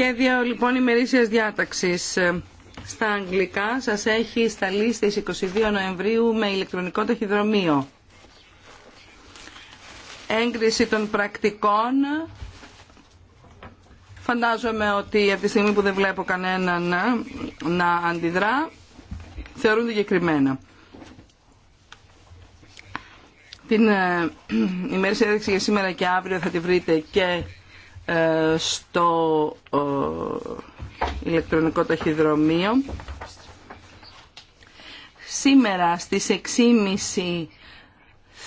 Σχέδιο λοιπόν ημερήσιας διάταξης ε, στα αγγλικά σας έχει σταλεί στις 22 Νοεμβρίου με ηλεκτρονικό ταχυδρομείο. Έγκριση των πρακτικών. Φαντάζομαι ότι από τη στιγμή που δεν βλέπω κανέναν να, ε, να αντιδρά, θεωρούνται εγκεκριμένα. Την ε, έδειξη για σήμερα και αύριο θα τη βρείτε και ε, στο ε, ηλεκτρονικό ταχυδρομείο. Σήμερα στις 6.30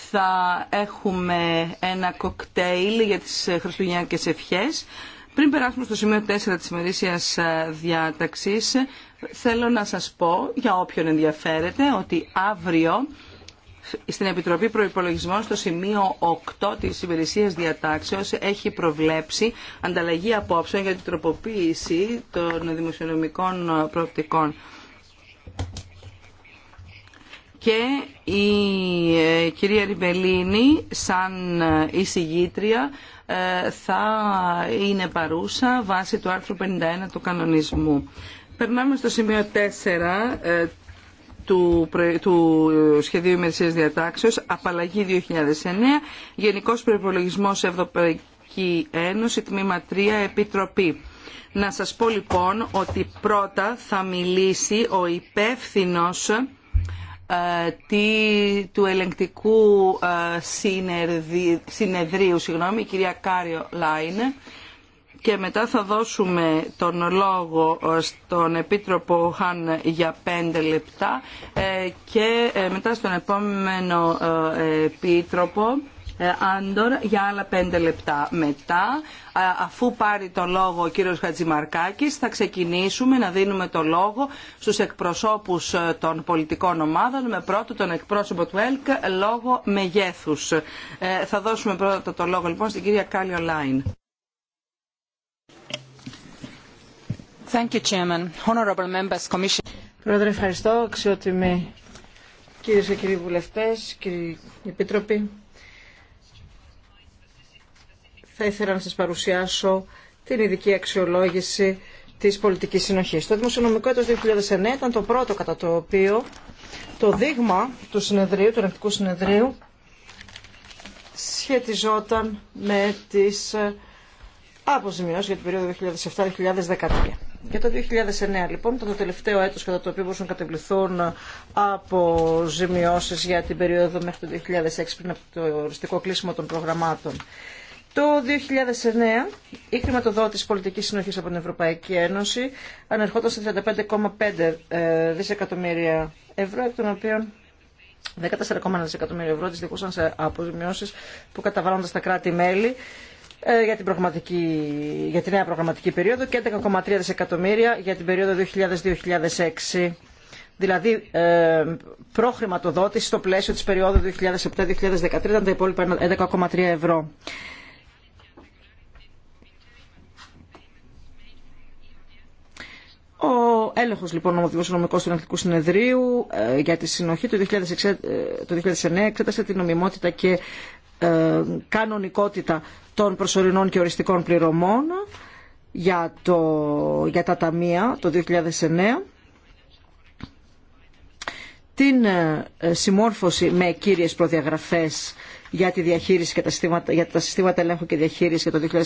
θα έχουμε ένα κοκτέιλ για τις χριστουγεννιάτικες ευχές. Πριν περάσουμε στο σημείο 4 της ημερήσιας ε, διάταξης, θέλω να σας πω, για όποιον ενδιαφέρεται, ότι αύριο στην Επιτροπή Προπολογισμών στο σημείο 8 της Υπηρεσία διατάξεως έχει προβλέψει ανταλλαγή απόψεων για την τροποποίηση των δημοσιονομικών προοπτικών. Και η ε, κυρία Ριβελίνη, σαν εισηγήτρια, ε, θα είναι παρούσα βάσει του άρθρου 51 του κανονισμού. Περνάμε στο σημείο 4 του, ε, Σχεδίου Ημερησίας Διατάξεως, απαλλαγή 2009, Γενικός Προϋπολογισμός Ευρωπαϊκή Ένωση, τμήμα 3, Επιτροπή. Να σας πω λοιπόν ότι πρώτα θα μιλήσει ο υπεύθυνος ε, του ελεγκτικού ε, συνεδρίου, συγγνώμη, η κυρία Κάριο Λάινε, και μετά θα δώσουμε τον λόγο ε, στον Επίτροπο Χαν για πέντε λεπτά ε, και ε, μετά στον επόμενο Επίτροπο Άντορ για άλλα πέντε λεπτά. Μετά, αφού πάρει το λόγο ο κύριος Χατζημαρκάκης, θα ξεκινήσουμε να δίνουμε το λόγο στους εκπροσώπους των πολιτικών ομάδων, με πρώτο τον εκπρόσωπο του ΕΛΚ, λόγο μεγέθους. Θα δώσουμε πρώτα το λόγο λοιπόν στην κυρία Κάλιο Λάιν. Thank Πρόεδρε, ευχαριστώ. Αξιότιμοι κυρίε και κύριοι βουλευτέ, κύριοι επίτροποι. Θα ήθελα να σα παρουσιάσω την ειδική αξιολόγηση της πολιτικής συνοχής Το δημοσιονομικό έτο 2009 ήταν το πρώτο κατά το οποίο το δείγμα του συνεδρίου, του ελεκτικού συνεδρίου, σχετιζόταν με τις ε, αποζημιώσεις για την περίοδο 2007-2013. Για το 2009 λοιπόν το τελευταίο έτος κατά το οποίο μπορούσαν να κατεβληθούν από ζημιώσεις για την περίοδο μέχρι το 2006 πριν από το οριστικό κλείσιμο των προγραμμάτων. Το 2009 η χρηματοδότηση πολιτικής συνοχής από την Ευρωπαϊκή Ένωση ανερχόταν σε 35,5 ε, δισεκατομμύρια ευρώ, εκ των οποίων 14,1 δισεκατομμύρια ευρώ τις δικούσαν σε αποζημιώσεις που καταβάλλονται στα κράτη-μέλη ε, για την, προγραμματική, για την νέα προγραμματική περίοδο και 11,3 δισεκατομμύρια για την περίοδο 2000-2006 δηλαδή ε, προχρηματοδότηση στο πλαίσιο της περίοδου 2007-2013 ήταν τα υπόλοιπα 11,3 ευρώ. Ο έλεγχος λοιπόν ο νομικού του Εθνικού Συνεδρίου ε, για τη συνοχή του 2006, ε, το 2009 εξέτασε την νομιμότητα και ε, κανονικότητα των προσωρινών και οριστικών πληρωμών για, το, για τα ταμεία το 2009 την ε, συμμόρφωση με κύριες προδιαγραφές για, τη διαχείριση και τα, συστήματα, για τα συστήματα ελέγχου και διαχείριση για το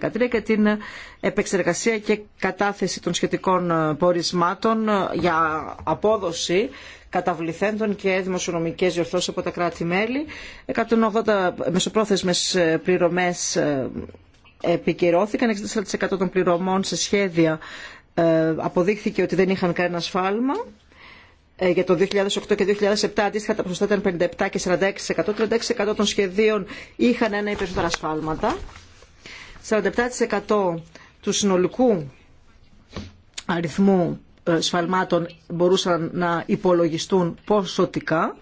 2007-2013 και την ε, επεξεργασία και κατάθεση των σχετικών πορισμάτων για απόδοση καταβληθέντων και δημοσιονομικές διορθώσεις από τα κράτη-μέλη, 180 μεσοπρόθεσμες ε, πληρωμές ε, επικυρώθηκαν, 64% των πληρωμών σε σχέδια ε, αποδείχθηκε ότι δεν είχαν κανένα σφάλμα. Για το 2008 και 2007 αντίστοιχα τα ποσοστά ήταν 57% και 46%. 36% των σχεδίων είχαν ένα ή περισσότερα σφάλματα. 47% του συνολικού αριθμού ε, σφαλμάτων μπορούσαν να υπολογιστούν ποσοτικά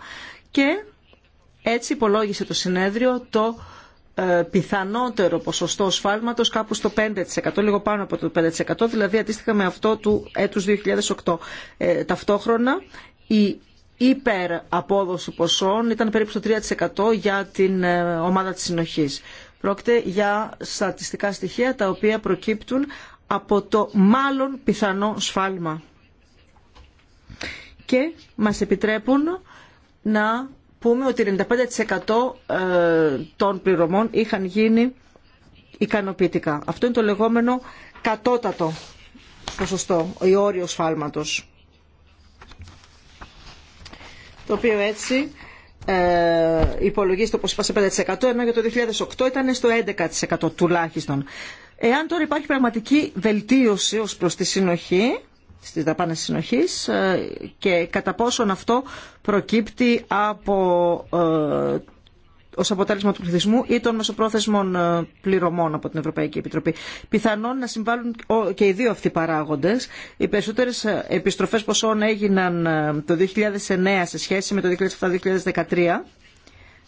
και έτσι υπολόγισε το συνέδριο το ε, πιθανότερο ποσοστό σφάλματος κάπου στο 5%, λίγο πάνω από το 5%, δηλαδή αντίστοιχα με αυτό του έτους 2008. Ε, ταυτόχρονα η υπεραπόδοση ποσών ήταν περίπου στο 3% για την ομάδα της συνοχής. Πρόκειται για στατιστικά στοιχεία τα οποία προκύπτουν από το μάλλον πιθανό σφάλμα και μας επιτρέπουν να πούμε ότι 95% ε, των πληρωμών είχαν γίνει ικανοποιητικά. Αυτό είναι το λεγόμενο κατώτατο ποσοστό, η όριο φάλματος. Το οποίο έτσι ε, υπολογίζεται όπως είπα σε 5% ενώ για το 2008 ήταν στο 11% τουλάχιστον. Εάν τώρα υπάρχει πραγματική βελτίωση ως προς τη συνοχή στις δαπάνες συνοχής ε, και κατά πόσον αυτό προκύπτει από, ε, ως αποτέλεσμα του πληθυσμού ή των μεσοπρόθεσμων ε, πληρωμών από την Ευρωπαϊκή Επιτροπή. Πιθανόν να συμβάλλουν και οι δύο αυτοί παράγοντες. Οι περισσότερες επιστροφές ποσών έγιναν το 2009 σε σχέση με το 2007-2013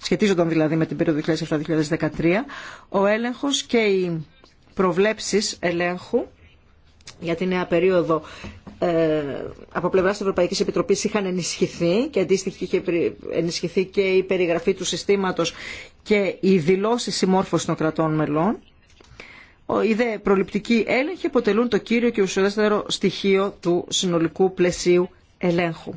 σχετίζονταν δηλαδή με την περίοδο 2007-2013, ο έλεγχος και οι προβλέψεις ελέγχου για τη νέα περίοδο ε, από πλευράς της Ευρωπαϊκής Επιτροπής είχαν ενισχυθεί και αντίστοιχη είχε ενισχυθεί και η περιγραφή του συστήματος και οι δηλώσει συμμόρφωση των κρατών μελών. Οι δε προληπτικοί έλεγχοι αποτελούν το κύριο και ουσιαστικό στοιχείο του συνολικού πλαισίου ελέγχου.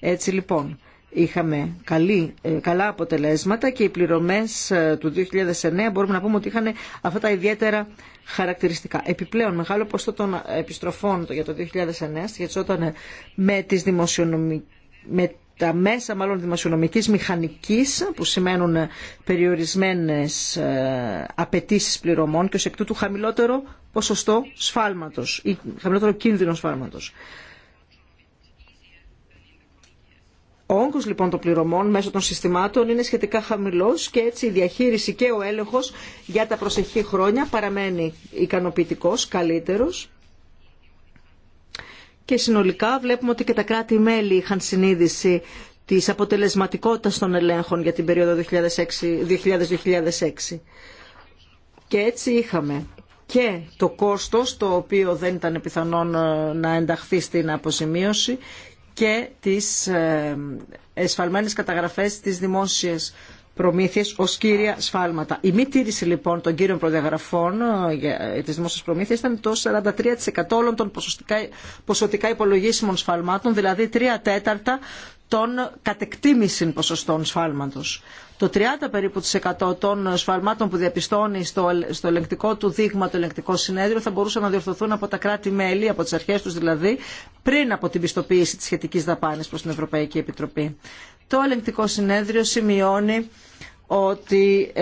Έτσι λοιπόν, είχαμε καλή, ε, καλά αποτελέσματα και οι πληρωμές ε, του 2009 μπορούμε να πούμε ότι είχαν αυτά τα ιδιαίτερα χαρακτηριστικά. Επιπλέον, μεγάλο ποσό των επιστροφών για το 2009 σχετιζόταν με τις δημοσιονομικές με τα μέσα μάλλον δημοσιονομικής μηχανικής που σημαίνουν περιορισμένες ε, απαιτήσει πληρωμών και ως εκ τούτου χαμηλότερο ποσοστό σφάλματος ή χαμηλότερο κίνδυνο σφάλματος. Ο όγκο λοιπόν των πληρωμών μέσω των συστημάτων είναι σχετικά χαμηλός και έτσι η διαχείριση και ο έλεγχος για τα προσεχή χρόνια παραμένει ικανοποιητικό, καλύτερος. Και συνολικά βλέπουμε ότι και τα κράτη-μέλη είχαν συνείδηση της αποτελεσματικότητας των ελέγχων για την περιοδο 2006 2000-2006. Και έτσι είχαμε και το κόστος το οποίο δεν ήταν πιθανόν ε, να ενταχθεί στην αποζημίωση και τις ε, εσφαλμένες καταγραφές της δημόσιας προμήθειας ως κύρια σφάλματα. Η μη τήρηση λοιπόν των κύριων προδιαγραφών ε, για ε, τις δημόσιες ήταν το 43% όλων των ποσοτικά υπολογίσιμων σφαλμάτων, δηλαδή 3 τέταρτα των κατεκτήμησιν ποσοστών σφάλματος το 30 περίπου των σφαλμάτων που διαπιστώνει στο, στο ελεγκτικό του δείγμα το ελεγκτικό συνέδριο θα μπορούσαν να διορθωθούν από τα κράτη-μέλη, από τις αρχές τους δηλαδή, πριν από την πιστοποίηση της σχετικής δαπάνης προς την Ευρωπαϊκή Επιτροπή. Το ελεγκτικό συνέδριο σημειώνει ότι 16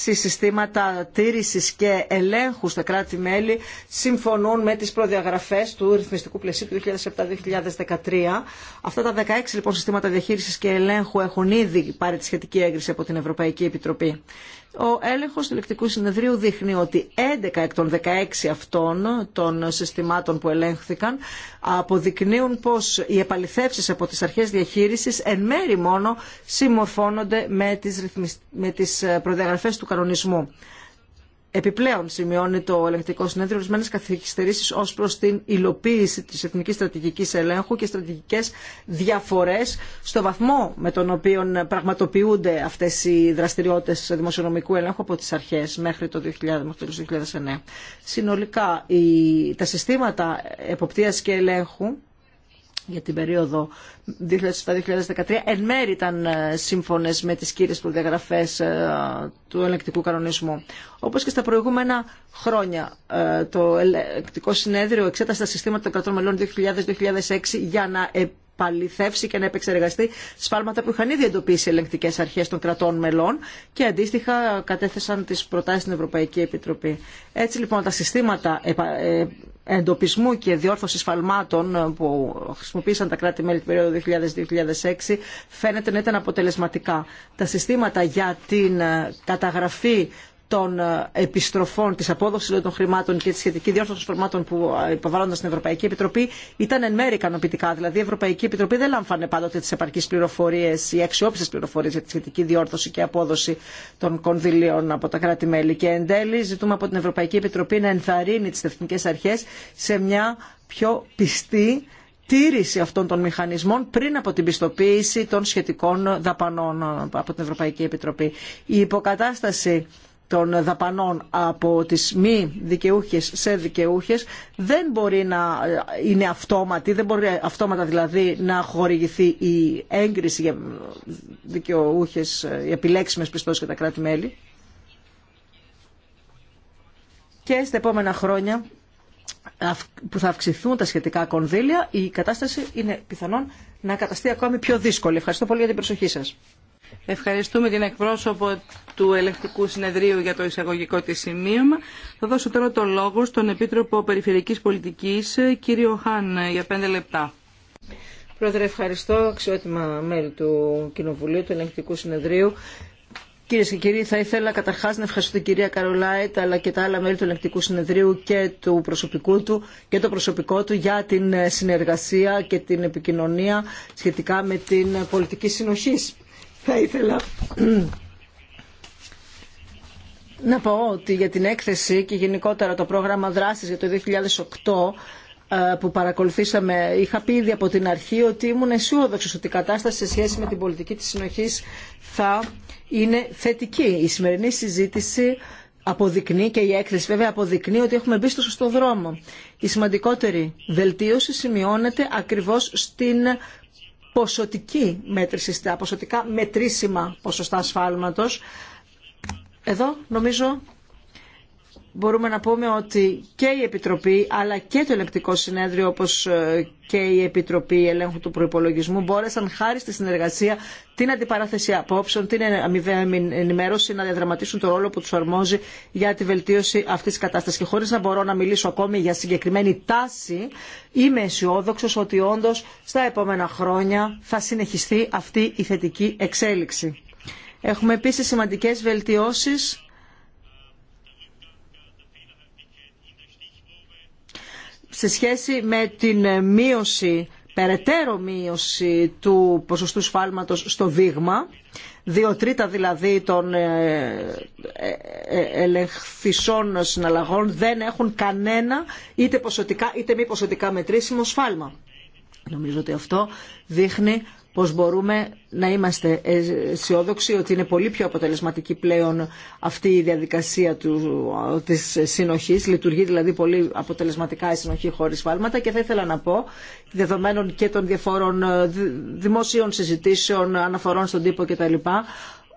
ε, συστήματα τήρησης και ελέγχου στα κράτη-μέλη συμφωνούν με τις προδιαγραφές του ρυθμιστικού πλαισίου του 2007-2013. Αυτά τα 16 λοιπόν συστήματα διαχείρισης και ελέγχου έχουν ήδη πάρει τη σχετική έγκριση από την Ευρωπαϊκή Επιτροπή. Ο έλεγχο του ηλεκτρικού συνεδρίου δείχνει ότι 11 εκ των 16 αυτών των συστημάτων που ελέγχθηκαν αποδεικνύουν πως οι επαληθεύσει από τις αρχές διαχείρισης εν μέρη μόνο συμμορφώνονται με τι ε, προδιαγραφέ του κανονισμού. Επιπλέον σημειώνει το ελεγκτικό συνέδριο ορισμένε καθυστερήσει ω προ την υλοποίηση τη εθνική στρατηγική ελέγχου και στρατηγικέ διαφορέ στο βαθμό με τον οποίο πραγματοποιούνται αυτέ οι δραστηριότητε δημοσιονομικού ελέγχου από τι αρχέ μέχρι το 2000, 2009. Συνολικά, τα συστήματα εποπτεία και ελέγχου για την περίοδο 2007-2013 εν μέρη ήταν ε, σύμφωνες με τις κύριες προδιαγραφές ε, του ελεκτικού κανονισμού. Όπως και στα προηγούμενα χρόνια ε, το ελεκτικό συνέδριο εξέτασε τα συστήματα των κρατών μελών 2000-2006 για να επαληθεύσει και να επεξεργαστεί σφάλματα που είχαν ήδη εντοπίσει οι ελεγκτικέ αρχέ των κρατών μελών και αντίστοιχα κατέθεσαν τι προτάσει στην Ευρωπαϊκή Επιτροπή. Έτσι λοιπόν τα συστήματα εντοπισμού και διόρθωσης φαλμάτων ε, που χρησιμοποίησαν τα κράτη-μέλη την περίοδο 2000-2006 φαίνεται να ήταν αποτελεσματικά. Τα συστήματα για την ε, καταγραφή των ε, επιστροφών, τη απόδοση των χρημάτων και τη σχετική διόρθωση των χρημάτων που ε, υποβάλλονταν στην Ευρωπαϊκή Επιτροπή ήταν εν μέρη ικανοποιητικά. Δηλαδή η Ευρωπαϊκή Επιτροπή δεν λάμφανε πάντοτε τι επαρκεί πληροφορίε ή αξιόπιστε πληροφορίε για τη σχετική διόρθωση και απόδοση των κονδυλίων από τα κράτη-μέλη. Και εν τέλει ζητούμε από την Ευρωπαϊκή Επιτροπή να ενθαρρύνει τι εθνικέ αρχέ σε μια πιο πιστή τήρηση αυτών των μηχανισμών πριν από την πιστοποίηση των σχετικών δαπανών από την Ευρωπαϊκή Επιτροπή. Η υποκατάσταση των δαπανών από τις μη δικαιούχες σε δικαιούχες δεν μπορεί να είναι αυτόματη, δεν μπορεί αυτόματα δηλαδή να χορηγηθεί η έγκριση για δικαιούχες, οι επιλέξιμες πιστώσεις και τα κράτη-μέλη. Και στα επόμενα χρόνια που θα αυξηθούν τα σχετικά κονδύλια, η κατάσταση είναι πιθανόν να καταστεί ακόμη πιο δύσκολη. Ευχαριστώ πολύ για την προσοχή σας. Ευχαριστούμε την εκπρόσωπο του Ελεκτικού Συνεδρίου για το εισαγωγικό της σημείωμα. Θα δώσω τώρα το λόγο στον Επίτροπο Περιφερειακής Πολιτικής, κύριο Χάν, για πέντε λεπτά. Πρόεδρε, ευχαριστώ. Αξιότιμα μέλη του Κοινοβουλίου, του Ελεκτικού Συνεδρίου. Κυρίε και κύριοι, θα ήθελα καταρχά να ευχαριστώ την κυρία Καρολάιτ αλλά και τα άλλα μέλη του Ελεκτικού Συνεδρίου και του προσωπικού του και το προσωπικό του για την συνεργασία και την επικοινωνία σχετικά με την πολιτική συνοχή θα ήθελα να πω ότι για την έκθεση και γενικότερα το πρόγραμμα δράσης για το 2008 ε, που παρακολουθήσαμε, είχα πει ήδη από την αρχή ότι ήμουν αισιόδοξο ότι η κατάσταση σε σχέση με την πολιτική της συνοχής θα είναι θετική. Η σημερινή συζήτηση αποδεικνύει και η έκθεση βέβαια αποδεικνύει ότι έχουμε μπει στο δρόμο. Η σημαντικότερη βελτίωση σημειώνεται ακριβώς στην ποσοτική μέτρηση, τα ποσοτικά μετρήσιμα ποσοστά ασφάλματος. Εδώ νομίζω μπορούμε να πούμε ότι και η Επιτροπή αλλά και το Ελεκτικό Συνέδριο όπως ε, και η Επιτροπή Ελέγχου του Προϋπολογισμού μπόρεσαν χάρη στη συνεργασία την αντιπαράθεση απόψεων, την αμοιβαία ενημέρωση να διαδραματίσουν το ρόλο που τους αρμόζει για τη βελτίωση αυτής της κατάστασης. Και χωρίς να μπορώ να μιλήσω ακόμη για συγκεκριμένη τάση, είμαι αισιόδοξο ότι όντω στα επόμενα χρόνια θα συνεχιστεί αυτή η θετική εξέλιξη. Έχουμε επίση σημαντικές βελτιώσεις σε σχέση με την ε, μείωση, περαιτέρω μείωση του ποσοστού σφάλματος στο δείγμα, δύο τρίτα δηλαδή των ε, ε, ελεγχθησών συναλλαγών δεν έχουν κανένα είτε ποσοτικά είτε μη ποσοτικά μετρήσιμο σφάλμα. Νομίζω ότι αυτό δείχνει πως μπορούμε να είμαστε αισιόδοξοι ότι είναι πολύ πιο αποτελεσματική πλέον αυτή η διαδικασία του, της συνοχής, λειτουργεί δηλαδή πολύ αποτελεσματικά η συνοχή χωρίς φάλματα και θα ήθελα να πω, δεδομένων και των διαφόρων ε, δημοσίων συζητήσεων, αναφορών στον τύπο κτλ,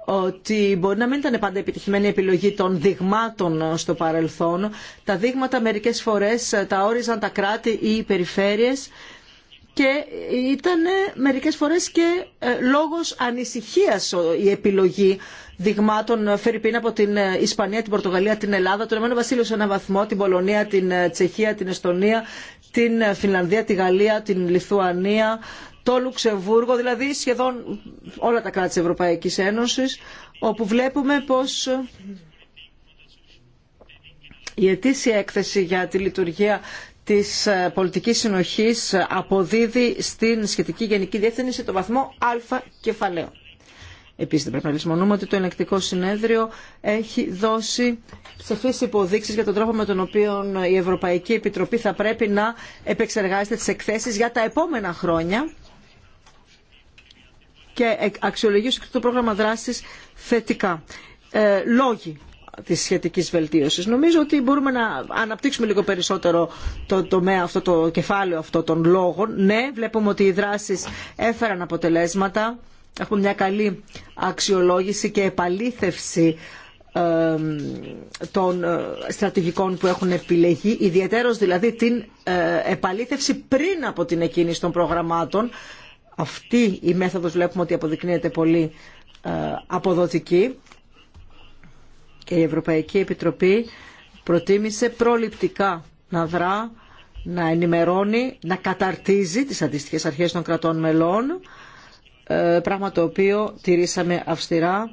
ότι μπορεί να μην ήταν πάντα επιτυχημένη η επιλογή των δειγμάτων στο παρελθόν. Τα δείγματα μερικές φορές ε, τα όριζαν τα κράτη ή οι περιφέρειες και ήταν ε, μερικές φορές και ε, λόγος ανησυχίας η επιλογή δειγμάτων ε, Φερρυπίν από την Ισπανία, την Πορτογαλία, την Ελλάδα, τον Εμένο Βασίλειο σε έναν βαθμό, την Πολωνία, την Τσεχία, την Εστονία, την Φινλανδία, τη Γαλλία, την Λιθουανία, το Λουξεμβούργο, δηλαδή σχεδόν όλα τα κράτη της Ευρωπαϊκής Ένωσης, όπου βλέπουμε πως η ετήσια έκθεση για τη λειτουργία της ε, πολιτικής συνοχής αποδίδει στην σχετική γενική διεύθυνση το βαθμό α κεφαλαίο. Επίσης δεν πρέπει να λησμονούμε ότι το ελεκτικό συνέδριο έχει δώσει σαφείς υποδείξεις για τον τρόπο με τον οποίο η Ευρωπαϊκή Επιτροπή θα πρέπει να επεξεργάζεται τις εκθέσεις για τα επόμενα χρόνια και αξιολογήσει το πρόγραμμα δράσης θετικά. Ε, λόγοι τη σχετική βελτίωση. Νομίζω ότι μπορούμε να αναπτύξουμε λίγο περισσότερο το τομέα αυτό, το κεφάλαιο αυτό των λόγων. Ναι, βλέπουμε ότι οι δράσεις έφεραν αποτελέσματα. Έχουμε μια καλή αξιολόγηση και επαλήθευση των ε, στρατηγικών που έχουν επιλεγεί, ιδιαίτερος δηλαδή την ε, επαλήθευση πριν από την εκκίνηση των προγραμμάτων. Αυτή η μέθοδος βλέπουμε ότι αποδεικνύεται πολύ ε, αποδοτική και η Ευρωπαϊκή Επιτροπή προτίμησε προληπτικά να δρά, να ενημερώνει, να καταρτίζει τις αντίστοιχες αρχές των κρατών μελών, ε, πράγμα το οποίο τηρήσαμε αυστηρά.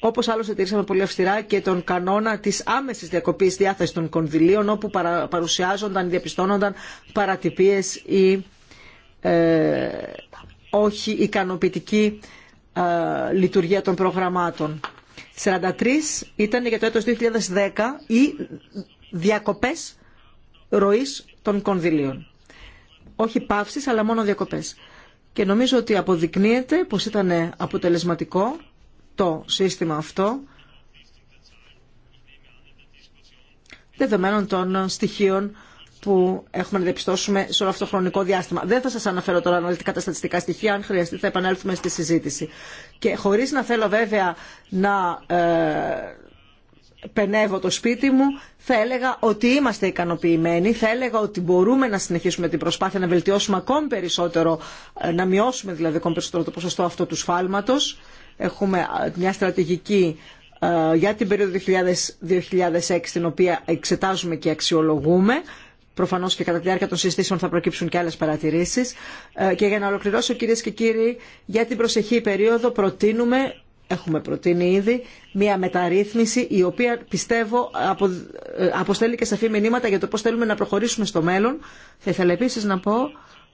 όπως άλλωστε τηρήσαμε πολύ αυστηρά και τον κανόνα της άμεσης διακοπής διάθεση των κονδυλίων, όπου παρουσιάζονταν, διαπιστώνονταν παρατυπίες ή ε, όχι ικανοποιητική ε, λειτουργία των προγραμμάτων. 43 ήταν για το έτος 2010 οι διακοπές ροής των κονδυλίων. Όχι παύσεις, αλλά μόνο διακοπές. Και νομίζω ότι αποδεικνύεται πως ήταν αποτελεσματικό το σύστημα αυτό δεδομένων των στοιχείων που έχουμε να διαπιστώσουμε σε όλο αυτό το χρονικό διάστημα. Δεν θα σα αναφέρω τώρα αναλυτικά τα στατιστικά στοιχεία, αν χρειαστεί θα επανέλθουμε στη συζήτηση. Και χωρί να θέλω βέβαια να ε, πενεύω το σπίτι μου, θα έλεγα ότι είμαστε ικανοποιημένοι, θα έλεγα ότι μπορούμε να συνεχίσουμε την προσπάθεια να βελτιώσουμε ακόμη περισσότερο, ε, να μειώσουμε δηλαδή ακόμη περισσότερο το ποσοστό αυτού του σφάλματο. Έχουμε ε, μια στρατηγική ε, για την περίοδο 2000, 2006 την οποία εξετάζουμε και αξιολογούμε Προφανώς και κατά τη διάρκεια των συζητήσεων θα προκύψουν και άλλες παρατηρήσεις. Ε, και για να ολοκληρώσω κύριε και κύριοι, για την προσεχή περίοδο προτείνουμε έχουμε προτείνει ήδη μια μεταρρύθμιση η οποία πιστεύω ε, αποστέλει και σαφή μηνύματα για το πώς θέλουμε να προχωρήσουμε στο μέλλον. Θα ήθελα επίσης να πω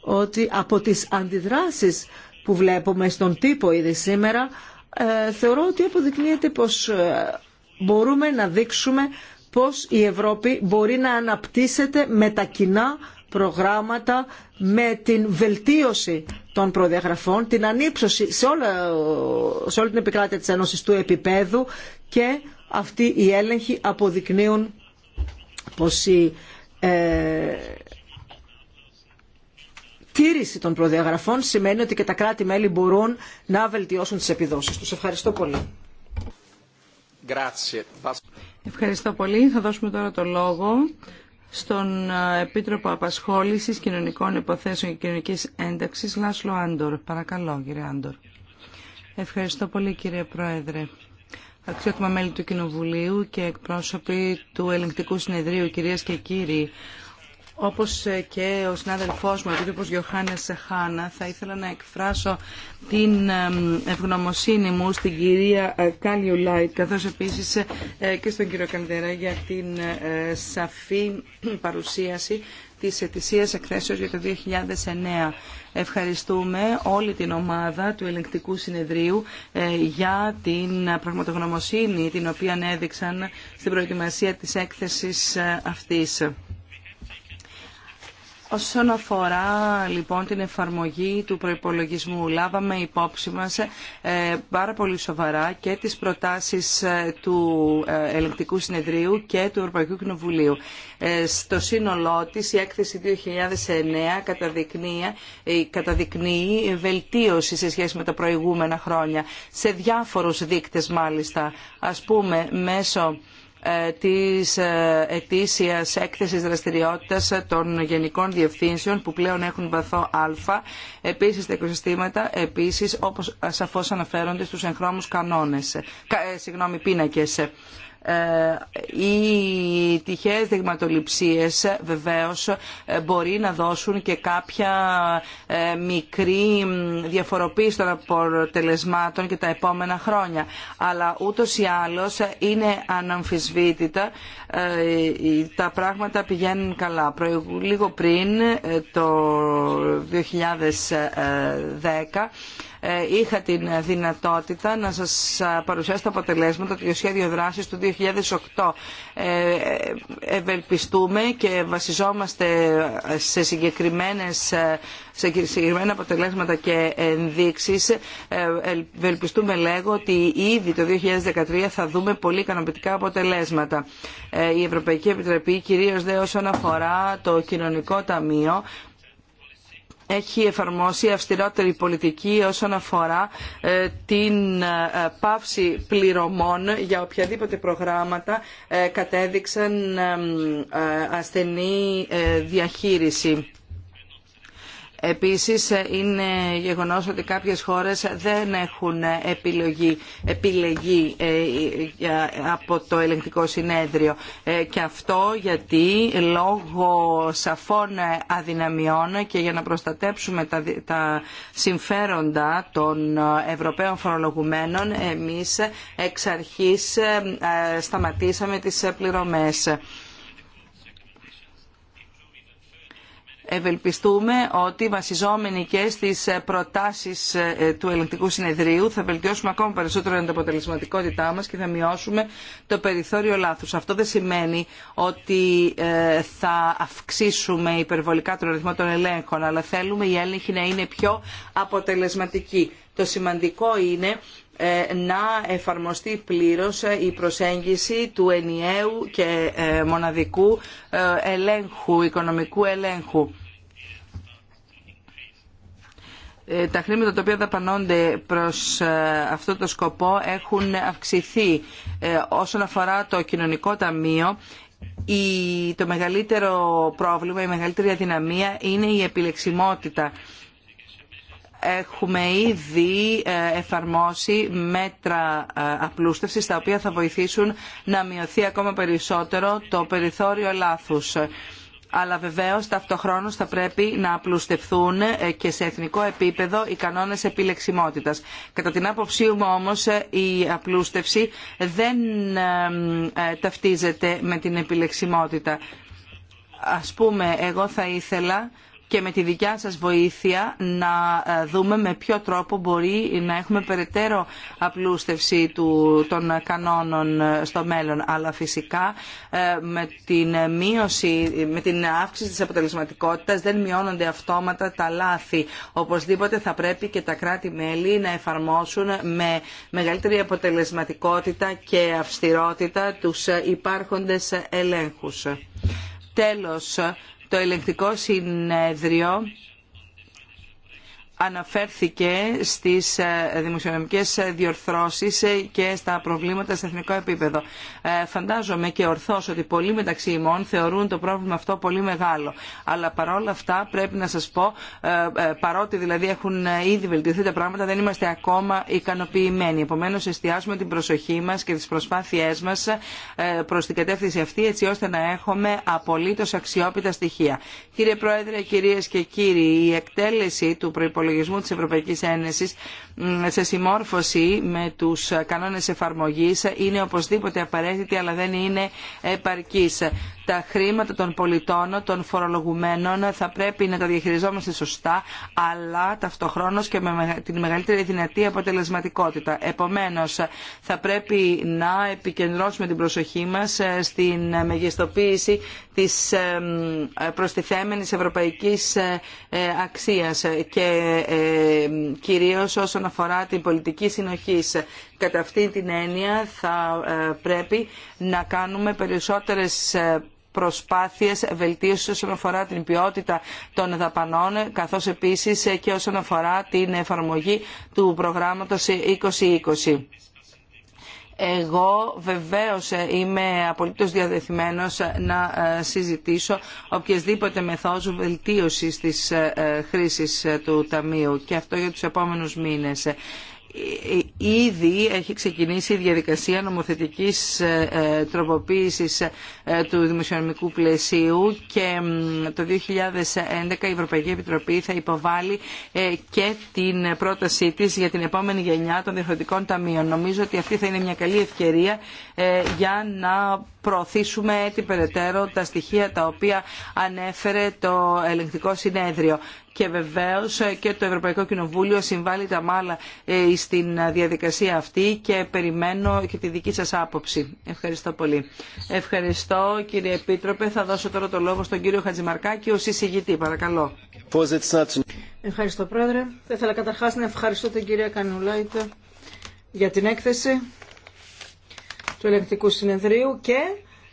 ότι από τις αντιδράσεις που βλέπουμε στον τύπο ήδη σήμερα ε, θεωρώ ότι αποδεικνύεται πως μπορούμε να δείξουμε πώς η Ευρώπη μπορεί να αναπτύσσεται με τα κοινά προγράμματα, με την βελτίωση των προδιαγραφών, την ανύψωση σε, όλα, σε όλη την επικράτεια της Ένωσης του επίπεδου και αυτοί οι έλεγχοι αποδεικνύουν πως η ε, τήρηση των προδιαγραφών σημαίνει ότι και τα κράτη-μέλη μπορούν να βελτιώσουν τις επιδόσεις τους. Ευχαριστώ πολύ. Ευχαριστώ πολύ. Θα δώσουμε τώρα το λόγο στον ε, Επίτροπο Απασχόλησης Κοινωνικών Υποθέσεων και Κοινωνικής Ένταξης, Λάσλο Άντορ. Παρακαλώ, κύριε Άντορ. Ευχαριστώ πολύ, κύριε Πρόεδρε. Αξιότιμα μέλη του Κοινοβουλίου και εκπρόσωποι του Ελεγκτικού Συνεδρίου, κυρίες και κύριοι, όπως και ο συνάδελφός μου, ο τύπος Γιωχάννης Σεχάνα, θα ήθελα να εκφράσω την ευγνωμοσύνη μου στην κυρία ε, Κάλιου Λάιτ, καθώς επίσης ε, και στον κύριο Καλδέρα για την ε, σαφή παρουσίαση της ετησία εκθέσεως για το 2009. Ευχαριστούμε όλη την ομάδα του Ελεγκτικού Συνεδρίου για την πραγματογνωμοσύνη την οποία έδειξαν στην προετοιμασία της έκθεσης αυτής. Όσον αφορά λοιπόν την εφαρμογή του προϋπολογισμού, λάβαμε υπόψη μας ε, πάρα πολύ σοβαρά και τις προτάσεις ε, του ε, Ελεκτικού Συνεδρίου και του Ευρωπαϊκού Κοινοβουλίου. Στο σύνολό της η έκθεση 2009 καταδεικνύει, καταδεικνύει βελτίωση σε σχέση με τα προηγούμενα χρόνια, σε διάφορους δείκτες μάλιστα, ας πούμε μέσω ε, της ε, ετήσιας έκθεσης δραστηριότητας των γενικών διευθύνσεων που πλέον έχουν βαθό α, επίσης τα οικοσυστήματα, επίσης όπως σαφώς αναφέρονται στους εγχρώμους κανόνες, ε, συγγνώμη, πίνακες. Ε, οι τυχαίες δειγματοληψίες βεβαίως ε, μπορεί να δώσουν και κάποια ε, μικρή διαφοροποίηση των αποτελεσμάτων και τα επόμενα χρόνια. Αλλά ούτως ή άλλως είναι αναμφισβήτητα τα πράγματα πηγαίνουν καλά. Λίγο πριν το 2010 ε, είχα την δυνατότητα να σας παρουσιάσω τα αποτελέσματα του σχέδιου δράσης του 2008. Ε, ευελπιστούμε και βασιζόμαστε σε συγκεκριμένες συγκεκριμένα αποτελέσματα και ενδείξεις ε, ευελπιστούμε λέγω ότι ήδη το 2013 θα δούμε πολύ ικανοποιητικά αποτελέσματα. Η Ευρωπαϊκή Επιτροπή κυρίως δε όσον αφορά το κοινωνικό ταμείο έχει εφαρμόσει αυστηρότερη πολιτική όσον αφορά ε, την ε, πάυση πληρωμών για οποιαδήποτε προγράμματα ε, κατέδειξαν ασθενή διαχείριση. Επίσης είναι γεγονός ότι κάποιες χώρες δεν έχουν επιλογή, επιλεγεί από το ελεγκτικό συνέδριο ε, και αυτό γιατί λόγω σαφών αδυναμιών και για να προστατέψουμε τα συμφέροντα των Ευρωπαίων φορολογουμένων εμείς εξ αρχής ε, σταματήσαμε τις πληρωμές. Ευελπιστούμε ότι βασιζόμενοι και στις προτάσεις ε, του ελεγκτικού συνεδρίου θα βελτιώσουμε ακόμα περισσότερο την αποτελεσματικότητά μας και θα μειώσουμε το περιθώριο λάθους. Αυτό δεν σημαίνει ότι ε, θα αυξήσουμε υπερβολικά τον αριθμό των ελέγχων, αλλά θέλουμε η έλεγχη να είναι πιο αποτελεσματική. Το σημαντικό είναι ε, να εφαρμοστεί πλήρως ε, η προσέγγιση του ενιαίου και ε, μοναδικού ελέγχου, οικονομικού ελέγχου. Τα χρήματα τα οποία δαπανώνται προς αυτό το σκοπό έχουν αυξηθεί. Όσον αφορά το κοινωνικό ταμείο, το μεγαλύτερο πρόβλημα, η μεγαλύτερη αδυναμία είναι η επιλεξιμότητα έχουμε ήδη ε, εφαρμόσει μέτρα ε, απλούστευσης τα οποία θα βοηθήσουν να μειωθεί ακόμα περισσότερο το περιθώριο λάθους αλλά βεβαίως ταυτοχρόνως θα πρέπει να απλουστευθούν ε, και σε εθνικό επίπεδο οι κανόνες επιλεξιμότητας. Κατά την άποψή μου όμως η απλούστευση δεν ταυτίζεται με την επιλεξιμότητα. Ας πούμε, εγώ θα ήθελα και με τη δικιά σας βοήθεια να ε, δούμε με ποιο τρόπο μπορεί να έχουμε περαιτέρω απλούστευση του, των κανόνων ε, στο μέλλον. Αλλά φυσικά ε, με την, μείωση, με την αύξηση της αποτελεσματικότητας δεν μειώνονται αυτόματα τα λάθη. Οπωσδήποτε θα πρέπει και τα κράτη-μέλη να εφαρμόσουν με μεγαλύτερη αποτελεσματικότητα και αυστηρότητα τους υπάρχοντες ελέγχους. Τέλος, το ελεγκτικό συνέδριο αναφέρθηκε στις ε, δημοσιονομικές διορθώσεις ε, και στα προβλήματα σε εθνικό επίπεδο. Ε, φαντάζομαι και ορθώς ότι πολλοί μεταξύ ημών θεωρούν το πρόβλημα αυτό πολύ μεγάλο. Αλλά παρόλα αυτά πρέπει να σας πω, παρότι δηλαδή έχουν ήδη βελτιωθεί τα πράγματα, δεν είμαστε ακόμα ικανοποιημένοι. Επομένως εστιάζουμε την προσοχή μας και τις προσπάθειές μας προς την κατεύθυνση αυτή έτσι ώστε να έχουμε απολύτως αξιόπιτα στοιχεία. Κύριε Πρόεδρε, κυρίες και κύριοι, η εκτέλεση του προϋπολογισμού προπολογισμού της Ευρωπαϊκής Ένωσης σε συμμόρφωση με τους κανόνες εφαρμογής είναι οπωσδήποτε απαραίτητη αλλά δεν είναι επαρκής. Τα χρήματα των πολιτών, των φορολογουμένων θα πρέπει να τα διαχειριζόμαστε σωστά αλλά ταυτοχρόνως και με την μεγαλύτερη δυνατή αποτελεσματικότητα. Επομένως θα πρέπει να επικεντρώσουμε την προσοχή μας ε, στην μεγιστοποίηση της προστιθέμενης ευρωπαϊκής ε, ε, αξίας και κυρίως όσον αφορά την πολιτική συνοχή. Κατά αυτή την έννοια θα ε, πρέπει να κάνουμε περισσότερες ε, προσπάθειες βελτίωσης όσον αφορά την ποιότητα των δαπανών καθώς επίσης και όσον αφορά την εφαρμογή του προγράμματος 2020. Εγώ βεβαίως είμαι απολύτως διαδεθειμένος να ε, συζητήσω οποιασδήποτε μεθόδου βελτίωσης της ε, ε, χρήσης του Ταμείου και αυτό για τους επόμενους μήνες ήδη έχει ξεκινήσει η διαδικασία νομοθετικής ε, τροποποίησης ε, του δημοσιονομικού πλαισίου και το 2011 η Ευρωπαϊκή Επιτροπή θα υποβάλει ε, και την πρότασή της για την επόμενη γενιά των διευθυντικών ταμείων. Νομίζω ότι αυτή θα είναι μια καλή ευκαιρία για να προωθήσουμε έτσι περαιτέρω τα στοιχεία τα οποία ανέφερε το ελεγκτικό συνέδριο και βεβαίως ε, και το Ευρωπαϊκό Κοινοβούλιο συμβάλλει τα μάλα ε, στην ε, διαδικασία αυτή και περιμένω και τη δική σας άποψη. Ευχαριστώ πολύ. Ευχαριστώ κύριε Επίτροπε. Θα δώσω τώρα το λόγο στον κύριο Χατζημαρκάκη ως εισηγητή. Παρακαλώ. Ευχαριστώ πρόεδρε. Θα ήθελα καταρχάς να ευχαριστώ την κυρία Κανουλάιτα για την έκθεση του ελεγκτικού συνεδρίου και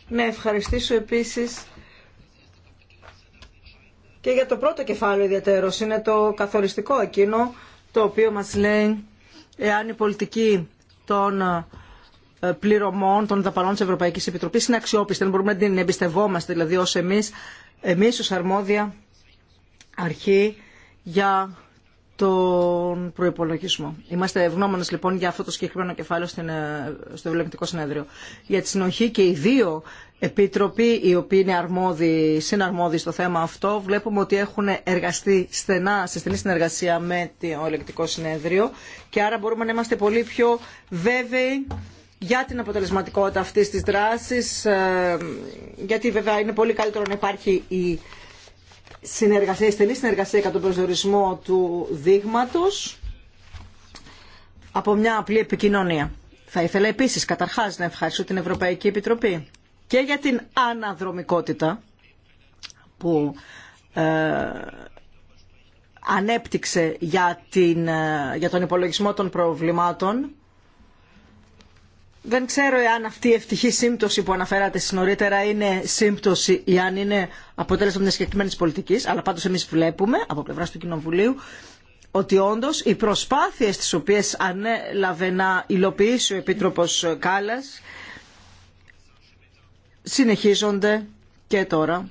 να ευχαριστήσω επίσης και για το πρώτο κεφάλαιο ιδιαίτερος είναι το καθοριστικό εκείνο το οποίο μας λέει εάν η πολιτική των ε, πληρωμών των δαπανών της Ευρωπαϊκής Επιτροπής είναι αξιόπιστη, δεν μπορούμε να την εμπιστευόμαστε δηλαδή ως εμείς, εμείς ως αρμόδια αρχή για τον προπολογισμό. Είμαστε ευγνώμονε λοιπόν για αυτό το συγκεκριμένο κεφάλαιο στην, ε, στο Ελεγκτικό Συνέδριο. Για τη συνοχή και οι δύο επίτροποι, οι οποίοι είναι αρμόδιοι, συναρμόδιοι στο θέμα αυτό, βλέπουμε ότι έχουν εργαστεί στενά, σε στενή συνεργασία με το Ελεγκτικό Συνέδριο και άρα μπορούμε να είμαστε πολύ πιο βέβαιοι για την αποτελεσματικότητα αυτή τη δράση, ε, γιατί βέβαια είναι πολύ καλύτερο να υπάρχει η συνεργασία, στενή συνεργασία κατά τον προσδιορισμό του δείγματος από μια απλή επικοινωνία. Θα ήθελα επίσης καταρχάς να ευχαριστώ την Ευρωπαϊκή Επιτροπή και για την αναδρομικότητα που ε, ανέπτυξε για, την, ε, για τον υπολογισμό των προβλημάτων δεν ξέρω εάν αυτή η ευτυχή σύμπτωση που αναφέρατε νωρίτερα είναι σύμπτωση ή αν είναι αποτέλεσμα μια συγκεκριμένη πολιτική, αλλά πάντω εμεί βλέπουμε από πλευρά του Κοινοβουλίου ότι όντω οι προσπάθειε τι οποίε ανέλαβε να υλοποιήσει ο επίτροπο Κάλλα συνεχίζονται και τώρα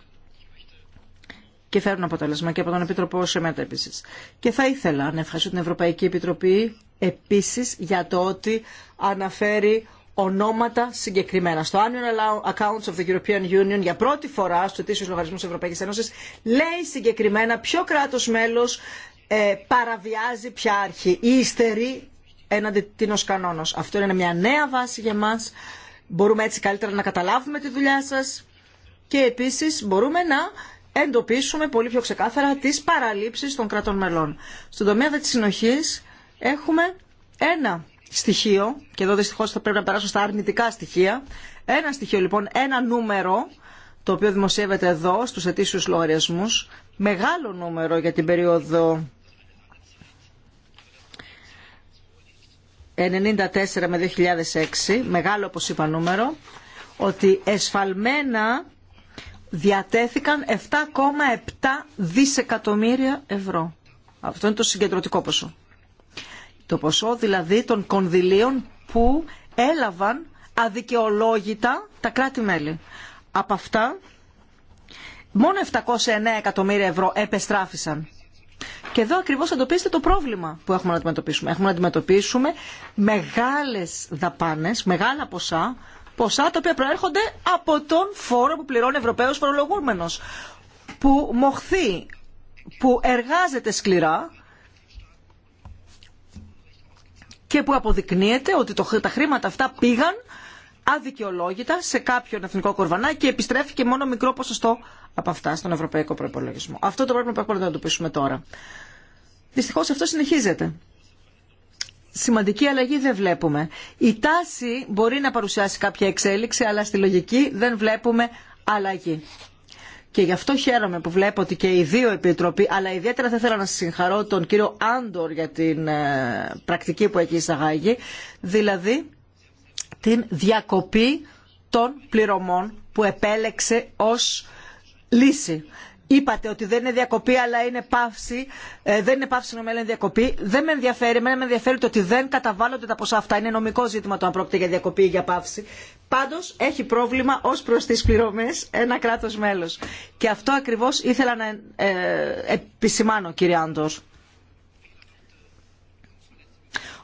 και φέρνουν αποτέλεσμα και από τον Επίτροπο Σεμέτα επίση. Και θα ήθελα να ευχαριστήσω την Ευρωπαϊκή Επιτροπή επίση για το ότι αναφέρει ονόματα συγκεκριμένα. Στο Annual Accounts of the European Union για πρώτη φορά στου ετήσιου λογαριασμού τη Ευρωπαϊκή Ένωση λέει συγκεκριμένα ποιο κράτο μέλο ε, παραβιάζει ποια αρχή ή υστερεί έναντι τίνο κανόνα. Αυτό είναι μια νέα βάση για μα. Μπορούμε έτσι καλύτερα να καταλάβουμε τη δουλειά σα και επίση μπορούμε να εντοπίσουμε πολύ πιο ξεκάθαρα τι παραλήψει των κρατών μελών. Στον τομέα τη συνοχή έχουμε ένα στοιχείο, και εδώ δυστυχώ θα πρέπει να περάσω στα αρνητικά στοιχεία. Ένα στοιχείο λοιπόν, ένα νούμερο, το οποίο δημοσιεύεται εδώ στους ετήσιους λογαριασμούς, μεγάλο νούμερο για την περίοδο 94 με 2006, μεγάλο όπως είπα νούμερο, ότι εσφαλμένα διατέθηκαν 7,7 δισεκατομμύρια ευρώ. Αυτό είναι το συγκεντρωτικό ποσό. Το ποσό δηλαδή των κονδυλίων που έλαβαν αδικαιολόγητα τα κράτη-μέλη. Από αυτά, μόνο 709 εκατομμύρια ευρώ επεστράφησαν. Και εδώ ακριβώς εντοπίζεται το πρόβλημα που έχουμε να αντιμετωπίσουμε. Έχουμε να αντιμετωπίσουμε μεγάλες δαπάνες, μεγάλα ποσά, ποσά τα οποία προέρχονται από τον φόρο που πληρώνει ο Ευρωπαίος φορολογούμενος, που μοχθεί, που εργάζεται σκληρά και που αποδεικνύεται ότι τα χρήματα αυτά πήγαν αδικαιολόγητα σε κάποιον εθνικό κορβανά και επιστρέφει και μόνο μικρό ποσοστό από αυτά στον ευρωπαϊκό προπολογισμό. Αυτό το πρέπει να το εντοπίσουμε τώρα. Δυστυχώ αυτό συνεχίζεται. Σημαντική αλλαγή δεν βλέπουμε. Η τάση μπορεί να παρουσιάσει κάποια εξέλιξη, αλλά στη λογική δεν βλέπουμε αλλαγή. Και γι' αυτό χαίρομαι που βλέπω ότι και οι δύο επιτροποί, αλλά ιδιαίτερα θα ήθελα να συγχαρώ τον κύριο Άντορ για την ε, πρακτική που έχει εισαγάγει, δηλαδή την διακοπή των πληρωμών που επέλεξε ως λύση. Είπατε ότι δεν είναι διακοπή αλλά είναι πάυση. Ε, δεν είναι πάυση είναι διακοπή. Δεν με ενδιαφέρει. Εμένα με ενδιαφέρει το ότι δεν καταβάλλονται τα ποσά αυτά. Είναι νομικό ζήτημα το αν πρόκειται για διακοπή ή για πάυση. Πάντως έχει πρόβλημα ως προς τις πληρωμές ένα κράτος μέλος. Και αυτό ακριβώς ήθελα να ε, επισημάνω κύριε Άντος.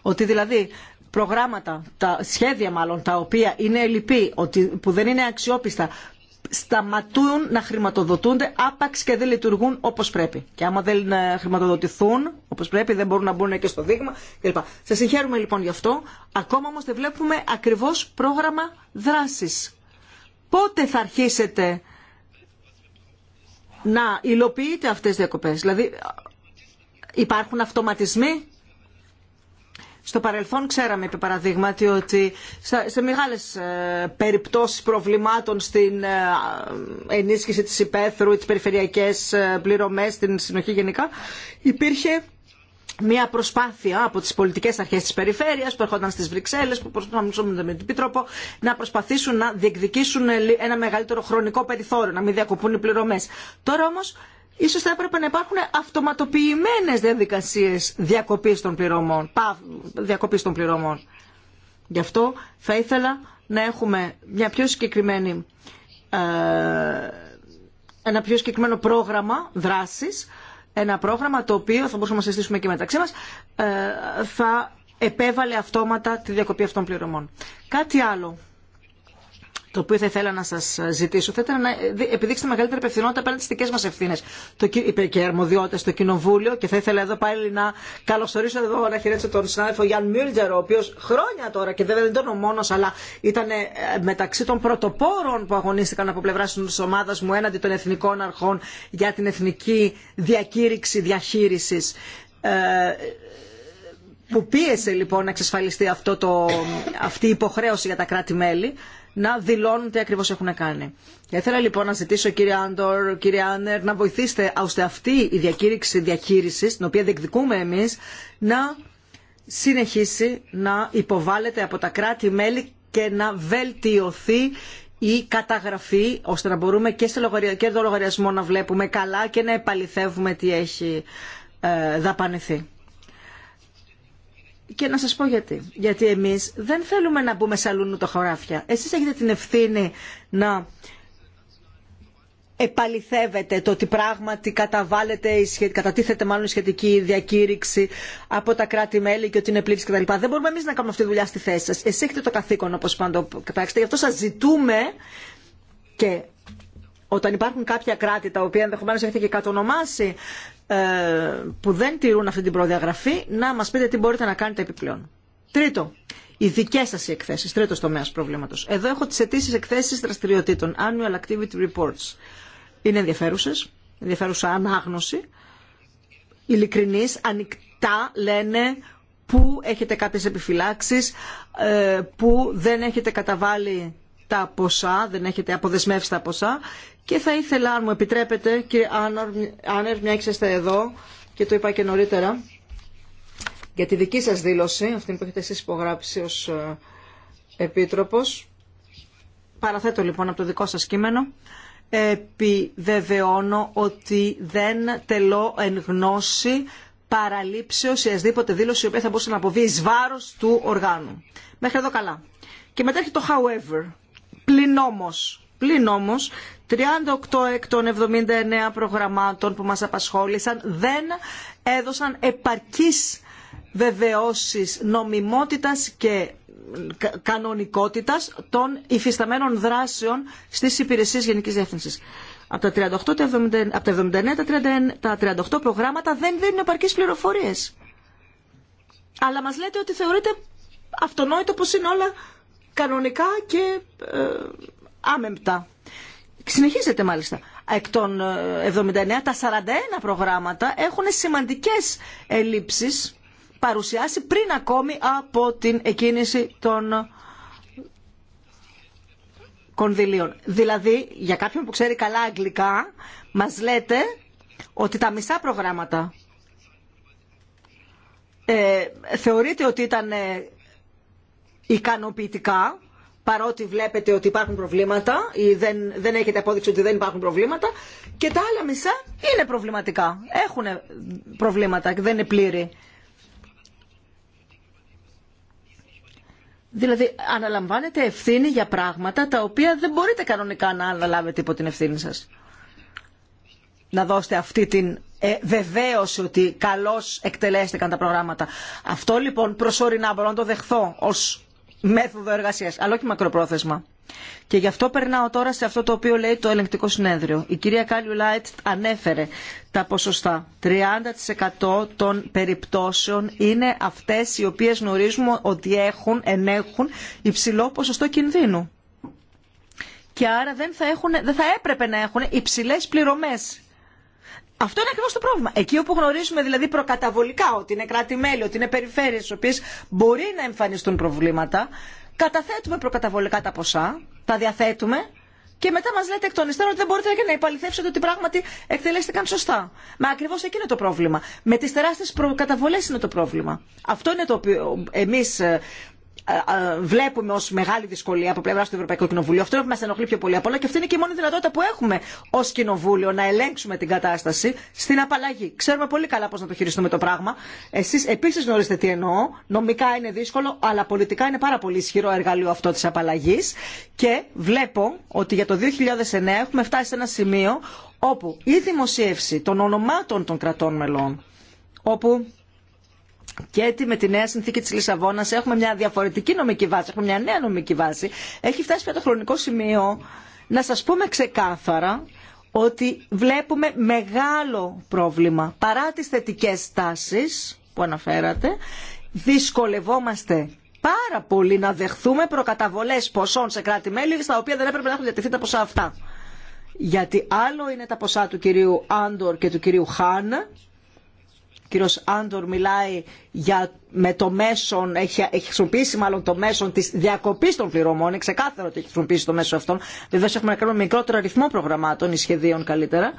Ότι δηλαδή προγράμματα, τα σχέδια μάλλον τα οποία είναι ελλειπή, ότι, που δεν είναι αξιόπιστα, σταματούν να χρηματοδοτούνται άπαξ και δεν λειτουργούν όπως πρέπει. Και άμα δεν ε, χρηματοδοτηθούν όπως πρέπει δεν μπορούν να μπουν και στο δείγμα κλπ. Σα συγχαίρουμε λοιπόν γι' αυτό. Ακόμα όμως δεν βλέπουμε ακριβώς πρόγραμμα δράσης. Πότε θα αρχίσετε να υλοποιείτε αυτές τις διακοπέ. Δηλαδή ε, υπάρχουν αυτοματισμοί στο παρελθόν ξέραμε, επί παραδείγματι, ότι σε μεγάλες ε, περιπτώσεις προβλημάτων στην ε, ε, ενίσχυση της υπαίθρου, τις περιφερειακές πληρωμές, στην συνοχή γενικά, υπήρχε μια προσπάθεια από τις πολιτικές αρχές της περιφέρειας που έρχονταν στις Βρυξέλλες, που προσπαθούσαν με τον Επίτροπο, να προσπαθήσουν να διεκδικήσουν ένα μεγαλύτερο χρονικό περιθώριο, να μην διακοπούν οι πληρωμές. Τώρα όμως Ίσως θα έπρεπε να υπάρχουν αυτοματοποιημένες διαδικασίες διακοπής των πληρωμών. διακοπής των πληρωμών. Γι' αυτό θα ήθελα να έχουμε μια πιο συγκεκριμένη, ε, ένα πιο συγκεκριμένο πρόγραμμα δράσης, ένα πρόγραμμα το οποίο θα μπορούσαμε να συζητήσουμε και μεταξύ μας, ε, θα επέβαλε αυτόματα τη διακοπή αυτών πληρωμών. Κάτι άλλο το οποίο θα ήθελα να σα ζητήσω, θα ήταν να επιδείξετε μεγαλύτερη απευθυνότητα απέναντι στι δικέ μα ευθύνε και αρμοδιότητε στο Κοινοβούλιο. Και θα ήθελα εδώ πάλι να καλωσορίσω εδώ να χαιρέτησω τον συνάδελφο Γιάνν Μίλτζερ, ο οποίο χρόνια τώρα και δεν ήταν ο μόνο, αλλά ήταν ε, μεταξύ των πρωτοπόρων που αγωνίστηκαν από πλευρά τη ομάδα μου έναντι των εθνικών αρχών για την εθνική διακήρυξη διαχείριση ε, που πίεσε λοιπόν να εξασφαλιστεί αυτό το, αυτή η υποχρέωση για τα κράτη-μέλη να δηλώνουν τι ακριβώς έχουν κάνει. Θα ήθελα λοιπόν να ζητήσω κύριε Άντορ, κύριε Άνερ, να βοηθήσετε ώστε αυτή η διακήρυξη διαχείριση, την οποία διεκδικούμε εμείς, να συνεχίσει να υποβάλλεται από τα κράτη-μέλη και να βελτιωθεί η καταγραφή ώστε να μπορούμε και στο λογαριασμό να βλέπουμε καλά και να επαληθεύουμε τι έχει ε, δαπανηθεί. Και να σας πω γιατί. Γιατί εμείς δεν θέλουμε να μπούμε σε αλλού τα χωράφια. Εσείς έχετε την ευθύνη να επαληθεύετε το ότι πράγματι καταβάλλετε, κατατίθεται μάλλον η σχετική διακήρυξη από τα κράτη-μέλη και ότι είναι πλήρης κτλ. Δεν μπορούμε εμείς να κάνουμε αυτή τη δουλειά στη θέση σας. Εσείς έχετε το καθήκον όπως πάντα κατάξετε. Γι' αυτό σας ζητούμε και όταν υπάρχουν κάποια κράτη τα οποία ενδεχομένω έχετε και κατονομάσει ε, που δεν τηρούν αυτή την προδιαγραφή να μας πείτε τι μπορείτε να κάνετε επιπλέον. Τρίτο, οι δικέ σα εκθέσει, τρίτο τομέα προβλήματο. Εδώ έχω τι αιτήσει εκθέσει δραστηριοτήτων, annual activity reports. Είναι ενδιαφέρουσε, ενδιαφέρουσα ανάγνωση. Ειλικρινεί, ανοιχτά λένε που έχετε κάποιε επιφυλάξει, ε, που δεν έχετε καταβάλει τα ποσά, δεν έχετε αποδεσμεύσει τα ποσά και θα ήθελα αν μου επιτρέπετε κύριε Άνερ, μια είστε εδώ και το είπα και νωρίτερα για τη δική σας δήλωση, αυτή που έχετε εσείς υπογράψει ως ε, Επίτροπος. Παραθέτω λοιπόν από το δικό σας κείμενο. Επιβεβαιώνω ότι δεν τελώ εν γνώση παραλήψεως ή ασδήποτε δήλωση η οποία θα μπορούσε να αποβεί εις του οργάνου. Μέχρι εδώ καλά. Και μετά έχει το however. Πλην όμως, 38 εκ των 79 προγραμμάτων που μας απασχόλησαν δεν έδωσαν επαρκείς βεβαιώσεις νομιμότητας και κανονικότητας των υφισταμένων δράσεων στις υπηρεσίες Γενικής Διεύθυνσης. Από τα, 38, 79, από τα 79 τα 38 προγράμματα δεν δίνουν επαρκείς πληροφορίες. Αλλά μας λέτε ότι θεωρείτε αυτονόητο πως είναι όλα κανονικά και ε, άμεμπτα. Συνεχίζεται μάλιστα. Εκ των 79, ε, τα 41 προγράμματα έχουν σημαντικές ελλείψεις παρουσιάσει πριν ακόμη από την εκκίνηση των κονδυλίων. Δηλαδή, για κάποιον που ξέρει καλά αγγλικά, μας λέτε ότι τα μισά προγράμματα ε, θεωρείται ότι ήταν ε, ικανοποιητικά παρότι βλέπετε ότι υπάρχουν προβλήματα ή δεν, δεν έχετε απόδειξη ότι δεν υπάρχουν προβλήματα και τα άλλα μισά είναι προβληματικά, έχουν προβλήματα και δεν είναι πλήρη. Δηλαδή αναλαμβάνετε ευθύνη για πράγματα τα οποία δεν μπορείτε κανονικά να αναλάβετε υπό την ευθύνη σας. Να δώσετε αυτή την ε, βεβαίωση ότι καλώς εκτελέστηκαν τα προγράμματα. Αυτό λοιπόν προσωρινά μπορώ να το δεχθώ ως μέθοδο εργασία, αλλά όχι μακροπρόθεσμα. Και γι' αυτό περνάω τώρα σε αυτό το οποίο λέει το ελεγκτικό συνέδριο. Η κυρία Κάλιου Λάιτ ανέφερε τα ποσοστά. 30% των περιπτώσεων είναι αυτέ οι οποίε γνωρίζουμε ότι έχουν, ενέχουν υψηλό ποσοστό κινδύνου. Και άρα δεν θα, έπρεπε να έχουν υψηλέ πληρωμέ αυτό είναι ακριβώ το πρόβλημα. Εκεί όπου γνωρίζουμε δηλαδή προκαταβολικά ότι είναι κράτη-μέλη, ότι είναι περιφέρειε στι οποίε μπορεί να εμφανιστούν προβλήματα, καταθέτουμε προκαταβολικά τα ποσά, τα διαθέτουμε και μετά μα λέτε εκ των υστέρων ότι δεν μπορείτε να υπαλληθεύσετε ότι πράγματι εκτελέστηκαν σωστά. Μα ακριβώ εκεί είναι το πρόβλημα. Με τι τεράστιε προκαταβολέ είναι το πρόβλημα. Αυτό είναι το οποίο εμεί ε, ε, ε, βλέπουμε ω μεγάλη δυσκολία από πλευρά του Ευρωπαϊκού Κοινοβουλίου. Αυτό που μα ενοχλεί πιο πολύ από όλα και αυτή είναι και η μόνη δυνατότητα που έχουμε ω Κοινοβούλιο να ελέγξουμε την κατάσταση στην απαλλαγή. Ξέρουμε πολύ καλά πώ να το χειριστούμε το πράγμα. Εσεί επίση γνωρίζετε τι εννοώ. Νομικά είναι δύσκολο, αλλά πολιτικά είναι πάρα πολύ ισχυρό εργαλείο αυτό τη απαλλαγή. Και βλέπω ότι για το 2009 έχουμε φτάσει σε ένα σημείο όπου η δημοσίευση των ονομάτων των κρατών μελών, όπου και έτσι με τη νέα συνθήκη τη Λισαβόνα έχουμε μια διαφορετική νομική βάση, έχουμε μια νέα νομική βάση. Έχει φτάσει πια το χρονικό σημείο να σα πούμε ξεκάθαρα ότι βλέπουμε μεγάλο πρόβλημα. Παρά τις θετικές τάσει που αναφέρατε, δυσκολευόμαστε πάρα πολύ να δεχθούμε προκαταβολές ποσών σε κράτη-μέλη στα οποία δεν έπρεπε να έχουν διατεθεί τα ποσά αυτά. Γιατί άλλο είναι τα ποσά του κυρίου Άντορ και του κυρίου Χάν κύριος Άντορ μιλάει για με το μέσον, έχει, έχει χρησιμοποιήσει μάλλον το μέσον της διακοπής των πληρωμών, είναι ξεκάθαρο ότι έχει χρησιμοποιήσει το μέσο αυτόν. Βεβαίω έχουμε να κάνουμε μικρότερο αριθμό προγραμμάτων ή σχεδίων καλύτερα.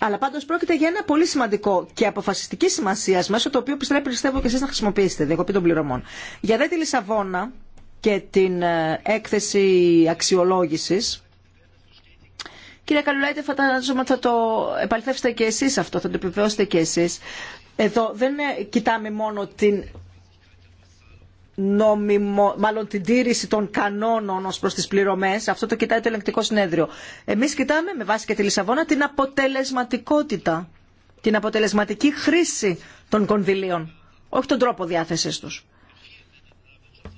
Αλλά πάντως πρόκειται για ένα πολύ σημαντικό και αποφασιστική σημασία μέσο το οποίο πιστεύω, πιστεύω και εσείς να χρησιμοποιήσετε, διακοπή των πληρωμών. Για δε τη Λισαβόνα και την ε, έκθεση αξιολόγηση. Κύριε Καλουλάιτε, φαντάζομαι θα το επαληθεύσετε και εσείς αυτό, θα το επιβεβαιώσετε και εσείς. Εδώ δεν κοιτάμε μόνο την νομιμο, μάλλον την τήρηση των κανόνων ως προς τις πληρωμές, αυτό το κοιτάει το ελεγκτικό συνέδριο. Εμείς κοιτάμε με βάση και τη Λισαβόνα την αποτελεσματικότητα, την αποτελεσματική χρήση των κονδυλίων, όχι τον τρόπο διάθεσης τους.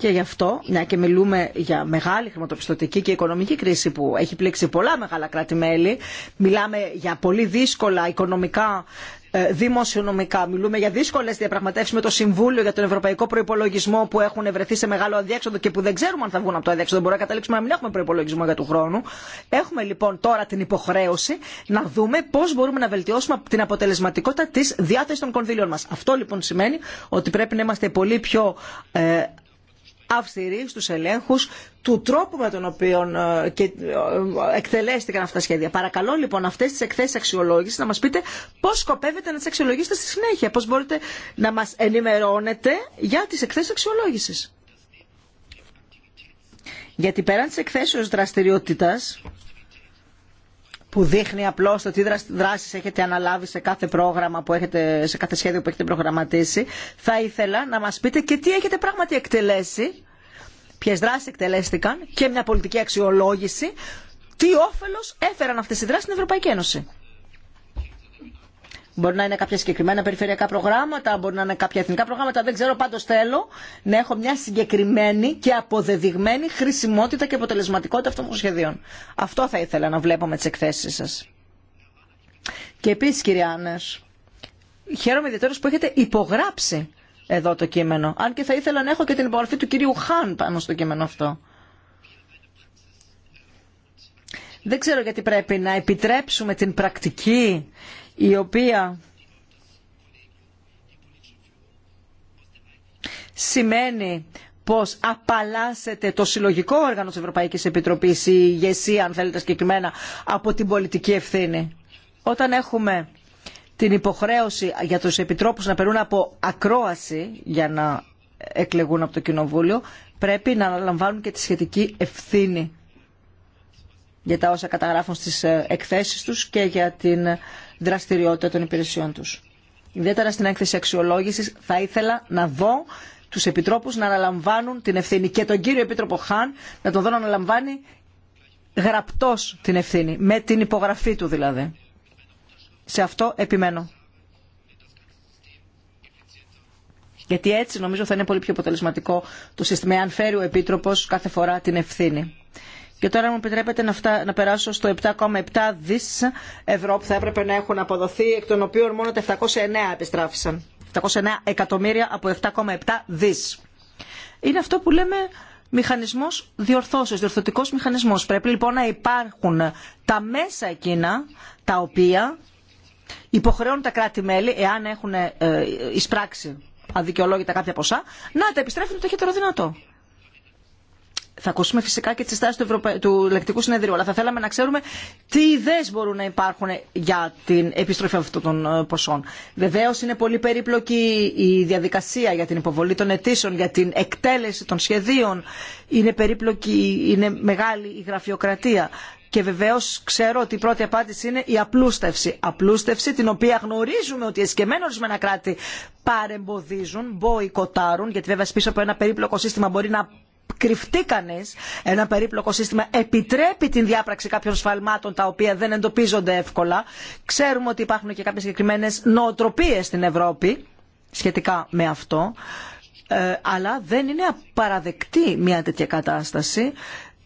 Και γι' αυτό, μια και μιλούμε για μεγάλη χρηματοπιστωτική και οικονομική κρίση που έχει πλήξει πολλά μεγάλα κράτη-μέλη, μιλάμε για πολύ δύσκολα οικονομικά ε, δημοσιονομικά. Μιλούμε για δύσκολε διαπραγματεύσει με το Συμβούλιο για τον Ευρωπαϊκό Προπολογισμό που έχουν βρεθεί σε μεγάλο αδιέξοδο και που δεν ξέρουμε αν θα βγουν από το αδιέξοδο. Μπορεί να καταλήξουμε να μην έχουμε προπολογισμό για του χρόνου. Έχουμε λοιπόν τώρα την υποχρέωση να δούμε πώ μπορούμε να βελτιώσουμε την αποτελεσματικότητα τη διάθεση των κονδύλιων μα. Αυτό λοιπόν σημαίνει ότι πρέπει να είμαστε πολύ πιο ε, αυστηρή στους ελέγχους του τρόπου με τον οποίο ε, ε, εκτελέστηκαν αυτά τα σχέδια. Παρακαλώ λοιπόν αυτές τις εκθέσεις αξιολόγηση να μας πείτε πώς σκοπεύετε να τις αξιολογήσετε στη συνέχεια, πώς μπορείτε να μας ενημερώνετε για τις εκθέσεις αξιολόγησης. Γιατί πέραν τη εκθέσεως δραστηριότητας που δείχνει απλώ το τι δράσεις έχετε αναλάβει σε κάθε πρόγραμμα που έχετε, σε κάθε σχέδιο που έχετε προγραμματίσει. Θα ήθελα να μας πείτε και τι έχετε πράγματι εκτελέσει, ποιε δράσεις εκτελέστηκαν και μια πολιτική αξιολόγηση, τι όφελο έφεραν αυτές οι δράσεις στην Ευρωπαϊκή Ένωση. Μπορεί να είναι κάποια συγκεκριμένα περιφερειακά προγράμματα, μπορεί να είναι κάποια εθνικά προγράμματα, δεν ξέρω. πάντως θέλω να έχω μια συγκεκριμένη και αποδεδειγμένη χρησιμότητα και αποτελεσματικότητα αυτών των σχεδίων. Αυτό θα ήθελα να βλέπω με τι εκθέσει σα. Και επίση, κύριε Άνες, χαίρομαι ιδιαίτερω που έχετε υπογράψει εδώ το κείμενο. Αν και θα ήθελα να έχω και την υπογραφή του κυρίου Χάν πάνω στο κείμενο αυτό. Δεν ξέρω γιατί πρέπει να επιτρέψουμε την πρακτική η οποία σημαίνει πως απαλλάσσεται το συλλογικό όργανο της Ευρωπαϊκής Επιτροπής, η ηγεσία αν θέλετε συγκεκριμένα, από την πολιτική ευθύνη. Όταν έχουμε την υποχρέωση για τους επιτρόπους να περνούν από ακρόαση για να εκλεγούν από το Κοινοβούλιο, πρέπει να αναλαμβάνουν και τη σχετική ευθύνη για τα όσα καταγράφουν στις ε, εκθέσεις τους και για την δραστηριότητα των υπηρεσιών τους. Ιδιαίτερα στην έκθεση αξιολόγησης θα ήθελα να δω τους επιτρόπους να αναλαμβάνουν την ευθύνη και τον κύριο Επίτροπο Χάν να τον δω να αναλαμβάνει γραπτός την ευθύνη, με την υπογραφή του δηλαδή. Σε αυτό επιμένω. Γιατί έτσι νομίζω θα είναι πολύ πιο αποτελεσματικό το σύστημα, εάν φέρει ο Επίτροπος κάθε φορά την ευθύνη. Και τώρα μου επιτρέπετε να, φτά, να περάσω στο 7,7 δις ευρώ που θα έπρεπε να έχουν αποδοθεί, εκ των οποίων μόνο τα 709 επιστράφησαν. 709 εκατομμύρια από 7,7 δί. Είναι αυτό που λέμε μηχανισμό διορθώσεως, διορθωτικό μηχανισμό. Πρέπει λοιπόν να υπάρχουν τα μέσα εκείνα τα οποία υποχρεώνουν τα κράτη-μέλη, εάν έχουν ε, εισπράξει αδικαιολόγητα κάποια ποσά, να τα επιστρέφουν το χέτερο δυνατό. Θα ακούσουμε φυσικά και τι στάση του, Ευρωπα... του Λεκτικού Συνεδρίου, αλλά θα θέλαμε να ξέρουμε τι ιδέε μπορούν να υπάρχουν για την επιστροφή αυτών των ε, ποσών. Βεβαίω είναι πολύ περίπλοκη η διαδικασία για την υποβολή των αιτήσεων, για την εκτέλεση των σχεδίων. Είναι περίπλοκη, είναι μεγάλη η γραφειοκρατία. Και βεβαίω ξέρω ότι η πρώτη απάντηση είναι η απλούστευση. Απλούστευση την οποία γνωρίζουμε ότι εσκεμμένα ορισμένα κράτη παρεμποδίζουν, μποϊκοτάρουν, γιατί βέβαια πίσω από ένα περίπλοκο σύστημα μπορεί να κρυφτεί κανεί ένα περίπλοκο σύστημα επιτρέπει την διάπραξη κάποιων σφαλμάτων τα οποία δεν εντοπίζονται εύκολα. Ξέρουμε ότι υπάρχουν και κάποιε συγκεκριμένε νοοτροπίε στην Ευρώπη σχετικά με αυτό. Ε, αλλά δεν είναι απαραδεκτή μια τέτοια κατάσταση.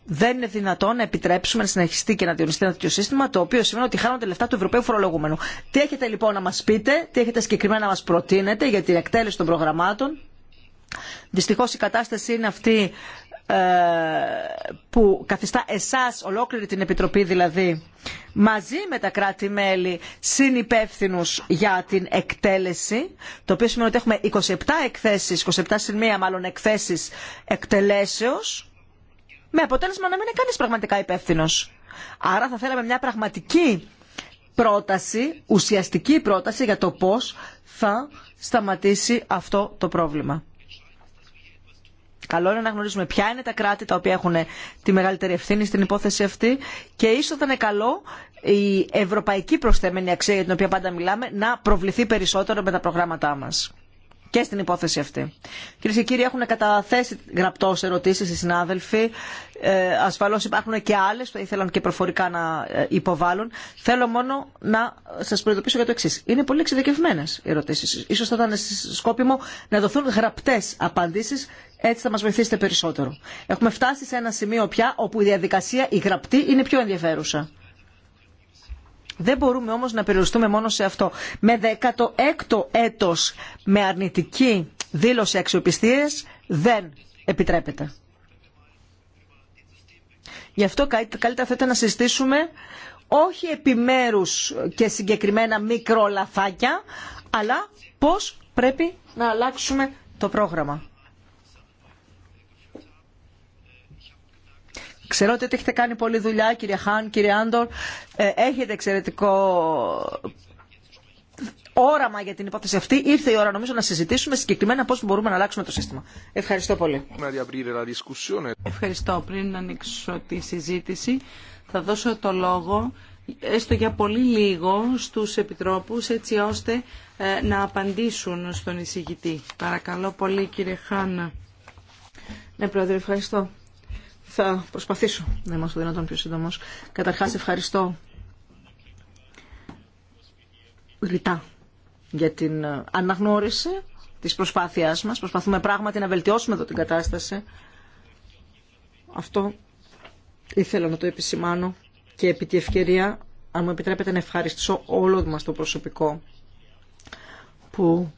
Δεν είναι δυνατόν να επιτρέψουμε να συνεχιστεί και να διονυστεί ένα τέτοιο σύστημα, το οποίο σημαίνει ότι χάνονται λεφτά του Ευρωπαίου φορολογούμενου. Τι έχετε λοιπόν να μα πείτε, τι έχετε συγκεκριμένα να μα προτείνετε για την εκτέλεση των προγραμμάτων Δυστυχώς η κατάσταση είναι αυτή ε, που καθιστά εσάς, ολόκληρη την Επιτροπή δηλαδή, μαζί με τα κράτη-μέλη συνυπεύθυνους για την εκτέλεση, το οποίο σημαίνει ότι έχουμε 27 εκθέσεις, 27 σημεία μάλλον εκθέσεις εκτελέσεως, με αποτέλεσμα να μην είναι κανείς πραγματικά υπεύθυνο. Άρα θα θέλαμε μια πραγματική πρόταση, ουσιαστική πρόταση για το πώς θα σταματήσει αυτό το πρόβλημα. Καλό είναι να γνωρίζουμε ποια είναι τα κράτη τα οποία έχουν τη μεγαλύτερη ευθύνη στην υπόθεση αυτή και ίσως θα είναι καλό η ευρωπαϊκή προσθέμενη αξία για την οποία πάντα μιλάμε να προβληθεί περισσότερο με τα προγράμματά μας και στην υπόθεση αυτή. Κυρίε και κύριοι, έχουν καταθέσει γραπτώ ερωτήσει οι συνάδελφοι. Ε, Ασφαλώ υπάρχουν και άλλε που ήθελαν και προφορικά να ε, υποβάλουν. Θέλω μόνο να σα προειδοποιήσω για το εξή. Είναι πολύ εξειδικευμένε οι ερωτήσει. σω θα ήταν σκόπιμο να δοθούν γραπτέ απαντήσει. Έτσι θα μα βοηθήσετε περισσότερο. Έχουμε φτάσει σε ένα σημείο πια όπου η διαδικασία, η γραπτή, είναι πιο ενδιαφέρουσα. Δεν μπορούμε όμως να περιοριστούμε μόνο σε αυτό. Με 16ο έτος με αρνητική δήλωση αξιοπιστίας δεν επιτρέπεται. Γι' αυτό καλύτερα θα ήταν να συστήσουμε όχι επιμέρους και συγκεκριμένα μικρό αλλά πώς πρέπει να αλλάξουμε το πρόγραμμα. Ξέρω ότι έχετε κάνει πολλή δουλειά, κύριε Χάν, κύριε Άντορ. Ε, έχετε εξαιρετικό όραμα για την υπόθεση αυτή. Ήρθε η ώρα νομίζω να συζητήσουμε συγκεκριμένα πώ μπορούμε να αλλάξουμε το σύστημα. Ευχαριστώ πολύ. Ευχαριστώ. Πριν να ανοίξω τη συζήτηση θα δώσω το λόγο έστω για πολύ λίγο στους επιτρόπους έτσι ώστε ε, να απαντήσουν στον εισηγητή. Παρακαλώ πολύ κύριε Χάν. Ναι πρόεδρε ευχαριστώ. Θα προσπαθήσω να είμαστε δυνατόν πιο σύντομο. Καταρχάς ευχαριστώ ρητά για την αναγνώριση της προσπάθειάς μας. Προσπαθούμε πράγματι να βελτιώσουμε εδώ την κατάσταση. Αυτό ήθελα να το επισημάνω και επί τη ευκαιρία, αν μου επιτρέπετε, να ευχαριστήσω όλο μας το προσωπικό που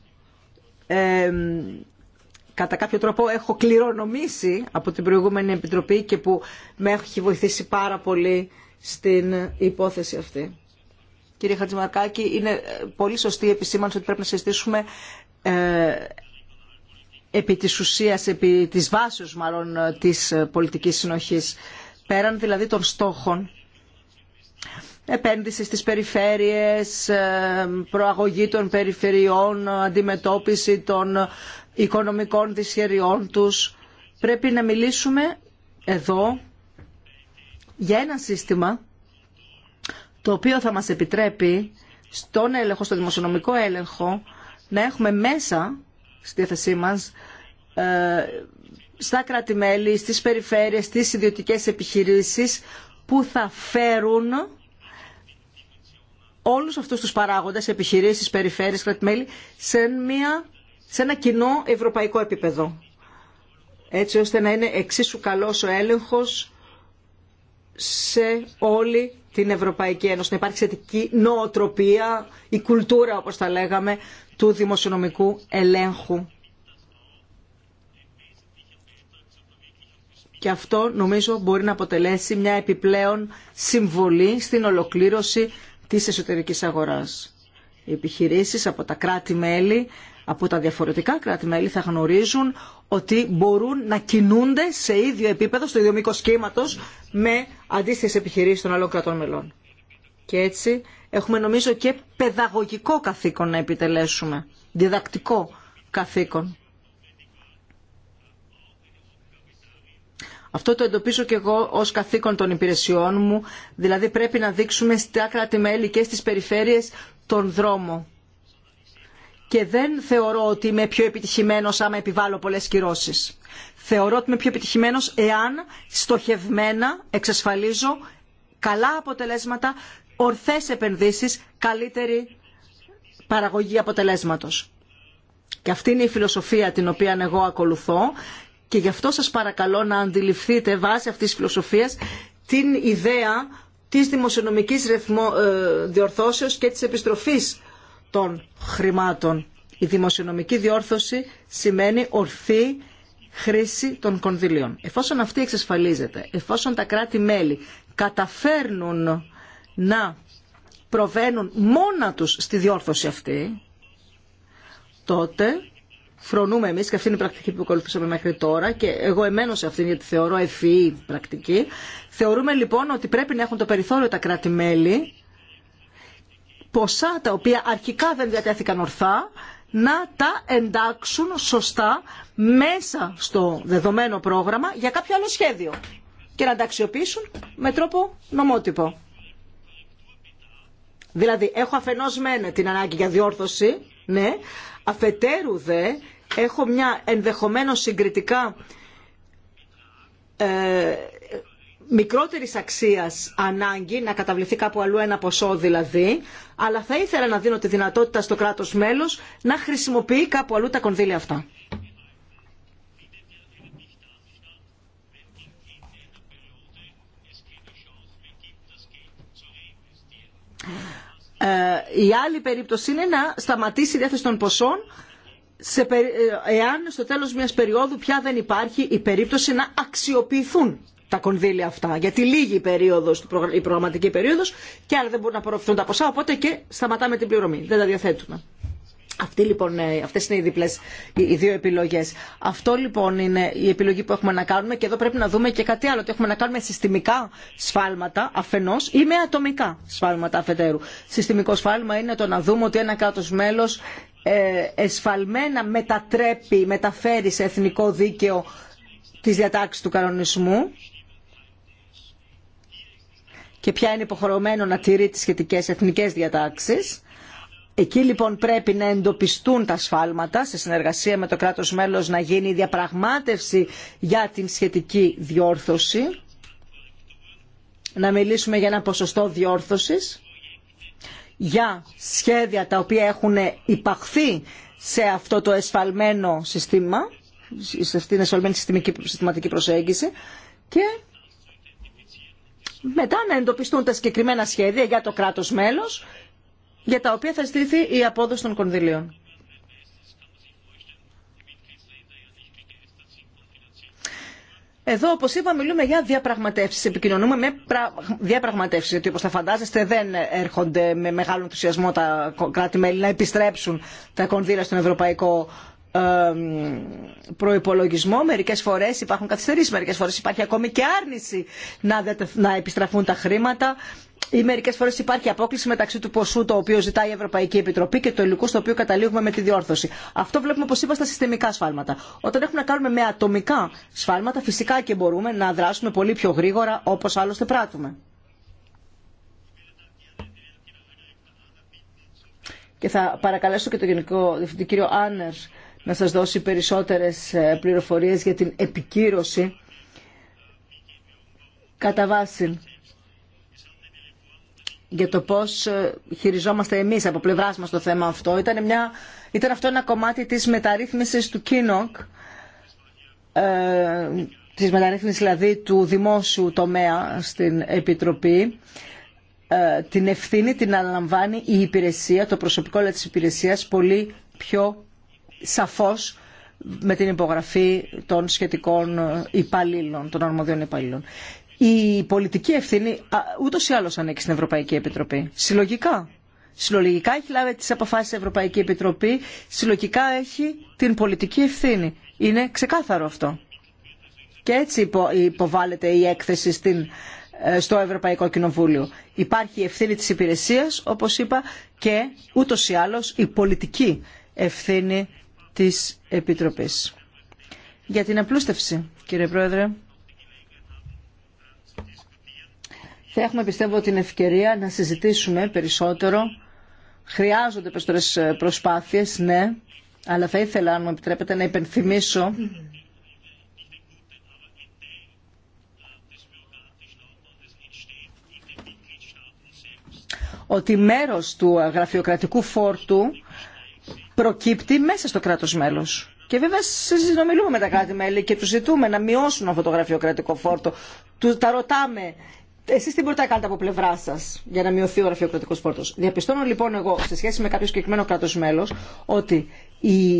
κατά κάποιο τρόπο έχω κληρονομήσει από την προηγούμενη Επιτροπή και που με έχει βοηθήσει πάρα πολύ στην υπόθεση αυτή. Κύριε Χατζημαρκάκη, είναι ε, πολύ σωστή η επισήμανση ότι πρέπει να συζητήσουμε ε, επί της ουσίας, επί της βάσης μάλλον ε, της ε, πολιτικής συνοχής. Πέραν δηλαδή των στόχων, επένδυση στις περιφέρειες, προαγωγή των περιφερειών, αντιμετώπιση των οικονομικών δυσχεριών τους. Πρέπει να μιλήσουμε εδώ για ένα σύστημα το οποίο θα μας επιτρέπει στον έλεγχο, στο δημοσιονομικό έλεγχο, να έχουμε μέσα στη θέσή μας ε, στα κράτη-μέλη, στις περιφέρειες, στις ιδιωτικές επιχειρήσεις που θα φέρουν όλους αυτούς τους παράγοντες, επιχειρήσεις, περιφέρειες, κράτη-μέλη σε μια σε ένα κοινό ευρωπαϊκό επίπεδο. Έτσι ώστε να είναι εξίσου καλός ο έλεγχος σε όλη την Ευρωπαϊκή Ένωση. Να υπάρχει σχετική νοοτροπία, η κουλτούρα όπως τα λέγαμε, του δημοσιονομικού ελέγχου. Και αυτό νομίζω μπορεί να αποτελέσει μια επιπλέον συμβολή στην ολοκλήρωση της εσωτερικής αγοράς. Οι επιχειρήσεις από τα κράτη-μέλη από τα διαφορετικά κράτη-μέλη θα γνωρίζουν ότι μπορούν να κινούνται σε ίδιο επίπεδο, στο ίδιο μήκο κύματο, με αντίστοιχε επιχειρήσει των άλλων κρατών μελών. Και έτσι έχουμε νομίζω και παιδαγωγικό καθήκον να επιτελέσουμε, διδακτικό καθήκον. Αυτό το εντοπίζω και εγώ ως καθήκον των υπηρεσιών μου, δηλαδή πρέπει να δείξουμε στα κράτη-μέλη και στις περιφέρειες τον δρόμο και δεν θεωρώ ότι είμαι πιο επιτυχημένος άμα επιβάλλω πολλές κυρώσει. Θεωρώ ότι είμαι πιο επιτυχημένος εάν στοχευμένα εξασφαλίζω καλά αποτελέσματα, ορθές επενδύσεις, καλύτερη παραγωγή αποτελέσματος. Και αυτή είναι η φιλοσοφία την οποία εγώ ακολουθώ και γι' αυτό σας παρακαλώ να αντιληφθείτε βάσει αυτής της φιλοσοφίας την ιδέα της δημοσιονομικής ε, διορθώσεως και της επιστροφής των χρημάτων. Η δημοσιονομική διόρθωση σημαίνει ορθή χρήση των κονδυλίων. Εφόσον αυτή εξασφαλίζεται, εφόσον τα κράτη-μέλη καταφέρνουν να προβαίνουν μόνα τους στη διόρθωση αυτή, τότε φρονούμε εμείς, και αυτή είναι η πρακτική που ακολουθήσαμε μέχρι τώρα και εγώ εμένω σε αυτήν γιατί θεωρώ ευφυή πρακτική, θεωρούμε λοιπόν ότι πρέπει να έχουν το περιθώριο τα κράτη-μέλη ποσά τα οποία αρχικά δεν διατέθηκαν ορθά να τα εντάξουν σωστά μέσα στο δεδομένο πρόγραμμα για κάποιο άλλο σχέδιο και να τα αξιοποιήσουν με τρόπο νομότυπο. Δηλαδή, έχω αφενός μεν την ανάγκη για διόρθωση, ναι, αφετέρου δε έχω μια ενδεχομένως συγκριτικά ε, μικρότερης αξίας ανάγκη να καταβληθεί κάπου αλλού ένα ποσό δηλαδή, αλλά θα ήθελα να δίνω τη δυνατότητα στο κράτος μέλος να χρησιμοποιεί κάπου αλλού τα κονδύλια αυτά. Ε, η άλλη περίπτωση είναι να σταματήσει η διάθεση των ποσών σε, ε, εάν στο τέλος μιας περίοδου πια δεν υπάρχει η περίπτωση να αξιοποιηθούν τα κονδύλια αυτά. Γιατί λίγη η, περίοδος, η προγραμματική περίοδο και άρα δεν μπορούν να απορροφηθούν τα ποσά, οπότε και σταματάμε την πληρωμή. Δεν τα διαθέτουμε. Αυτή λοιπόν, ε, αυτές είναι οι, διπλές, οι δύο επιλογές. Αυτό λοιπόν είναι η επιλογή που έχουμε να κάνουμε και εδώ πρέπει να δούμε και κάτι άλλο, ότι έχουμε να κάνουμε συστημικά σφάλματα αφενός ή με ατομικά σφάλματα αφετέρου. Συστημικό σφάλμα είναι το να δούμε ότι ένα κράτος μέλος ε, εσφαλμένα μετατρέπει, μεταφέρει σε εθνικό δίκαιο τις διατάξεις του κανονισμού και ποια είναι υποχρεωμένο να τηρεί τις σχετικές εθνικές διατάξεις. Εκεί λοιπόν πρέπει να εντοπιστούν τα σφάλματα, σε συνεργασία με το κράτος μέλος να γίνει η διαπραγμάτευση για την σχετική διόρθωση, να μιλήσουμε για ένα ποσοστό διόρθωσης, για σχέδια τα οποία έχουν υπαχθεί σε αυτό το εσφαλμένο σύστημα, σε αυτήν την εσφαλμένη συστηματική προσέγγιση και μετά να εντοπιστούν τα συγκεκριμένα σχέδια για το κράτος μέλος, για τα οποία θα στήθει η απόδοση των κονδυλίων. Εδώ, όπω είπα, μιλούμε για διαπραγματεύσει. Επικοινωνούμε με διαπραγματεύσει. Γιατί, όπω θα φαντάζεστε, δεν έρχονται με μεγάλο ενθουσιασμό τα κράτη-μέλη να επιστρέψουν τα κονδύλια στον ευρωπαϊκό προϋπολογισμό. Μερικές φορές υπάρχουν καθυστερήσεις, μερικές φορές υπάρχει ακόμη και άρνηση να επιστραφούν τα χρήματα ή μερικέ φορέ υπάρχει απόκληση μεταξύ του ποσού το οποίο ζητάει η Ευρωπαϊκή Επιτροπή και του υλικού στο οποίο καταλήγουμε με τη διόρθωση. Αυτό βλέπουμε, όπω είπα, στα συστημικά σφάλματα. Όταν έχουμε να κάνουμε με ατομικά σφάλματα, φυσικά και μπορούμε να δράσουμε πολύ πιο γρήγορα, όπω άλλωστε πράττουμε. Και θα παρακαλέσω και τον Γενικό κύριο Άνερ να σας δώσει περισσότερες ε, πληροφορίες για την επικύρωση κατά βάση για το πώς ε, χειριζόμαστε εμείς από πλευράς μας το θέμα αυτό. Ήταν, μια, ήταν αυτό ένα κομμάτι της μεταρρύθμισης του ΚΙΝΟΚ, ε, της μεταρρύθμισης δηλαδή του δημόσιου τομέα στην Επιτροπή. την ευθύνη την αναλαμβάνει η υπηρεσία, το προσωπικό της υπηρεσίας πολύ πιο σαφώς με την υπογραφή των σχετικών υπαλλήλων, των αρμοδίων υπαλλήλων. Η πολιτική ευθύνη ούτω ή άλλω ανήκει στην Ευρωπαϊκή Επιτροπή. Συλλογικά. Συλλογικά έχει λάβει τι αποφάσει η Ευρωπαϊκή Επιτροπή, συλλογικά έχει την πολιτική ευθύνη. Είναι ξεκάθαρο αυτό. Και έτσι υποβάλλεται η έκθεση στην, ε, στο Ευρωπαϊκό Κοινοβούλιο. Υπάρχει η ευθύνη τη Υπηρεσία, όπω είπα, και ούτω ή άλλω η αλλω η ευθύνη της Επιτροπής. Για την απλούστευση, κύριε Πρόεδρε, θα έχουμε πιστεύω την ευκαιρία να συζητήσουμε περισσότερο. Χρειάζονται περισσότερες προσπάθειες, ναι, αλλά θα ήθελα, αν μου επιτρέπετε, να υπενθυμίσω ότι μέρος του γραφειοκρατικού φόρτου προκύπτει μέσα στο κράτος μέλος. Και βέβαια συνομιλούμε με τα κράτη-μέλη και τους ζητούμε να μειώσουν αυτό το γραφειοκρατικό φόρτο. του τα ρωτάμε εσεί τι μπορείτε να κάνετε από πλευρά σα για να μειωθεί ο γραφειοκρατικό φόρτο. Διαπιστώνω λοιπόν εγώ σε σχέση με κάποιο συγκεκριμένο κράτο μέλο ότι η,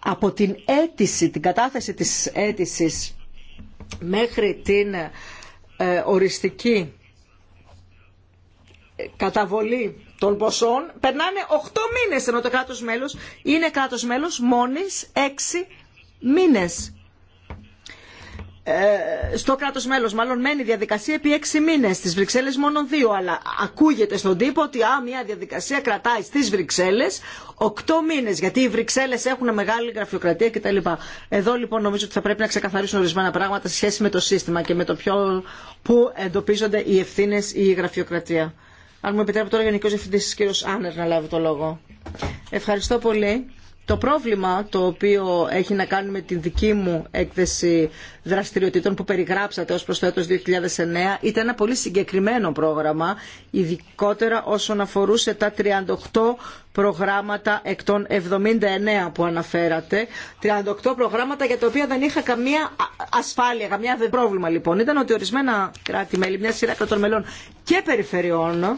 από την αίτηση, την κατάθεση τη αίτηση μέχρι την ε, οριστική ε, καταβολή των ποσών περνάνε 8 μήνε ενώ το κράτο μέλο είναι κράτο μέλο μόλι 6 μήνε. Ε, στο κράτο μέλο, μάλλον μένει η διαδικασία επί 6 μήνε. Στι Βρυξέλλε μόνο 2, αλλά ακούγεται στον τύπο ότι α, μια διαδικασία κρατάει στι Βρυξέλλε 8 μήνε, γιατί οι Βρυξέλλε έχουν μεγάλη γραφειοκρατία κτλ. Εδώ λοιπόν νομίζω ότι θα πρέπει να ξεκαθαρίσουν ορισμένα πράγματα σε σχέση με το σύστημα και με το ποιο, πού εντοπίζονται οι ευθύνε ή η γραφειοκρατία. Αν μου επιτρέπει τώρα ο Γενικός Διευθυντής κ. Άνερ να λάβει το λόγο. Ευχαριστώ πολύ το πρόβλημα το οποίο έχει να κάνει με τη δική μου έκθεση δραστηριοτήτων που περιγράψατε ως προς το έτος 2009 ήταν ένα πολύ συγκεκριμένο πρόγραμμα, ειδικότερα όσον αφορούσε τα 38 προγράμματα εκ των 79 που αναφέρατε. 38 προγράμματα για τα οποία δεν είχα καμία ασφάλεια, καμία πρόβλημα λοιπόν. Ήταν ότι ορισμένα κράτη-μέλη, μια σειρά κρατών μελών και περιφερειών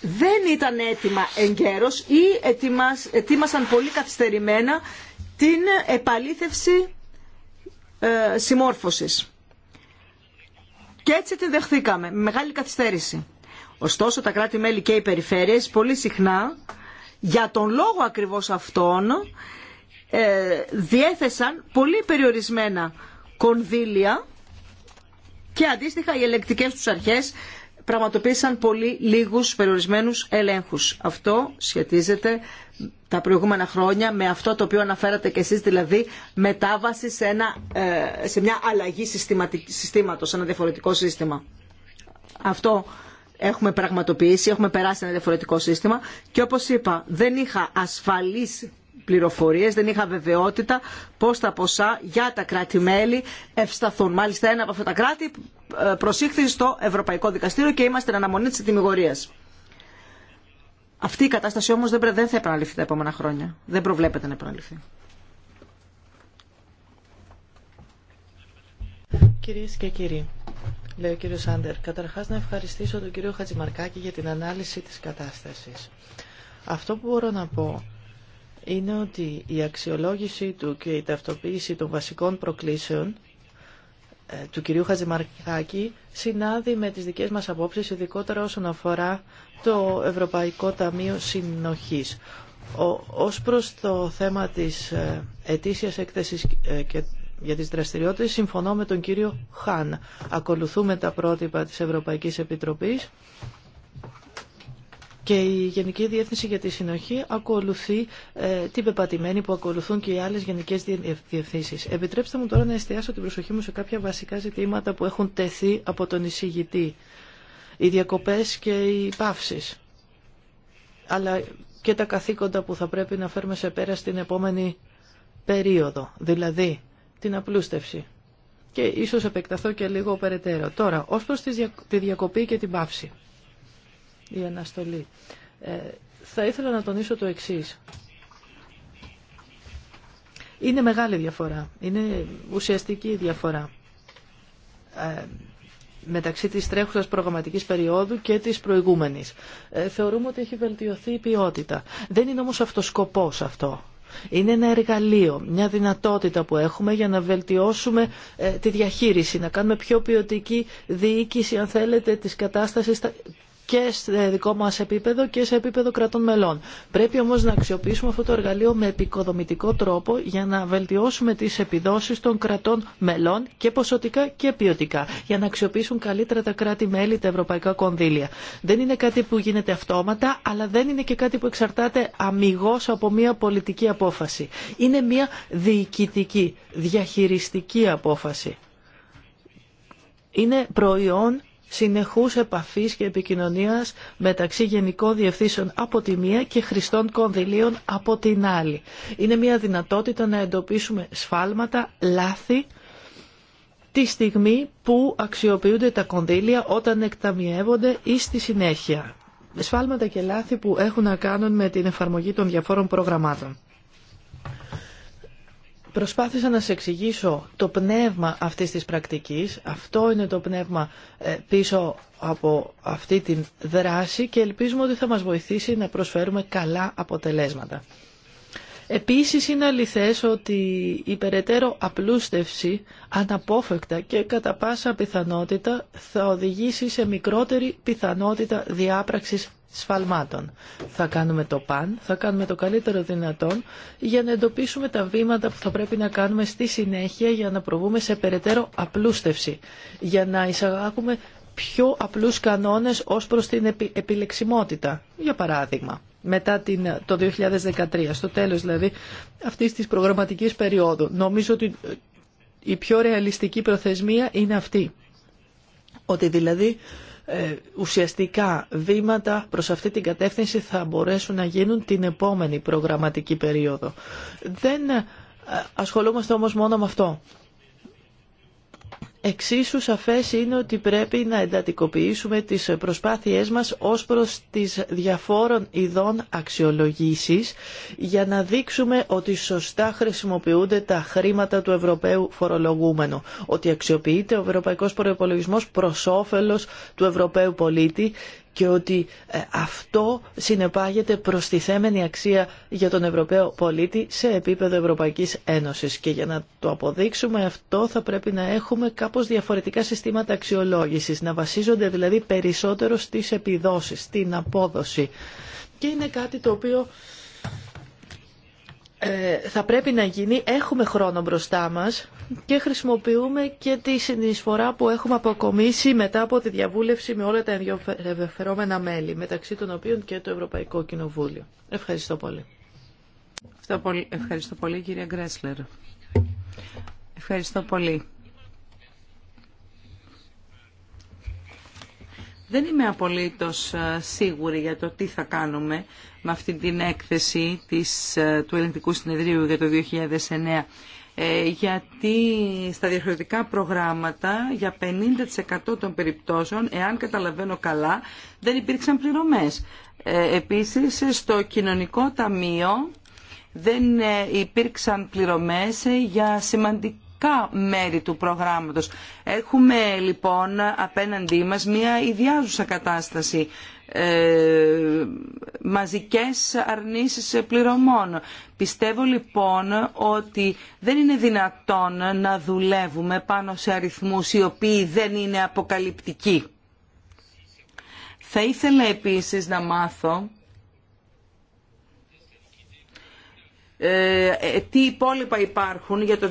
δεν ήταν έτοιμα εγκαίρως ή ετοίμασαν πολύ καθυστερημένα την επαλήθευση ε, συμμόρφωσης. Και έτσι την δεχθήκαμε, με μεγάλη καθυστέρηση. Ωστόσο τα κράτη-μέλη και οι περιφέρειες πολύ συχνά για τον λόγο ακριβώς αυτών ε, διέθεσαν πολύ περιορισμένα κονδύλια και αντίστοιχα οι ελεκτικές τους αρχές πραγματοποίησαν πολύ λίγους περιορισμένους ελέγχους. Αυτό σχετίζεται τα προηγούμενα χρόνια με αυτό το οποίο αναφέρατε και εσείς, δηλαδή μετάβαση σε, ένα, ε, σε μια αλλαγή συστήματος, σε ένα διαφορετικό σύστημα. Αυτό έχουμε πραγματοποιήσει, έχουμε περάσει ένα διαφορετικό σύστημα και όπως είπα δεν είχα ασφαλίσει πληροφορίες, δεν είχα βεβαιότητα πώς τα ποσά για τα κράτη-μέλη ευσταθούν. Μάλιστα ένα από αυτά τα κράτη ε, προσήχθη στο Ευρωπαϊκό Δικαστήριο και είμαστε αναμονή της δημιουργίας. Αυτή η κατάσταση όμως δεν θα επαναληφθεί τα επόμενα χρόνια. Δεν προβλέπεται να επαναληφθεί. Κυρίες και κύριοι, λέει ο κύριο Άντερ, καταρχάς να ευχαριστήσω τον κύριο Χατζημαρκάκη για την ανάλυση της κατάστασης. Αυτό που μπορώ να πω είναι ότι η αξιολόγηση του και η ταυτοποίηση των βασικών προκλήσεων ε, του κυρίου Χατζημαρχάκη συνάδει με τις δικές μας απόψεις, ειδικότερα όσον αφορά το Ευρωπαϊκό Ταμείο Συνοχής. Ο, ως προς το θέμα της ε, ετήσιας έκθεσης ε, και για τις δραστηριότητες, συμφωνώ με τον κύριο Χάν. Ακολουθούμε τα πρότυπα της Ευρωπαϊκής Επιτροπής και η Γενική Διεύθυνση για τη Συνοχή ακολουθεί ε, την πεπατημένη που ακολουθούν και οι άλλες γενικές διευθύνσει. Επιτρέψτε μου τώρα να εστιάσω την προσοχή μου σε κάποια βασικά ζητήματα που έχουν τεθεί από τον εισηγητή. Οι διακοπέ και οι παύσει, Αλλά και τα καθήκοντα που θα πρέπει να φέρουμε σε πέρα στην επόμενη περίοδο. Δηλαδή, την απλούστευση. Και ίσω επεκταθώ και λίγο περαιτέρω. Τώρα, ω προ τη διακοπή και την παύση. Ε, θα ήθελα να τονίσω το εξή. Είναι μεγάλη διαφορά. Είναι ουσιαστική διαφορά ε, μεταξύ της τρέχουσας προγραμματικής περίοδου και της προηγούμενης. Ε, θεωρούμε ότι έχει βελτιωθεί η ποιότητα. Δεν είναι όμως αυτοσκοπός αυτό. Είναι ένα εργαλείο, μια δυνατότητα που έχουμε για να βελτιώσουμε ε, τη διαχείριση, να κάνουμε πιο ποιοτική διοίκηση, αν θέλετε, της κατάστασης και σε δικό μας επίπεδο και σε επίπεδο κρατών μελών. Πρέπει όμως να αξιοποιήσουμε αυτό το εργαλείο με επικοδομητικό τρόπο για να βελτιώσουμε τις επιδόσεις των κρατών μελών και ποσοτικά και ποιοτικά, για να αξιοποιήσουν καλύτερα τα κράτη-μέλη τα ευρωπαϊκά κονδύλια. Δεν είναι κάτι που γίνεται αυτόματα, αλλά δεν είναι και κάτι που εξαρτάται αμυγός από μια πολιτική απόφαση. Είναι μια διοικητική, διαχειριστική απόφαση. Είναι προϊόν συνεχούς επαφής και επικοινωνίας μεταξύ γενικών διευθύνσεων από τη μία και χρηστών κονδυλίων από την άλλη. Είναι μια δυνατότητα να εντοπίσουμε σφάλματα, λάθη, τη στιγμή που αξιοποιούνται τα κονδύλια όταν εκταμιεύονται ή στη συνέχεια. Σφάλματα και λάθη που έχουν να κάνουν με την εφαρμογή των διαφόρων προγραμμάτων. Προσπάθησα να σε εξηγήσω το πνεύμα αυτής της πρακτικής. Αυτό είναι το πνεύμα ε, πίσω από αυτή την δράση και ελπίζουμε ότι θα μας βοηθήσει να προσφέρουμε καλά αποτελέσματα. Επίσης είναι αληθές ότι η περαιτέρω απλούστευση αναπόφευκτα και κατά πάσα πιθανότητα θα οδηγήσει σε μικρότερη πιθανότητα διάπραξης σφαλμάτων. Θα κάνουμε το παν, θα κάνουμε το καλύτερο δυνατόν για να εντοπίσουμε τα βήματα που θα πρέπει να κάνουμε στη συνέχεια για να προβούμε σε περαιτέρω απλούστευση, για να εισαγάγουμε πιο απλούς κανόνες ως προς την επιλεξιμότητα, για παράδειγμα. Μετά την, το 2013, στο τέλος δηλαδή αυτής της προγραμματικής περίοδου. Νομίζω ότι ε, η πιο ρεαλιστική προθεσμία είναι αυτή. Ότι δηλαδή ε, ουσιαστικά βήματα προς αυτή την κατεύθυνση θα μπορέσουν να γίνουν την επόμενη προγραμματική περίοδο. Δεν ε, ασχολούμαστε όμως μόνο με αυτό. Εξίσου σαφές είναι ότι πρέπει να εντατικοποιήσουμε τις προσπάθειές μας ως προς τις διαφόρων ειδών αξιολογήσεις για να δείξουμε ότι σωστά χρησιμοποιούνται τα χρήματα του Ευρωπαίου φορολογούμενου, ότι αξιοποιείται ο Ευρωπαϊκός Προϋπολογισμός προς όφελος του Ευρωπαίου πολίτη και ότι ε, αυτό συνεπάγεται προστιθέμενη αξία για τον Ευρωπαίο πολίτη σε επίπεδο Ευρωπαϊκής Ένωσης. Και για να το αποδείξουμε αυτό θα πρέπει να έχουμε κάπως διαφορετικά συστήματα αξιολόγησης, να βασίζονται δηλαδή περισσότερο στις επιδόσεις, στην απόδοση. Και είναι κάτι το οποίο ε, θα πρέπει να γίνει. Έχουμε χρόνο μπροστά μας και χρησιμοποιούμε και τη συνεισφορά που έχουμε αποκομίσει μετά από τη διαβούλευση με όλα τα ενδιαφερόμενα μέλη, μεταξύ των οποίων και το Ευρωπαϊκό Κοινοβούλιο. Ευχαριστώ πολύ. Ευχαριστώ πολύ, κυρία Γκρέσλερ. Ευχαριστώ πολύ. Δεν είμαι απολύτως ε, σίγουρη για το τι θα κάνουμε με αυτή την έκθεση της, ε, του Ελληνικού Συνεδρίου για το 2009 ε, γιατί στα διαχρονικά προγράμματα για 50% των περιπτώσεων, εάν καταλαβαίνω καλά, δεν υπήρξαν πληρωμές. Επίσης, στο κοινωνικό ταμείο δεν υπήρξαν πληρωμές για σημαντικά μέρη του προγράμματος. Έχουμε λοιπόν απέναντί μας μια ιδιάζουσα κατάσταση ε, μαζικές αρνήσεις πληρωμών. Πιστεύω λοιπόν ότι δεν είναι δυνατόν να δουλεύουμε πάνω σε αριθμούς οι οποίοι δεν είναι αποκαλυπτικοί. Θα ήθελα επίσης να μάθω Ε, ε, τι υπόλοιπα υπάρχουν για το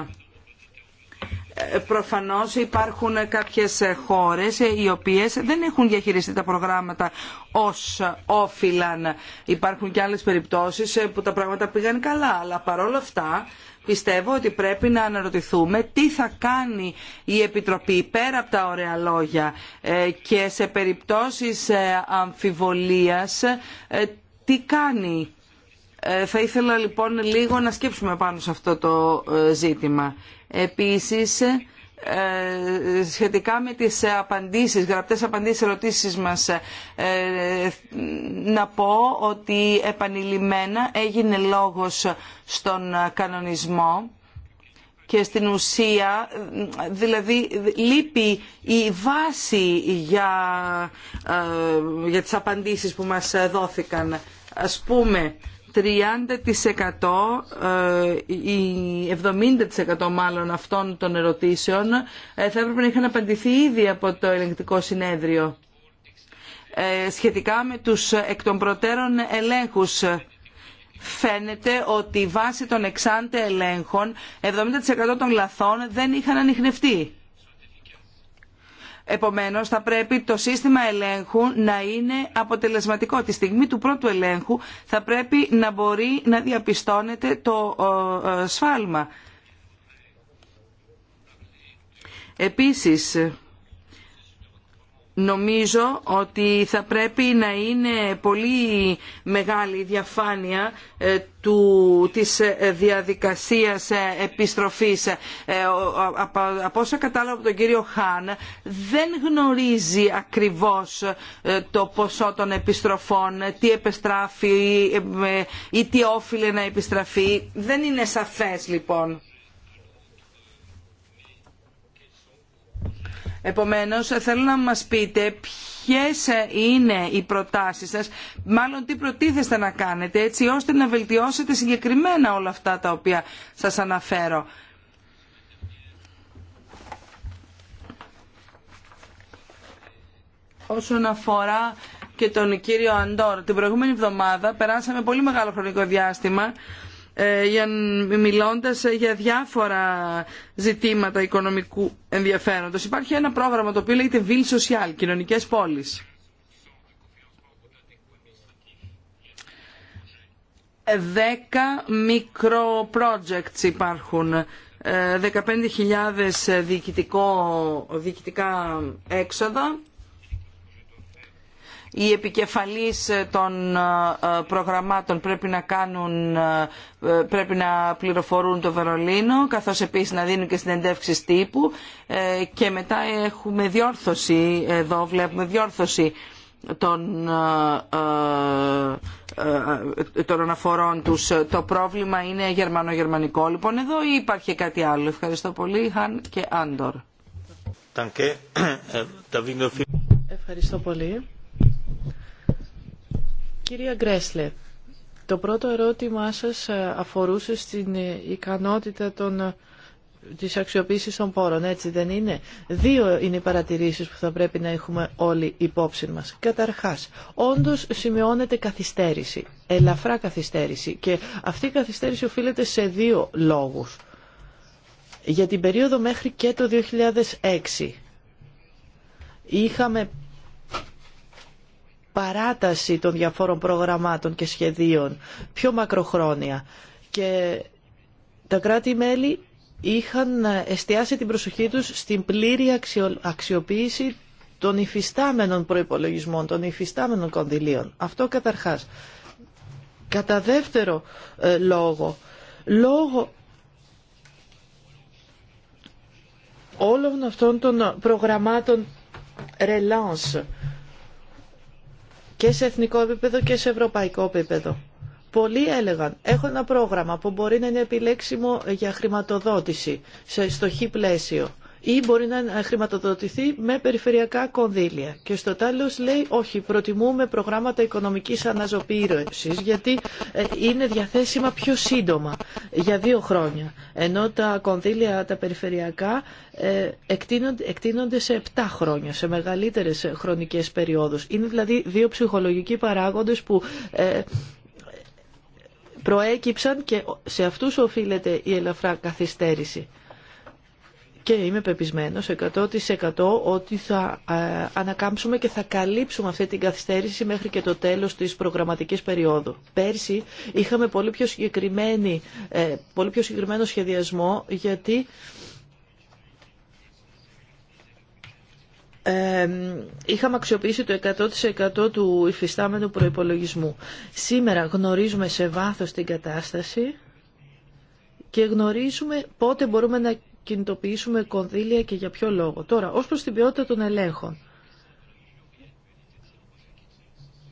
2009. Ε, προφανώς υπάρχουν κάποιες χώρες οι οποίες δεν έχουν διαχειριστεί τα προγράμματα ως όφυλαν. Υπάρχουν και άλλες περιπτώσεις που τα πράγματα πήγαν καλά, αλλά παρόλα αυτά πιστεύω ότι πρέπει να αναρωτηθούμε τι θα κάνει η Επιτροπή πέρα από τα ωραία λόγια και σε περιπτώσεις αμφιβολίας τι κάνει ε, θα ήθελα λοιπόν λίγο να σκέψουμε πάνω σε αυτό το ε, ζήτημα. Επίσης, ε, σχετικά με τις απαντήσεις, γραπτές απαντήσεις ερωτήσεις μας να πω ότι επανειλημμένα έγινε λόγος στον κανονισμό και στην ουσία δηλαδή λείπει η βάση για, για τις απαντήσεις που μας δόθηκαν. Ας πούμε 30% ή 70% μάλλον αυτών των ερωτήσεων ε, θα έπρεπε να είχαν απαντηθεί ήδη από το ελεγκτικό συνέδριο ε, σχετικά με τους εκ των προτέρων ελέγχους. Φαίνεται ότι βάσει των εξάντε ελέγχων 70% των λαθών δεν είχαν ανοιχνευτεί. Επομένως θα πρέπει το σύστημα ελέγχου να είναι αποτελεσματικό. Τη στιγμή του πρώτου ελέγχου θα πρέπει να μπορεί να διαπιστώνεται το σφάλμα. Επίσης, Νομίζω ότι θα πρέπει να είναι πολύ μεγάλη η διαφάνεια ε, του, της ε, διαδικασίας ε, επιστροφής. Από όσα κατάλαβα από τον κύριο Χάν, δεν γνωρίζει ακριβώς το ποσό των επιστροφών, τι επιστράφει ή τι όφιλε να επιστραφεί. Δεν είναι σαφές λοιπόν. Επομένως, θέλω να μας πείτε ποιες είναι οι προτάσεις σας, μάλλον τι προτίθεστε να κάνετε, έτσι ώστε να βελτιώσετε συγκεκριμένα όλα αυτά τα οποία σας αναφέρω. Όσον αφορά και τον κύριο Αντόρ, την προηγούμενη εβδομάδα περάσαμε πολύ μεγάλο χρονικό διάστημα ε, για, μιλώντας για διάφορα ζητήματα οικονομικού ενδιαφέροντος. Υπάρχει ένα πρόγραμμα το οποίο λέγεται Ville Social, κοινωνικές πόλεις. Δέκα μικρο projects υπάρχουν. 15.000 ε, διοικητικά έξοδα οι επικεφαλείς ε, των ε, ε, προγραμμάτων πρέπει να, κάνουν, πρέπει να πληροφορούν το Βερολίνο, καθώς επίσης να δίνουν και συνεντεύξεις τύπου και μετά έχουμε διόρθωση, εδώ βλέπουμε διόρθωση των, των αναφορών τους. Το πρόβλημα γερμανογερμανικό, Λοιπόν, εδώ ή υπάρχει κάτι άλλο. Ευχαριστώ πολύ, Χαν και Άντορ. Ευχαριστώ πολύ. Κυρία Γκρέσλε, το πρώτο ερώτημά σας ε, αφορούσε στην ε, ικανότητα των ε, της αξιοποίησης των πόρων, έτσι δεν είναι. Δύο είναι οι παρατηρήσεις που θα πρέπει να έχουμε όλοι υπόψη μας. Καταρχάς, όντως σημειώνεται καθυστέρηση, ελαφρά καθυστέρηση και αυτή η καθυστέρηση οφείλεται σε δύο λόγους. Για την περίοδο μέχρι και το 2006 είχαμε παράταση των διαφόρων προγραμμάτων και σχεδίων πιο μακροχρόνια. Και τα κράτη-μέλη είχαν εστιάσει την προσοχή τους στην πλήρη αξιοποίηση των υφιστάμενων προϋπολογισμών, των υφιστάμενων κονδυλίων. Αυτό καταρχάς. Κατά δεύτερο ε, λόγο, λόγο όλων αυτών των προγραμμάτων relance και σε εθνικό επίπεδο και σε ευρωπαϊκό επίπεδο. Πολλοί έλεγαν, έχω ένα πρόγραμμα που μπορεί να είναι επιλέξιμο για χρηματοδότηση σε στοχή πλαίσιο ή μπορεί να χρηματοδοτηθεί με περιφερειακά κονδύλια. Και στο τέλος λέει όχι, προτιμούμε προγράμματα οικονομικής αναζωπήρωσης γιατί ε, είναι διαθέσιμα πιο σύντομα για δύο χρόνια. Ενώ τα κονδύλια τα περιφερειακά ε, εκτείνονται, σε 7 χρόνια, σε μεγαλύτερες χρονικές περιόδους. Είναι δηλαδή δύο ψυχολογικοί παράγοντες που ε, προέκυψαν και σε αυτούς οφείλεται η ελαφρά καθυστέρηση και είμαι πεπισμένος 100% ότι θα ε, ανακάμψουμε και θα καλύψουμε αυτή την καθυστέρηση μέχρι και το τέλος της προγραμματικής περίοδου. Πέρσι είχαμε πολύ πιο, συγκεκριμένη, ε, πολύ πιο συγκεκριμένο σχεδιασμό γιατί ε, είχαμε αξιοποιήσει το 100% του υφιστάμενου προϋπολογισμού. Σήμερα γνωρίζουμε σε βάθος την κατάσταση και γνωρίζουμε πότε μπορούμε να κινητοποιήσουμε κονδύλια και για ποιο λόγο. Τώρα, ως προς την ποιότητα των ελέγχων.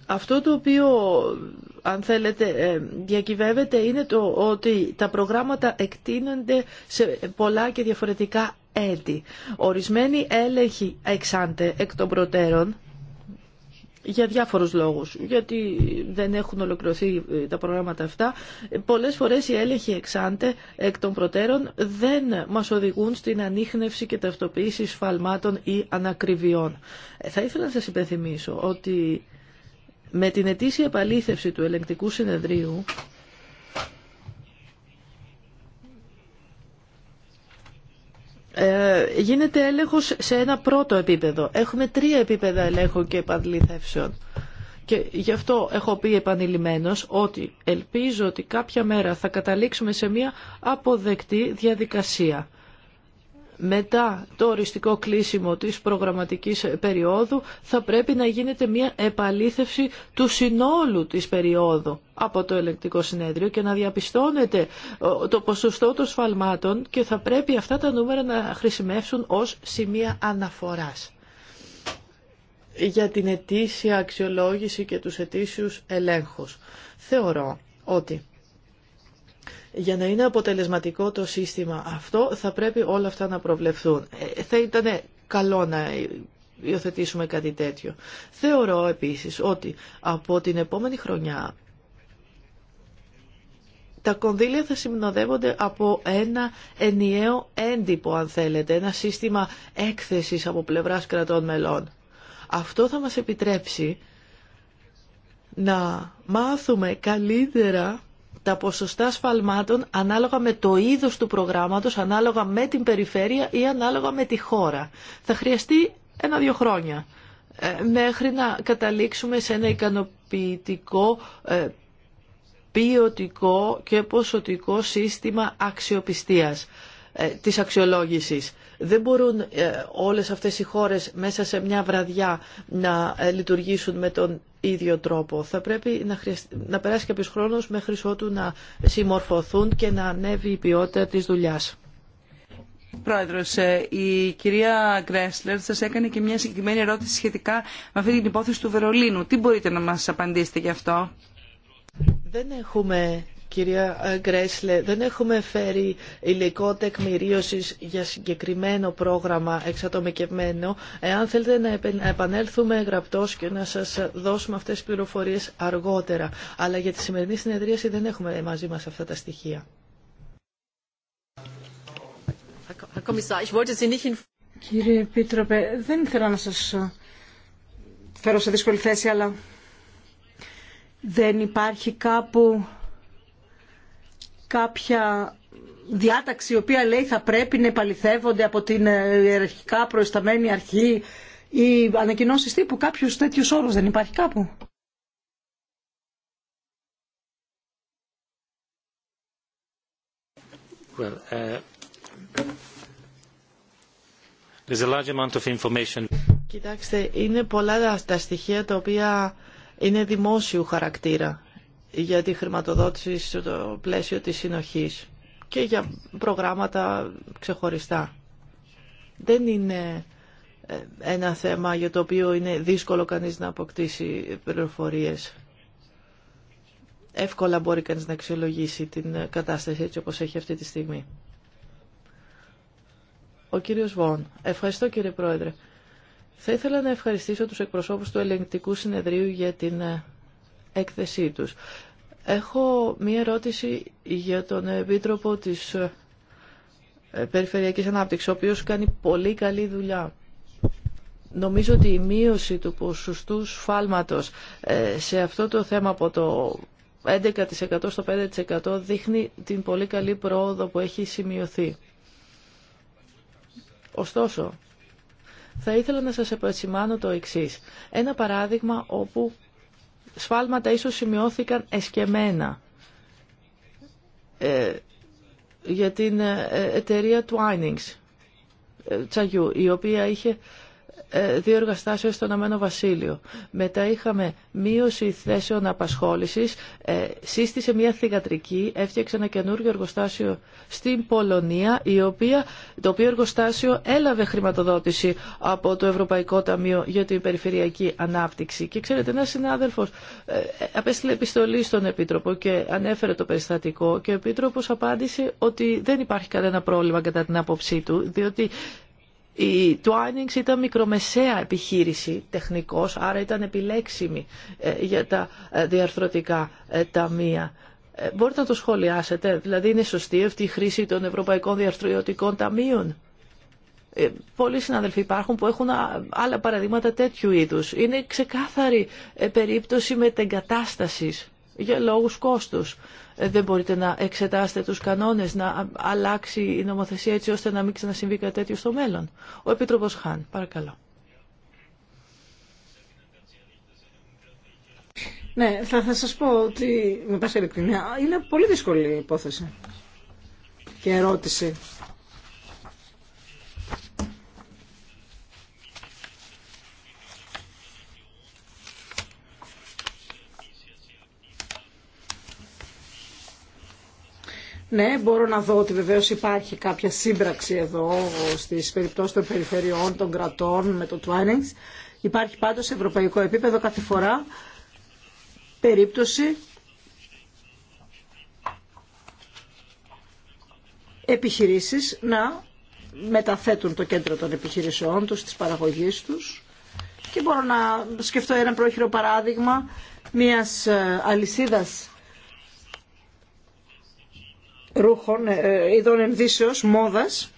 Αυτό το οποίο, αν θέλετε, ε, διακυβεύεται είναι το ότι τα προγράμματα εκτείνονται σε πολλά και διαφορετικά έτη. Ορισμένοι έλεγχοι εξάντε εκ των προτέρων για διάφορους λόγους. Γιατί δεν έχουν ολοκληρωθεί ε, τα προγράμματα αυτά. Πολλές φορές οι έλεγχοι εξάντε εκ των προτέρων δεν μας οδηγούν στην ανείχνευση και ταυτοποίηση σφαλμάτων ή ανακριβιών. Ε, θα ήθελα να σας υπενθυμίσω ότι με την ετήσια επαλήθευση του ελεγκτικού συνεδρίου Ε, γίνεται έλεγχος σε ένα πρώτο επίπεδο. Έχουμε τρία επίπεδα ελέγχου και επαντλήθευσεων. Και γι' αυτό έχω πει επανειλημμένος ότι ελπίζω ότι κάποια μέρα θα καταλήξουμε σε μια αποδεκτή διαδικασία μετά το οριστικό κλείσιμο της προγραμματικής περίοδου θα πρέπει να γίνεται μια επαλήθευση του συνόλου της περίοδου από το ελεκτικό συνέδριο και να διαπιστώνεται το ποσοστό των σφαλμάτων και θα πρέπει αυτά τα νούμερα να χρησιμεύσουν ως σημεία αναφοράς για την ετήσια αξιολόγηση και τους ετήσιους ελέγχους. Θεωρώ ότι για να είναι αποτελεσματικό το σύστημα αυτό θα πρέπει όλα αυτά να προβλεφθούν. Ε, θα ήταν καλό να υιοθετήσουμε κάτι τέτοιο. Θεωρώ επίσης ότι από την επόμενη χρονιά τα κονδύλια θα συμνοδεύονται από ένα ενιαίο έντυπο, αν θέλετε, ένα σύστημα έκθεσης από πλευράς κρατών μελών. Αυτό θα μας επιτρέψει να μάθουμε καλύτερα τα ποσοστά σφαλμάτων ανάλογα με το είδος του προγράμματος, ανάλογα με την περιφέρεια ή ανάλογα με τη χώρα. Θα χρειαστεί ένα-δύο χρόνια ε, μέχρι να καταλήξουμε σε ένα ικανοποιητικό ε, ποιοτικό και ποσοτικό σύστημα αξιοπιστίας ε, της αξιολόγησης. Δεν μπορούν όλες αυτές οι χώρες μέσα σε μια βραδιά να λειτουργήσουν με τον ίδιο τρόπο. Θα πρέπει να, χρησι... να περάσει κάποιο χρόνος μέχρι ότου να συμμορφωθούν και να ανέβει η ποιότητα τη δουλειά. Πρόεδρο. Ε, η κυρία Γκρέσλερ σας έκανε και μια συγκεκριμένη ερώτηση σχετικά με αυτή την υπόθεση του Βερολίνου. Τι μπορείτε να μας απαντήσετε γι' αυτό. Δεν έχουμε Κυρία ε, Γκρέσλε, δεν έχουμε φέρει υλικό τεκμηρίωσης για συγκεκριμένο πρόγραμμα εξατομικευμένο. Εάν θέλετε να επανέλθουμε γραπτός και να σας δώσουμε αυτές τις πληροφορίες αργότερα. Αλλά για τη σημερινή συνεδρίαση δεν έχουμε μαζί μας αυτά τα στοιχεία. Κύριε Επίτροπε, δεν ήθελα να σας ε, φέρω σε δύσκολη θέση, αλλά δεν υπάρχει κάπου κάποια διάταξη η οποία λέει θα πρέπει να επαληθεύονται από την ε, ιεραρχικά προϊσταμένη αρχή ή ανακοινώσει τύπου. Κάποιος τέτοιος όρος δεν υπάρχει κάπου. Well, uh, Κοιτάξτε, είναι πολλά τα στοιχεία τα οποία είναι δημόσιου χαρακτήρα για τη χρηματοδότηση στο πλαίσιο της συνοχής και για προγράμματα ξεχωριστά. Δεν είναι ε, ένα θέμα για το οποίο είναι δύσκολο κανείς να αποκτήσει πληροφορίες. Εύκολα μπορεί κανείς να αξιολογήσει την κατάσταση έτσι όπως έχει αυτή τη στιγμή. Ο κύριος Βόν. Ευχαριστώ κύριε Πρόεδρε. Θα ήθελα να ευχαριστήσω τους εκπροσώπους του Ελεγκτικού Συνεδρίου για την ε, έκθεσή Έχω μία ερώτηση για τον Επίτροπο της ε, Περιφερειακής Ανάπτυξης, ο οποίος κάνει πολύ καλή δουλειά. Νομίζω ότι η μείωση του ποσοστού σφάλματος ε, σε αυτό το θέμα από το 11% στο 5% δείχνει την πολύ καλή πρόοδο που έχει σημειωθεί. Ωστόσο, θα ήθελα να σας επεσημάνω το εξής. Ένα παράδειγμα όπου σφάλματα ίσως σημειώθηκαν εσκεμένα ε, για την ε, εταιρεία Twinings ε, τσαγιού, η οποία είχε ε, δύο εργαστάσεων στον Αμένο Βασίλειο. Μετά είχαμε μείωση θέσεων απασχόλησης, ε, σύστησε μια θηγατρική, έφτιαξε ένα καινούριο εργοστάσιο στην Πολωνία, η οποία, το οποίο εργοστάσιο έλαβε χρηματοδότηση από το Ευρωπαϊκό Ταμείο για την Περιφερειακή Ανάπτυξη. Και ξέρετε, ένας συνάδελφος ε, απέστειλε επιστολή στον Επίτροπο και ανέφερε το περιστατικό και ο επίτροπο απάντησε ότι δεν υπάρχει κανένα πρόβλημα κατά την άποψή του, διότι η Άνιξ ήταν μικρομεσαία επιχείρηση τεχνικός, άρα ήταν επιλέξιμη ε, για τα ε, διαρθρωτικά ε, ταμεία. Μπορείτε να το σχολιάσετε, δηλαδή είναι σωστή αυτή η χρήση των Ευρωπαϊκών Διαρθρωτικών Ταμείων. Πολλοί συναδελφοί υπάρχουν που έχουν άλλα παραδείγματα τέτοιου είδους. Είναι ξεκάθαρη περίπτωση μετεγκατάστασης για λόγους κόστους. Ε, δεν μπορείτε να εξετάσετε τους κανόνες, να αλλάξει η νομοθεσία έτσι ώστε να μην ξανασυμβεί κάτι τέτοιο στο μέλλον. Ο Επίτροπος Χάν, παρακαλώ. Ναι, θα, θα σας πω ότι, με πάση ειλικρινία, είναι πολύ δύσκολη η υπόθεση και ερώτηση Ναι, μπορώ να δω ότι βεβαίω υπάρχει κάποια σύμπραξη εδώ στι περιπτώσει των περιφερειών, των κρατών με το Twinings. Υπάρχει πάντω σε ευρωπαϊκό επίπεδο κάθε φορά περίπτωση επιχειρήσεις να μεταθέτουν το κέντρο των επιχειρήσεών τους, της παραγωγής τους και μπορώ να σκεφτώ ένα πρόχειρο παράδειγμα μιας ε, αλυσίδας ρούχων, ε, ειδών ενδύσεως, μόδας,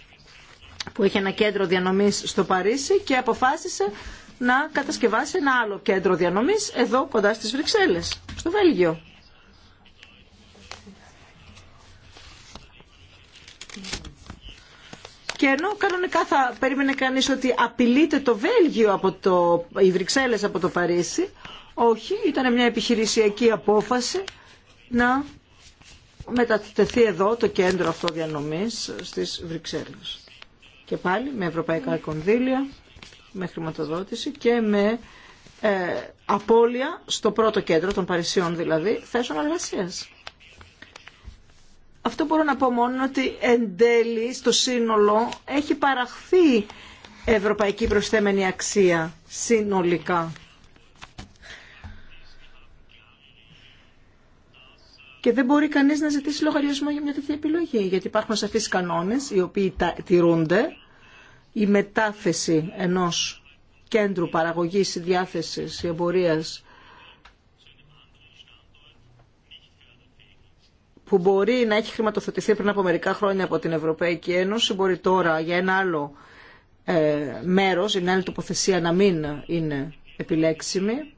που είχε ένα κέντρο διανομής στο Παρίσι και αποφάσισε να κατασκευάσει ένα άλλο κέντρο διανομής εδώ κοντά στις Βρυξέλλες, στο Βέλγιο. Και ενώ κανονικά θα περίμενε κανείς ότι απειλείται το Βέλγιο από το, οι Βρυξέλλες από το Παρίσι, όχι, ήταν μια επιχειρησιακή απόφαση να μετατεθεί εδώ το κέντρο αυτό διανομής στις Βρυξέλλες. Και πάλι με ευρωπαϊκά κονδύλια, με χρηματοδότηση και με ε, απώλεια στο πρώτο κέντρο των Παρισιών δηλαδή θέσεων εργασία. Αυτό μπορώ να πω μόνο ότι εν τέλει στο σύνολο έχει παραχθεί ευρωπαϊκή προσθέμενη αξία συνολικά. και δεν μπορεί κανεί να ζητήσει λογαριασμό για μια τέτοια επιλογή, γιατί υπάρχουν σαφείς κανόνες οι οποίοι τα, τηρούνται. Η μετάθεση ενό κέντρου παραγωγής, διάθεση εμπορία που μπορεί να έχει χρηματοθετηθεί πριν από μερικά χρόνια από την Ευρωπαϊκή Ένωση, μπορεί τώρα για ένα άλλο ε, μέρος, για μια άλλη τοποθεσία να μην είναι επιλέξιμη.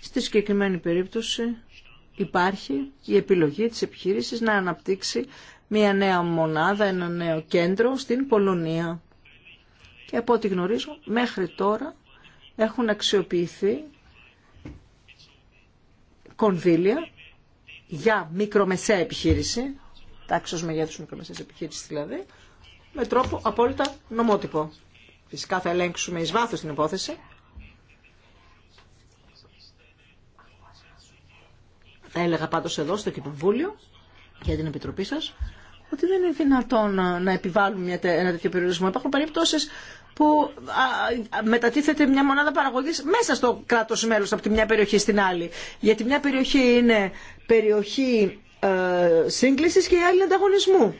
Στη συγκεκριμένη περίπτωση υπάρχει η επιλογή της επιχείρησης να αναπτύξει μια νέα μονάδα, ένα νέο κέντρο στην Πολωνία. Και από ό,τι γνωρίζω, μέχρι τώρα έχουν αξιοποιηθεί κονδύλια για μικρομεσαία επιχείρηση, τάξεως μεγέθους μικρομεσαίας επιχείρησης δηλαδή, με τρόπο απόλυτα νομότυπο. Φυσικά θα ελέγξουμε εις βάθος την υπόθεση, έλεγα πάντως εδώ στο Κοινοβούλιο για την Επιτροπή σας, ότι δεν είναι δυνατόν να επιβάλλουμε μια, ένα τέτοιο περιορισμό. Υπάρχουν περιπτώσεις που μετατίθεται μια μονάδα παραγωγής μέσα στο κράτος μέλος από τη μια περιοχή στην άλλη. Γιατί μια περιοχή είναι περιοχή ε, σύγκλησης και η άλλη ανταγωνισμού.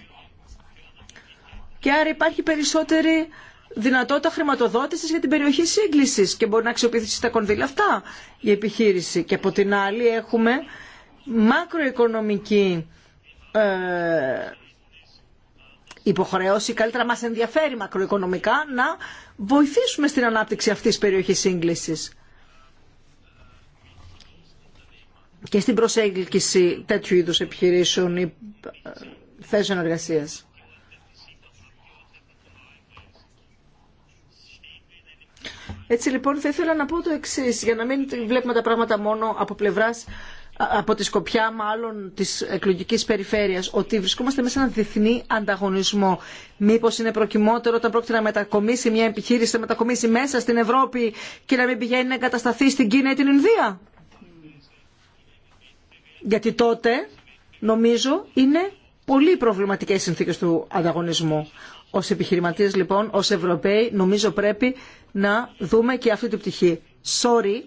Και άρα υπάρχει περισσότερη δυνατότητα χρηματοδότησης για την περιοχή σύγκλησης και μπορεί να αξιοποιηθεί τα κονδύλια αυτά η επιχείρηση. Και από την άλλη έχουμε μακροοικονομική ε, υποχρέωση, καλύτερα μας ενδιαφέρει μακροοικονομικά να βοηθήσουμε στην ανάπτυξη αυτής της περιοχής σύγκλησης και στην προσέγγιση τέτοιου είδους επιχειρήσεων ή ε, θέσεων εργασίας. Έτσι λοιπόν θα ήθελα να πω το εξή για να μην βλέπουμε τα πράγματα μόνο από πλευράς από τη σκοπιά μάλλον της εκλογικής περιφέρειας ότι βρισκόμαστε μέσα σε έναν διεθνή ανταγωνισμό. Μήπως είναι προκυμότερο όταν πρόκειται να μετακομίσει μια επιχείρηση, να μετακομίσει μέσα στην Ευρώπη και να μην πηγαίνει να εγκατασταθεί στην Κίνα ή την Ινδία. Γιατί τότε νομίζω είναι πολύ προβληματικές συνθήκες του ανταγωνισμού. Ως επιχειρηματίες λοιπόν, ως Ευρωπαίοι νομίζω πρέπει να δούμε και αυτή την πτυχή. Sorry,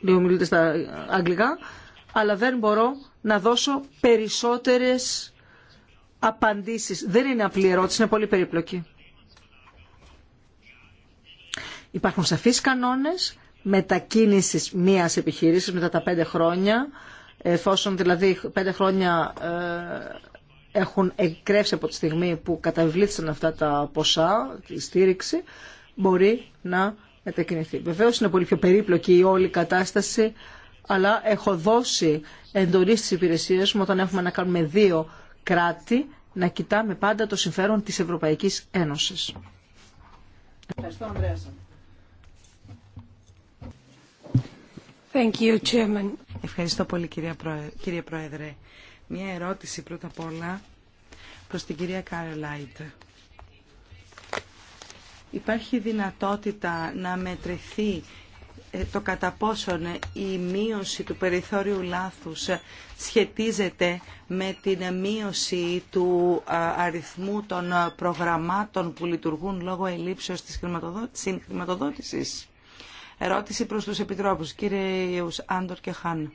λίγο μιλείτε στα αγγλικά, αλλά δεν μπορώ να δώσω περισσότερες απαντήσεις. Δεν είναι απλή ερώτηση, είναι πολύ περίπλοκη. Υπάρχουν σαφείς κανόνες μετακίνησης μίας επιχείρησης μετά τα πέντε χρόνια, εφόσον δηλαδή πέντε χρόνια ε, έχουν εκκρέψει από τη στιγμή που καταβλήθησαν αυτά τα ποσά, τη στήριξη, μπορεί να μετακινηθεί. Βεβαίως είναι πολύ πιο περίπλοκη η όλη κατάσταση αλλά έχω δώσει εντολή στις υπηρεσίες μου όταν έχουμε να κάνουμε δύο κράτη να κοιτάμε πάντα το συμφέρον της Ευρωπαϊκής Ένωσης. Ευχαριστώ, Ανδρέας. Thank you, Chairman. Ευχαριστώ πολύ, κύριε Πρόεδρε. Μία ερώτηση πρώτα απ' όλα προς την κυρία Καρολάιτ. Υπάρχει δυνατότητα να μετρηθεί ε, το κατά πόσον η μείωση του περιθώριου λάθους σχετίζεται με την μείωση του αριθμού των προγραμμάτων που λειτουργούν λόγω ελλείψεως της χρηματοδότησης. Ερώτηση προς τους Επιτρόπους, κύριε Άντορ και Χάν.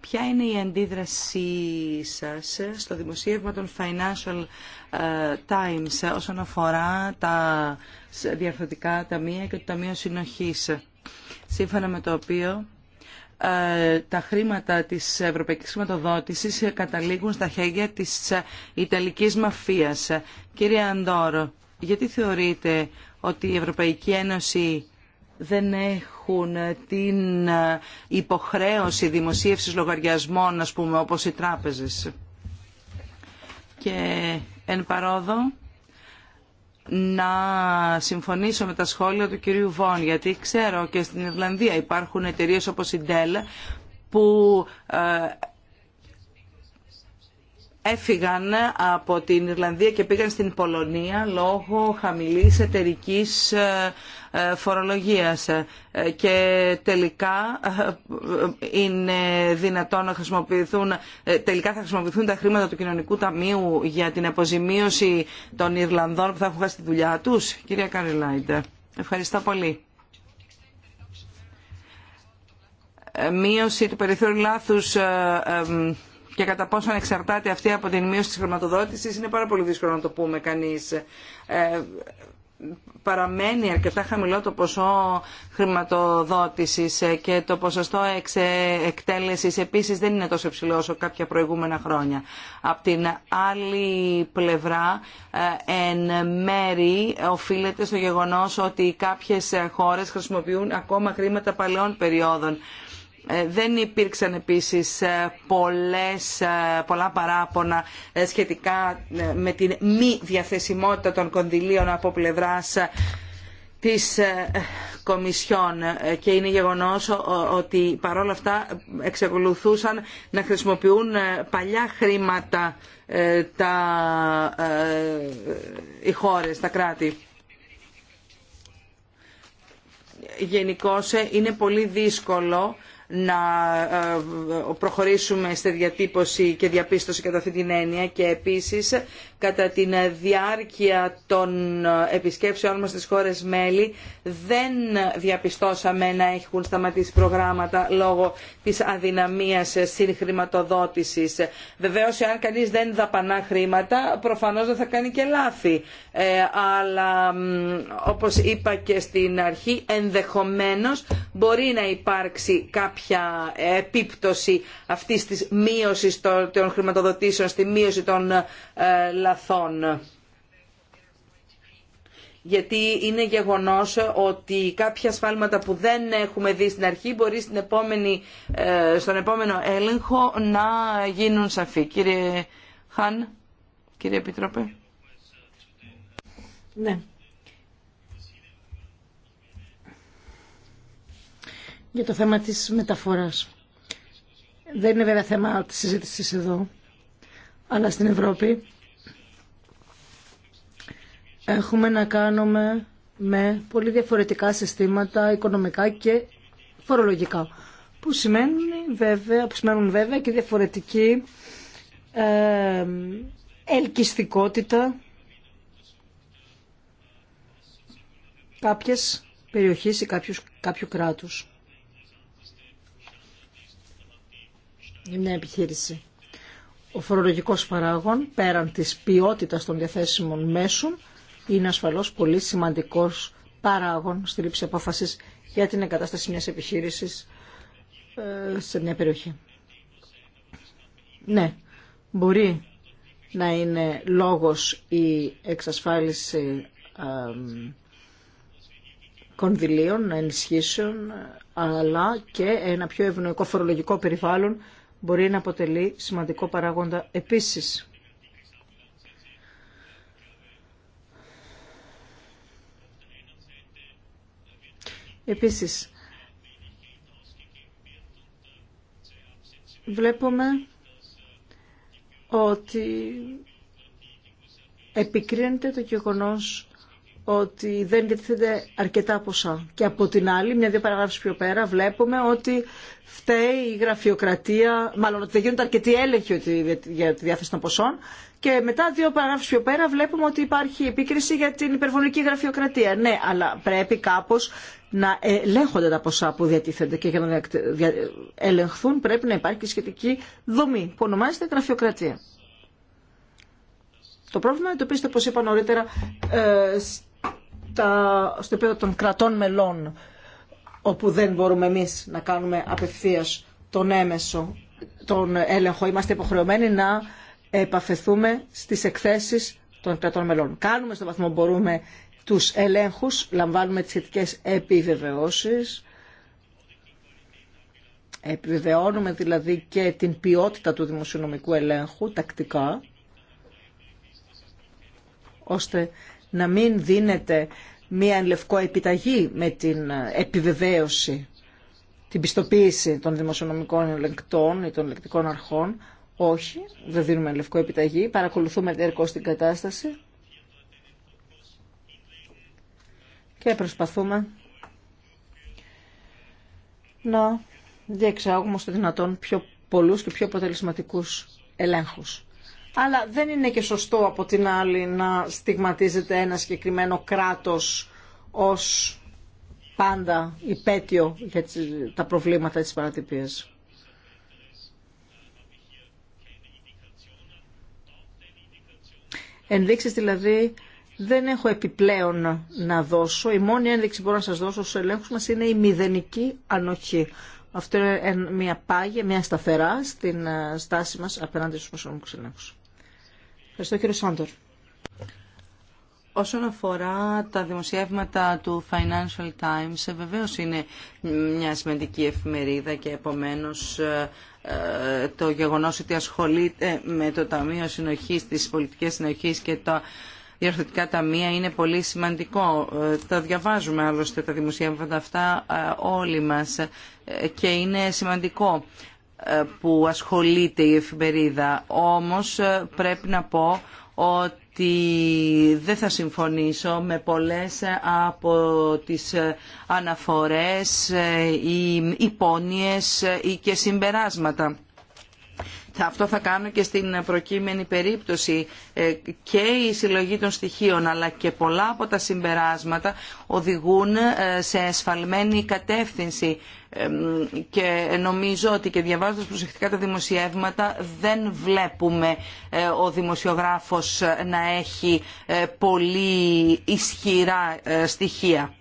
Ποια είναι η αντίδρασή σας στο δημοσίευμα των Financial ε, Times όσον αφορά τα διαφορετικά ταμεία και το Ταμείο Συνοχής σύμφωνα με το οποίο ε, τα χρήματα της ευρωπαϊκής χρηματοδότησης καταλήγουν στα χέρια της Ιταλικής μαφίας. Κύριε Αντόρο, γιατί θεωρείτε ότι η Ευρωπαϊκή Ένωση δεν έχουν την υποχρέωση δημοσίευσης λογαριασμών, ας πούμε, όπως οι τράπεζες. Και εν παρόδο, να συμφωνήσω με τα σχόλια του κυρίου Βόν, γιατί ξέρω και στην Ιρλανδία υπάρχουν εταιρείες όπως η Dell που ε, έφυγαν από την Ιρλανδία και πήγαν στην Πολωνία λόγω χαμηλής εταιρικής ε, ε, φορολογίας ε, και τελικά είναι δυνατόν να χρησιμοποιηθούν τελικά θα χρησιμοποιηθούν τα χρήματα του κοινωνικού ταμείου για την αποζημίωση των Ιρλανδών που θα έχουν χάσει τη δουλειά τους κυρία Καριλάιντε ευχαριστώ πολύ μείωση του περιθώριου λάθους και κατά πόσον εξαρτάται αυτή από την μείωση της χρηματοδότησης είναι πάρα πολύ δύσκολο να το πούμε κανείς. Ε, παραμένει αρκετά χαμηλό το ποσό χρηματοδότησης ε, και το ποσοστό εξε, εκτέλεσης επίσης δεν είναι τόσο υψηλό όσο κάποια προηγούμενα χρόνια. Απ' την άλλη πλευρά ε, εν μέρη οφείλεται στο γεγονός ότι κάποιες χώρες χρησιμοποιούν ακόμα χρήματα παλαιών περιόδων ε, δεν υπήρξαν επίσης ε, ε, πολλά παράπονα σχετικά με την μη διαθεσιμότητα των κονδυλίων από πλευράς της Κομισιόν και είναι γεγονός ότι παρόλα αυτά εξακολουθούσαν να χρησιμοποιούν παλιά χρήματα τα, οι χώρες, τα κράτη. Γενικώ είναι πολύ δύσκολο να ε, προχωρήσουμε στη διατύπωση και διαπίστωση κατά αυτή την έννοια και επίσης κατά την διάρκεια των επισκέψεων μας στις χώρες μέλη δεν διαπιστώσαμε να έχουν σταματήσει προγράμματα λόγω της αδυναμίας συγχρηματοδότησης. Βεβαίως, εάν κανείς δεν δαπανά χρήματα, προφανώς δεν θα κάνει και λάθη. Ε, αλλά, όπως είπα και στην αρχή, ενδεχομένως μπορεί να υπάρξει κάποια κάποια επίπτωση αυτής της μείωσης των χρηματοδοτήσεων στη μείωση των ε, λαθών γιατί είναι γεγονός ότι κάποια σφάλματα που δεν έχουμε δει στην αρχή μπορεί στην ε, στον επόμενο έλεγχο να γίνουν σαφή. Κύριε Χαν, κύριε Επιτρόπε. Ναι. για το θέμα της μεταφοράς. Δεν είναι βέβαια θέμα της συζήτησης εδώ, αλλά στην Ευρώπη έχουμε να κάνουμε με πολύ διαφορετικά συστήματα οικονομικά και φορολογικά, που σημαίνουν βέβαια, που σημαίνουν βέβαια και διαφορετική ελκυστικότητα κάποιες περιοχές ή κάποιους, κάποιου κράτους. μια επιχείρηση. Ο φορολογικός παράγων, πέραν της ποιότητας των διαθέσιμων μέσων, είναι ασφαλώς πολύ σημαντικός παράγων στη λήψη απόφασης για την εγκατάσταση μιας επιχείρησης ε, σε μια περιοχή. Ναι, μπορεί να είναι λόγος η εξασφάλιση κονδυλίων, ενισχύσεων, αλλά και ένα πιο ευνοϊκό φορολογικό περιβάλλον μπορεί να αποτελεί σημαντικό παράγοντα επίσης. Επίσης, βλέπουμε ότι επικρίνεται το γεγονός ότι δεν διατίθεται αρκετά ποσά. Και από την άλλη, μια-δύο παραγράφεις πιο πέρα, βλέπουμε ότι φταίει η γραφειοκρατία, μάλλον ότι δεν γίνονται αρκετοί έλεγχοι για τη διάθεση των ποσών. Και μετά δύο παραγράφους πιο πέρα βλέπουμε ότι υπάρχει επίκριση για την υπερβολική γραφειοκρατία. Ναι, αλλά πρέπει κάπω να ελέγχονται τα ποσά που διατίθενται και για να ελεγχθούν πρέπει να υπάρχει σχετική δομή που ονομάζεται γραφειοκρατία. Το πρόβλημα εντοπίζεται, όπω είπα νωρίτερα, ε, στο επίπεδο των κρατών μελών, όπου δεν μπορούμε εμείς να κάνουμε απευθείας τον έμεσο, τον έλεγχο. Είμαστε υποχρεωμένοι να επαφεθούμε στις εκθέσεις των κρατών μελών. Κάνουμε στο βαθμό που μπορούμε τους ελέγχους, λαμβάνουμε τις σχετικέ επιβεβαιώσεις, επιβεβαιώνουμε δηλαδή και την ποιότητα του δημοσιονομικού ελέγχου τακτικά, ώστε να μην δίνεται μία λευκό επιταγή με την ε, επιβεβαίωση, την πιστοποίηση των δημοσιονομικών ελεγκτών ή των ελεκτικών αρχών. Όχι, δεν δίνουμε λευκό επιταγή, παρακολουθούμε διαρκώς την κατάσταση και προσπαθούμε να διεξάγουμε στο δυνατόν πιο πολλούς και πιο αποτελεσματικούς ελέγχους αλλά δεν είναι και σωστό από την άλλη να στιγματίζεται ένα συγκεκριμένο κράτος ως πάντα υπέτειο για τα προβλήματα της παρατυπίας. Ενδείξεις δηλαδή δεν έχω επιπλέον να δώσω. Η μόνη ένδειξη που μπορώ να σας δώσω στους ελέγχους μας είναι η μηδενική ανοχή. Αυτό είναι μια πάγια, μια σταθερά στην ε, στάση μας απέναντι στους προσωπικούς ελέγχους. Ευχαριστώ κύριο Σάντορ. Όσον αφορά τα δημοσιεύματα του Financial Times, βεβαίω είναι μια σημαντική εφημερίδα και επομένως ε, ε, το γεγονός ότι ασχολείται με το Ταμείο Συνοχής, τις πολιτικές συνοχής και τα διορθωτικά ταμεία είναι πολύ σημαντικό. Ε, τα διαβάζουμε άλλωστε τα δημοσιεύματα αυτά όλοι μας και είναι σημαντικό που ασχολείται η εφημερίδα. Όμως ε, πρέπει να πω ότι δεν θα συμφωνήσω με πολλές από τις ε, αναφορές ή ε, υπόνοιες ή και συμπεράσματα. Αυτό θα κάνω και στην προκείμενη περίπτωση. Και η συλλογή των στοιχείων αλλά και πολλά από τα συμπεράσματα οδηγούν σε εσφαλμένη κατεύθυνση και νομίζω ότι και διαβάζοντας προσεκτικά τα δημοσιεύματα δεν βλέπουμε ε, ο δημοσιογράφος να έχει ε, πολύ ισχυρά ε, στοιχεία.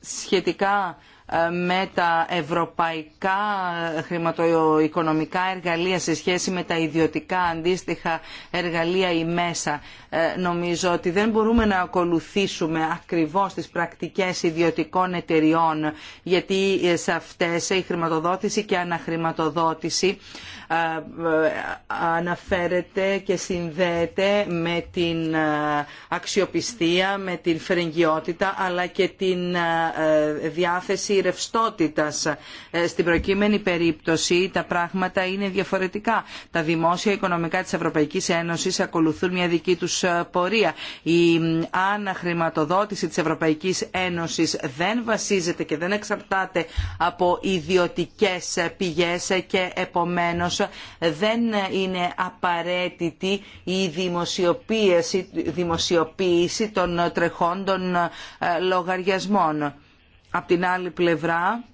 Σχετικά ε, με τα ευρωπαϊκά χρηματοοικονομικά εργαλεία σε σχέση με τα ιδιωτικά αντίστοιχα εργαλεία ή μέσα. Ε, νομίζω ότι δεν μπορούμε να ακολουθήσουμε ακριβώς τις πρακτικές ιδιωτικών εταιριών γιατί σε αυτές η χρηματοδότηση και αναχρηματοδότηση ε, αναφέρεται και συνδέεται με την αξιοπιστία, με την φρεγγιότητα αλλά και την διάθεση ε, στην προκείμενη περίπτωση τα πράγματα είναι διαφορετικά. Τα δημόσια οικονομικά της Ευρωπαϊκής Ένωσης ακολουθούν μια δική τους ε, πορεία. Η αναχρηματοδότηση της Ευρωπαϊκής Ένωσης δεν βασίζεται και δεν εξαρτάται από ιδιωτικές ε, πηγές και επομένως δεν είναι απαραίτητη η δημοσιοποίηση, δημοσιοποίηση των τρεχόντων λογαριασμών από την άλλη πλευρά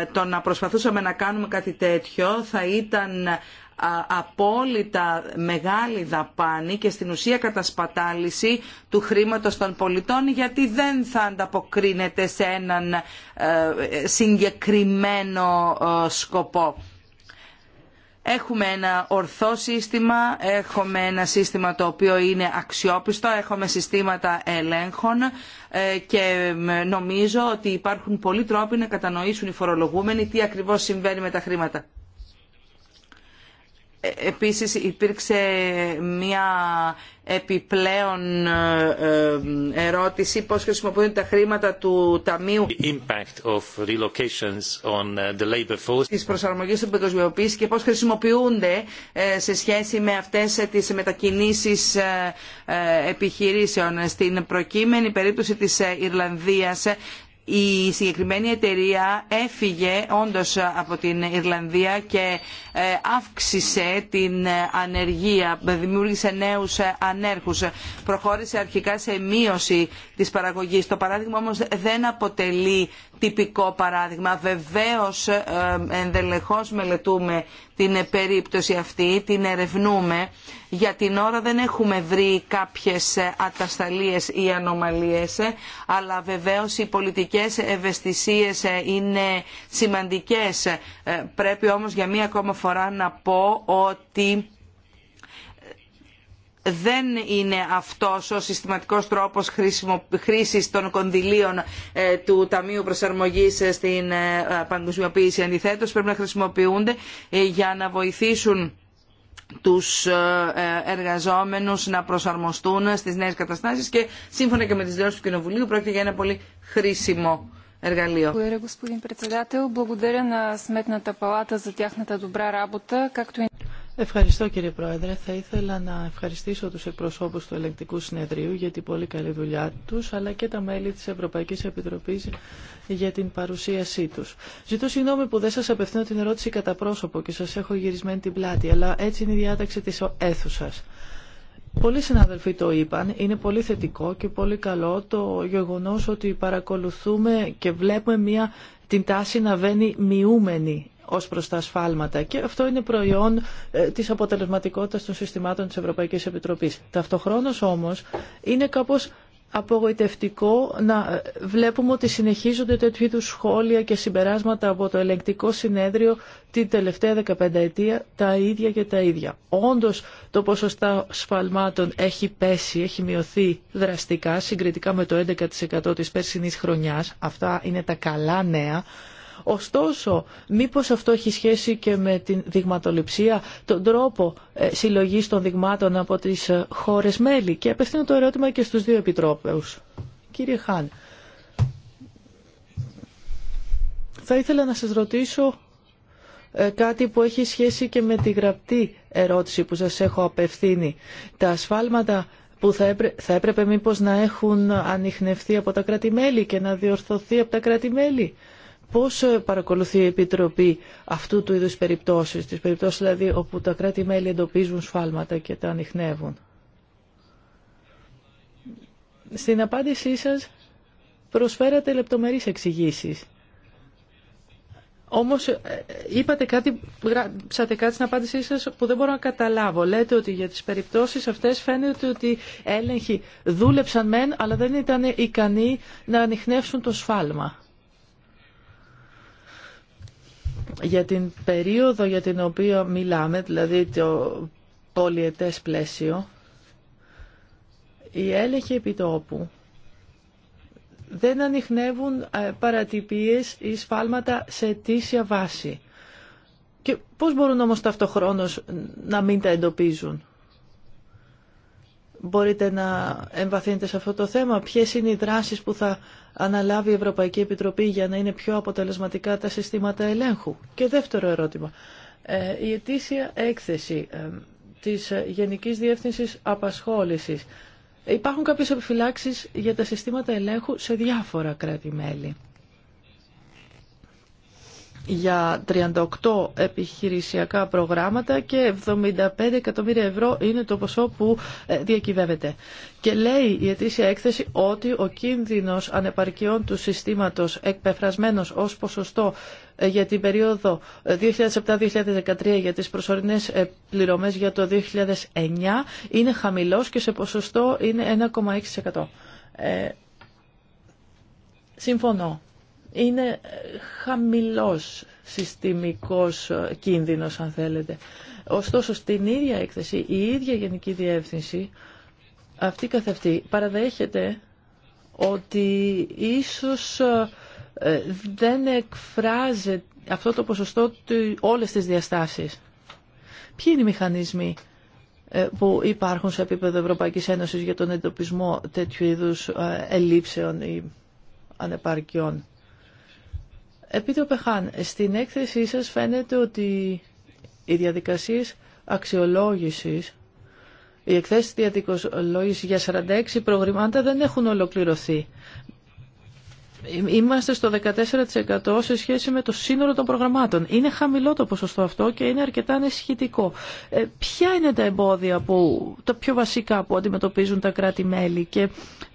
ε, το να προσπαθούσαμε να κάνουμε κάτι τέτοιο θα ήταν ε, απόλυτα μεγάλη δαπάνη και στην ουσία κατασπατάληση του χρήματος των πολιτών γιατί δεν θα ανταποκρίνεται σε έναν ε, συγκεκριμένο σκοπό. Έχουμε ένα ορθό σύστημα, έχουμε ένα σύστημα το οποίο είναι αξιόπιστο, έχουμε συστήματα ελέγχων ε, και νομίζω ότι υπάρχουν πολλοί τρόποι να κατανοήσουν οι φορολογούμενοι τι ακριβώς συμβαίνει με τα χρήματα. Ε, επίσης υπήρξε μια επιπλέον ε, ε, ερώτηση πώς χρησιμοποιούνται τα χρήματα του Ταμείου uh, της προσαρμογής του παγκοσμιοποίηση και πώς χρησιμοποιούνται σε σχέση με αυτές τις μετακινήσεις επιχειρήσεων. Στην προκείμενη περίπτωση της Ιρλανδίας η συγκεκριμένη εταιρεία έφυγε όντως από την Ιρλανδία και ε, αύξησε την ανεργία, δημιούργησε νέους ε, ανέρχους. Προχώρησε αρχικά σε μείωση της παραγωγής. Το παράδειγμα όμως δεν αποτελεί τυπικό παράδειγμα. Βεβαίως ε, ενδελεχώς μελετούμε την περίπτωση αυτή, την ερευνούμε για την ώρα δεν έχουμε βρει κάποιες ε, ατασταλίες ή ανομαλίες, ε, αλλά βεβαίως οι πολιτικές ευαισθησίες ε, είναι σημαντικές. Πρέπει όμως για μία ακόμα φορά να πω ότι δεν είναι αυτός ο συστηματικός τρόπος χρήσης των κονδυλίων του Ταμείου Προσαρμογής στην παγκοσμιοποίηση. Αντιθέτως πρέπει να χρησιμοποιούνται για να βοηθήσουν τους ε, ε, εργαζόμενους να προσαρμοστούν στις νέες καταστάσεις και σύμφωνα και με τις δηλώσεις του Κοινοβουλίου πρόκειται για ένα πολύ χρήσιμο εργαλείο. Ευχαριστώ κύριε Πρόεδρε. Θα ήθελα να ευχαριστήσω τους εκπροσώπους του Ελεκτικού Συνεδρίου για την πολύ καλή δουλειά τους, αλλά και τα μέλη της Ευρωπαϊκής Επιτροπής για την παρουσίασή τους. Ζητώ συγγνώμη που δεν σας απευθύνω την ερώτηση κατά πρόσωπο και σας έχω γυρισμένη την πλάτη, αλλά έτσι είναι η διάταξη της αίθουσας. Πολλοί συνάδελφοι το είπαν, είναι πολύ θετικό και πολύ καλό το γεγονός ότι παρακολουθούμε και βλέπουμε μια την τάση να βαίνει μειούμενη ως προς τα σφάλματα και αυτό είναι προϊόν ε, της αποτελεσματικότητας των συστημάτων της Ευρωπαϊκής Επιτροπής. Ταυτοχρόνως όμως είναι κάπως απογοητευτικό να ε, βλέπουμε ότι συνεχίζονται τέτοιου είδου σχόλια και συμπεράσματα από το ελεγκτικό συνέδριο την τελευταία 15 ετία τα ίδια και τα ίδια. Όντως το ποσοστά σφαλμάτων έχει πέσει, έχει μειωθεί δραστικά συγκριτικά με το 11% της περσινής χρονιάς. Αυτά είναι τα καλά νέα Ωστόσο, μήπως αυτό έχει σχέση και με την δειγματοληψία, τον τρόπο ε, συλλογής των δειγμάτων από τις ε, χώρες μέλη. Και απευθύνω το ερώτημα και στους δύο επιτρόπους. Κύριε Χάν, θα ήθελα να σας ρωτήσω ε, κάτι που έχει σχέση και με τη γραπτή ερώτηση που σας έχω απευθύνει. Τα ασφάλματα που θα, θα έπρεπε μήπως να έχουν ανοιχνευθεί από τα κρατη και να διορθωθεί από τα κράτη-μέλη πώς ε, παρακολουθεί η Επιτροπή αυτού του είδους περιπτώσεις, τις περιπτώσεις δηλαδή όπου τα κράτη-μέλη εντοπίζουν σφάλματα και τα ανοιχνεύουν. Στην απάντησή σας προσφέρατε λεπτομερείς εξηγήσεις. Όμως ε, ε, είπατε κάτι, γράψατε κάτι στην απάντησή σας που δεν μπορώ να καταλάβω. Λέτε ότι για τις περιπτώσεις αυτές φαίνεται ότι έλεγχοι δούλεψαν μεν, αλλά δεν ήταν ικανοί να ανοιχνεύσουν το σφάλμα για την περίοδο για την οποία μιλάμε, δηλαδή το πολιετές πλαίσιο, οι έλεγχοι επιτόπου δεν ανοιχνεύουν ε, παρατυπίες ή σφάλματα σε αιτήσια βάση. Και πώς μπορούν όμως ταυτοχρόνως να μην τα εντοπίζουν. Μπορείτε να εμβαθύνετε σε αυτό το θέμα. Ποιες είναι οι δράσεις που θα αναλάβει η Ευρωπαϊκή Επιτροπή για να είναι πιο αποτελεσματικά τα συστήματα ελέγχου. Και δεύτερο ερώτημα. Ε, η ετήσια έκθεση ε, της Γενικής Διεύθυνσης Απασχόλησης. Υπάρχουν κάποιες επιφυλάξεις για τα συστήματα ελέγχου σε διάφορα κράτη-μέλη για 38 επιχειρησιακά προγράμματα και 75 εκατομμύρια ευρώ είναι το ποσό που ε, διακυβεύεται. Και λέει η ετήσια έκθεση ότι ο κίνδυνος ανεπαρκειών του συστήματος εκπεφρασμένος ως ποσοστό ε, για την περίοδο 2007-2013 ε, για τις προσωρινές πληρωμές για το 2009 είναι χαμηλός και σε ποσοστό είναι 1,6%. συμφωνώ είναι ε, χαμηλός συστημικός ε, κίνδυνος αν θέλετε. Ωστόσο στην ίδια έκθεση η ίδια Γενική Διεύθυνση αυτή καθ' αυτή παραδέχεται ότι ίσως ε, δεν εκφράζεται αυτό το ποσοστό του όλες τις διαστάσεις. Ποιοι είναι οι μηχανισμοί που υπάρχουν σε επίπεδο Ευρωπαϊκής Ένωσης για τον εντοπισμό τέτοιου είδους ελλείψεων ή ανεπαρκειών. Επίτροπε Χάν, στην έκθεσή σας φαίνεται ότι οι διαδικασίες αξιολόγησης, οι εκθέσεις διαδικολόγησης για 46 προγραμμάτα δεν έχουν ολοκληρωθεί. Είμαστε στο 14% σε σχέση με το σύνολο των προγραμμάτων. Είναι χαμηλό το ποσοστό αυτό και είναι αρκετά ανησυχητικό. Ε, ποια είναι τα εμπόδια, που, τα πιο βασικά που αντιμετωπίζουν τα κράτη-μέλη και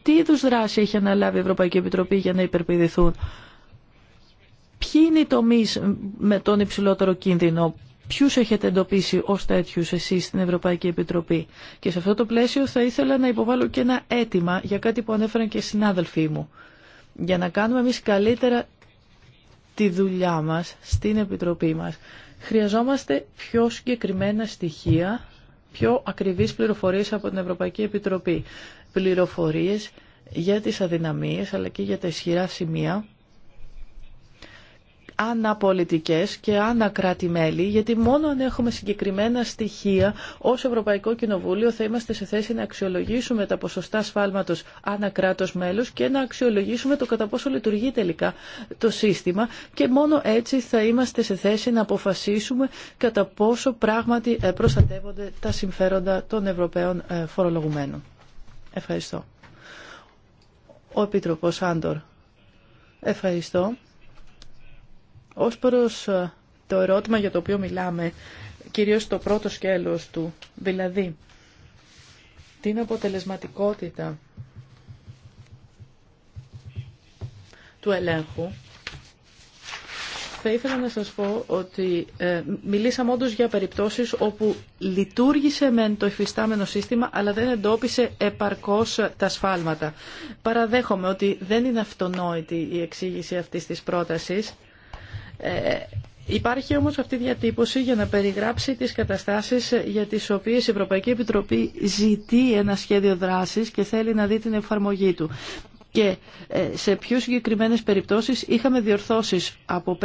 τι είδους δράση έχει αναλάβει η Ευρωπαϊκή Επιτροπή για να υπερπηδηθούν. Ποιοι είναι οι τομεί με τον υψηλότερο κίνδυνο ποιου έχετε εντοπίσει ω τέτοιου εσεί στην Ευρωπαϊκή Επιτροπή. Και σε αυτό το πλαίσιο θα ήθελα να υποβάλω και ένα αίτημα για κάτι που ανέφεραν και οι συνάδελφοί μου. Για να κάνουμε εμεί καλύτερα τη δουλειά μα στην Επιτροπή μα. Χρειαζόμαστε πιο συγκεκριμένα στοιχεία, πιο ακριβείς πληροφορίες από την Ευρωπαϊκή Επιτροπή. Πληροφορίες για τις αδυναμίες αλλά και για τα ισχυρά σημεία αναπολιτικές και ανακράτη-μέλη, γιατί μόνο αν έχουμε συγκεκριμένα στοιχεία ως Ευρωπαϊκό Κοινοβούλιο θα είμαστε σε θέση να αξιολογήσουμε τα ποσοστά σφάλματος ανακράτος μέλους και να αξιολογήσουμε το κατά πόσο λειτουργεί τελικά το σύστημα και μόνο έτσι θα είμαστε σε θέση να αποφασίσουμε κατά πόσο πράγματι ε, προστατεύονται τα συμφέροντα των Ευρωπαίων ε, φορολογουμένων. Ευχαριστώ. Ο Επίτροπος Άντορ. Ευχαριστώ. Ως προς ε, το ερώτημα για το οποίο μιλάμε, κυρίως το πρώτο σκέλος του, δηλαδή την αποτελεσματικότητα του ελέγχου, θα ήθελα να σας πω ότι ε, μιλήσαμε όντως για περιπτώσεις όπου λειτουργήσε με το εφιστάμενο σύστημα αλλά δεν εντόπισε επαρκώς τα σφάλματα. Παραδέχομαι ότι δεν είναι αυτονόητη η εξήγηση αυτής της πρότασης ε, υπάρχει όμως αυτή η διατύπωση για να περιγράψει τις καταστάσεις ε, για τις οποίες η Ευρωπαϊκή Επιτροπή ζητεί ένα σχέδιο δράσης και θέλει να δει την εφαρμογή του. Και ε, σε πιο συγκεκριμένες περιπτώσεις είχαμε διορθώσεις από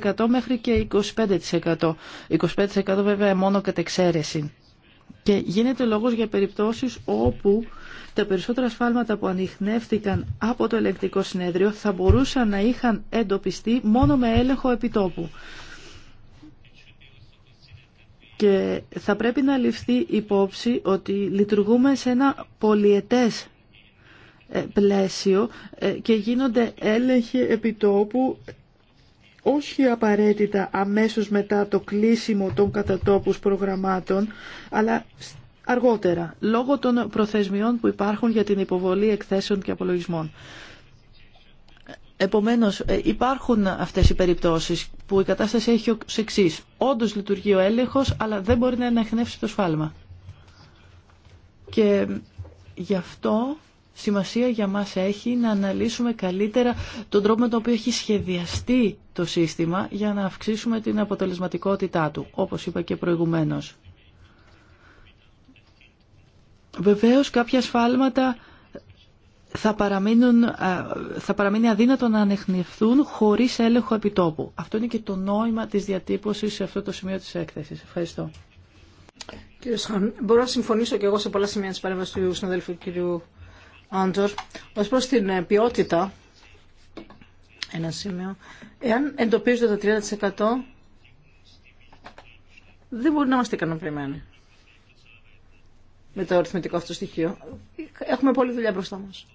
5% μέχρι και 25%. 25% βέβαια μόνο κατεξαίρεση. Και γίνεται λόγος για περιπτώσεις όπου τα περισσότερα σφάλματα που ανοιχνεύτηκαν από το ελεγκτικό συνέδριο θα μπορούσαν να είχαν εντοπιστεί μόνο με έλεγχο επιτόπου. Και θα πρέπει να ληφθεί υπόψη ότι λειτουργούμε σε ένα πολιετές ε, πλαίσιο ε, και γίνονται έλεγχοι επιτόπου όχι απαραίτητα αμέσως μετά το κλείσιμο των κατατόπους προγραμμάτων, αλλά αργότερα, λόγω των προθεσμιών που υπάρχουν για την υποβολή εκθέσεων και απολογισμών. Επομένως, ε, υπάρχουν αυτές οι περιπτώσεις που η κατάσταση έχει ως εξή. Όντως λειτουργεί ο έλεγχος, αλλά δεν μπορεί να αναχνεύσει το σφάλμα. Και γι' αυτό σημασία για μας έχει να αναλύσουμε καλύτερα τον τρόπο με τον οποίο έχει σχεδιαστεί το σύστημα για να αυξήσουμε την αποτελεσματικότητά του, όπως είπα και προηγουμένως. Βεβαίως κάποια σφάλματα θα, παραμείνουν, ε, θα παραμείνει αδύνατο να ανεχνευθούν χωρίς έλεγχο επιτόπου. Αυτό είναι και το νόημα της διατύπωσης σε αυτό το σημείο της έκθεσης. Ευχαριστώ. Κύριε Σχάν, μπορώ να συμφωνήσω και εγώ σε πολλά σημεία της παρέμβασης του συναδέλφου κύριου Άντζορ. Ως προς την ε, ποιότητα, ένα σημείο, εάν εντοπίζονται το 30% δεν μπορεί να είμαστε ικανοποιημένοι με το αριθμητικό αυτό στοιχείο. Έχουμε πολλή δουλειά μπροστά μας.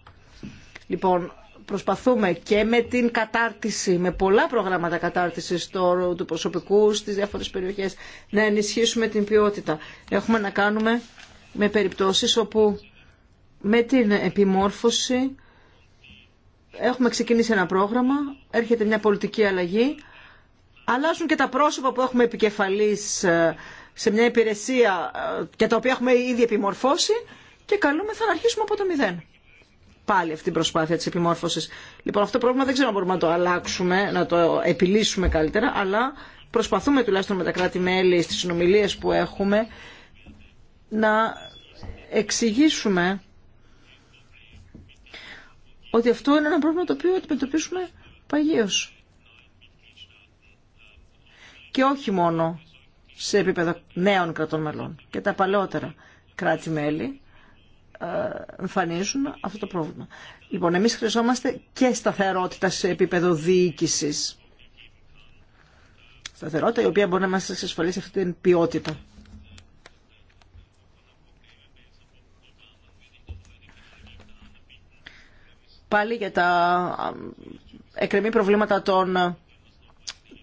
Λοιπόν, προσπαθούμε και με την κατάρτιση, με πολλά προγράμματα κατάρτισης του, του προσωπικού στι διάφορες περιοχές, να ενισχύσουμε την ποιότητα. Έχουμε να κάνουμε με περιπτώσεις όπου με την επιμόρφωση έχουμε ξεκινήσει ένα πρόγραμμα, έρχεται μια πολιτική αλλαγή, αλλάζουν και τα πρόσωπα που έχουμε επικεφαλής ε, σε μια υπηρεσία ε, και τα οποία έχουμε ήδη επιμορφώσει και καλούμεθα να αρχίσουμε από το μηδέν. Πάλι αυτή η προσπάθεια της επιμόρφωσης. Λοιπόν, αυτό το πρόβλημα δεν ξέρω αν μπορούμε να το αλλάξουμε, να το επιλύσουμε καλύτερα, αλλά προσπαθούμε τουλάχιστον με τα κράτη-μέλη στις συνομιλίες που έχουμε να εξηγήσουμε ότι αυτό είναι ένα πρόβλημα το οποίο αντιμετωπίσουμε παγίως. Και όχι μόνο σε επίπεδο νέων κρατών μελών και τα παλαιότερα κράτη-μέλη ε, εμφανίζουν αυτό το πρόβλημα. Λοιπόν, εμείς χρειαζόμαστε και σταθερότητα σε επίπεδο διοίκηση. Σταθερότητα η οποία μπορεί να μας εξασφαλίσει αυτή την ποιότητα. Πάλι για τα ε, εκκρεμή προβλήματα των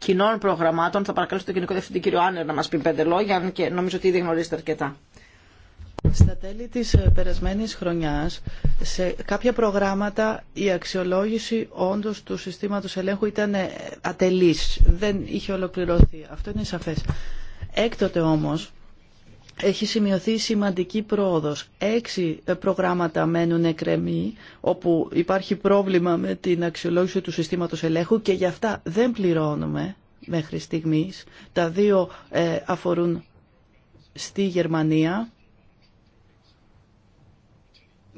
κοινών προγραμμάτων. Θα παρακαλώ τον κοινικό Διευθυντή κύριο Άνερ να μας πει πέντε λόγια, αν και νομίζω ότι ήδη γνωρίζετε αρκετά. Στα τέλη της ε, περασμένης χρονιάς, σε κάποια προγράμματα η αξιολόγηση όντως του συστήματος ελέγχου ήταν ε, ατελής. Δεν είχε ολοκληρωθεί. Αυτό είναι σαφές. Έκτοτε όμως, έχει σημειωθεί σημαντική πρόοδος. Έξι ε, προγράμματα μένουν εκρεμή, όπου υπάρχει πρόβλημα με την αξιολόγηση του συστήματος ελέγχου και γι' αυτά δεν πληρώνουμε μέχρι στιγμής. Τα δύο ε, αφορούν στη Γερμανία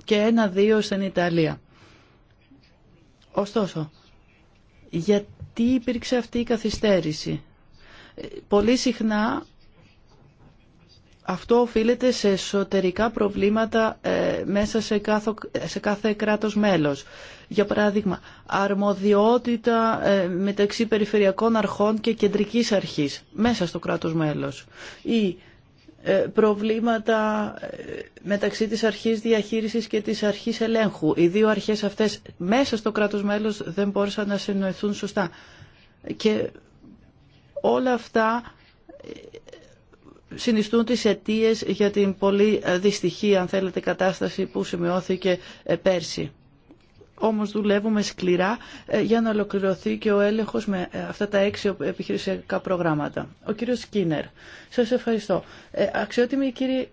και ένα-δύο στην Ιταλία. Ωστόσο, γιατί υπήρξε αυτή η καθυστέρηση. Ε, πολύ συχνά αυτό οφείλεται σε εσωτερικά προβλήματα ε, μέσα σε, κάθε, σε κάθε κράτος μέλος. Για παράδειγμα, αρμοδιότητα ε, μεταξύ περιφερειακών αρχών και κεντρικής αρχής μέσα στο κράτος μέλος. Ή ε, προβλήματα μεταξύ της αρχής διαχείρισης και της αρχής ελέγχου. Οι δύο αρχές αυτές μέσα στο κράτος μέλος δεν μπόρεσαν να συνοηθούν σωστά. Και όλα αυτά συνιστούν τις αιτίε για την πολύ ε, δυστυχή, αν θέλετε, κατάσταση που σημειώθηκε ε, πέρσι. Όμως δουλεύουμε σκληρά ε, για να ολοκληρωθεί και ο έλεγχος με αυτά τα έξι επιχειρησιακά προγράμματα. Ο κύριος Σκίνερ, σας ευχαριστώ. Αξιότιμη κύριοι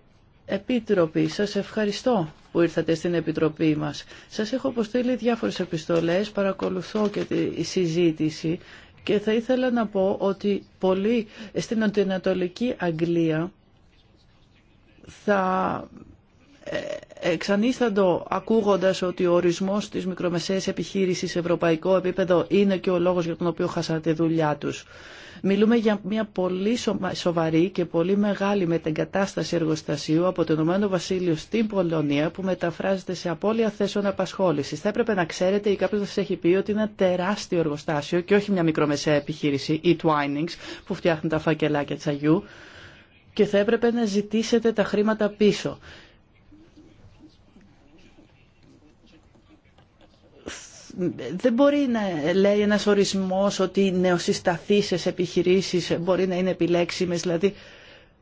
Επίτροπη, σας ευχαριστώ που ήρθατε στην Επιτροπή μας. Σας έχω αποστείλει διάφορες επιστολές, παρακολουθώ και τη συζήτηση και θα ήθελα να πω ότι πολλοί στην Ανατολική Αγγλία θα εξανίσταντο ακούγοντας ότι ο ορισμός της μικρομεσαίας επιχείρησης σε ευρωπαϊκό επίπεδο είναι και ο λόγος για τον οποίο χάσατε δουλειά τους. Μιλούμε για μια πολύ σοβαρή και πολύ μεγάλη μετεγκατάσταση εργοστασίου από το Ηνωμένο Βασίλειο στην Πολωνία που μεταφράζεται σε απώλεια θέσεων απασχόλησης. Θα έπρεπε να ξέρετε ή κάποιος θα σας έχει πει ότι είναι ένα τεράστιο εργοστάσιο και όχι μια μικρομεσαία επιχείρηση, η Twinings, που φτιάχνουν τα φακελάκια τσαγιού και θα έπρεπε να ζητήσετε τα χρήματα πίσω. δεν μπορεί να λέει ένας ορισμός ότι οι νεοσυσταθήσεις επιχειρήσεις μπορεί να είναι επιλέξιμες, δηλαδή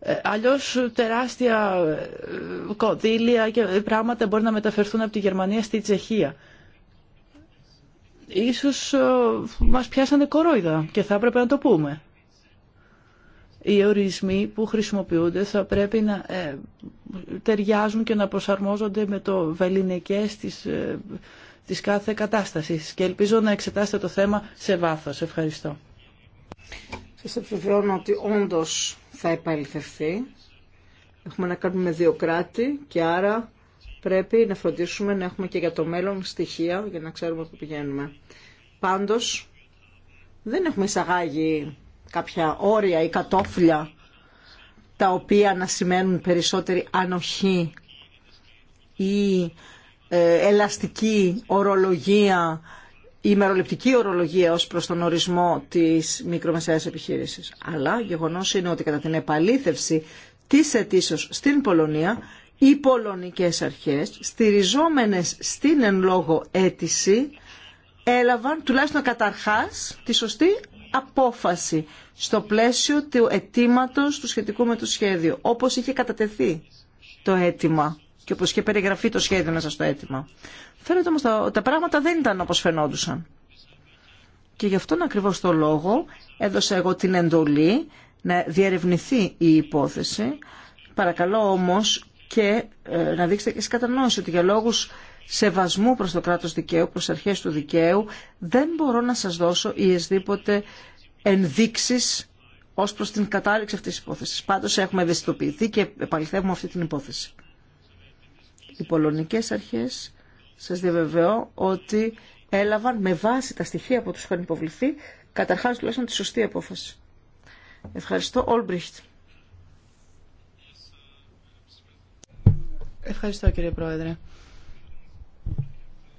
ε, αλλιώς τεράστια ε, κονδύλια και πράγματα μπορεί να μεταφερθούν από τη Γερμανία στη Τσεχία. Ίσως ε, μας πιάσανε κορόιδα και θα έπρεπε να το πούμε. Οι ορισμοί που χρησιμοποιούνται θα πρέπει να ταιριάζουν και να προσαρμόζονται με το βεληνικές της Τη κάθε κατάσταση. και ελπίζω να εξετάσετε το θέμα σε βάθο. Ευχαριστώ. Σα επιβεβαιώνω ότι όντω θα επαληθευτεί. Έχουμε να κάνουμε δύο κράτη και άρα πρέπει να φροντίσουμε να έχουμε και για το μέλλον στοιχεία για να ξέρουμε πού πηγαίνουμε. Πάντω δεν έχουμε εισαγάγει κάποια όρια ή κατόφλια τα οποία να σημαίνουν περισσότερη ανοχή ή ε, ελαστική ορολογία, ημεροληπτική ορολογία ως προς τον ορισμό της μικρομεσαίας επιχείρησης. Αλλά γεγονός είναι ότι κατά την επαλήθευση της αιτήσεως στην Πολωνία, οι πολωνικές αρχές, στηριζόμενες στην εν λόγω αίτηση, έλαβαν τουλάχιστον καταρχάς τη σωστή απόφαση στο πλαίσιο του αιτήματο του σχετικού με το σχέδιο, όπως είχε κατατεθεί το αίτημα και όπως είχε περιγραφεί το σχέδιο μέσα στο αίτημα. Φαίνεται όμως ότι τα πράγματα δεν ήταν όπως φαινόντουσαν. Και γι' αυτόν ακριβώς το λόγο έδωσα εγώ την εντολή να διερευνηθεί η υπόθεση. Παρακαλώ όμως και ε, να δείξετε και κατανόηση ότι για λόγους σεβασμού προς το κράτος δικαίου, προς αρχές του δικαίου, δεν μπορώ να σας δώσω ιεσδήποτε ενδείξεις ως προς την κατάληξη αυτής της υπόθεσης. Πάντως έχουμε ευαισθητοποιηθεί και επαληθεύουμε αυτή την υπόθεση. Οι πολωνικές αρχές σας διαβεβαιώ ότι έλαβαν με βάση τα στοιχεία που τους είχαν υποβληθεί καταρχάς τουλάχιστον τη σωστή απόφαση. Ευχαριστώ. Ολμπριχτ. Ευχαριστώ κύριε Πρόεδρε.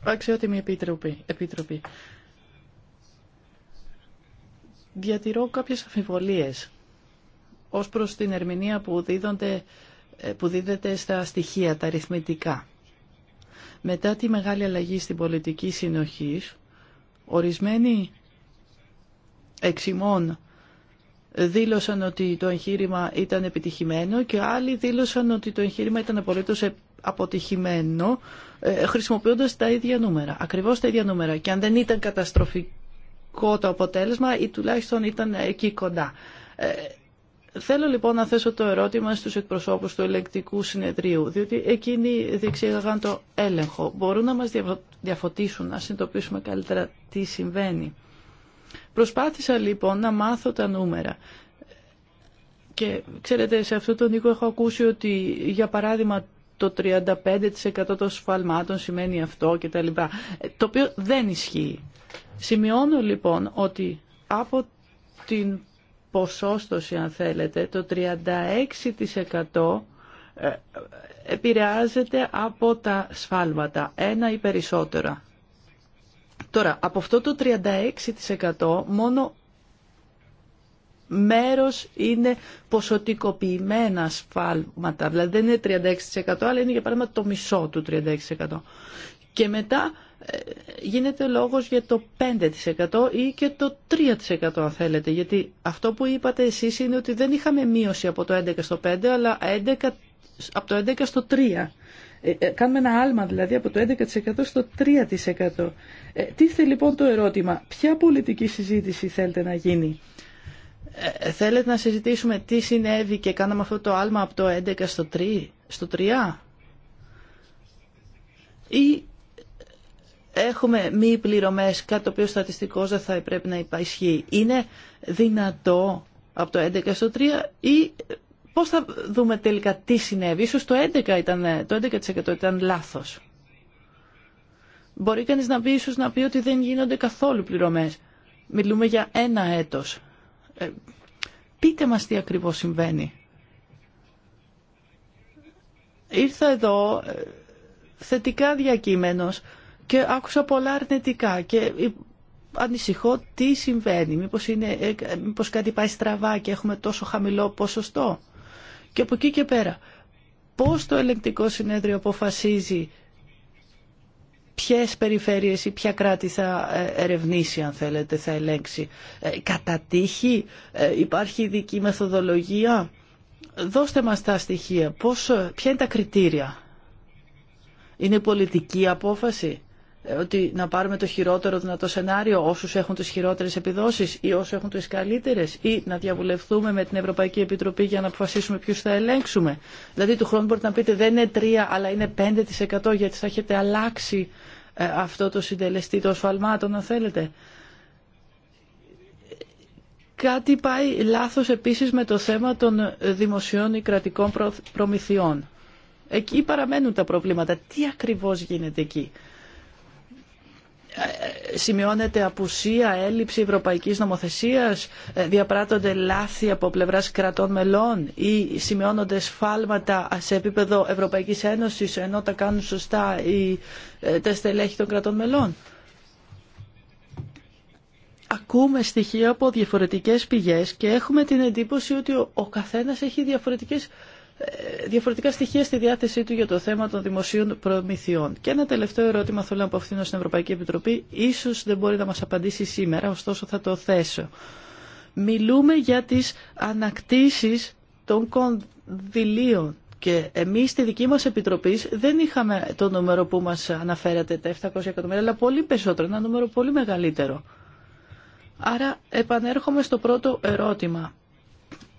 Αξιότιμη Επίτροπη. Επίτροπη. Διατηρώ κάποιες αμφιβολίες ως προς την ερμηνεία που δίδονται που δίδεται στα στοιχεία, τα αριθμητικά. Μετά τη μεγάλη αλλαγή στην πολιτική συνοχή, ορισμένοι εξημών δήλωσαν ότι το εγχείρημα ήταν επιτυχημένο και άλλοι δήλωσαν ότι το εγχείρημα ήταν απολύτω αποτυχημένο ε, χρησιμοποιώντας τα ίδια νούμερα, ακριβώς τα ίδια νούμερα. Και αν δεν ήταν καταστροφικό το αποτέλεσμα ή τουλάχιστον ήταν εκεί κοντά. Ε, Θέλω λοιπόν να θέσω το ερώτημα στους εκπροσώπους του ελεκτικού συνεδρίου, διότι εκείνοι διεξήγαγαν το έλεγχο. Μπορούν να μας διαφωτίσουν, να συνειδητοποιήσουμε καλύτερα τι συμβαίνει. Προσπάθησα λοιπόν να μάθω τα νούμερα. Και ξέρετε, σε αυτό τον οίκο έχω ακούσει ότι, για παράδειγμα, το 35% των σφαλμάτων σημαίνει αυτό κτλ. Το οποίο δεν ισχύει. Σημειώνω λοιπόν ότι από την ποσόστοση αν θέλετε, το 36% ε, επηρεάζεται από τα σφάλματα, ένα ή περισσότερα. Τώρα, από αυτό το 36% μόνο μέρος είναι ποσοτικοποιημένα σφάλματα. Δηλαδή δεν είναι 36% αλλά είναι για παράδειγμα το μισό του 36%. Και μετά γίνεται λόγος για το 5% ή και το 3% αν θέλετε, γιατί αυτό που είπατε εσείς είναι ότι δεν είχαμε μείωση από το 11% στο 5% αλλά 11, από το 11% στο 3%. Ε, ε, κάνουμε ένα άλμα δηλαδή από το 11% στο 3%. Ε, τι θέλει λοιπόν το ερώτημα, ποια πολιτική συζήτηση θέλετε να γίνει. θέλετε να συζητήσουμε τι συνέβη και κάναμε αυτό το άλμα από το 11% στο 3%, στο 3 ή έχουμε μη πληρωμές, κάτι το οποίο στατιστικώς δεν θα πρέπει να υπαϊσχύει. Είναι δυνατό από το 11 στο 3 ή πώς θα δούμε τελικά τι συνέβη. Ίσως το 11%, ήταν, το 11 ήταν λάθος. Μπορεί κανείς να πει ίσως να πει ότι δεν γίνονται καθόλου πληρωμές. Μιλούμε για ένα έτος. Ε, πείτε μας τι ακριβώς συμβαίνει. Ήρθα εδώ ε, θετικά διακείμενος και άκουσα πολλά αρνητικά και ανησυχώ τι συμβαίνει, μήπως, είναι, ε, μήπως κάτι πάει στραβά και έχουμε τόσο χαμηλό ποσοστό. Και από εκεί και πέρα, πώς το ελεγκτικό συνέδριο αποφασίζει ποιες περιφέρειες ή ποια κράτη θα ε, ερευνήσει, αν θέλετε, θα ελέγξει. Ε, κατά τύχη υπάρχει ειδική μεθοδολογία. Δώστε μας τα στοιχεία. Πώς, ποια είναι τα κριτήρια. Είναι πολιτική απόφαση. Ε, ότι να πάρουμε το χειρότερο δυνατό σενάριο, όσους έχουν τις χειρότερες επιδόσεις ή όσους έχουν τις καλύτερες ή να διαβουλευτούμε με την Ευρωπαϊκή Επιτροπή για να αποφασίσουμε ποιους θα ελέγξουμε. Δηλαδή του χρόνου μπορείτε να πείτε δεν είναι 3 αλλά είναι 5% γιατί θα έχετε αλλάξει ε, αυτό το συντελεστή των σφαλμάτων αν θέλετε. Κάτι πάει λάθος επίσης με το θέμα των ε, δημοσιών ή κρατικών προμηθειών. Εκεί παραμένουν τα προβλήματα. Τι ακριβώς γίνεται εκεί. Ε, σημειώνεται απουσία, έλλειψη ευρωπαϊκής νομοθεσίας, ε, διαπράττονται λάθη από πλευράς κρατών μελών ή σημειώνονται σφάλματα σε επίπεδο Ευρωπαϊκής Ένωσης ενώ τα κάνουν σωστά οι, ε, τα στελέχη των κρατών μελών. Ακούμε στοιχεία από διαφορετικές πηγές και έχουμε την εντύπωση ότι ο, καθένας έχει διαφορετικές διαφορετικά στοιχεία στη διάθεσή του για το θέμα των δημοσίων προμηθειών. Και ένα τελευταίο ερώτημα θέλω να αποφθύνω στην Ευρωπαϊκή Επιτροπή. Ίσως δεν μπορεί να μας απαντήσει σήμερα, ωστόσο θα το θέσω. Μιλούμε για τις ανακτήσεις των κονδυλίων και εμείς στη δική μας επιτροπή δεν είχαμε το νούμερο που μας αναφέρατε, τα 700 εκατομμύρια, αλλά πολύ περισσότερο, ένα νούμερο πολύ μεγαλύτερο. Άρα επανέρχομαι στο πρώτο ερώτημα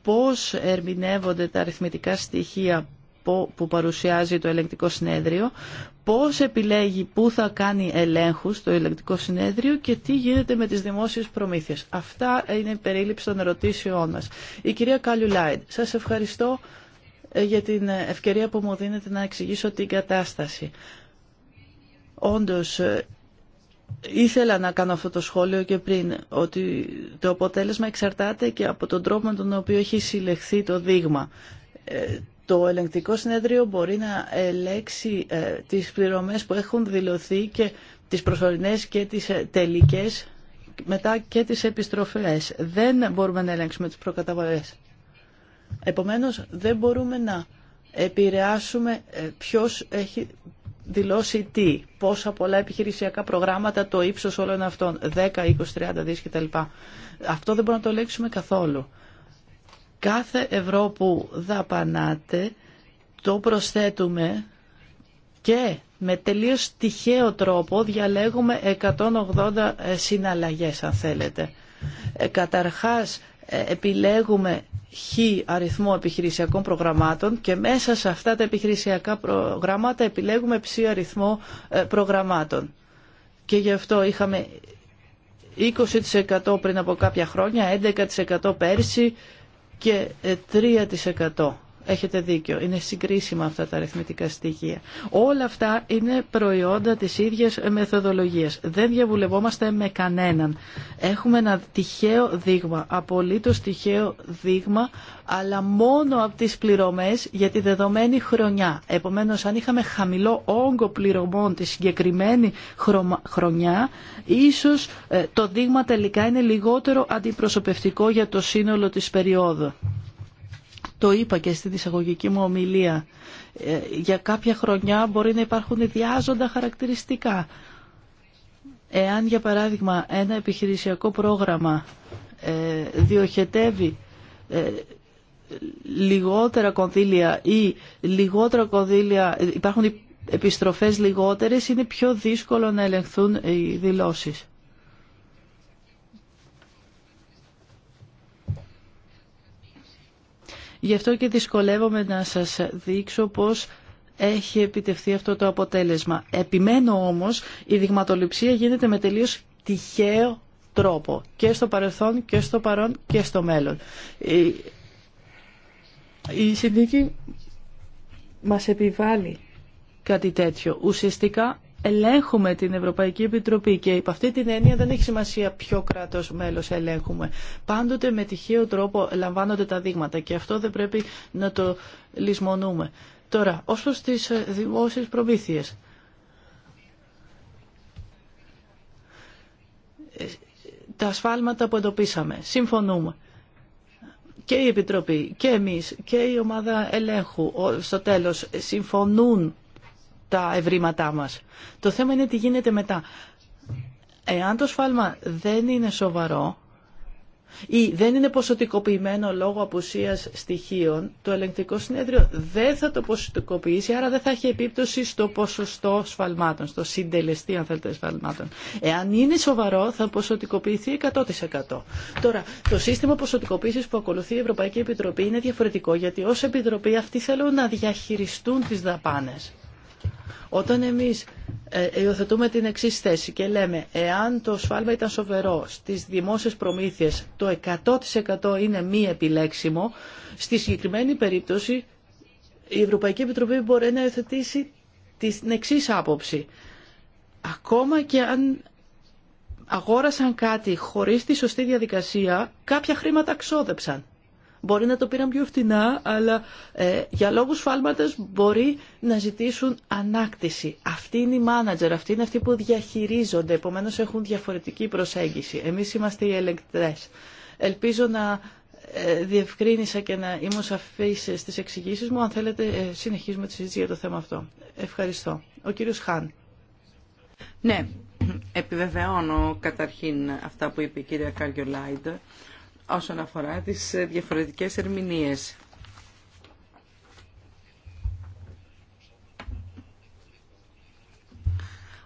πώς ερμηνεύονται τα αριθμητικά στοιχεία που παρουσιάζει το ελεγκτικό συνέδριο, πώς επιλέγει πού θα κάνει ελέγχους το ελεγκτικό συνέδριο και τι γίνεται με τις δημόσιες προμήθειες. Αυτά είναι η περίληψη των ερωτήσεών μας. Η κυρία Λάιντ, σας ευχαριστώ ε, για την ευκαιρία που μου δίνετε να εξηγήσω την κατάσταση. Ε, Ήθελα να κάνω αυτό το σχόλιο και πριν, ότι το αποτέλεσμα εξαρτάται και από τον τρόπο με τον οποίο έχει συλλεχθεί το δείγμα. Ε, το ελεγκτικό συνέδριο μπορεί να ελέξει ε, τις πληρωμές που έχουν δηλωθεί και τις προσωρινές και τις ε, τελικές μετά και τις επιστροφές. Δεν μπορούμε να ελέγξουμε τις προκαταβολές. Επομένως, δεν μπορούμε να επηρεάσουμε ποιος έχει δηλώσει τι, πόσα πολλά επιχειρησιακά προγράμματα, το ύψο όλων αυτών, 10, 20, 30 δις κτλ. Αυτό δεν μπορούμε να το λέξουμε καθόλου. Κάθε ευρώ που δαπανάτε το προσθέτουμε και με τελείως τυχαίο τρόπο διαλέγουμε 180 ε, συναλλαγές αν θέλετε. Ε, καταρχάς ε, επιλέγουμε χ αριθμό επιχειρησιακών προγραμμάτων και μέσα σε αυτά τα επιχειρησιακά προγράμματα επιλέγουμε ψ αριθμό ε, προγραμμάτων. Και γι' αυτό είχαμε 20% πριν από κάποια χρόνια, 11% πέρσι και 3% ε, Έχετε δίκιο. Είναι συγκρίσιμα αυτά τα αριθμητικά στοιχεία. Όλα αυτά είναι προϊόντα της ίδιας μεθοδολογίας. Δεν διαβουλευόμαστε με κανέναν. Έχουμε ένα τυχαίο δείγμα, απολύτως τυχαίο δείγμα, αλλά μόνο από τις πληρωμές για τη δεδομένη χρονιά. Επομένως, αν είχαμε χαμηλό όγκο πληρωμών τη συγκεκριμένη χρονιά, ίσως ε, το δείγμα τελικά είναι λιγότερο αντιπροσωπευτικό για το σύνολο της περίοδου. Το είπα και στην εισαγωγική μου ομιλία. Ε, για κάποια χρονιά μπορεί να υπάρχουν διάζοντα χαρακτηριστικά. Εάν, για παράδειγμα, ένα επιχειρησιακό πρόγραμμα ε, διοχετεύει ε, λιγότερα κονδύλια ή λιγότερα κονδύλια, υπάρχουν επιστροφές λιγότερες, είναι πιο δύσκολο να ελεγχθούν οι δηλώσεις. Γι' αυτό και δυσκολεύομαι να σας δείξω πώς έχει επιτευχθεί αυτό το αποτέλεσμα. Επιμένω όμως, η δειγματοληψία γίνεται με τελείως τυχαίο τρόπο και στο παρελθόν και στο παρόν και στο μέλλον. Η, η συνθήκη μας επιβάλλει κάτι τέτοιο. Ουσιαστικά ελέγχουμε την Ευρωπαϊκή Επιτροπή και υπ' αυτή την έννοια δεν έχει σημασία ποιο κράτο μέλο ελέγχουμε. Πάντοτε με τυχαίο τρόπο λαμβάνονται τα δείγματα και αυτό δεν πρέπει να το λησμονούμε. Τώρα, ω προ τι ε, δημόσιες προμήθειε. Ε, τα ασφάλματα που εντοπίσαμε, συμφωνούμε και η Επιτροπή και εμείς και η ομάδα ελέγχου στο τέλος συμφωνούν τα ευρήματά μας. Το θέμα είναι τι γίνεται μετά. Εάν το σφάλμα δεν είναι σοβαρό ή δεν είναι ποσοτικοποιημένο λόγω απουσίας στοιχείων, το ελεγκτικό συνέδριο δεν θα το ποσοτικοποιήσει, άρα δεν θα έχει επίπτωση στο ποσοστό σφαλμάτων, στο συντελεστή αν θέλετε σφαλμάτων. Εάν είναι σοβαρό θα ποσοτικοποιηθεί 100%. Τώρα, το σύστημα ποσοτικοποίησης που ακολουθεί η Ευρωπαϊκή Επιτροπή είναι διαφορετικό, γιατί ως Επιτροπή αυτοί θέλουν να διαχειριστούν τις δαπάνες. Όταν εμείς ε, υιοθετούμε την εξή θέση και λέμε εάν το σφάλμα ήταν σοβαρό στις δημόσιες προμήθειες το 100% είναι μη επιλέξιμο, στη συγκεκριμένη περίπτωση η Ευρωπαϊκή Επιτροπή μπορεί να υιοθετήσει την εξή άποψη. Ακόμα και αν αγόρασαν κάτι χωρίς τη σωστή διαδικασία, κάποια χρήματα ξόδεψαν. Μπορεί να το πήραν πιο φτηνά, αλλά ε, για λόγους φάλματος μπορεί να ζητήσουν ανάκτηση. Αυτή είναι οι μάνατζερ, αυτοί είναι αυτοί που διαχειρίζονται, επομένως έχουν διαφορετική προσέγγιση. Εμείς είμαστε οι ελεγκτές. Ελπίζω να ε, διευκρίνησα και να ήμουν σαφής στις εξηγήσεις μου. Αν θέλετε, ε, συνεχίζουμε τη συζήτηση για το θέμα αυτό. Ευχαριστώ. Ο κύριος Χάν. Ναι, επιβεβαιώνω καταρχήν αυτά που είπε η κυρία Καριολάιντ όσον αφορά τις ε, διαφορετικές ερμηνείες.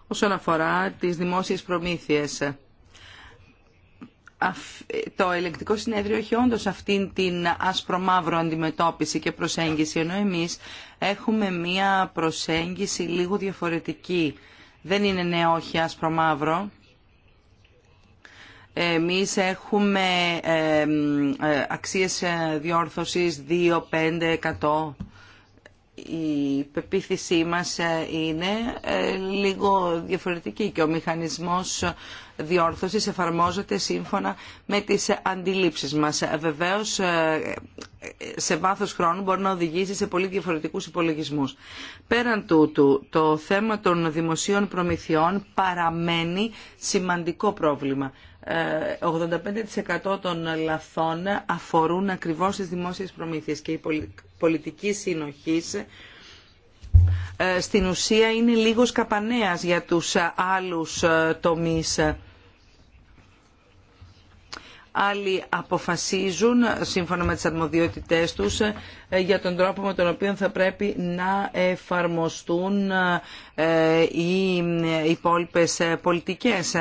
Όσον αφορά τις δημόσιες προμήθειες, ε, το ελεγκτικό συνέδριο έχει όντως αυτήν την άσπρο-μαύρο αντιμετώπιση και προσέγγιση, ενώ εμείς έχουμε μία προσέγγιση λίγο διαφορετική. Δεν είναι ναι όχι άσπρο-μαύρο, εμείς έχουμε ε, αξίες ε, διόρθωσης 2, 5, Η πεποίθησή μας ε, είναι λίγο διαφορετική και ο μηχανισμός διόρθωσης εφαρμόζεται σύμφωνα με τις αντιλήψεις μας. Βεβαίως, σε βάθος χρόνου μπορεί να οδηγήσει σε πολύ διαφορετικούς υπολογισμούς. Πέραν τούτου, το θέμα των δημοσίων προμηθειών παραμένει σημαντικό πρόβλημα. 85% ε, των λαθών αφορούν ακριβώς τις δημόσιες προμήθειες και η πολιτική συνοχή ε, στην ουσία είναι λίγο καπανέας για τους άλλους ε, τομείς. Άλλοι αποφασίζουν, σύμφωνα με τις αρμοδιότητές τους, για τον τρόπο με τον οποίο θα πρέπει να εφαρμοστούν οι υπόλοιπες πολιτικές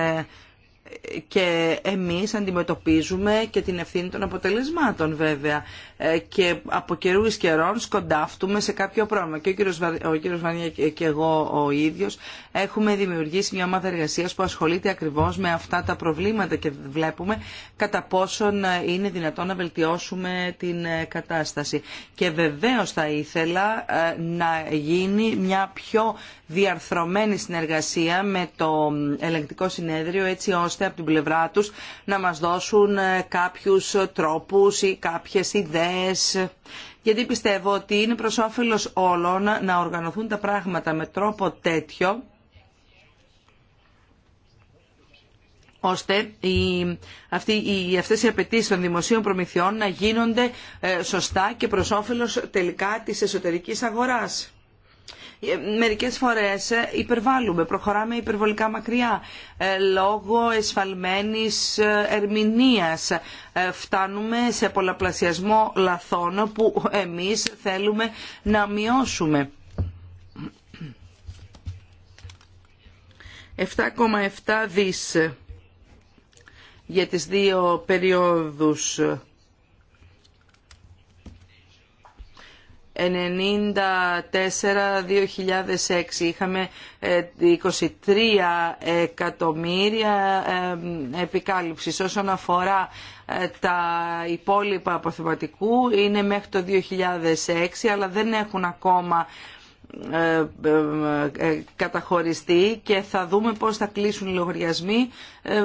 και εμείς αντιμετωπίζουμε και την ευθύνη των αποτελεσμάτων βέβαια ε, και από καιρού εις καιρών σκοντάφτουμε σε κάποιο πρόβλημα και ο κύριος, ο Βανία και εγώ ο ίδιος έχουμε δημιουργήσει μια ομάδα εργασίας που ασχολείται ακριβώς με αυτά τα προβλήματα και βλέπουμε κατά πόσον ε, είναι δυνατόν να βελτιώσουμε την ε, κατάσταση και βεβαίως θα ήθελα να γίνει μια πιο διαρθρωμένη συνεργασία με το ελεγκτικό συνέδριο έτσι ώστε ώστε από την πλευρά τους να μας δώσουν ε, κάποιους τρόπους ή κάποιες ιδέες γιατί πιστεύω ότι είναι προς όφελος όλων να οργανωθούν τα πράγματα με τρόπο τέτοιο ώστε οι, οι, αυτές οι απαιτήσει των δημοσίων προμηθειών να γίνονται ε, σωστά και προς όφελος τελικά της εσωτερικής αγοράς. Ε, μερικές φορές ε, υπερβάλλουμε, προχωράμε υπερβολικά μακριά. Ε, λόγω εσφαλμένης ερμηνείας φτάνουμε σε πολλαπλασιασμό λαθών που εμείς θέλουμε να μειώσουμε. 7,7 δις για τις δύο περιόδους 94-2006 είχαμε 23 ε, εκατομμύρια ε, επικάλυψη. Όσον αφορά ε, τα υπόλοιπα αποθεματικού είναι μέχρι το 2006 αλλά δεν έχουν ακόμα ε, ε, ε, καταχωριστεί και θα δούμε πώς θα κλείσουν οι λογαριασμοί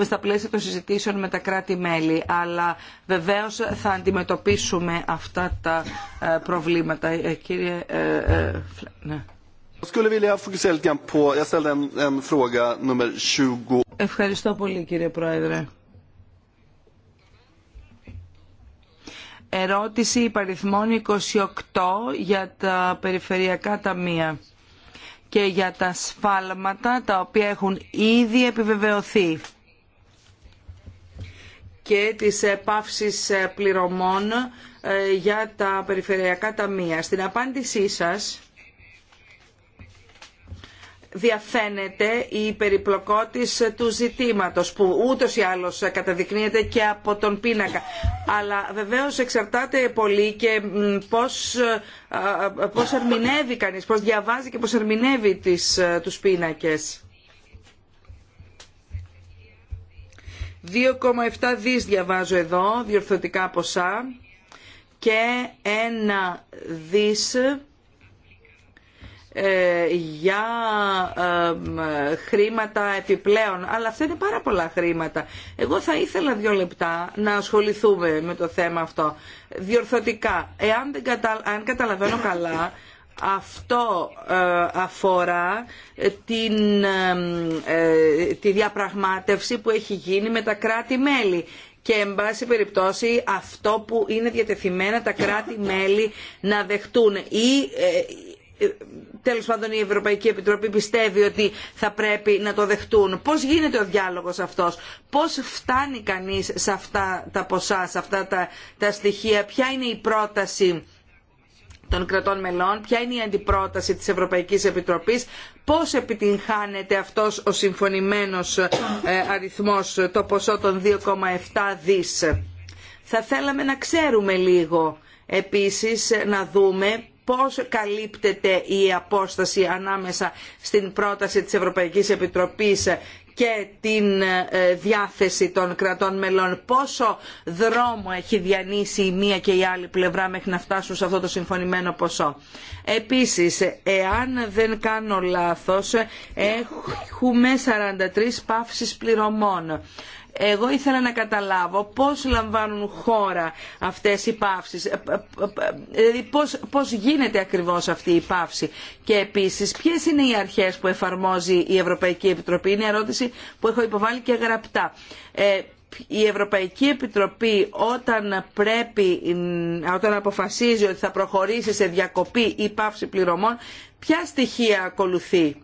στα πλαίσια των συζητήσεων με τα κράτη-μέλη. Αλλά βεβαίως θα αντιμετωπίσουμε αυτά τα προβλήματα. Κύριε... Ευχαριστώ πολύ κύριε Πρόεδρε. ερώτηση υπαριθμών 28 για τα περιφερειακά ταμεία και για τα σφάλματα τα οποία έχουν ήδη επιβεβαιωθεί και τις πάυσεις πληρωμών ε, για τα περιφερειακά ταμεία. Στην απάντησή σας διαφαίνεται η περιπλοκότης του ζητήματος που ούτως ή άλλως καταδεικνύεται και από τον πίνακα. Αλλά βεβαίως εξαρτάται πολύ και πώς, πώς ερμηνεύει κανείς, πώς διαβάζει και πώς ερμηνεύει τις, τους πίνακες. 2,7 δις διαβάζω εδώ, διορθωτικά ποσά και ένα δις ε, για χρήματα επιπλέον. Αλλά αυτά είναι πάρα πολλά χρήματα. Εγώ θα ήθελα δύο λεπτά να ασχοληθούμε με το θέμα αυτό. Διορθωτικά, εάν αν καταλαβαίνω καλά, αυτό ε, αφορά την, ε, τη διαπραγμάτευση που έχει γίνει με τα κράτη-μέλη και εν πάση περιπτώσει αυτό που είναι διατεθειμένα τα κράτη-μέλη να δεχτούν ή τέλος πάντων η Ευρωπαϊκή Επιτροπή πιστεύει ότι θα πρέπει να το δεχτούν. Πώς γίνεται ο διάλογος αυτός, πώς φτάνει κανείς σε αυτά τα ποσά, σε αυτά τα, τα στοιχεία, ποια είναι η πρόταση των κρατών μελών, ποια είναι η αντιπρόταση της Ευρωπαϊκής Επιτροπής, πώς επιτυγχάνεται αυτός ο συμφωνημένος ε, αριθμός, το ποσό των 2,7 δις. Θα θέλαμε να ξέρουμε λίγο επίσης να δούμε πώς καλύπτεται η απόσταση ανάμεσα στην πρόταση της Ευρωπαϊκής Επιτροπής και την ε, διάθεση των κρατών μελών. Πόσο δρόμο έχει διανύσει η μία και η άλλη πλευρά μέχρι να φτάσουν σε αυτό το συμφωνημένο ποσό. Επίσης, εάν δεν κάνω λάθος, έχουμε 43 παύσεις πληρωμών. Εγώ ήθελα να καταλάβω πώς λαμβάνουν χώρα αυτές οι παύσεις, ε, ε, ε, δηλαδή πώς, πώς γίνεται ακριβώς αυτή η παύση και επίσης ποιες είναι οι αρχές που εφαρμόζει η Ευρωπαϊκή Επιτροπή. Είναι ερώτηση που έχω υποβάλει και γραπτά. Η Ευρωπαϊκή Επιτροπή όταν, πρέπει, όταν αποφασίζει ότι θα προχωρήσει σε διακοπή ή παύση πληρωμών, ποια στοιχεία ακολουθεί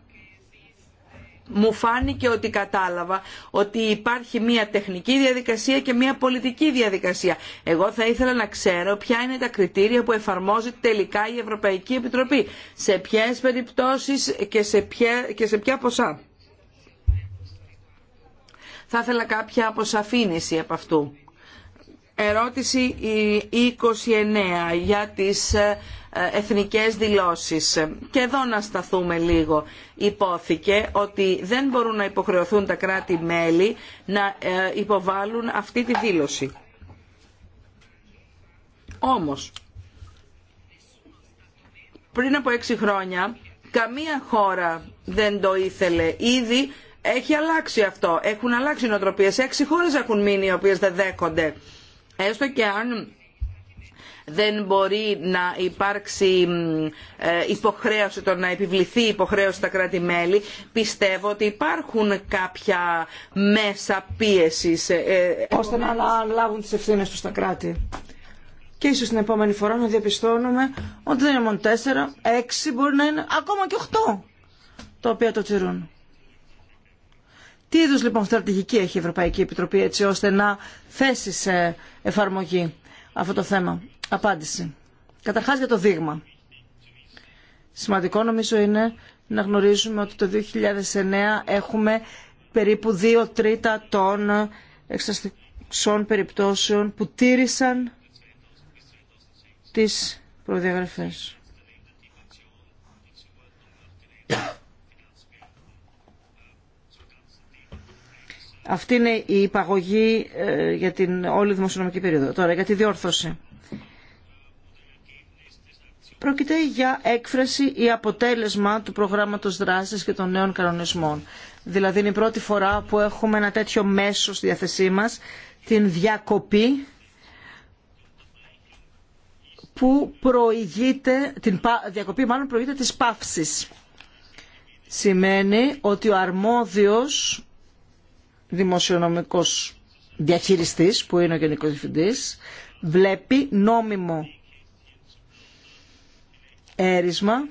μου φάνηκε ότι κατάλαβα ότι υπάρχει μια τεχνική διαδικασία και μια πολιτική διαδικασία. Εγώ θα ήθελα να ξέρω ποια είναι τα κριτήρια που εφαρμόζει τελικά η Ευρωπαϊκή Επιτροπή, σε ποιες περιπτώσεις και σε ποια, και σε ποια ποσά. Θα ήθελα κάποια αποσαφήνιση από αυτού. Ερώτηση 29 για τις ε, εθνικές δηλώσεις. Και εδώ να σταθούμε λίγο. Υπόθηκε ότι δεν μπορούν να υποχρεωθούν τα κράτη-μέλη να ε, υποβάλουν αυτή τη δήλωση. Όμως, πριν από έξι χρόνια, καμία χώρα δεν το ήθελε. Ήδη έχει αλλάξει αυτό. Έχουν αλλάξει οι νοοτροπίες. Έξι χώρες έχουν μείνει οι οποίες δεν δέχονται έστω και αν δεν μπορεί να υπάρξει ε, υποχρέωση, το να επιβληθεί υποχρέωση στα κράτη-μέλη, πιστεύω ότι υπάρχουν κάποια μέσα πίεσης. Ε, ε, ώστε να λάβουν τις ευθύνες τους τα κράτη. Και ίσως την επόμενη φορά να διαπιστώνουμε ότι δεν είναι μόνο τέσσερα, έξι μπορεί να είναι, ακόμα και οχτώ, τα οποία το τηρούν. Τι είδους λοιπόν στρατηγική έχει η Ευρωπαϊκή Επιτροπή έτσι ώστε να θέσει σε εφαρμογή αυτό το θέμα. Απάντηση. Καταρχάς για το δείγμα. Σημαντικό νομίζω είναι να γνωρίζουμε ότι το 2009 έχουμε περίπου 2 τρίτα των εξαστικών περιπτώσεων που τήρησαν τις προδιαγραφές. Αυτή είναι η υπαγωγή ε, για την όλη δημοσιονομική περίοδο. Τώρα για τη διόρθωση. Πρόκειται για έκφραση ή αποτέλεσμα του προγράμματος δράσης και των νέων κανονισμών. Δηλαδή είναι η πρώτη φορά που έχουμε ένα τέτοιο μέσο στη διάθεσή μας, την διακοπή που προηγείται, την διακοπή μάλλον προηγείται της παύσης. Σημαίνει ότι ο αρμόδιος δημοσιονομικός διαχειριστής που είναι ο Γενικός Διευθυντής βλέπει νόμιμο έρισμα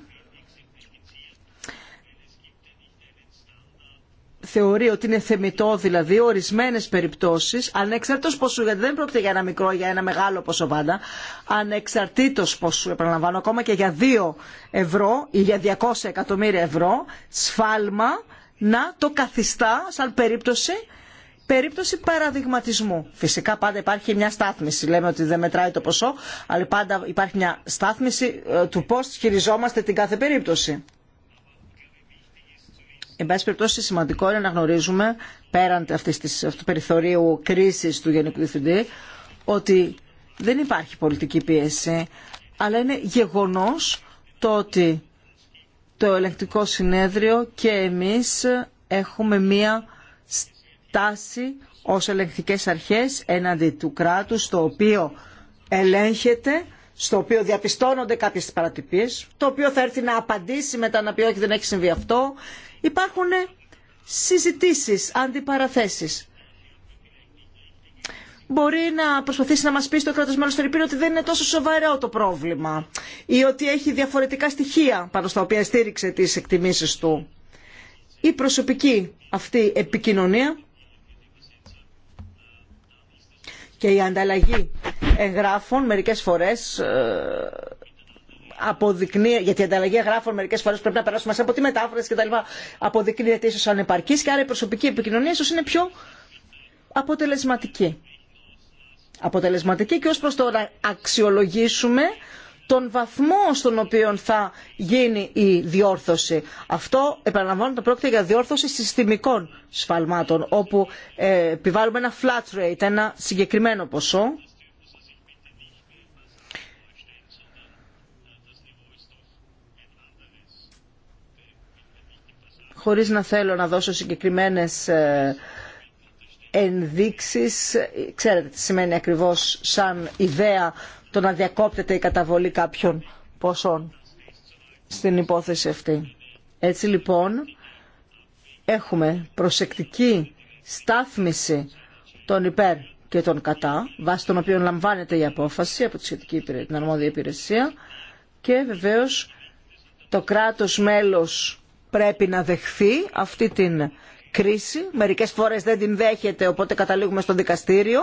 θεωρεί ότι είναι θεμητό δηλαδή ορισμένες περιπτώσεις ανεξαρτήτως ποσού, γιατί δεν πρόκειται για ένα μικρό, για ένα μεγάλο ποσό πάντα, ανεξαρτήτω ποσού, επαναλαμβάνω, ακόμα και για 2 ευρώ ή για 200 εκατομμύρια ευρώ, σφάλμα να το καθιστά σαν περίπτωση περίπτωση παραδειγματισμού. Φυσικά πάντα υπάρχει μια στάθμιση. Λέμε ότι δεν μετράει το ποσό, αλλά πάντα υπάρχει μια στάθμιση ε, του πώ χειριζόμαστε την κάθε περίπτωση. Εν πάση περιπτώσει, σημαντικό είναι να γνωρίζουμε, πέραν αυτής της, αυτού του περιθωρίου κρίση του Γενικού Διευθυντή, ότι δεν υπάρχει πολιτική πίεση, αλλά είναι γεγονός το ότι το ελεγκτικό συνέδριο και εμείς έχουμε μία στάση ως ελεκτικές αρχές έναντι του κράτους το οποίο ελέγχεται στο οποίο διαπιστώνονται κάποιες παρατυπίες, το οποίο θα έρθει να απαντήσει μετά να πει όχι δεν έχει συμβεί αυτό. Υπάρχουν συζητήσεις, αντιπαραθέσεις μπορεί να προσπαθήσει να μας πει στο κράτος μέλος Φερρυπίν ότι δεν είναι τόσο σοβαρό το πρόβλημα ή ότι έχει διαφορετικά στοιχεία πάνω στα οποία στήριξε τις εκτιμήσεις του. Η προσωπική αυτή επικοινωνία και η ανταλλαγή εγγράφων μερικές φορές ε, αποδεικνύει, γιατί η ανταλλαγή εγγράφων μερικέ φορέ πρέπει να περάσουμε από τη μετάφραση κτλ. Αποδεικνύεται ίσω ανεπαρκή και άρα η προσωπική επικοινωνία ίσω είναι πιο αποτελεσματική αποτελεσματική και ως προς το να αξιολογήσουμε τον βαθμό στον οποίο θα γίνει η διόρθωση. Αυτό, επαναλαμβάνω, το πρόκειται για διόρθωση συστημικών σφαλμάτων, όπου ε, επιβάλλουμε ένα flat rate, ένα συγκεκριμένο ποσό, χωρίς να θέλω να δώσω συγκεκριμένες ε, ενδείξεις. Ξέρετε τι σημαίνει ακριβώς σαν ιδέα το να διακόπτεται η καταβολή κάποιων ποσών στην υπόθεση αυτή. Έτσι λοιπόν έχουμε προσεκτική στάθμιση των υπέρ και των κατά, βάσει των οποίων λαμβάνεται η απόφαση από τη σχετική την αρμόδια υπηρεσία και βεβαίως το κράτος μέλος πρέπει να δεχθεί αυτή την κρίση, μερικές φορές δεν την δέχεται οπότε καταλήγουμε στο δικαστήριο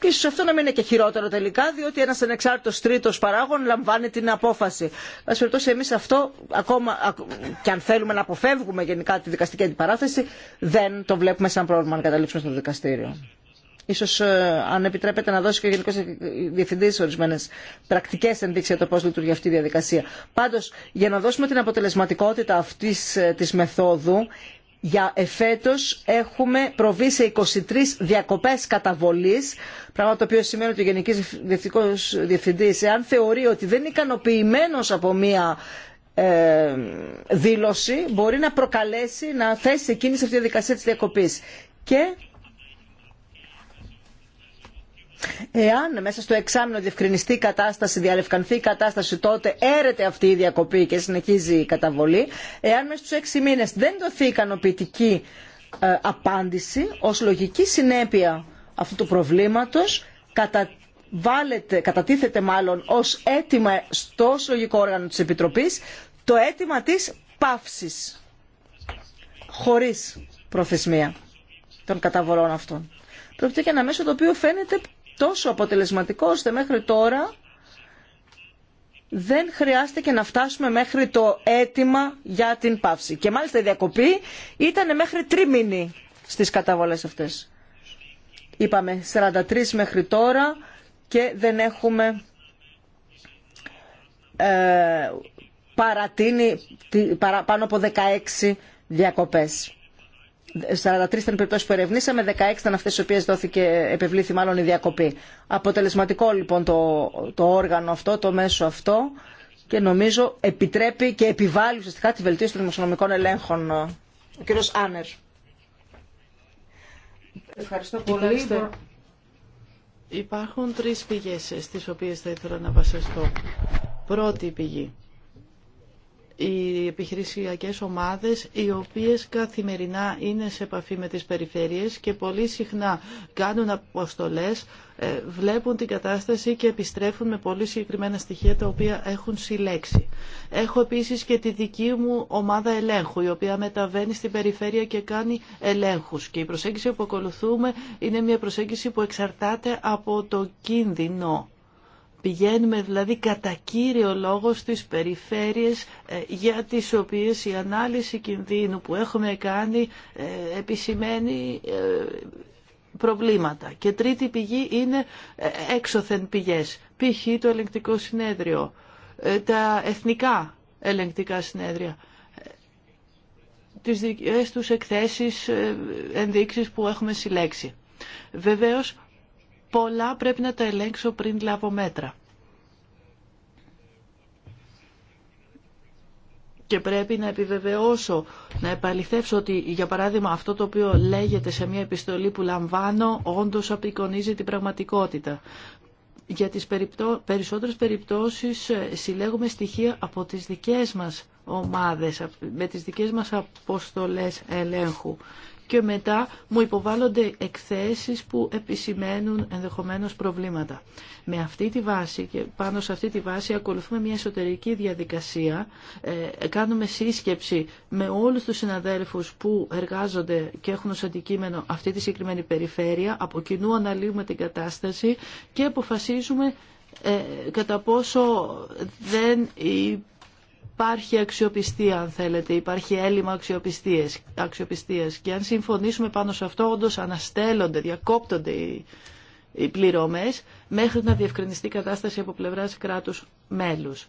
και ίσως αυτό να μην είναι και χειρότερο τελικά, διότι ένας ανεξάρτητος τρίτος παράγων λαμβάνει την απόφαση. Ας περιπτώσει εμείς αυτό, ακόμα και αν θέλουμε να αποφεύγουμε γενικά τη δικαστική αντιπαράθεση, δεν το βλέπουμε σαν πρόβλημα να καταλήξουμε στο δικαστήριο. Ίσως ε, αν επιτρέπετε να δώσει και ο Γενικός Διευθυντής ορισμένες πρακτικές ενδείξεις για το πώ λειτουργεί αυτή η διαδικασία. Πάντως, για να δώσουμε την αποτελεσματικότητα αυτής ε, της μεθόδου, για εφέτος έχουμε προβεί σε 23 διακοπές καταβολής, πράγμα το οποίο σημαίνει ότι ο Γενικό Διευθυντή Διευθυντής, εάν θεωρεί ότι δεν είναι ικανοποιημένο από μία ε, δήλωση, μπορεί να προκαλέσει, να θέσει εκείνη σε αυτή τη διαδικασία της διακοπής. Και Εάν μέσα στο εξάμεινο διευκρινιστεί η κατάσταση, διαλευκανθεί η κατάσταση, τότε έρεται αυτή η διακοπή και συνεχίζει η καταβολή. Εάν μέσα στους έξι μήνες δεν δοθεί ικανοποιητική ε, απάντηση, ως λογική συνέπεια αυτού του προβλήματος, κατά κατατίθεται μάλλον ως αίτημα στο συλλογικό όργανο της Επιτροπής το αίτημα της παύσης χωρίς προθεσμία των καταβολών αυτών. Πρόκειται και ένα μέσο το οποίο φαίνεται τόσο αποτελεσματικό ώστε μέχρι τώρα δεν χρειάστηκε να φτάσουμε μέχρι το αίτημα για την πάυση. Και μάλιστα η διακοπή ήταν μέχρι τρίμηνη στις καταβολές αυτές. Είπαμε 43 μέχρι τώρα και δεν έχουμε ε, παρατείνει πάνω από 16 διακοπές. 43 ήταν περιπτώσει που ερευνήσαμε, 16 ήταν αυτέ τι οποίε δόθηκε, επευλήθη μάλλον η διακοπή. Αποτελεσματικό λοιπόν το, το όργανο αυτό, το μέσο αυτό και νομίζω επιτρέπει και επιβάλλει ουσιαστικά τη βελτίωση των δημοσιονομικών ελέγχων. Ο κύριο Άνερ. Ευχαριστώ πολύ. Υπάρχουν τρεις πηγές στις οποίες θα ήθελα να βασιστώ. Πρώτη πηγή οι επιχειρησιακές ομάδες οι οποίες καθημερινά είναι σε επαφή με τις περιφέρειες και πολύ συχνά κάνουν αποστολές, ε, βλέπουν την κατάσταση και επιστρέφουν με πολύ συγκεκριμένα στοιχεία τα οποία έχουν συλλέξει. Έχω επίσης και τη δική μου ομάδα ελέγχου, η οποία μεταβαίνει στην περιφέρεια και κάνει ελέγχους. Και η προσέγγιση που ακολουθούμε είναι μια προσέγγιση που εξαρτάται από το κίνδυνο Πηγαίνουμε δηλαδή κατά κύριο λόγο στις περιφέρειες ε, για τις οποίες η ανάλυση κινδύνου που έχουμε κάνει ε, επισημαίνει ε, προβλήματα. Και τρίτη πηγή είναι έξωθεν πηγές, π.χ. το ελεγκτικό συνέδριο, τα εθνικά ελεγκτικά συνέδρια τις δικές τους εκθέσεις, ενδείξεις που έχουμε συλλέξει. Βεβαίως πολλά πρέπει να τα ελέγξω πριν λάβω μέτρα. Και πρέπει να επιβεβαιώσω, να επαληθεύσω ότι, για παράδειγμα, αυτό το οποίο λέγεται σε μια επιστολή που λαμβάνω, όντως απεικονίζει την πραγματικότητα. Για τις περιπτώ... περισσότερες περιπτώσεις ε, συλλέγουμε στοιχεία από τις δικές μας ομάδες, με τις δικές μας αποστολές ελέγχου και μετά μου υποβάλλονται εκθέσεις που επισημαίνουν ενδεχομένως προβλήματα. Με αυτή τη βάση και πάνω σε αυτή τη βάση ακολουθούμε μια εσωτερική διαδικασία, ε, κάνουμε σύσκεψη με όλους τους συναδέλφους που εργάζονται και έχουν ως αντικείμενο αυτή τη συγκεκριμένη περιφέρεια, από κοινού αναλύουμε την κατάσταση και αποφασίζουμε ε, κατά πόσο δεν υπάρχει αξιοπιστία αν θέλετε, υπάρχει έλλειμμα αξιοπιστίας, αξιοπιστίας. και αν συμφωνήσουμε πάνω σε αυτό όντως αναστέλλονται, διακόπτονται οι, πληρωμές μέχρι να διευκρινιστεί η κατάσταση από πλευράς κράτους μέλους.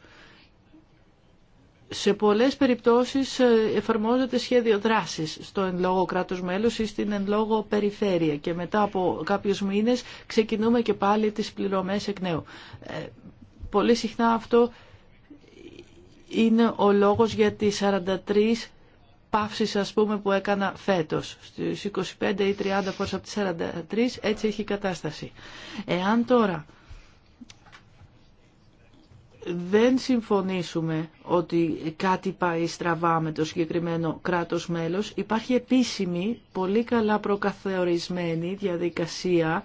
Σε πολλές περιπτώσεις ε, εφαρμόζεται σχέδιο δράσης στο εν λόγω κράτος μέλος ή στην εν λόγω περιφέρεια και μετά από κάποιους μήνες ξεκινούμε και πάλι τις πληρωμές εκ νέου. Ε, πολύ συχνά αυτό είναι ο λόγος για τις 43 παύσεις ας πούμε που έκανα φέτος. Στις 25 ή 30 φορές από τις 43 έτσι έχει η κατάσταση. Εάν τώρα δεν συμφωνήσουμε ότι κάτι πάει στραβά με το συγκεκριμένο κράτος μέλος, υπάρχει επίσημη, πολύ καλά προκαθορισμένη διαδικασία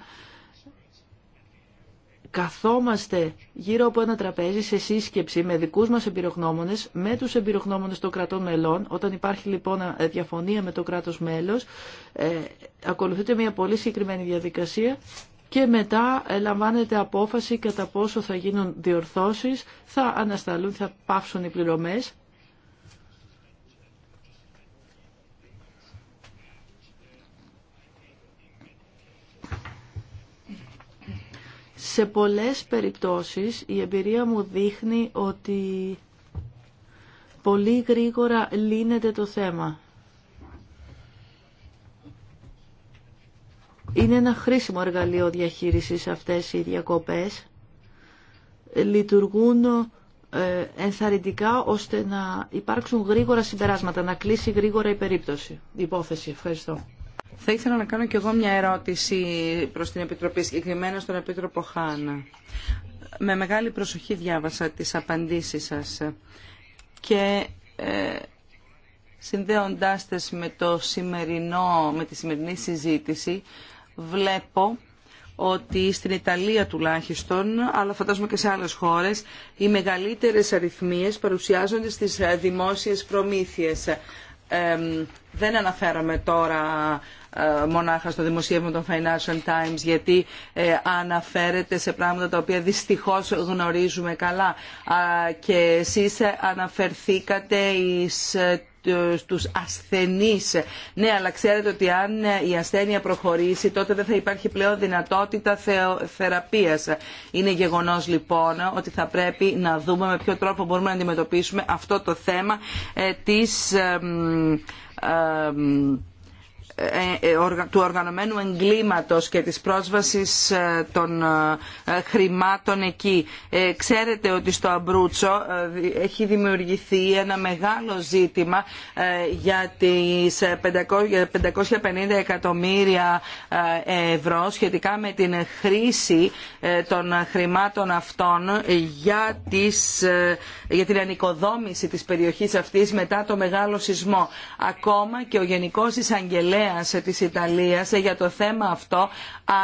καθόμαστε γύρω από ένα τραπέζι σε σύσκεψη με δικούς μας εμπειρογνώμονες, με τους εμπειρογνώμονες των κρατών μελών. Όταν υπάρχει λοιπόν ε, διαφωνία με το κράτος μέλος, ε, ακολουθείται μια πολύ συγκεκριμένη διαδικασία και μετά ε, λαμβάνεται απόφαση κατά πόσο θα γίνουν διορθώσεις, θα ανασταλούν, θα πάυσουν οι πληρωμές Σε πολλές περιπτώσεις η εμπειρία μου δείχνει ότι πολύ γρήγορα λύνεται το θέμα. Είναι ένα χρήσιμο εργαλείο διαχείρισης αυτές οι διακοπές. Λειτουργούν ε, ενθαρρυντικά ώστε να υπάρξουν γρήγορα συμπεράσματα, να κλείσει γρήγορα η περίπτωση. υπόθεση. Ευχαριστώ. Θα ήθελα να κάνω κι εγώ μια ερώτηση προς την Επιτροπή, συγκεκριμένα στον Επίτροπο Με μεγάλη προσοχή διάβασα τις απαντήσεις σας και ε, συνδέοντάς με, το σημερινό, με τη σημερινή συζήτηση βλέπω ότι στην Ιταλία τουλάχιστον, αλλά φαντάζομαι και σε άλλες χώρες, οι μεγαλύτερες αριθμίες παρουσιάζονται στις ε, δημόσιες προμήθειες. δεν αναφέρομαι τώρα ε, μονάχα στο δημοσίευμα των Financial Times γιατί ε, αναφέρεται σε πράγματα τα οποία δυστυχώς γνωρίζουμε καλά και εσείς αναφερθήκατε εις στους ε, ασθενείς. Ναι, αλλά ξέρετε ότι αν η ασθένεια προχωρήσει τότε δεν θα υπάρχει πλέον δυνατότητα θεραπείας. Είναι γεγονός λοιπόν ότι θα πρέπει να δούμε με ποιο τρόπο μπορούμε να αντιμετωπίσουμε αυτό το θέμα της ε, ε, του οργανωμένου εγκλήματος και της πρόσβασης ε, των χρημάτων εκεί. Ξέρετε ότι στο Αμπρούτσο έχει δημιουργηθεί ένα μεγάλο ζήτημα για τις 550 εκατομμύρια ευρώ σχετικά με την χρήση των χρημάτων αυτών για, τις, για την ανοικοδόμηση της περιοχής αυτής μετά το μεγάλο σεισμό. Ακόμα και ο Γενικός Εισαγγελέας Τη της Ιταλίας για το θέμα αυτό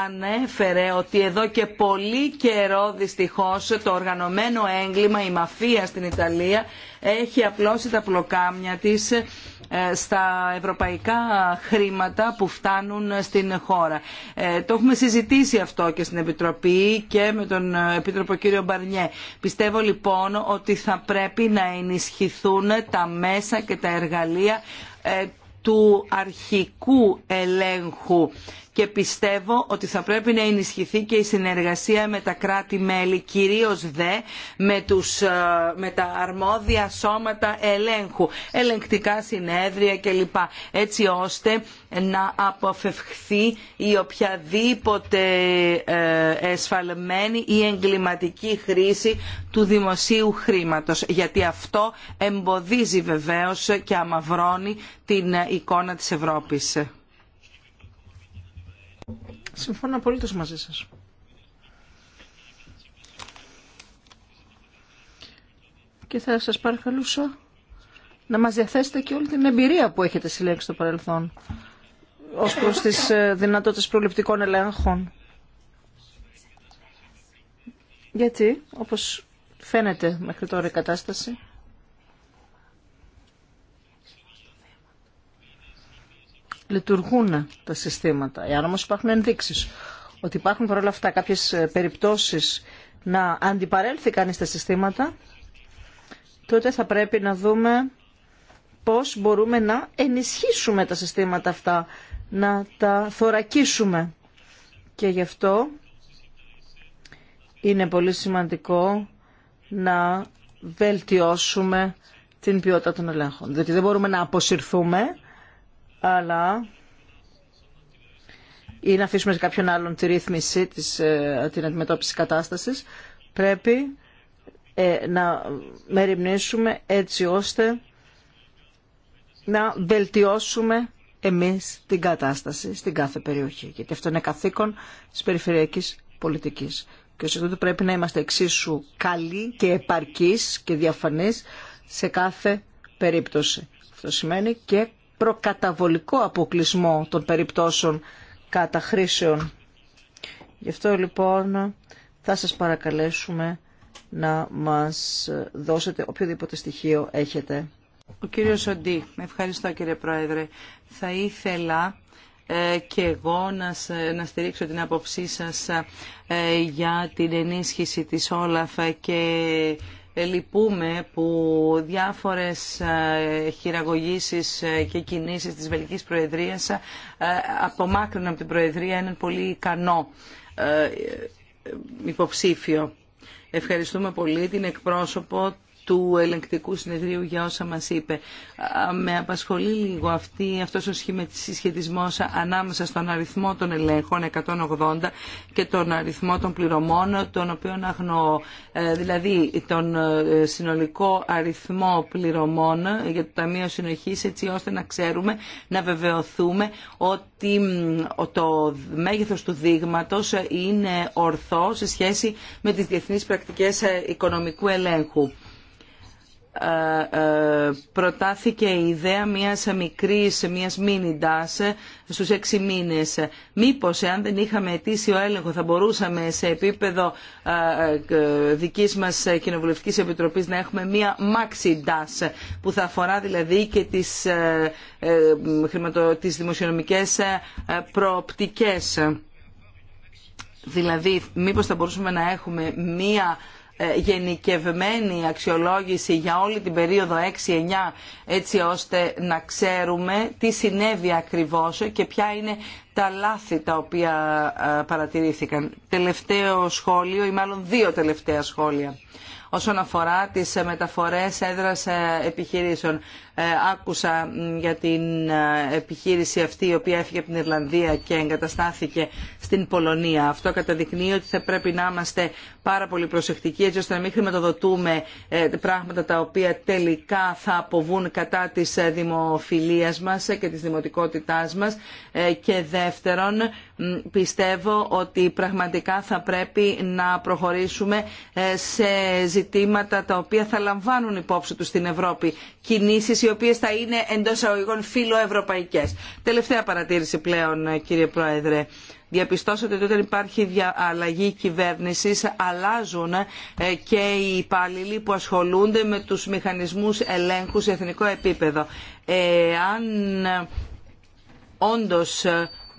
ανέφερε ότι εδώ και πολύ καιρό δυστυχώς το οργανωμένο έγκλημα, η μαφία στην Ιταλία έχει απλώσει τα πλοκάμια της ε, στα ευρωπαϊκά χρήματα που φτάνουν στην χώρα. Ε, το έχουμε συζητήσει αυτό και στην Επιτροπή και με τον ε, Επίτροπο κύριο Μπαρνιέ. Πιστεύω λοιπόν ότι θα πρέπει να ενισχυθούν τα μέσα και τα εργαλεία του αρχικού ελέγχου και πιστεύω ότι θα πρέπει να ενισχυθεί και η συνεργασία με τα κράτη-μέλη, κυρίως δε με, ε, τα αρμόδια σώματα ελέγχου, ελεγκτικά συνέδρια κλπ. Έτσι ώστε να αποφευχθεί η οποιαδήποτε ε, εσφαλμένη ή εγκληματική χρήση του δημοσίου χρήματος. Γιατί αυτό εμποδίζει βεβαίως και αμαυρώνει την ε, εικόνα της Ευρώπης. Συμφωνώ απολύτως μαζί σας. Και θα σας παρακαλούσα να μας διαθέσετε και όλη την εμπειρία που έχετε συλλέξει στο παρελθόν ως προς τις ε, δυνατότητες προληπτικών ελέγχων. Γιατί, όπως φαίνεται μέχρι τώρα η κατάσταση, λειτουργούν τα συστήματα. Εάν όμως υπάρχουν ενδείξει ότι υπάρχουν παρόλα αυτά κάποιες ε, περιπτώσεις να αντιπαρέλθει κανεί τα συστήματα, τότε θα πρέπει να δούμε πώς μπορούμε να ενισχύσουμε τα συστήματα αυτά, να τα θωρακίσουμε. Και γι' αυτό είναι πολύ σημαντικό να βελτιώσουμε την ποιότητα των ελέγχων. Διότι δεν μπορούμε να αποσυρθούμε αλλά ή να αφήσουμε σε κάποιον άλλον τη ρύθμιση, της, ε, την αντιμετώπιση κατάστασης, πρέπει ε, να μεριμνήσουμε έτσι ώστε να βελτιώσουμε εμείς την κατάσταση στην κάθε περιοχή. Γιατί αυτό είναι καθήκον της περιφερειακής πολιτικής. Και ως πρέπει να είμαστε εξίσου καλοί και επαρκείς και διαφανείς σε κάθε περίπτωση. Αυτό σημαίνει και προκαταβολικό αποκλεισμό των περιπτώσεων καταχρήσεων. Γι' αυτό λοιπόν θα σας παρακαλέσουμε να μας δώσετε οποιοδήποτε στοιχείο έχετε. Ο κύριος Σοντή, ευχαριστώ κύριε Πρόεδρε. Θα ήθελα ε, και εγώ να, να στηρίξω την άποψή σας ε, για την ενίσχυση της Όλαφ και λυπούμε που διάφορες ε, χειραγωγήσεις ε, και κινήσεις της Βελικής Προεδρίας ε, απομάκρυναν από την Προεδρία έναν πολύ ικανό υποψήφιο. Ευχαριστούμε πολύ την εκπρόσωπο του ελεγκτικού συνεδρίου για όσα μας είπε. Με απασχολεί λίγο αυτή, αυτός ο συσχετισμός ανάμεσα στον αριθμό των ελέγχων 180 και τον αριθμό των πληρωμών, τον οποίο αγνοώ. Ε, δηλαδή, τον ε, συνολικό αριθμό πληρωμών για το Ταμείο Συνοχής, έτσι ώστε να ξέρουμε, να βεβαιωθούμε ότι το μέγεθος του δείγματος είναι ορθό σε σχέση με τις διεθνείς πρακτικές ε, οικονομικού ελέγχου προτάθηκε η ιδέα μιας μικρής, μιας μίνιντας στους έξι μήνες. Μήπως, εάν δεν είχαμε ο έλεγχο, θα μπορούσαμε σε επίπεδο δικής μας Κοινοβουλευτικής Επιτροπής να έχουμε μια μαξιντάς, που θα αφορά δηλαδή και τις, ε, ε, τις δημοσιονομικές ε, προοπτικές. Δηλαδή, μήπως θα μπορούσαμε να έχουμε μία ε, γενικευμένη αξιολόγηση για όλη την περίοδο 6-9 έτσι ώστε να ξέρουμε τι συνέβη ακριβώς και ποια είναι τα λάθη τα οποία ε, παρατηρήθηκαν. Τελευταίο σχόλιο ή μάλλον δύο τελευταία σχόλια όσον αφορά τις ε, μεταφορές έδρας ε, επιχειρήσεων. Ε, άκουσα για την επιχείρηση αυτή η οποία έφυγε από την Ιρλανδία και εγκαταστάθηκε στην Πολωνία. Αυτό καταδεικνύει ότι θα πρέπει να είμαστε πάρα πολύ προσεκτικοί έτσι ώστε να μην χρηματοδοτούμε πράγματα τα οποία τελικά θα αποβούν κατά της δημοφιλίας μας και της δημοτικότητάς μας. Και δεύτερον, πιστεύω ότι πραγματικά θα πρέπει να προχωρήσουμε σε ζητήματα τα οποία θα λαμβάνουν υπόψη τους στην Ευρώπη κινήσεις οι οποίες θα είναι εντός αγωγικών φιλοευρωπαϊκές. Τελευταία παρατήρηση πλέον κύριε Πρόεδρε. Διαπιστώσατε ότι όταν υπάρχει αλλαγή κυβέρνηση αλλάζουν ε, και οι υπάλληλοι που ασχολούνται με τους μηχανισμούς ελέγχου σε εθνικό επίπεδο. Ε, αν ε, όντως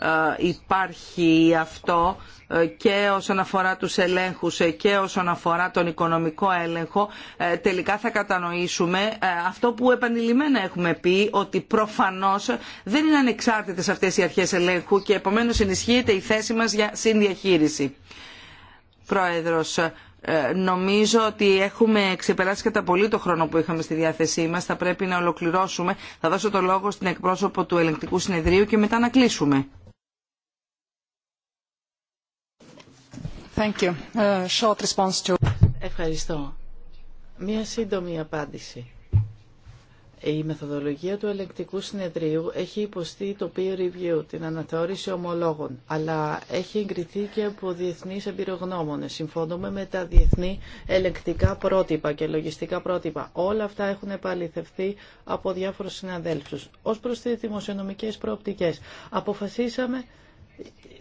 ε, υπάρχει αυτό ε, και όσον αφορά τους ελέγχους ε, και όσον αφορά τον οικονομικό έλεγχο τελικά θα κατανοήσουμε αυτό που επανειλημμένα έχουμε πει ότι προφανώς δεν είναι ανεξάρτητες αυτές οι αρχές ελέγχου και επομένως ενισχύεται η θέση μας για συνδιαχείριση. Πρόεδρος, νομίζω ότι έχουμε ξεπεράσει κατά πολύ το χρόνο που είχαμε στη διάθεσή μας. Θα πρέπει να ολοκληρώσουμε. Θα δώσω το λόγο στην εκπρόσωπο του ελεγκτικού συνεδρίου και μετά να κλείσουμε. Ευχαριστώ. Μία σύντομη απάντηση. Η μεθοδολογία του ελεγκτικού συνεδρίου έχει υποστεί το peer review, την αναθεώρηση ομολόγων, αλλά έχει εγκριθεί και από διεθνεί εμπειρογνώμονε. Συμφωνούμε με τα διεθνή ελεγκτικά πρότυπα και λογιστικά πρότυπα. Όλα αυτά έχουν επαληθευτεί από διάφορου συναδέλφου. Ω προ τι δημοσιονομικέ προοπτικέ, αποφασίσαμε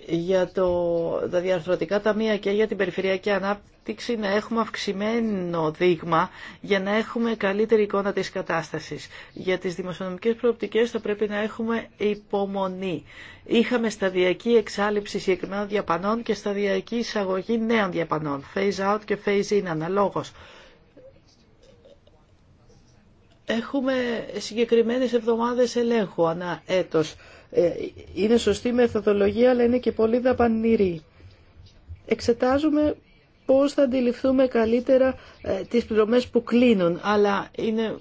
για το, τα διαρθρωτικά ταμεία και για την περιφερειακή ανάπτυξη να έχουμε αυξημένο δείγμα για να έχουμε καλύτερη εικόνα της κατάστασης. Για τις δημοσιονομικές προοπτικές θα πρέπει να έχουμε υπομονή. Είχαμε σταδιακή εξάλληψη συγκεκριμένων διαπανών και σταδιακή εισαγωγή νέων διαπανών, phase out και phase in αναλόγως. Έχουμε συγκεκριμένες εβδομάδες ελέγχου ανά έτος ε, είναι σωστή μεθοδολογία αλλά είναι και πολύ δαπανηρή. Εξετάζουμε πώς θα αντιληφθούμε καλύτερα ε, τις πληρωμές που κλείνουν, αλλά είναι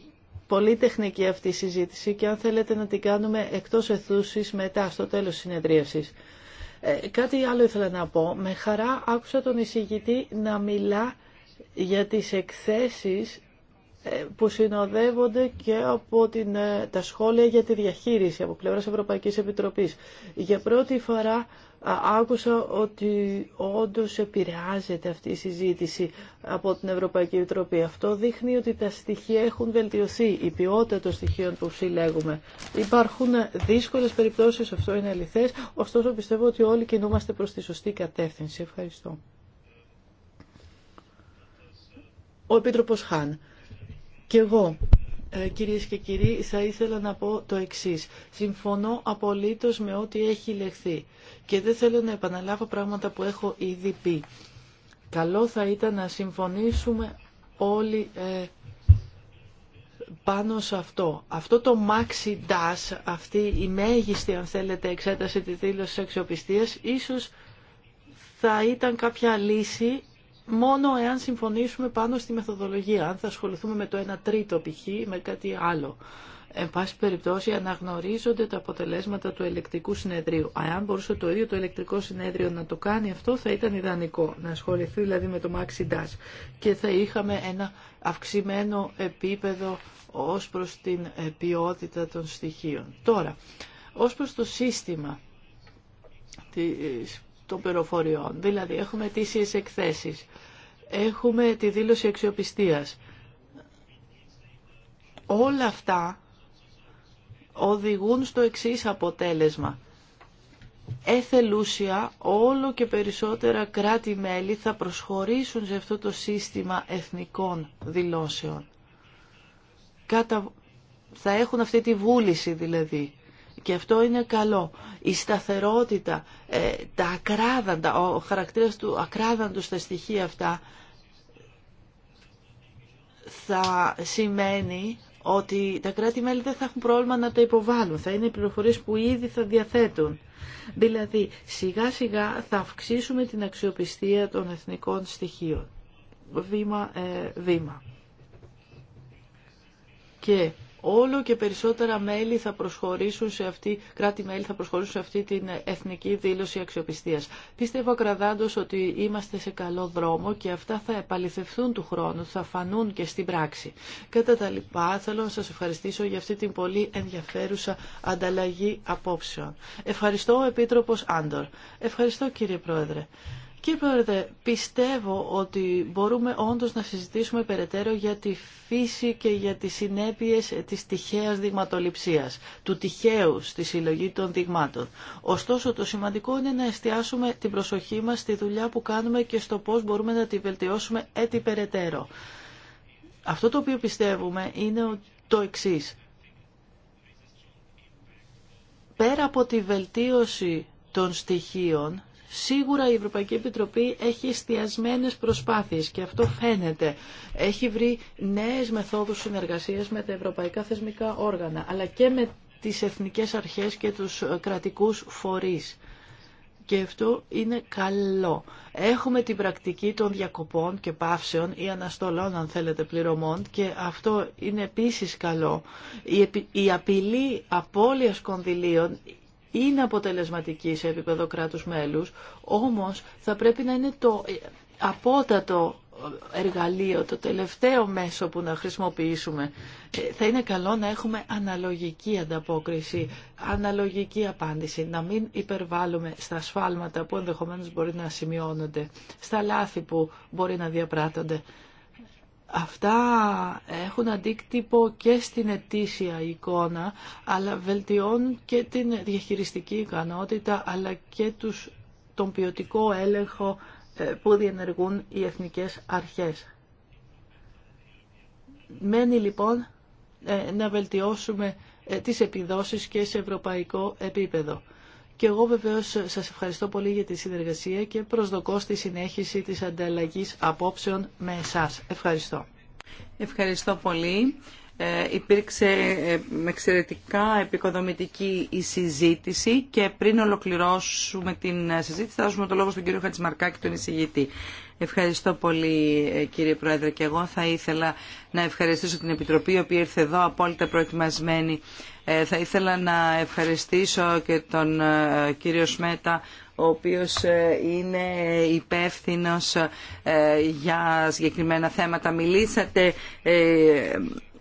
πολύ τεχνική αυτή η συζήτηση και αν θέλετε να την κάνουμε εκτός εθούσης μετά, στο τέλος της συνεδρίασης. Ε, κάτι άλλο ήθελα να πω. Με χαρά άκουσα τον εισηγητή να μιλά για τις εκθέσεις ε, που συνοδεύονται και από την, ε, τα σχόλια για τη διαχείριση από πλευράς Ευρωπαϊκής Επιτροπής. Για πρώτη φορά άκουσα ότι όντως επηρεάζεται αυτή η συζήτηση από την Ευρωπαϊκή Επιτροπή. Αυτό δείχνει ότι τα στοιχεία έχουν βελτιωθεί, η ποιότητα των στοιχείων που συλλέγουμε. Υπάρχουν δύσκολες περιπτώσεις, αυτό είναι αληθές, ωστόσο πιστεύω ότι όλοι κινούμαστε προς τη σωστή κατεύθυνση. Ευχαριστώ. Ο Επίτροπος Χάν. Και εγώ, ε, κυρίες και κύριοι, θα ήθελα να πω το εξής. Συμφωνώ απολύτως με ό,τι έχει λεχθεί και δεν θέλω να επαναλάβω πράγματα που έχω ήδη πει. Καλό θα ήταν να συμφωνήσουμε όλοι ε, πάνω σε αυτό. Αυτό το maxi dash, αυτή η μέγιστη αν θέλετε εξέταση της δήλωσης αξιοπιστίας, ίσως θα ήταν κάποια λύση μόνο εάν συμφωνήσουμε πάνω στη μεθοδολογία, αν θα ασχοληθούμε με το 1 τρίτο π.χ. με κάτι άλλο. Εν πάση περιπτώσει αναγνωρίζονται τα αποτελέσματα του ηλεκτρικού συνεδρίου. Αν μπορούσε το ίδιο το ηλεκτρικό συνέδριο να το κάνει αυτό θα ήταν ιδανικό. Να ασχοληθεί δηλαδή με το Maxi Dash και θα είχαμε ένα αυξημένο επίπεδο ως προς την ε, ποιότητα των στοιχείων. Τώρα, ως προς το σύστημα της των πληροφοριών. Δηλαδή έχουμε τις εκθέσει. έχουμε τη δήλωση αξιοπιστία. Όλα αυτά οδηγούν στο εξή αποτέλεσμα. Εθελούσια όλο και περισσότερα κράτη-μέλη θα προσχωρήσουν σε αυτό το σύστημα εθνικών δηλώσεων. Κατα... Θα έχουν αυτή τη βούληση δηλαδή και αυτό είναι καλό. Η σταθερότητα, ε, τα ακράδαντα, ο χαρακτήρας του ακράδαντος στα στοιχεία αυτά θα σημαίνει ότι τα κράτη-μέλη δεν θα έχουν πρόβλημα να τα υποβάλουν. Θα είναι οι που ήδη θα διαθέτουν. Δηλαδή, σιγά-σιγά θα αυξήσουμε την αξιοπιστία των εθνικών στοιχείων. Βήμα-βήμα. Ε, Και όλο και περισσότερα μέλη θα προσχωρήσουν σε αυτή, κράτη-μέλη θα προσχωρήσουν σε αυτή την εθνική δήλωση αξιοπιστίας. Πίστευω κραδάντος ότι είμαστε σε καλό δρόμο και αυτά θα επαληθευθούν του χρόνου, θα φανούν και στην πράξη. Κατά τα λοιπά, θέλω να σας ευχαριστήσω για αυτή την πολύ ενδιαφέρουσα ανταλλαγή απόψεων. Ευχαριστώ, Επίτροπος Άντορ. Ευχαριστώ, κύριε Πρόεδρε. Κύριε Πρόεδρε, πιστεύω ότι μπορούμε όντως να συζητήσουμε περαιτέρω για τη φύση και για τις συνέπειες της τυχαίας δειγματοληψίας, του τυχαίου στη συλλογή των δειγμάτων. Ωστόσο, το σημαντικό είναι να εστιάσουμε την προσοχή μας στη δουλειά που κάνουμε και στο πώς μπορούμε να τη βελτιώσουμε έτσι περαιτέρω. Αυτό το οποίο πιστεύουμε είναι το εξής. Πέρα από τη βελτίωση των στοιχείων, Σίγουρα η Ευρωπαϊκή Επιτροπή έχει εστιασμένες προσπάθειες και αυτό φαίνεται. Έχει βρει νέες μεθόδους συνεργασίας με τα ευρωπαϊκά θεσμικά όργανα, αλλά και με τις εθνικές αρχές και τους κρατικούς φορείς. Και αυτό είναι καλό. Έχουμε την πρακτική των διακοπών και παύσεων ή αναστολών, αν θέλετε, πληρωμών και αυτό είναι επίσης καλό. Η απειλή απώλειας κονδυλίων είναι αποτελεσματική σε επίπεδο κράτους μέλους, όμως θα πρέπει να είναι το απότατο εργαλείο, το τελευταίο μέσο που να χρησιμοποιήσουμε. Ε, θα είναι καλό να έχουμε αναλογική ανταπόκριση, αναλογική απάντηση, να μην υπερβάλλουμε στα σφάλματα που ενδεχομένως μπορεί να σημειώνονται, στα λάθη που μπορεί να διαπράττονται. Αυτά έχουν αντίκτυπο και στην ετήσια εικόνα, αλλά βελτιώνουν και την διαχειριστική ικανότητα, αλλά και τους, τον ποιοτικό έλεγχο ε, που διενεργούν οι εθνικές αρχές. Μένει λοιπόν ε, να βελτιώσουμε ε, τις επιδόσεις και σε ευρωπαϊκό επίπεδο. Και εγώ βεβαίως σας ευχαριστώ πολύ για τη συνεργασία και προσδοκώ στη συνέχιση της ανταλλαγής απόψεων με εσάς. Ευχαριστώ. Ευχαριστώ πολύ. Ε, υπήρξε ε, με εξαιρετικά επικοδομητική η συζήτηση και πριν ολοκληρώσουμε την συζήτηση θα δώσουμε το λόγο στον κύριο Χατσμαρκάκη, τον εισηγητή. Ευχαριστώ πολύ ε, κύριε Πρόεδρε και εγώ θα ήθελα να ευχαριστήσω την Επιτροπή η οποία ήρθε εδώ απόλυτα προετοιμασμένη ε, θα ήθελα να ευχαριστήσω και τον ε, κύριο Σμέτα ο οποίος ε, είναι υπεύθυνος για συγκεκριμένα θέματα. Μιλήσατε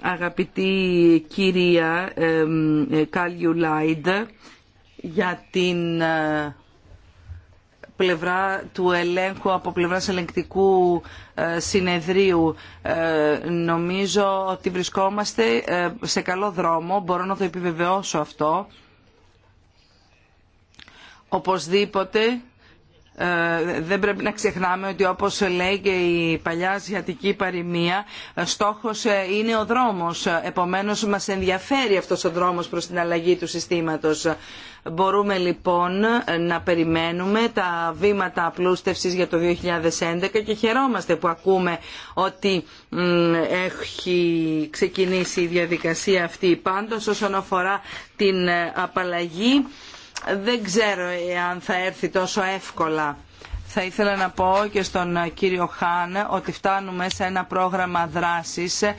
αγαπητή κυρία Κάλιου για την πλευρά του ελέγχου, από πλευράς ελεγκτικού ε, συνεδρίου. Ε, νομίζω ότι βρισκόμαστε ε, σε καλό δρόμο, μπορώ να το επιβεβαιώσω αυτό. Οπωσδήποτε ε, δεν πρέπει να ξεχνάμε ότι όπως λέει και η παλιά ασιατική παροιμία ε, στόχος ε, είναι ο δρόμος επομένως μας ενδιαφέρει αυτός ο δρόμος προς την αλλαγή του συστήματος. Μπορούμε λοιπόν να περιμένουμε τα βήματα απλούστευσης για το 2011 και χαιρόμαστε που ακούμε ότι έχει ξεκινήσει η διαδικασία αυτή. Πάντως όσον αφορά την απαλλαγή δεν ξέρω αν θα έρθει τόσο εύκολα. Θα ήθελα να πω και στον κύριο Χάν ότι φτάνουμε σε ένα πρόγραμμα δράσης ε,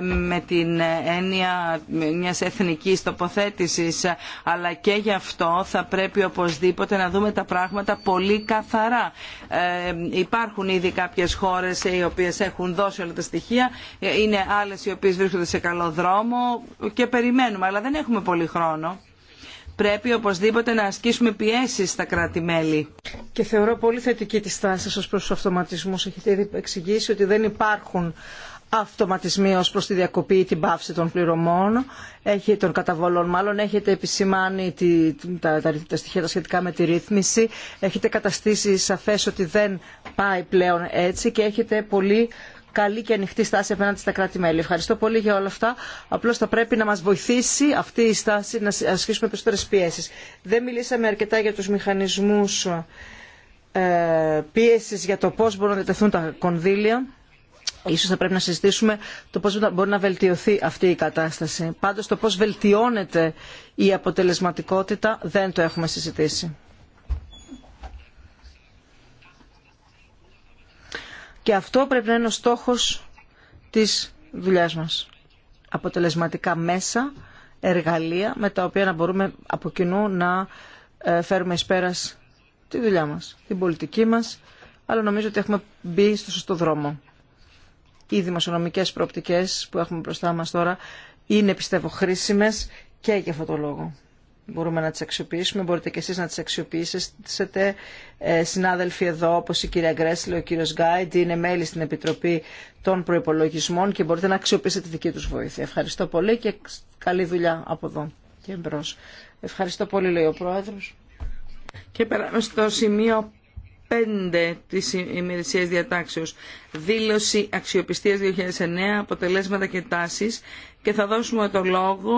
με την έννοια μιας εθνικής τοποθέτησης αλλά και γι' αυτό θα πρέπει οπωσδήποτε να δούμε τα πράγματα πολύ καθαρά. Ε, υπάρχουν ήδη κάποιες χώρες οι οποίες έχουν δώσει όλα τα στοιχεία, ε, είναι άλλες οι οποίες βρίσκονται σε καλό δρόμο και περιμένουμε, αλλά δεν έχουμε πολύ χρόνο πρέπει οπωσδήποτε να ασκήσουμε πιέσει στα κράτη-μέλη. Και θεωρώ πολύ θετική τη στάση σας προς του αυτοματισμού. Έχετε ήδη εξηγήσει ότι δεν υπάρχουν αυτοματισμοί ως προς τη διακοπή ή την πάυση των πληρωμών, έχει, των καταβολών μάλλον, έχετε επισημάνει τη, τα, τα, τα, στοιχεία τα σχετικά με τη ρύθμιση, έχετε καταστήσει σαφές ότι δεν πάει πλέον έτσι και έχετε πολύ καλή και ανοιχτή στάση απέναντι στα κράτη-μέλη. Ευχαριστώ πολύ για όλα αυτά. Απλώ θα πρέπει να μα βοηθήσει αυτή η στάση να ασκήσουμε περισσότερε πιέσει. Δεν μιλήσαμε αρκετά για του μηχανισμού ε, πίεση για το πώ μπορούν να διατεθούν τα κονδύλια. Ίσως θα πρέπει να συζητήσουμε το πώς μπορεί να βελτιωθεί αυτή η κατάσταση. Πάντως το πώς βελτιώνεται η αποτελεσματικότητα δεν το έχουμε συζητήσει. Και αυτό πρέπει να είναι ο στόχος της δουλειάς μας. Αποτελεσματικά μέσα, εργαλεία με τα οποία να μπορούμε από κοινού να ε, φέρουμε εις πέρας τη δουλειά μας, την πολιτική μας, αλλά νομίζω ότι έχουμε μπει στο σωστό δρόμο. Οι δημοσιονομικές προοπτικές που έχουμε μπροστά μας τώρα είναι πιστεύω χρήσιμες και για αυτόν τον λόγο μπορούμε να τις αξιοποιήσουμε, μπορείτε και εσείς να τις αξιοποιήσετε. Ε, συνάδελφοι εδώ, όπως η κυρία Γκρέσλε, ο κύριος Γκάιντ, είναι μέλη στην Επιτροπή των Προϋπολογισμών και μπορείτε να αξιοποιήσετε τη δική τους βοήθεια. Ευχαριστώ πολύ και καλή δουλειά από εδώ και εμπρός. Ευχαριστώ πολύ, λέει ο Πρόεδρος. Και περάμε στο σημείο 5 της ημερησίας διατάξεως. Δήλωση αξιοπιστίας 2009, αποτελέσματα και τάσεις. Και θα δώσουμε το λόγο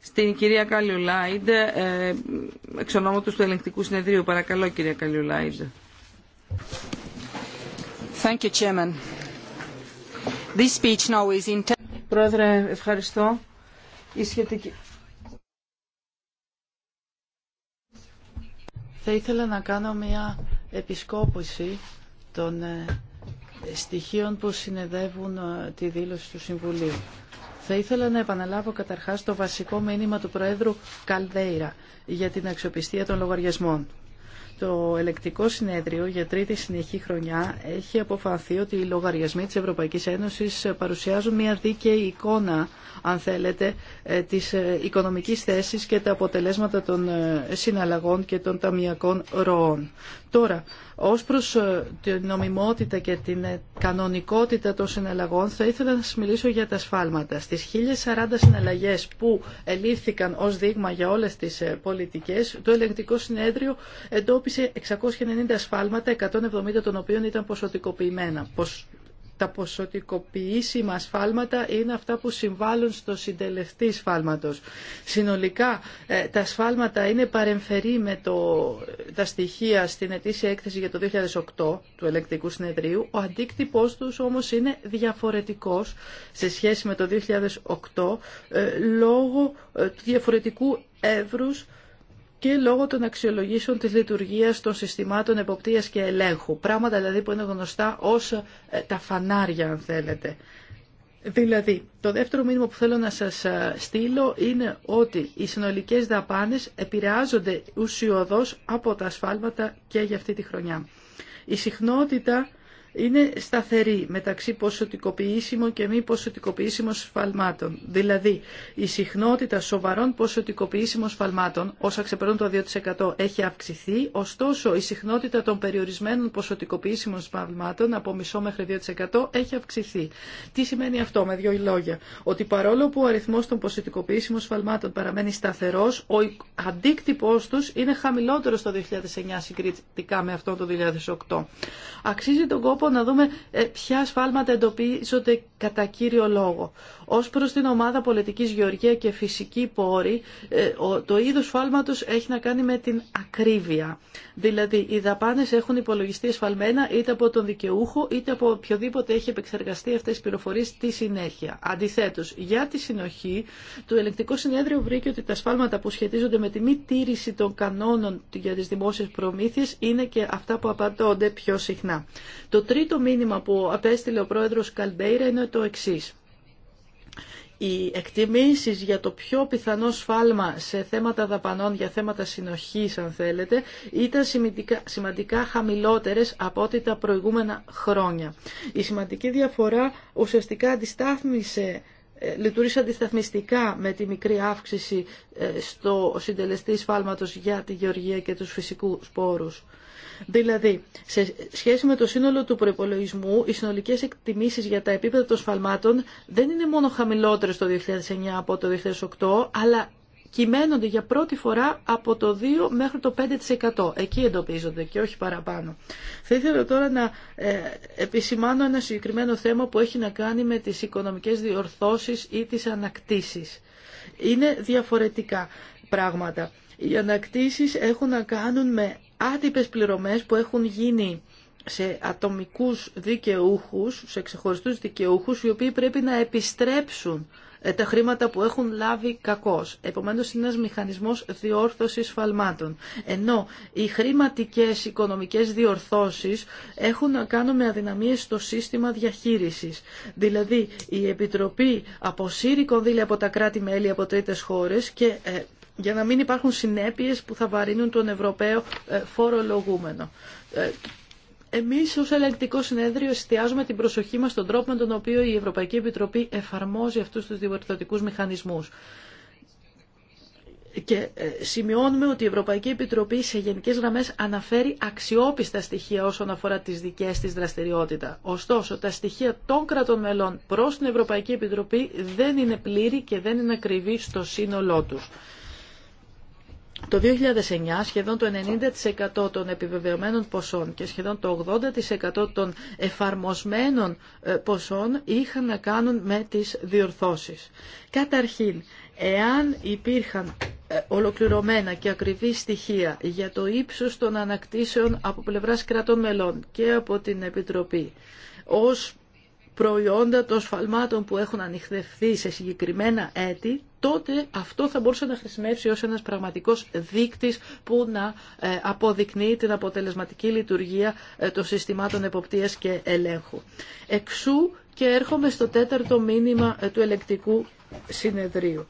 στην κυρία Καλιουλάιντ, ε, εξ ονόματος του Ελεγκτικού Συνεδρίου. Παρακαλώ, κυρία Καλιουλάιντ. Πρόεδρε, ευχαριστώ. Θα ήθελα να κάνω μια επισκόπηση των ε, στοιχείων που συνεδεύουν ε, τη δήλωση του Συμβουλίου. Θα ήθελα να επαναλάβω καταρχάς το βασικό μήνυμα του Προέδρου Καλδέιρα για την αξιοπιστία των λογαριασμών. Το ελεκτικό συνέδριο για τρίτη συνεχή χρονιά έχει αποφανθεί ότι οι λογαριασμοί της Ευρωπαϊκής Ένωσης παρουσιάζουν μια δίκαιη εικόνα, αν θέλετε, ε, της ε, οικονομικής θέσης και τα αποτελέσματα των ε, συναλλαγών και των ταμιακών ροών. Τώρα, ως προς ε, την νομιμότητα και την ε, κανονικότητα των συναλλαγών θα ήθελα να σας μιλήσω για τα σφάλματα. Στις 1040 συναλλαγές που ελήφθηκαν ως δείγμα για όλες τις ε, πολιτικές, το ελεγκτικό συνέδριο εντόπισε 690 σφάλματα, 170 των οποίων ήταν ποσοτικοποιημένα τα ποσοτικοποιήσιμα σφάλματα είναι αυτά που συμβάλλουν στο συντελεστή σφάλματος. Συνολικά ε, τα σφάλματα είναι παρεμφερή με το, τα στοιχεία στην ετήσια έκθεση για το 2008 του Ελεκτικού Συνεδρίου. Ο αντίκτυπός τους όμως είναι διαφορετικός σε σχέση με το 2008 ε, λόγω ε, του διαφορετικού εύρους και λόγω των αξιολογήσεων της λειτουργίας των συστημάτων εποπτείας και ελέγχου. Πράγματα δηλαδή που είναι γνωστά ως ε, τα φανάρια αν θέλετε. Δηλαδή, το δεύτερο μήνυμα που θέλω να σας ε, στείλω είναι ότι οι συνολικές δαπάνες επηρεάζονται ουσιοδός από τα ασφάλματα και για αυτή τη χρονιά. Η συχνότητα είναι σταθερή μεταξύ ποσοτικοποιήσιμων και μη ποσοτικοποιήσιμων σφαλμάτων. Δηλαδή, η συχνότητα σοβαρών ποσοτικοποιήσιμων σφαλμάτων, όσα ξεπερνούν το 2%, έχει αυξηθεί, ωστόσο η συχνότητα των περιορισμένων ποσοτικοποιήσιμων σφαλμάτων από μισό μέχρι 2% έχει αυξηθεί. Τι σημαίνει αυτό με δύο λόγια. Ότι παρόλο που ο αριθμός των ποσοτικοποιήσιμων σφαλμάτων παραμένει σταθερός, ο αντίκτυπός τους είναι χαμηλότερος το 2009 συγκριτικά με αυτό το 2008. Αξίζει τον κόπο να δούμε ε, ποια σφάλματα εντοπίζονται κατά κύριο λόγο. Ως προς την ομάδα πολιτικής γεωργία και φυσική πόρη, ε, το είδος σφάλματος έχει να κάνει με την ακρίβεια. Δηλαδή, οι δαπάνες έχουν υπολογιστεί εσφαλμένα είτε από τον δικαιούχο είτε από οποιοδήποτε έχει επεξεργαστεί αυτές τις πληροφορίες στη συνέχεια. Αντιθέτως, για τη συνοχή, το ελεγκτικό συνέδριο βρήκε ότι τα σφάλματα που σχετίζονται με τη μη τήρηση των κανόνων για τις δημόσιες προμήθειες είναι και αυτά που απαντώνται πιο συχνά. Το τρίτο μήνυμα που απέστειλε ο πρόεδρος Καλμπέιρα είναι το εξής. Οι εκτιμήσεις για το πιο πιθανό σφάλμα σε θέματα δαπανών, για θέματα συνοχής αν θέλετε, ήταν σημαντικά χαμηλότερες από ό,τι τα προηγούμενα χρόνια. Η σημαντική διαφορά ουσιαστικά αντιστάθμισε ε, λειτουργήσε αντισταθμιστικά με τη μικρή αύξηση ε, στο συντελεστή σφάλματος για τη γεωργία και τους φυσικούς πόρους. Δηλαδή, σε σχέση με το σύνολο του προπολογισμού, οι συνολικέ εκτιμήσει για τα επίπεδα των σφαλμάτων δεν είναι μόνο χαμηλότερε το 2009 από το 2008, αλλά κυμαίνονται για πρώτη φορά από το 2 μέχρι το 5%. Εκεί εντοπίζονται και όχι παραπάνω. Θα ήθελα τώρα να ε, επισημάνω ένα συγκεκριμένο θέμα που έχει να κάνει με τις οικονομικές διορθώσεις ή τις ανακτήσεις. Είναι διαφορετικά πράγματα. Οι ανακτήσεις έχουν να κάνουν με άτυπες πληρωμές που έχουν γίνει σε ατομικούς δικαιούχους, σε ξεχωριστούς δικαιούχους, οι οποίοι πρέπει να επιστρέψουν ε, τα χρήματα που έχουν λάβει κακώς. Επομένως είναι ένας μηχανισμός διόρθωσης φαλμάτων. Ενώ οι χρηματικές οικονομικές διορθώσεις έχουν να κάνουν με αδυναμίες στο σύστημα διαχείρισης. Δηλαδή η Επιτροπή αποσύρει κονδύλια από τα κράτη-μέλη από τρίτες χώρες και ε, για να μην υπάρχουν συνέπειες που θα βαρύνουν τον Ευρωπαίο ε, φορολογούμενο. Ε, εμείς ως ελεγκτικό συνέδριο εστιάζουμε την προσοχή μας στον τρόπο με τον οποίο η Ευρωπαϊκή Επιτροπή εφαρμόζει αυτούς τους διορθωτικούς μηχανισμούς. Και ε, σημειώνουμε ότι η Ευρωπαϊκή Επιτροπή σε γενικές γραμμές αναφέρει αξιόπιστα στοιχεία όσον αφορά τις δικές της δραστηριότητα. Ωστόσο, τα στοιχεία των κρατών μελών προς την Ευρωπαϊκή Επιτροπή δεν είναι πλήρη και δεν είναι ακριβή στο σύνολό τους. Το 2009 σχεδόν το 90% των επιβεβαιωμένων ποσών και σχεδόν το 80% των εφαρμοσμένων ε, ποσών είχαν να κάνουν με τις διορθώσεις. Καταρχήν, εάν υπήρχαν ε, ολοκληρωμένα και ακριβή στοιχεία για το ύψος των ανακτήσεων από πλευράς κρατών μελών και από την Επιτροπή ως προϊόντα των σφαλμάτων που έχουν ανοιχτευθεί σε συγκεκριμένα έτη, τότε αυτό θα μπορούσε να χρησιμεύσει ως ένας πραγματικός δείκτης που να ε, αποδεικνύει την αποτελεσματική λειτουργία ε, των συστημάτων εποπτείας και ελέγχου. Εξού και έρχομαι στο τέταρτο μήνυμα ε, του ελεκτικού συνεδρίου.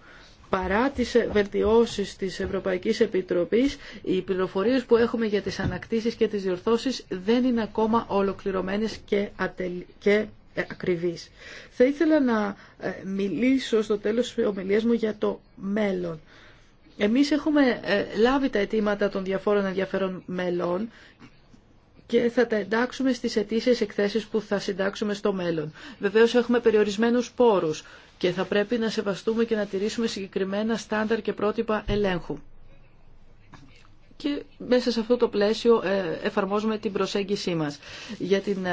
Παρά τις βελτιώσεις της Ευρωπαϊκής Επιτροπής, οι πληροφορίες που έχουμε για τις ανακτήσεις και τις διορθώσεις δεν είναι ακόμα ολοκληρωμένες και ε, ακριβής. Θα ήθελα να ε, μιλήσω στο τέλος της ομιλίας μου για το μέλλον. Εμείς έχουμε ε, λάβει τα αιτήματα των διαφόρων ενδιαφέρων μελών και θα τα εντάξουμε στις αιτήσει εκθέσεις που θα συντάξουμε στο μέλλον. Βεβαίως έχουμε περιορισμένους πόρους και θα πρέπει να σεβαστούμε και να τηρήσουμε συγκεκριμένα στάνταρ και πρότυπα ελέγχου. Και μέσα σε αυτό το πλαίσιο εφαρμόζουμε την προσέγγισή μας. Για την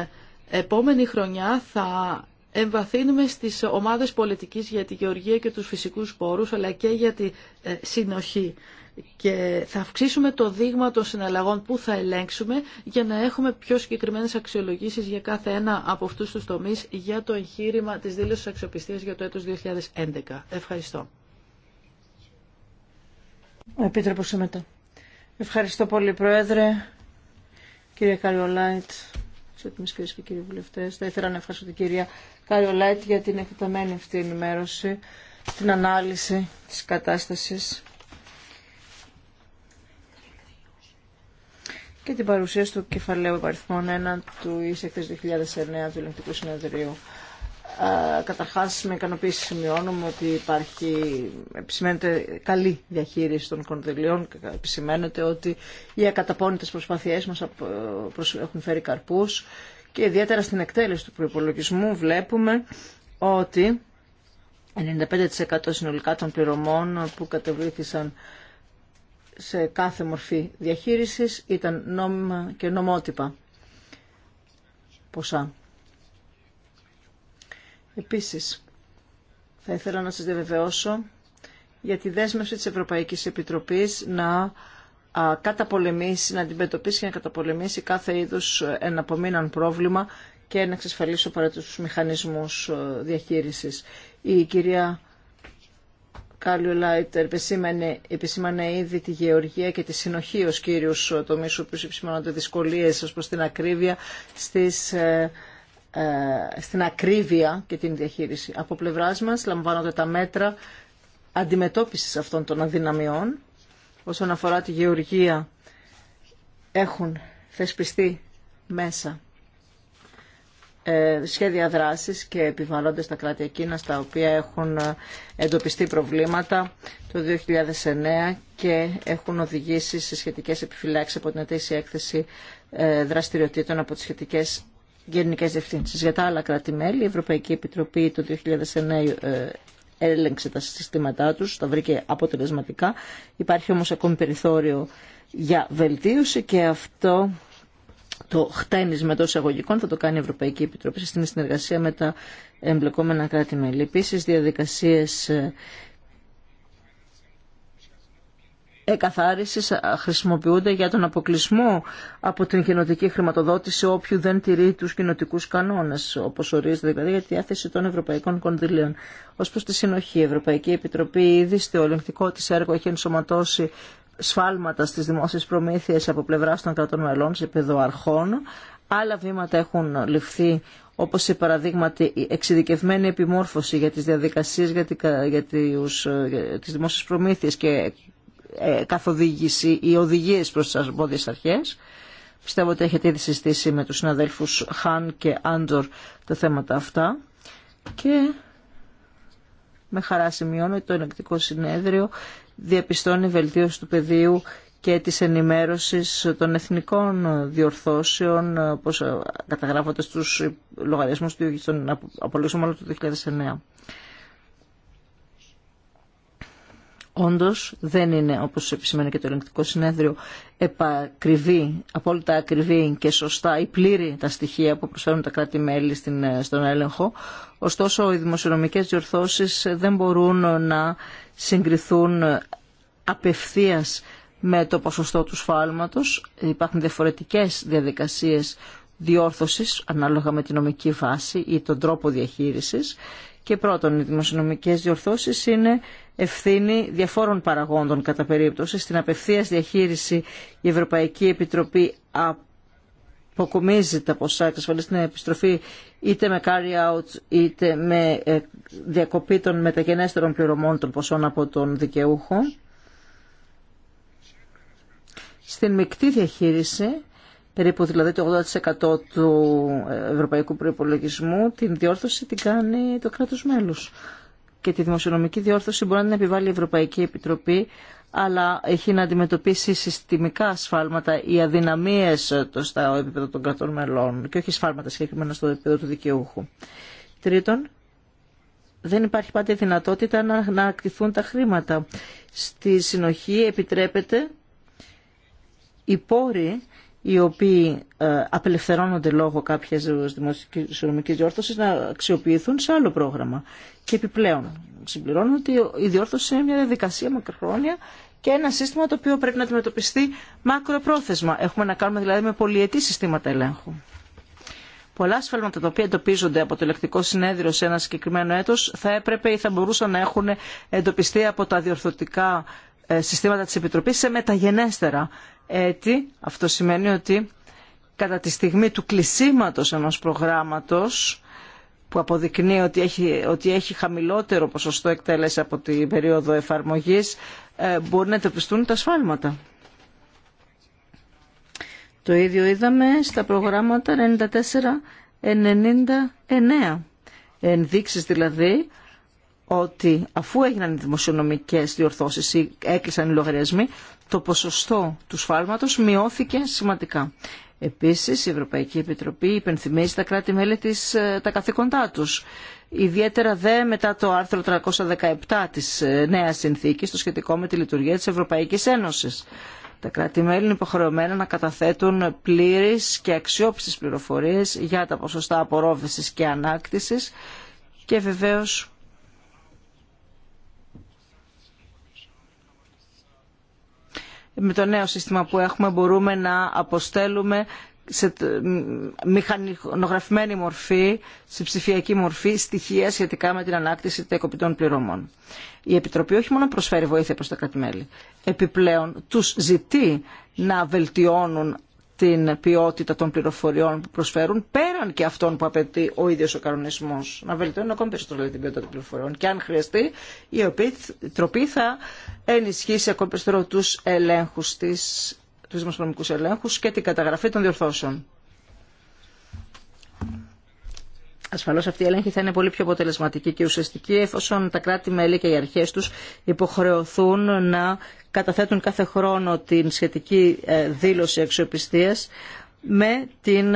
επόμενη χρονιά θα εμβαθύνουμε στις ομάδες πολιτικής για τη γεωργία και τους φυσικούς πόρους, αλλά και για τη ε, συνοχή. Και θα αυξήσουμε το δείγμα των συναλλαγών που θα ελέγξουμε για να έχουμε πιο συγκεκριμένες αξιολογήσεις για κάθε ένα από αυτούς τους τομείς για το εγχείρημα της δήλωσης αξιοπιστίας για το έτος 2011. Ευχαριστώ. Ευχαριστώ πολύ Πρόεδρε, κύριε Ευχαριστούμε και κύριοι βουλευτέ. Θα ήθελα να ευχαριστώ την κυρία Καριολάιτ για την εκτεταμένη αυτή ενημέρωση, την ανάλυση της κατάστασης και την παρουσίαση του κεφαλαίου υπαριθμών 1 του ΙΣΕΚΤΕΣ 2009 του Ελεγκτικού Συνεδρίου καταρχάς με ικανοποίηση σημειώνουμε ότι υπάρχει, επισημαίνεται καλή διαχείριση των κονδυλίων, επισημαίνεται ότι οι ακαταπώνητες προσπάθειές μας έχουν φέρει καρπούς και ιδιαίτερα στην εκτέλεση του προϋπολογισμού βλέπουμε ότι 95% συνολικά των πληρωμών που κατεβλήθησαν σε κάθε μορφή διαχείρισης ήταν νόμιμα και νομότυπα ποσά. Επίσης, θα ήθελα να σας διαβεβαιώσω για τη δέσμευση της Ευρωπαϊκής Επιτροπής να καταπολεμήσει, να αντιμετωπίσει και να καταπολεμήσει κάθε είδους εναπομείναν πρόβλημα και να εξασφαλίσει τους μηχανισμούς ε, διαχείρισης. Η κυρία Κάλιου Λάιτερ επισήμανε ήδη τη γεωργία και τη συνοχή ως κύριους ε, τομείς, ο οποίος επισήμανε δυσκολίες ως προς την ακρίβεια στις ε, ε, στην ακρίβεια και την διαχείριση. Από πλευρά μα, λαμβάνονται τα μέτρα αντιμετώπισης αυτών των αδυναμιών. Όσον αφορά τη γεωργία έχουν θεσπιστεί μέσα ε, σχέδια δράσης και επιβαλλονται στα κράτη εκείνα στα οποία έχουν ε, εντοπιστεί προβλήματα το 2009 και έχουν οδηγήσει σε σχετικές επιφυλάξεις από την ετήσια έκθεση δραστηριοτήτων από τις σχετικές γενικές διευθύνσεις. Για τα άλλα κράτη-μέλη, η Ευρωπαϊκή Επιτροπή το 2009 ε, έλεγξε τα συστήματά τους, τα βρήκε αποτελεσματικά. Υπάρχει όμως ακόμη περιθώριο για βελτίωση και αυτό το χτένισμα των εισαγωγικών θα το κάνει η Ευρωπαϊκή Επιτροπή στην συνεργασία με τα εμπλεκόμενα κράτη-μέλη. Επίσης, διαδικασίες ε, Εκαθάριση χρησιμοποιούνται για τον αποκλεισμό από την κοινοτική χρηματοδότηση όποιου δεν τηρεί τους κοινοτικού κανόνες, όπως ορίζεται δηλαδή για τη διάθεση των ευρωπαϊκών κονδυλίων. Ως προς τη συνοχή, η Ευρωπαϊκή Επιτροπή ήδη στο ελεγκτικό της έργο έχει ενσωματώσει σφάλματα στις δημόσιες προμήθειες από πλευρά των κρατών μελών σε επίπεδο Άλλα βήματα έχουν ληφθεί όπως σε παραδείγματι η εξειδικευμένη επιμόρφωση για τις διαδικασίες για, ε, τις δημόσιες προμήθειες και ε, καθοδήγηση ή οδηγίες προς τις αρμόδιες αρχές. Πιστεύω ότι έχετε ήδη συζητήσει με τους συναδέλφους Χαν και Άντζορ τα θέματα αυτά. Και με χαρά σημειώνω ότι το ενεκτικό συνέδριο διαπιστώνει βελτίωση του πεδίου και της ενημέρωσης των εθνικών διορθώσεων, όπως καταγράφονται στους λογαριασμούς του όλο του 2009. Όντω δεν είναι, όπως επισημαίνει και το ελεγκτικό συνέδριο, επακριβή, απόλυτα ακριβή και σωστά ή πλήρη τα στοιχεία που προσφέρουν τα κράτη-μέλη στον έλεγχο. Ωστόσο, οι δημοσιονομικές διορθώσεις δεν μπορούν να συγκριθούν απευθεία με το ποσοστό του σφάλματο. Υπάρχουν διαφορετικές διαδικασίες διόρθωση ανάλογα με τη νομική βάση ή τον τρόπο διαχείριση. Και πρώτον, οι δημοσιονομικές διορθώσεις είναι ευθύνη διαφόρων παραγόντων κατά περίπτωση. Στην απευθείας διαχείριση η Ευρωπαϊκή Επιτροπή αποκομίζει τα ποσά, εξασφαλίζει στην επιστροφή είτε με carry out είτε με ε, διακοπή των μεταγενέστερων πληρωμών των ποσών από τον δικαιούχο. Στην μεικτή διαχείριση περίπου δηλαδή το 80% του ευρωπαϊκού προϋπολογισμού, την διόρθωση την κάνει το κράτος μέλους. Και τη δημοσιονομική διόρθωση μπορεί να την επιβάλλει η Ευρωπαϊκή Επιτροπή, αλλά έχει να αντιμετωπίσει συστημικά ασφάλματα ή αδυναμίες στο επίπεδο των κρατών μελών και όχι σφάλματα συγκεκριμένα στο επίπεδο του δικαιούχου. Τρίτον, δεν υπάρχει πάντα η αδυναμιες στο επιπεδο των κρατων μελων και οχι σφαλματα συγκεκριμενα στο επιπεδο του δικαιουχου τριτον δεν υπαρχει παντα δυνατοτητα να, να ακτιθούν τα χρήματα. Στη συνοχή επιτρέπεται οι πόροι οι οποίοι ε, απελευθερώνονται λόγω κάποια δημοσιονομική διόρθωση να αξιοποιηθούν σε άλλο πρόγραμμα. Και επιπλέον, συμπληρώνω ότι η διόρθωση είναι μια διαδικασία μακροχρόνια και ένα σύστημα το οποίο πρέπει να αντιμετωπιστεί μακροπρόθεσμα. Έχουμε να κάνουμε δηλαδή με πολυετή συστήματα ελέγχου. Πολλά ασφάλματα τα οποία εντοπίζονται από το ελεκτικό συνέδριο σε ένα συγκεκριμένο έτος θα έπρεπε ή θα μπορούσαν να έχουν εντοπιστεί από τα διορθωτικά ε, συστήματα της Επιτροπής σε μεταγενέστερα έτη. Αυτό σημαίνει ότι κατά τη στιγμή του κλεισίματος ενός προγράμματος που αποδεικνύει ότι έχει, ότι έχει χαμηλότερο ποσοστό εκτέλεση από την περίοδο εφαρμογής ε, μπορεί να εντοπιστούν τα σφάλματα. Το ίδιο είδαμε στα προγράμματα 94-99. Ενδείξεις δηλαδή ότι αφού έγιναν οι δημοσιονομικές διορθώσεις ή έκλεισαν οι λογαριασμοί, το ποσοστό του σφάλματος μειώθηκε σημαντικά. Επίσης, η Ευρωπαϊκή Επιτροπή υπενθυμίζει τα κράτη-μέλη της ε, τα καθήκοντά τους. Ιδιαίτερα δε μετά το άρθρο 317 της ε, νέας συνθήκης, το σχετικό με τη λειτουργία της Ευρωπαϊκής Ένωσης. Τα κράτη-μέλη είναι υποχρεωμένα να καταθέτουν πλήρεις και αξιόπιστες πληροφορίες για τα ποσοστά απορρόφησης και ανάκτησης και βεβαίως με το νέο σύστημα που έχουμε μπορούμε να αποστέλουμε σε μηχανογραφημένη μορφή, σε ψηφιακή μορφή, στοιχεία σχετικά με την ανάκτηση τεκοπιτών πληρωμών. Η Επιτροπή όχι μόνο προσφέρει βοήθεια προς τα κράτη-μέλη, επιπλέον τους ζητεί να βελτιώνουν την ποιότητα των πληροφοριών που προσφέρουν, πέραν και αυτών που απαιτεί ο ίδιο ο κανονισμό. Να βελτιώνει ακόμη περισσότερο την ποιότητα των πληροφοριών. Και αν χρειαστεί, η Επιτροπή θα ενισχύσει ακόμη περισσότερο του ελέγχου του δημοσιονομικού ελέγχου και την καταγραφή των διορθώσεων. Ασφαλώ αυτή η έλεγχη θα είναι πολύ πιο αποτελεσματική και ουσιαστική εφόσον τα κράτη-μέλη και οι αρχέ του υποχρεωθούν να καταθέτουν κάθε χρόνο την σχετική ε, δήλωση αξιοπιστία με την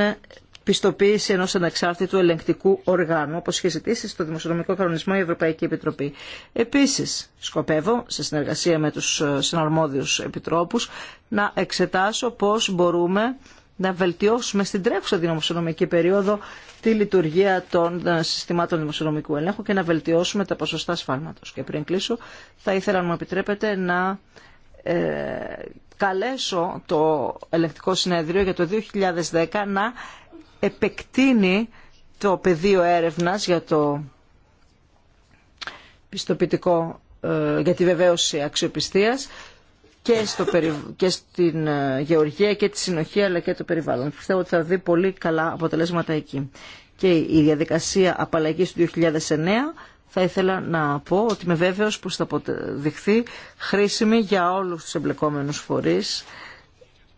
πιστοποίηση ενό ανεξάρτητου ελεγκτικού οργάνου, όπω είχε ζητήσει στο Δημοσιονομικό Κανονισμό η Ευρωπαϊκή Επιτροπή. Επίση, σκοπεύω, σε συνεργασία με του ε, συναρμόδιου επιτρόπου, να εξετάσω πώ μπορούμε να βελτιώσουμε στην τρέχουσα δημοσιονομική περίοδο τη λειτουργία των ε, συστημάτων δημοσιονομικού ελέγχου και να βελτιώσουμε τα ποσοστά σφάλματος. Και πριν κλείσω, θα ήθελα, να μου επιτρέπετε, να ε, καλέσω το ελεγκτικό συνέδριο για το 2010 να επεκτείνει το πεδίο έρευνας για το πιστοποιητικό ε, για τη βεβαίωση αξιοπιστίας και, στο και στην ε, γεωργία και τη συνοχή αλλά και το περιβάλλον. Πιστεύω ότι θα δει πολύ καλά αποτελέσματα εκεί. Και η διαδικασία απαλλαγή του 2009 θα ήθελα να πω ότι είμαι βέβαιος πως θα αποδειχθεί χρήσιμη για όλους τους εμπλεκόμενους φορείς.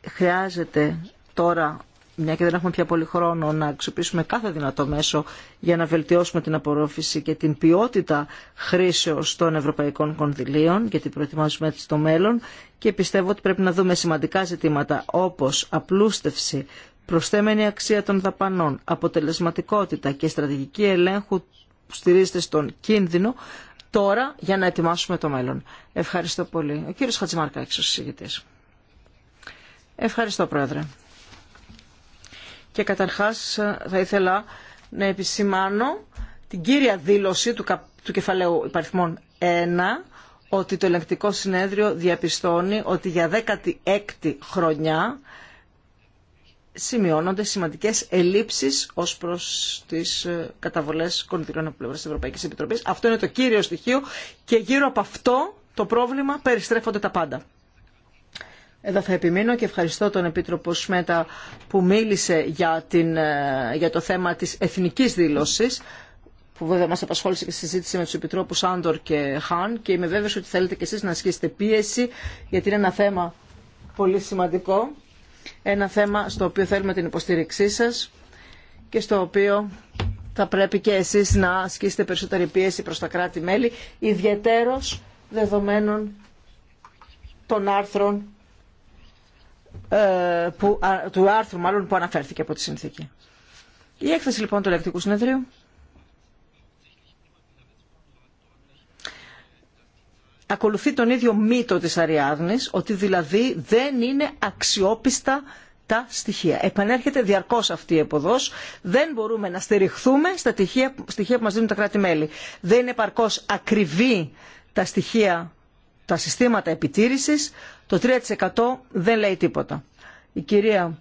Χρειάζεται τώρα μια και δεν έχουμε πια πολύ χρόνο να αξιοποιήσουμε κάθε δυνατό μέσο για να βελτιώσουμε την απορρόφηση και την ποιότητα χρήσεως των ευρωπαϊκών κονδυλίων γιατί προετοιμάζουμε έτσι το μέλλον και πιστεύω ότι πρέπει να δούμε σημαντικά ζητήματα όπως απλούστευση, προσθέμενη αξία των δαπανών, αποτελεσματικότητα και στρατηγική ελέγχου που στηρίζεται στον κίνδυνο τώρα για να ετοιμάσουμε το μέλλον. Ευχαριστώ πολύ. Ο κύριος Χατζημάρκα, εξωσυγητής. Ευχαριστώ, Πρόεδρε και καταρχάς ε, θα ήθελα να επισημάνω την κύρια δήλωση του, του κεφαλαίου υπαριθμών 1 ότι το ελεγκτικό συνέδριο διαπιστώνει ότι για 16η χρονιά σημειώνονται σημαντικές ελλείψεις ως προς τις ε, καταβολές κονδυλίων από πλευρά της Ευρωπαϊκής Επιτροπής. Αυτό είναι το κύριο στοιχείο και γύρω από αυτό το πρόβλημα περιστρέφονται τα πάντα. Εδώ θα επιμείνω και ευχαριστώ τον Επίτροπο Σμέτα που μίλησε για, την, ε, για το θέμα της εθνικής δήλωσης που βέβαια μας απασχόλησε και στη συζήτηση με τους Επιτρόπους Άντορ και Χάν και είμαι βέβαιος ότι θέλετε και εσείς να ασκήσετε πίεση γιατί είναι ένα θέμα πολύ σημαντικό, ένα θέμα στο οποίο θέλουμε την υποστήριξή σας και στο οποίο θα πρέπει και εσείς να ασκήσετε περισσότερη πίεση προς τα κράτη-μέλη ιδιαίτερος δεδομένων των άρθρων ε, που, του άρθρου μάλλον που αναφέρθηκε από τη συνθήκη. Η έκθεση λοιπόν του Ελεκτικού Συνεδρίου ακολουθεί τον ίδιο μύτο της Αριάδνης, ότι δηλαδή δεν είναι αξιόπιστα τα στοιχεία. Επανέρχεται διαρκώς αυτή η εποδός. Δεν μπορούμε να στηριχθούμε στα στοιχεία, στοιχεία που μας δίνουν τα κράτη-μέλη. Δεν είναι παρκώ ακριβή τα στοιχεία τα συστήματα επιτήρησης, το 3% δεν λέει τίποτα. Η κυρία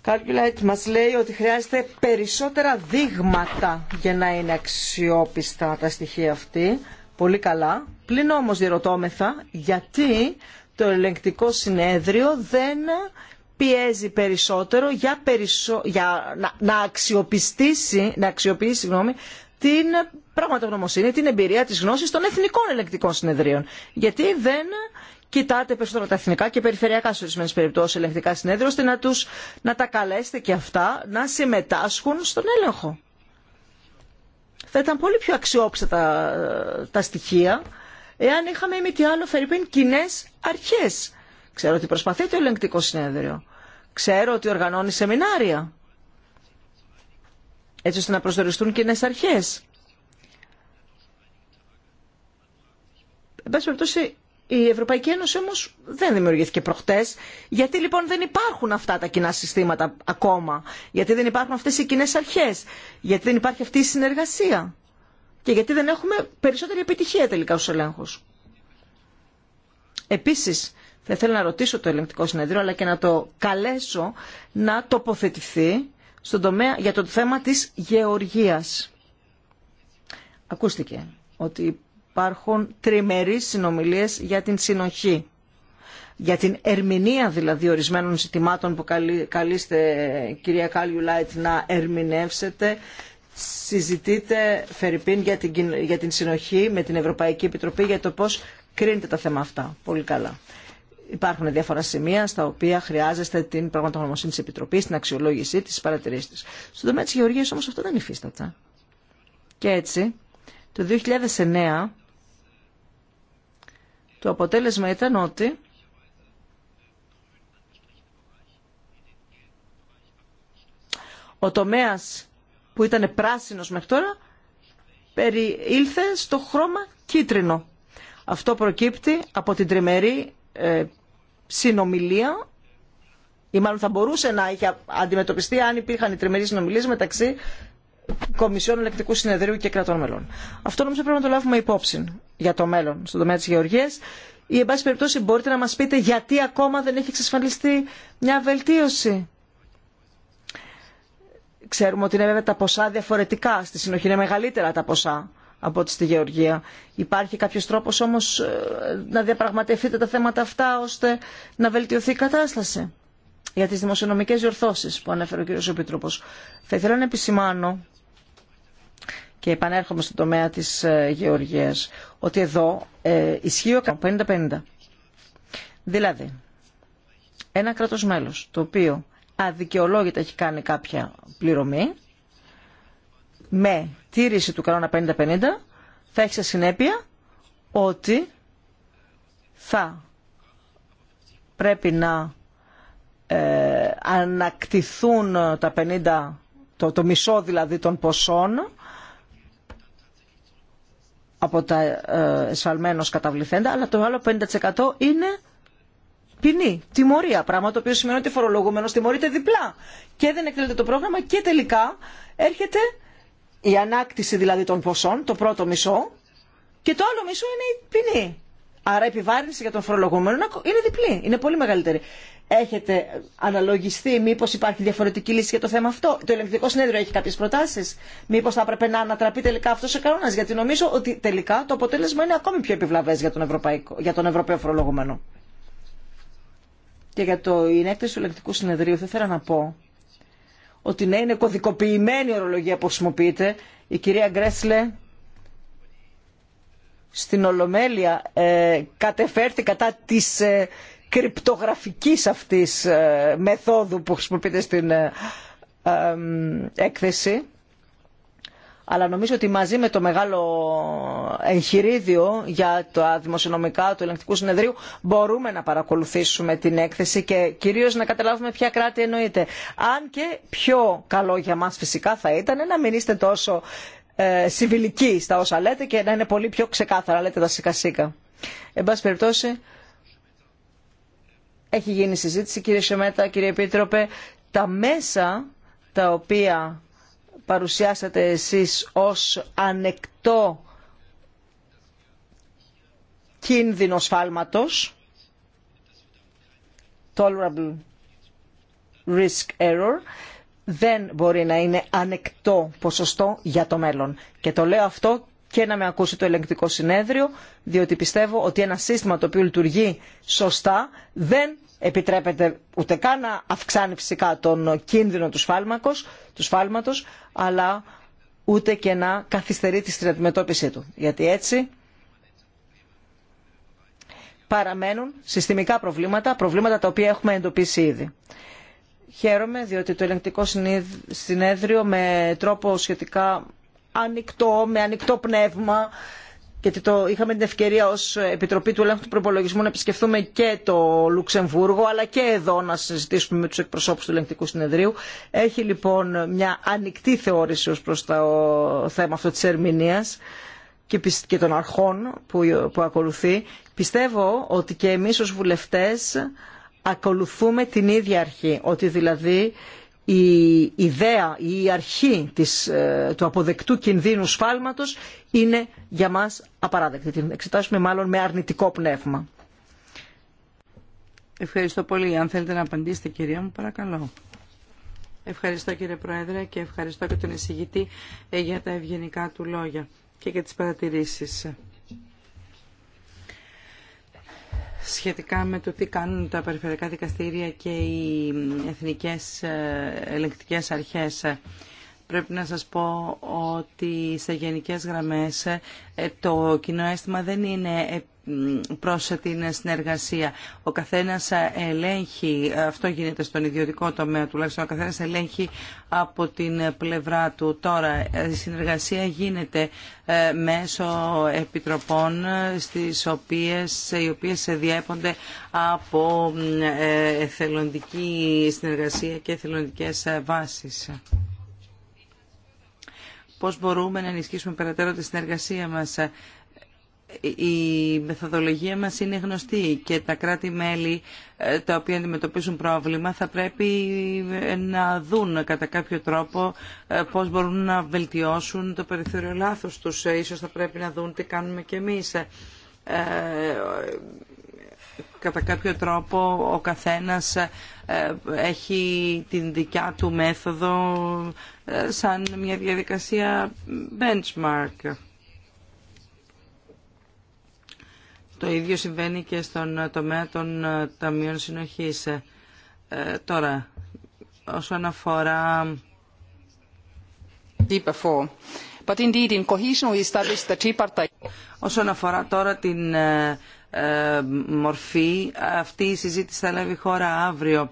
Καρκουλάιτ μας λέει ότι χρειάζεται περισσότερα δείγματα για να είναι αξιόπιστα τα στοιχεία αυτή. Πολύ καλά. Πλην όμως διερωτώμεθα γιατί το ελεγκτικό συνέδριο δεν πιέζει περισσότερο για, περισσο... για να, να αξιοποιήσει, να αξιοποιήσει συγγνώμη, την πραγματογνωμοσύνη, την εμπειρία, τη γνώση των εθνικών ελεγκτικών συνεδρίων. Γιατί δεν κοιτάτε περισσότερο τα εθνικά και περιφερειακά σε ορισμένε περιπτώσει ελεγκτικά συνέδρια, ώστε να, τους, να τα καλέσετε και αυτά να συμμετάσχουν στον έλεγχο. Θα ήταν πολύ πιο αξιόπιστα τα, τα στοιχεία εάν είχαμε μη τι άλλο φερειπίν κοινέ αρχέ. Ξέρω ότι προσπαθεί το ελεγκτικό συνέδριο. Ξέρω ότι οργανώνει σεμινάρια. Έτσι ώστε να προσδοριστούν κοινέ αρχέ. Εν πάση περιπτώσει, η Ευρωπαϊκή Ένωση όμως δεν δημιουργήθηκε προχτέ. Γιατί λοιπόν δεν υπάρχουν αυτά τα κοινά συστήματα ακόμα. Γιατί δεν υπάρχουν αυτές οι κοινέ αρχές. Γιατί δεν υπάρχει αυτή η συνεργασία. Και γιατί δεν έχουμε περισσότερη επιτυχία τελικά ως ελέγχου. Επίσης, θα ήθελα να ρωτήσω το ελεγκτικό συνεδρίο, αλλά και να το καλέσω να τοποθετηθεί στον τομέα για το θέμα της γεωργίας. Ακούστηκε ότι υπάρχουν τριμερείς συνομιλίες για την συνοχή. Για την ερμηνεία δηλαδή ορισμένων ζητημάτων που καλείστε κυρία Κάλιου Λάιτ να ερμηνεύσετε συζητείτε Φερρυπίν για την, για την συνοχή με την Ευρωπαϊκή Επιτροπή για το πώς κρίνετε τα θέματα αυτά. Πολύ καλά. Υπάρχουν διάφορα σημεία στα οποία χρειάζεστε την πραγματογνωμοσύνη τη Επιτροπή, την αξιολόγησή τη, τι παρατηρήσει τη. Στον τομέα τη γεωργία όμω αυτό δεν υφίσταται. Και έτσι, το 2009 το αποτέλεσμα ήταν ότι ο τομέας που ήταν πράσινος μέχρι τώρα ήλθε στο χρώμα κίτρινο. Αυτό προκύπτει από την τριμερή ε, συνομιλία ή μάλλον θα μπορούσε να είχε αντιμετωπιστεί αν υπήρχαν οι τριμερείς συνομιλίες μεταξύ Κομισιών Ελεκτικού Συνεδρίου και Κρατών Μελών. Αυτό νομίζω πρέπει να το λάβουμε υπόψη για το μέλλον στον τομέα τη γεωργία. Ή, εν πάση περιπτώσει, μπορείτε να μα πείτε γιατί ακόμα δεν έχει εξασφαλιστεί μια βελτίωση. Ξέρουμε ότι είναι βέβαια τα ποσά διαφορετικά. Στη συνοχή είναι μεγαλύτερα τα ποσά από ό,τι στη Γεωργία. Υπάρχει κάποιο τρόπο όμω ε, να διαπραγματευτείτε τα θέματα αυτά ώστε να βελτιωθεί η κατάσταση για τι δημοσιονομικέ διορθώσει που ανέφερε ο κ. Επίτροπο. Θα ήθελα να επισημάνω και επανέρχομαι στον τομέα της ε, γεωργίας, ότι εδώ ε, ισχύει ο 50-50. Δηλαδή, ένα κράτος μέλος το οποίο αδικαιολόγητα έχει κάνει κάποια πληρωμή, με τήρηση του κανόνα 50-50, θα έχει σε συνέπεια ότι θα πρέπει να ε, ανακτηθούν τα 50, το, το μισό δηλαδή των ποσών από τα ε, εσφαλμένω καταβληθέντα, αλλά το άλλο 50% είναι ποινή, τιμωρία. Πράγμα το οποίο σημαίνει ότι φορολογούμενο τιμωρείται διπλά. Και δεν εκτελείται το πρόγραμμα και τελικά έρχεται η ανάκτηση δηλαδή των ποσών, το πρώτο μισό, και το άλλο μισό είναι η ποινή. Άρα η επιβάρυνση για τον φορολογούμενο είναι διπλή, είναι πολύ μεγαλύτερη. Έχετε αναλογιστεί μήπως υπάρχει διαφορετική λύση για το θέμα αυτό. Το ελεγκτικό συνέδριο έχει κάποιες προτάσεις. Μήπως θα έπρεπε να ανατραπεί τελικά αυτός ο κανόνας. Γιατί νομίζω ότι τελικά το αποτέλεσμα είναι ακόμη πιο επιβλαβές για τον, Ευρωπαϊκό, για τον Ευρωπαίο φορολογούμενο. Και για το ενέκτηση του ελεγκτικού συνεδρίου θα ήθελα να πω ότι ναι είναι κωδικοποιημένη η ορολογία που χρησιμοποιείται. Η κυρία Γκρέσλε στην Ολομέλεια ε, κατεφέρθη κατά της ε, κρυπτογραφικής αυτής ε, μεθόδου που χρησιμοποιείται στην έκθεση. Αλλά νομίζω ότι μαζί με το μεγάλο εγχειρίδιο για τα δημοσιονομικά του ελεγκτικού συνεδρίου μπορούμε να παρακολουθήσουμε την έκθεση και κυρίως να καταλάβουμε ποια κράτη εννοείται. Αν και πιο καλό για μας φυσικά θα ήταν να μην είστε τόσο ε, συμβιλική στα όσα λέτε και να είναι πολύ πιο ξεκάθαρα λέτε τα σίκα σίκα. Εν πάση περιπτώσει, έχει γίνει συζήτηση κύριε Σεμέτα, κύριε Επίτροπε, τα μέσα τα οποία παρουσιάσατε εσείς ως ανεκτό κίνδυνο σφάλματος, tolerable risk error, δεν μπορεί να είναι ανεκτό ποσοστό για το μέλλον. Και το λέω αυτό και να με ακούσει το ελεγκτικό συνέδριο, διότι πιστεύω ότι ένα σύστημα το οποίο λειτουργεί σωστά δεν επιτρέπεται ούτε καν να αυξάνει φυσικά τον κίνδυνο του, σφάλμακος, του σφάλματος, αλλά ούτε και να καθυστερεί τη του. Γιατί έτσι παραμένουν συστημικά προβλήματα, προβλήματα τα οποία έχουμε εντοπίσει ήδη. Χαίρομαι διότι το ελεγκτικό συνέδριο με τρόπο σχετικά ανοιχτό, με ανοιχτό πνεύμα, γιατί το είχαμε την ευκαιρία ως Επιτροπή του Ελέγχου του Προπολογισμού να επισκεφθούμε και το Λουξεμβούργο, αλλά και εδώ να συζητήσουμε με τους εκπροσώπους του ελεγκτικού συνεδρίου. Έχει λοιπόν μια ανοιχτή θεώρηση ως προς το θέμα αυτό της ερμηνείας και των αρχών που ακολουθεί. Πιστεύω ότι και εμείς ως βουλευτές ακολουθούμε την ίδια αρχή, ότι δηλαδή η ιδέα, η αρχή της, ε, του αποδεκτού κινδύνου σφάλματος είναι για μας απαράδεκτη. Την εξετάσουμε μάλλον με αρνητικό πνεύμα. Ευχαριστώ πολύ. Αν θέλετε να απαντήσετε κυρία μου παρακαλώ. Ευχαριστώ κύριε Πρόεδρε και ευχαριστώ και τον εισηγητή ε, για τα ευγενικά του λόγια και για τις παρατηρήσεις. σχετικά με το τι κάνουν τα περιφερειακά δικαστήρια και οι εθνικές ε, ελεγκτικές αρχές. Πρέπει να σας πω ότι σε γενικές γραμμές ε, το κοινό αίσθημα δεν είναι ε, προς την συνεργασία. Ο καθένας ε, ελέγχει, αυτό γίνεται στον ιδιωτικό τομέα τουλάχιστον, ο καθένας ελέγχει από την πλευρά του. Τώρα η συνεργασία γίνεται μέσω επιτροπών στις οποίες, οι οποίες διέπονται από εθελοντική συνεργασία και εθελοντικές βάσεις πώς μπορούμε να ενισχύσουμε περαιτέρω τη συνεργασία μας. Η μεθοδολογία μας είναι γνωστή και τα κράτη-μέλη ε, τα οποία αντιμετωπίζουν πρόβλημα θα πρέπει ε, να δουν κατά κάποιο τρόπο ε, πώς μπορούν να βελτιώσουν το περιθώριο λάθος τους. Ίσως θα πρέπει να δουν τι κάνουμε κι εμείς κατά κάποιο τρόπο ο καθένας ε, έχει την δικιά του μέθοδο ε, σαν μια διαδικασία benchmark. Το ίδιο συμβαίνει και στον τομέα των ε, ταμείων συνοχής. Τώρα, όσον αφορά... But indeed, in cohesion we established the Όσον αφορά τώρα την ε, μορφή. Αυτή η συζήτηση θα λάβει χώρα αύριο.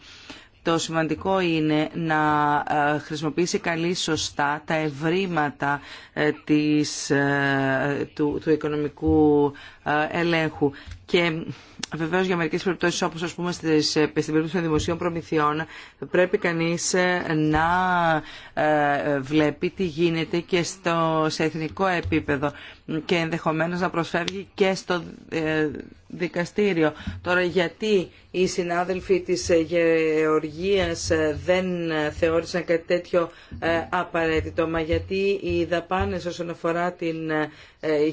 Το σημαντικό είναι να ε, χρησιμοποιήσει καλή σωστά τα ευρήματα ε, της, του, του οικονομικού ελέγχου. Και βεβαίως για μερικές περιπτώσεις όπως ας πούμε στις, στην περίπτωση των δημοσίων προμηθειών πρέπει κανείς να βλέπει τι γίνεται και στο, σε εθνικό επίπεδο και ενδεχομένως να προσφεύγει και στο ε, δικαστήριο. Τώρα γιατί οι συνάδελφοι της ε, Γεωργίας ε, δεν θεώρησαν κάτι τέτοιο απαραίτητο, μα γιατί οι δαπάνες όσον αφορά την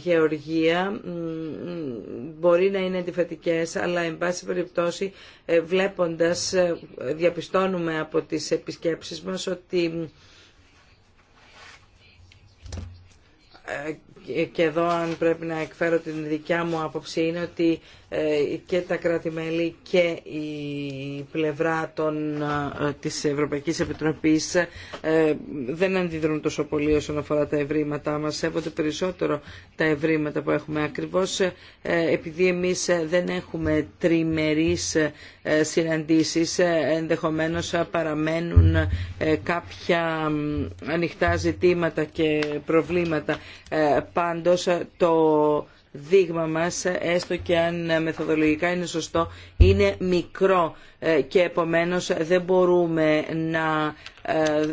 Γεωργία μπορεί να είναι αντιφατικές, αλλά εν πάση περιπτώσει βλέποντας, διαπιστώνουμε από τις επισκέψεις μας ότι και εδώ αν πρέπει να εκφέρω την δικιά μου άποψη είναι ότι ε, και τα κράτη-μέλη και η πλευρά των, ε, της Ευρωπαϊκής Επιτροπής ε, δεν αντιδρούν τόσο πολύ όσον αφορά τα ευρήματά μας. Σέβονται περισσότερο τα ευρήματα που έχουμε ακριβώς επειδή εμείς δεν έχουμε τριμερείς συναντήσεις ενδεχομένως παραμένουν κάποια ανοιχτά ζητήματα και προβλήματα. Πάντως το δείγμα μας, έστω και αν ε, μεθοδολογικά είναι σωστό, είναι μικρό ε, και επομένως δεν μπορούμε να, ε,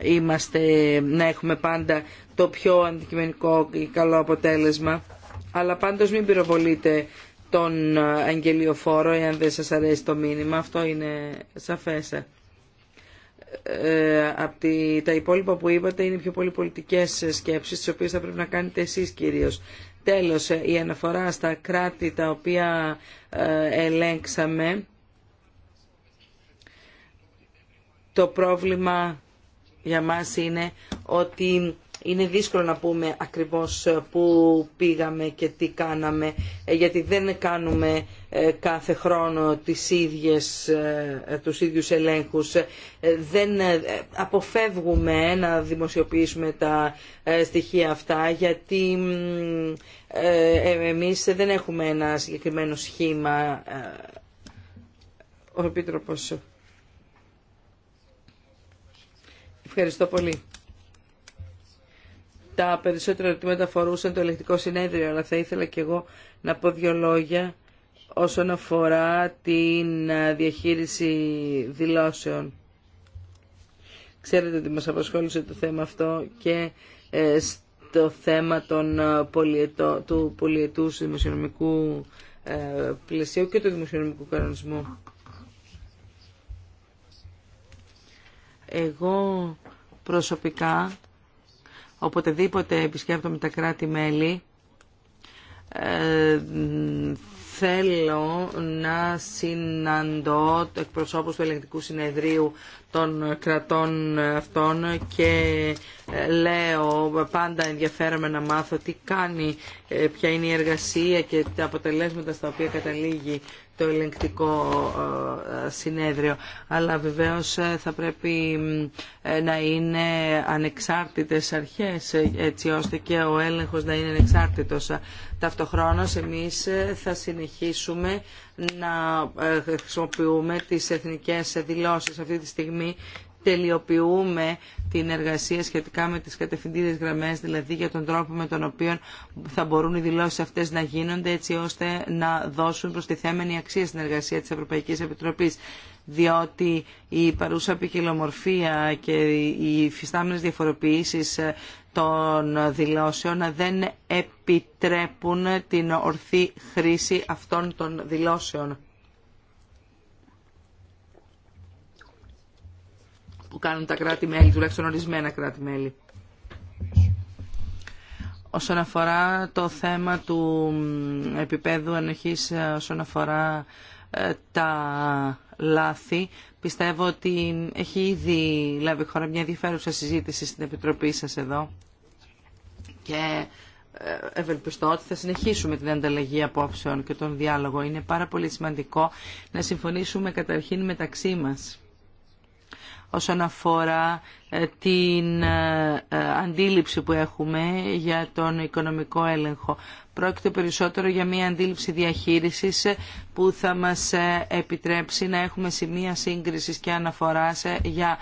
είμαστε, να έχουμε πάντα το πιο αντικειμενικό και καλό αποτέλεσμα. Αλλά πάντως μην πυροβολείτε τον αγγελιοφόρο εάν δεν σας αρέσει το μήνυμα. Αυτό είναι σαφές. Ε, από τα υπόλοιπα που είπατε είναι πιο πολύ πολιτικές σκέψεις, τις οποίες θα πρέπει να κάνετε εσείς κυρίως. Τέλος, ε, η αναφορά στα κράτη τα οποία ε, ελέγξαμε, το πρόβλημα για μας είναι ότι είναι δύσκολο να πούμε ακριβώς ε, πού πήγαμε και τι κάναμε, ε, γιατί δεν κάνουμε ε, κάθε χρόνο τις ίδιες, τους ίδιους ελέγχους. Δεν αποφεύγουμε να δημοσιοποιήσουμε τα στοιχεία αυτά, γιατί εμείς δεν έχουμε ένα συγκεκριμένο σχήμα. Ο Επίτροπος. Ευχαριστώ πολύ. Τα περισσότερα ερωτήματα αφορούσαν το ελεκτικό συνέδριο, αλλά θα ήθελα και εγώ να πω δύο λόγια όσον αφορά την ε, διαχείριση δηλώσεων. Ξέρετε ότι μας απασχόλησε το θέμα αυτό και ε, στο θέμα των ε, πολιετώ, του πολιετούς δημοσιονομικού πλαισίου και του δημοσιονομικού κανονισμού. Εγώ προσωπικά οποτεδήποτε επισκέπτομαι τα κράτη-μέλη, ε, θέλω να συναντώ εκπροσώπους του ελεγκτικού συνεδρίου των κρατών αυτών και ε, λέω πάντα ενδιαφέρομαι να μάθω τι κάνει, ε, ποια είναι η εργασία και τα αποτελέσματα στα οποία καταλήγει το ελεγκτικό ε, συνέδριο. Αλλά βεβαίως ε, θα πρέπει ε, να είναι ανεξάρτητες αρχές έτσι ώστε και ο έλεγχος να είναι ανεξάρτητος. Ταυτοχρόνως εμείς θα συνεχίσουμε να χρησιμοποιούμε τις εθνικές δηλώσεις. Αυτή τη στιγμή τελειοποιούμε την εργασία σχετικά με τις κατευθυντήριες γραμμές, δηλαδή για τον τρόπο με τον οποίο θα μπορούν οι δηλώσεις αυτές να γίνονται έτσι ώστε να δώσουν θέμενη αξία στην εργασία της Ευρωπαϊκής Επιτροπής διότι η παρούσα ποικιλομορφία και οι φυστάμενες διαφοροποιήσεις των δηλώσεων δεν επιτρέπουν την ορθή χρήση αυτών των δηλώσεων. που κάνουν τα κράτη-μέλη, τουλάχιστον ορισμένα κράτη-μέλη. Όσον αφορά το θέμα του επίπεδου ενοχής, ε, όσον αφορά ε, τα λάθη, πιστεύω ότι έχει ήδη λάβει χώρα μια ενδιαφέρουσα συζήτηση στην Επιτροπή σας εδώ και ε, ευελπιστώ ότι θα συνεχίσουμε την ανταλλαγή απόψεων και τον διάλογο. Είναι πάρα πολύ σημαντικό να συμφωνήσουμε καταρχήν μεταξύ μας όσον αφορά ε, την ε, ε, αντίληψη που έχουμε για τον οικονομικό έλεγχο. Πρόκειται περισσότερο για μια αντίληψη διαχείρισης που θα μας επιτρέψει να έχουμε σημεία σύγκρισης και αναφοράς για,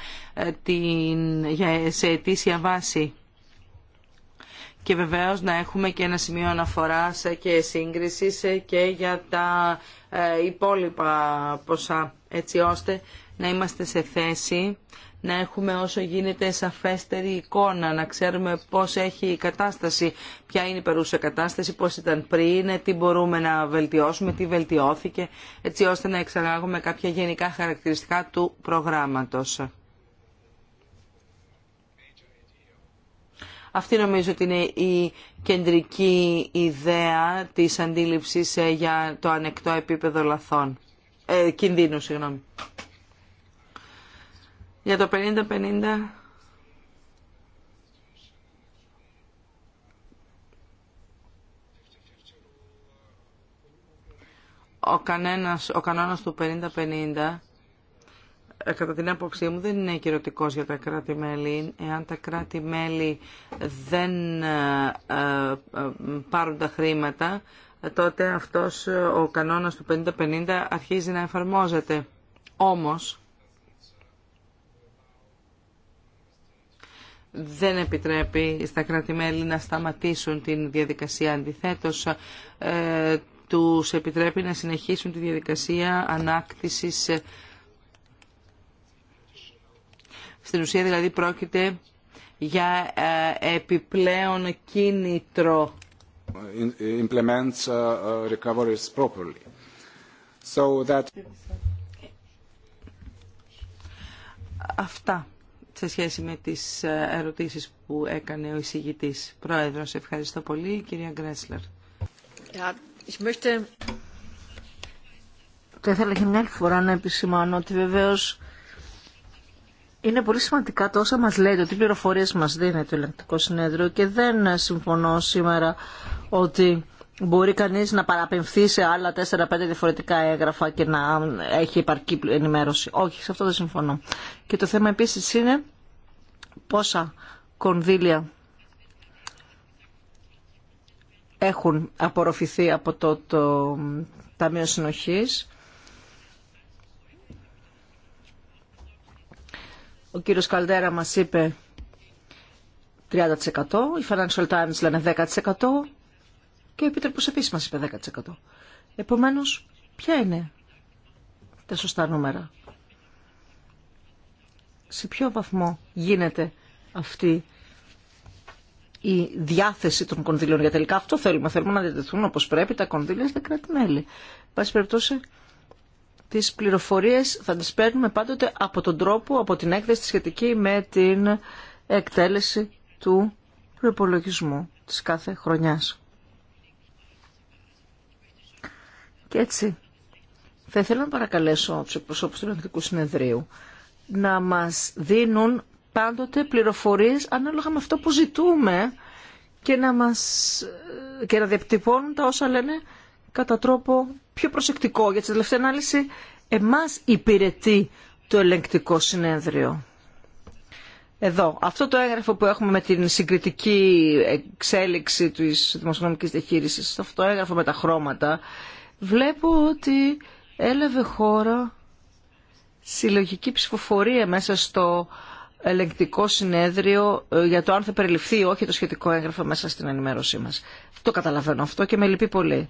την, για, σε αιτήσια βάση. Και βεβαίως να έχουμε και ένα σημείο αναφοράς και σύγκρισης και για τα υπόλοιπα ποσά, έτσι ώστε να είμαστε σε θέση να έχουμε όσο γίνεται σαφέστερη εικόνα, να ξέρουμε πώς έχει η κατάσταση, ποια είναι η περούσα κατάσταση, πώς ήταν πριν, τι μπορούμε να βελτιώσουμε, τι βελτιώθηκε, έτσι ώστε να εξαγάγουμε κάποια γενικά χαρακτηριστικά του προγράμματος. Αυτή νομίζω ότι είναι η κεντρική ιδέα της αντίληψης ε, για το ανεκτό επίπεδο λαθών. Ε, κινδύνου, συγγνώμη για το 50-50 ο, κανένας, ο κανόνας του 50-50 ε, κατά την άποψή μου δεν είναι κυρωτικός για τα κράτη-μέλη. Εάν τα κράτη-μέλη δεν ε, ε, πάρουν τα χρήματα, τότε αυτός ο κανόνας του 50-50 αρχίζει να εφαρμόζεται. Όμως, δεν επιτρέπει στα κράτη-μέλη να σταματήσουν την διαδικασία. Αντιθέτως, ε, τους επιτρέπει να συνεχίσουν τη διαδικασία ανάκτησης. Στην ουσία δηλαδή πρόκειται για ε, επιπλέον κίνητρο. Uh, uh, Αυτά σε σχέση με τις ε, ερωτήσεις που έκανε ο εισηγητής. Πρόεδρος, ευχαριστώ πολύ. Κυρία Γκρέσλερ. Ε, Θα ήθελα και μια άλλη φορά να επισημάνω ότι βεβαίως είναι πολύ σημαντικά το όσα μας λέτε, ότι πληροφορίες μας δίνει το Ελεκτικό συνέδριο και δεν συμφωνώ σήμερα ότι μπορεί κανείς να παραπεμφθεί σε άλλα 4-5 διαφορετικά έγγραφα και να έχει επαρκή ενημέρωση. Όχι, σε αυτό δεν συμφωνώ. Και το θέμα επίσης είναι πόσα κονδύλια έχουν απορροφηθεί από το, το Ταμείο Συνοχής. Ο κύριος Καλτέρα μας είπε 30%, οι Financial Times λένε 10%, και ο επίτροπο επίση μα είπε 10%. Επομένως, ποια είναι τα σωστά νούμερα. Σε ποιο βαθμό γίνεται αυτή η διάθεση των κονδύλων. Για τελικά αυτό θέλουμε. Θέλουμε να διατεθούν όπως πρέπει τα κονδύλια στα κράτη-μέλη. Πάση περιπτώσει, τις πληροφορίες θα τι παίρνουμε πάντοτε από τον τρόπο, από την έκθεση σχετική με την εκτέλεση του προπολογισμού της κάθε χρονιάς. Και έτσι θα ήθελα να παρακαλέσω του εκπροσώπους του Ελληνικού Συνεδρίου να μας δίνουν πάντοτε πληροφορίες ανάλογα με αυτό που ζητούμε και να, μας, και τα όσα λένε κατά τρόπο πιο προσεκτικό. Για τη τελευταία ανάλυση εμάς υπηρετεί το ελεγκτικό συνέδριο. Εδώ, αυτό το έγγραφο που έχουμε με την συγκριτική εξέλιξη της δημοσιονομικής διαχείρισης, αυτό το έγγραφο με τα χρώματα, βλέπω ότι έλαβε χώρα συλλογική ψηφοφορία μέσα στο ελεγκτικό συνέδριο ε, για το αν θα περιληφθεί ή όχι το σχετικό έγγραφο μέσα στην ενημέρωσή μας. Το καταλαβαίνω αυτό και με λυπεί πολύ.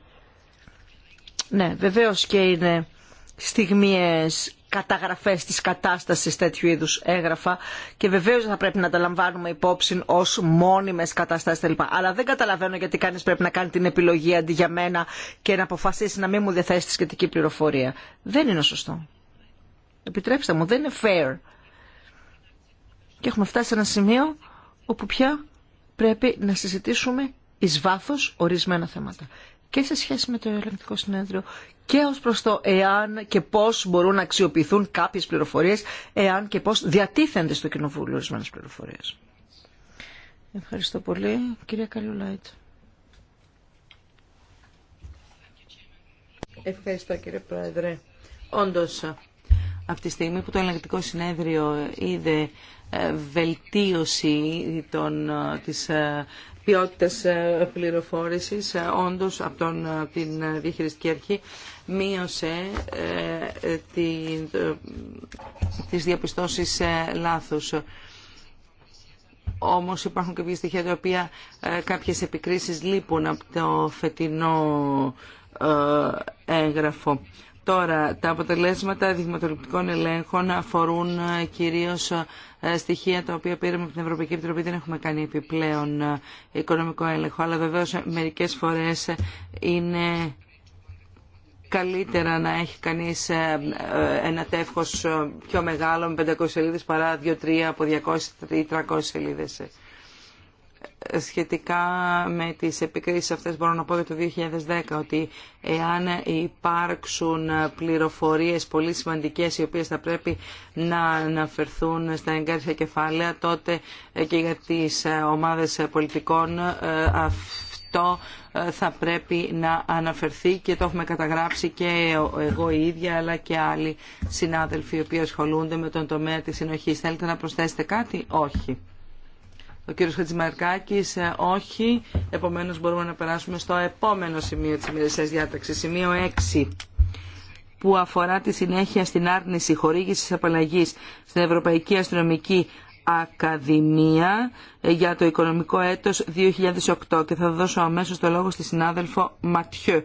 Ναι, βεβαίως και είναι στιγμιές καταγραφές της κατάστασης τέτοιου είδου έγγραφα και βεβαίω θα πρέπει να τα λαμβάνουμε υπόψη ω μόνιμες καταστάσεις κλπ. Αλλά δεν καταλαβαίνω γιατί κανείς πρέπει να κάνει την επιλογή αντί για μένα και να αποφασίσει να μην μου διαθέσει τη σχετική πληροφορία. Δεν είναι σωστό. Επιτρέψτε μου, δεν είναι fair. Και έχουμε φτάσει σε ένα σημείο όπου πια πρέπει να συζητήσουμε εις βάθος ορισμένα θέματα και σε σχέση με το ελεγκτικό συνέδριο και ως προς το εάν και πώς μπορούν να αξιοποιηθούν κάποιες πληροφορίες, εάν και πώς διατίθενται στο Κοινοβούλιο ορισμένες πληροφορίες. Ευχαριστώ πολύ. Κυρία Καλιουλάιτ. Ευχαριστώ κύριε Πρόεδρε. Όντως, αυτή τη στιγμή που το ελεγκτικό συνέδριο είδε ε, βελτίωση των, ε, της ε, ποιότητας ε, πληροφόρησης ε, όντως από τον, ε, την διαχειριστική αρχή μείωσε ε, τη, το, τις διαπιστώσεις ε, λάθους. Όμως υπάρχουν κάποια στοιχεία τα οποία ε, κάποιες επικρίσεις λείπουν από το φετινό έγγραφο. Τώρα, τα αποτελέσματα δειγματοληπτικών ελέγχων αφορούν ε, κυρίως ε, στοιχεία τα οποία πήραμε από την Ευρωπαϊκή Επιτροπή. Δεν έχουμε κάνει επιπλέον ε, οικονομικό έλεγχο, αλλά βεβαίως μερικές φορές είναι καλύτερα να έχει κανείς ένα τεύχος πιο μεγάλο με 500 σελίδες παρά 2-3 από 200 ή 300 σελίδες σχετικά με τις επικρίσεις αυτές μπορώ να πω για το 2010 ότι εάν υπάρξουν πληροφορίες πολύ σημαντικές οι οποίες θα πρέπει να αναφερθούν στα εγκάρσια κεφάλαια τότε και για τις ομάδες πολιτικών ε, αυτό ε, θα πρέπει να αναφερθεί και το έχουμε καταγράψει και εγώ η ίδια αλλά και άλλοι συνάδελφοι οι οποίοι ασχολούνται με τον τομέα της συνοχής. Θέλετε να προσθέσετε κάτι? Όχι. Ο κύριος Χατζημαρκάκης ε, όχι. Επομένως μπορούμε να περάσουμε στο επόμενο σημείο της ημερησίας διάταξης, σημείο 6 που αφορά τη συνέχεια στην άρνηση χορήγησης απαλλαγή στην Ευρωπαϊκή Αστυνομική Ακαδημία ε, για το οικονομικό έτος 2008 και θα δώσω αμέσως το λόγο στη συνάδελφο Ματιού.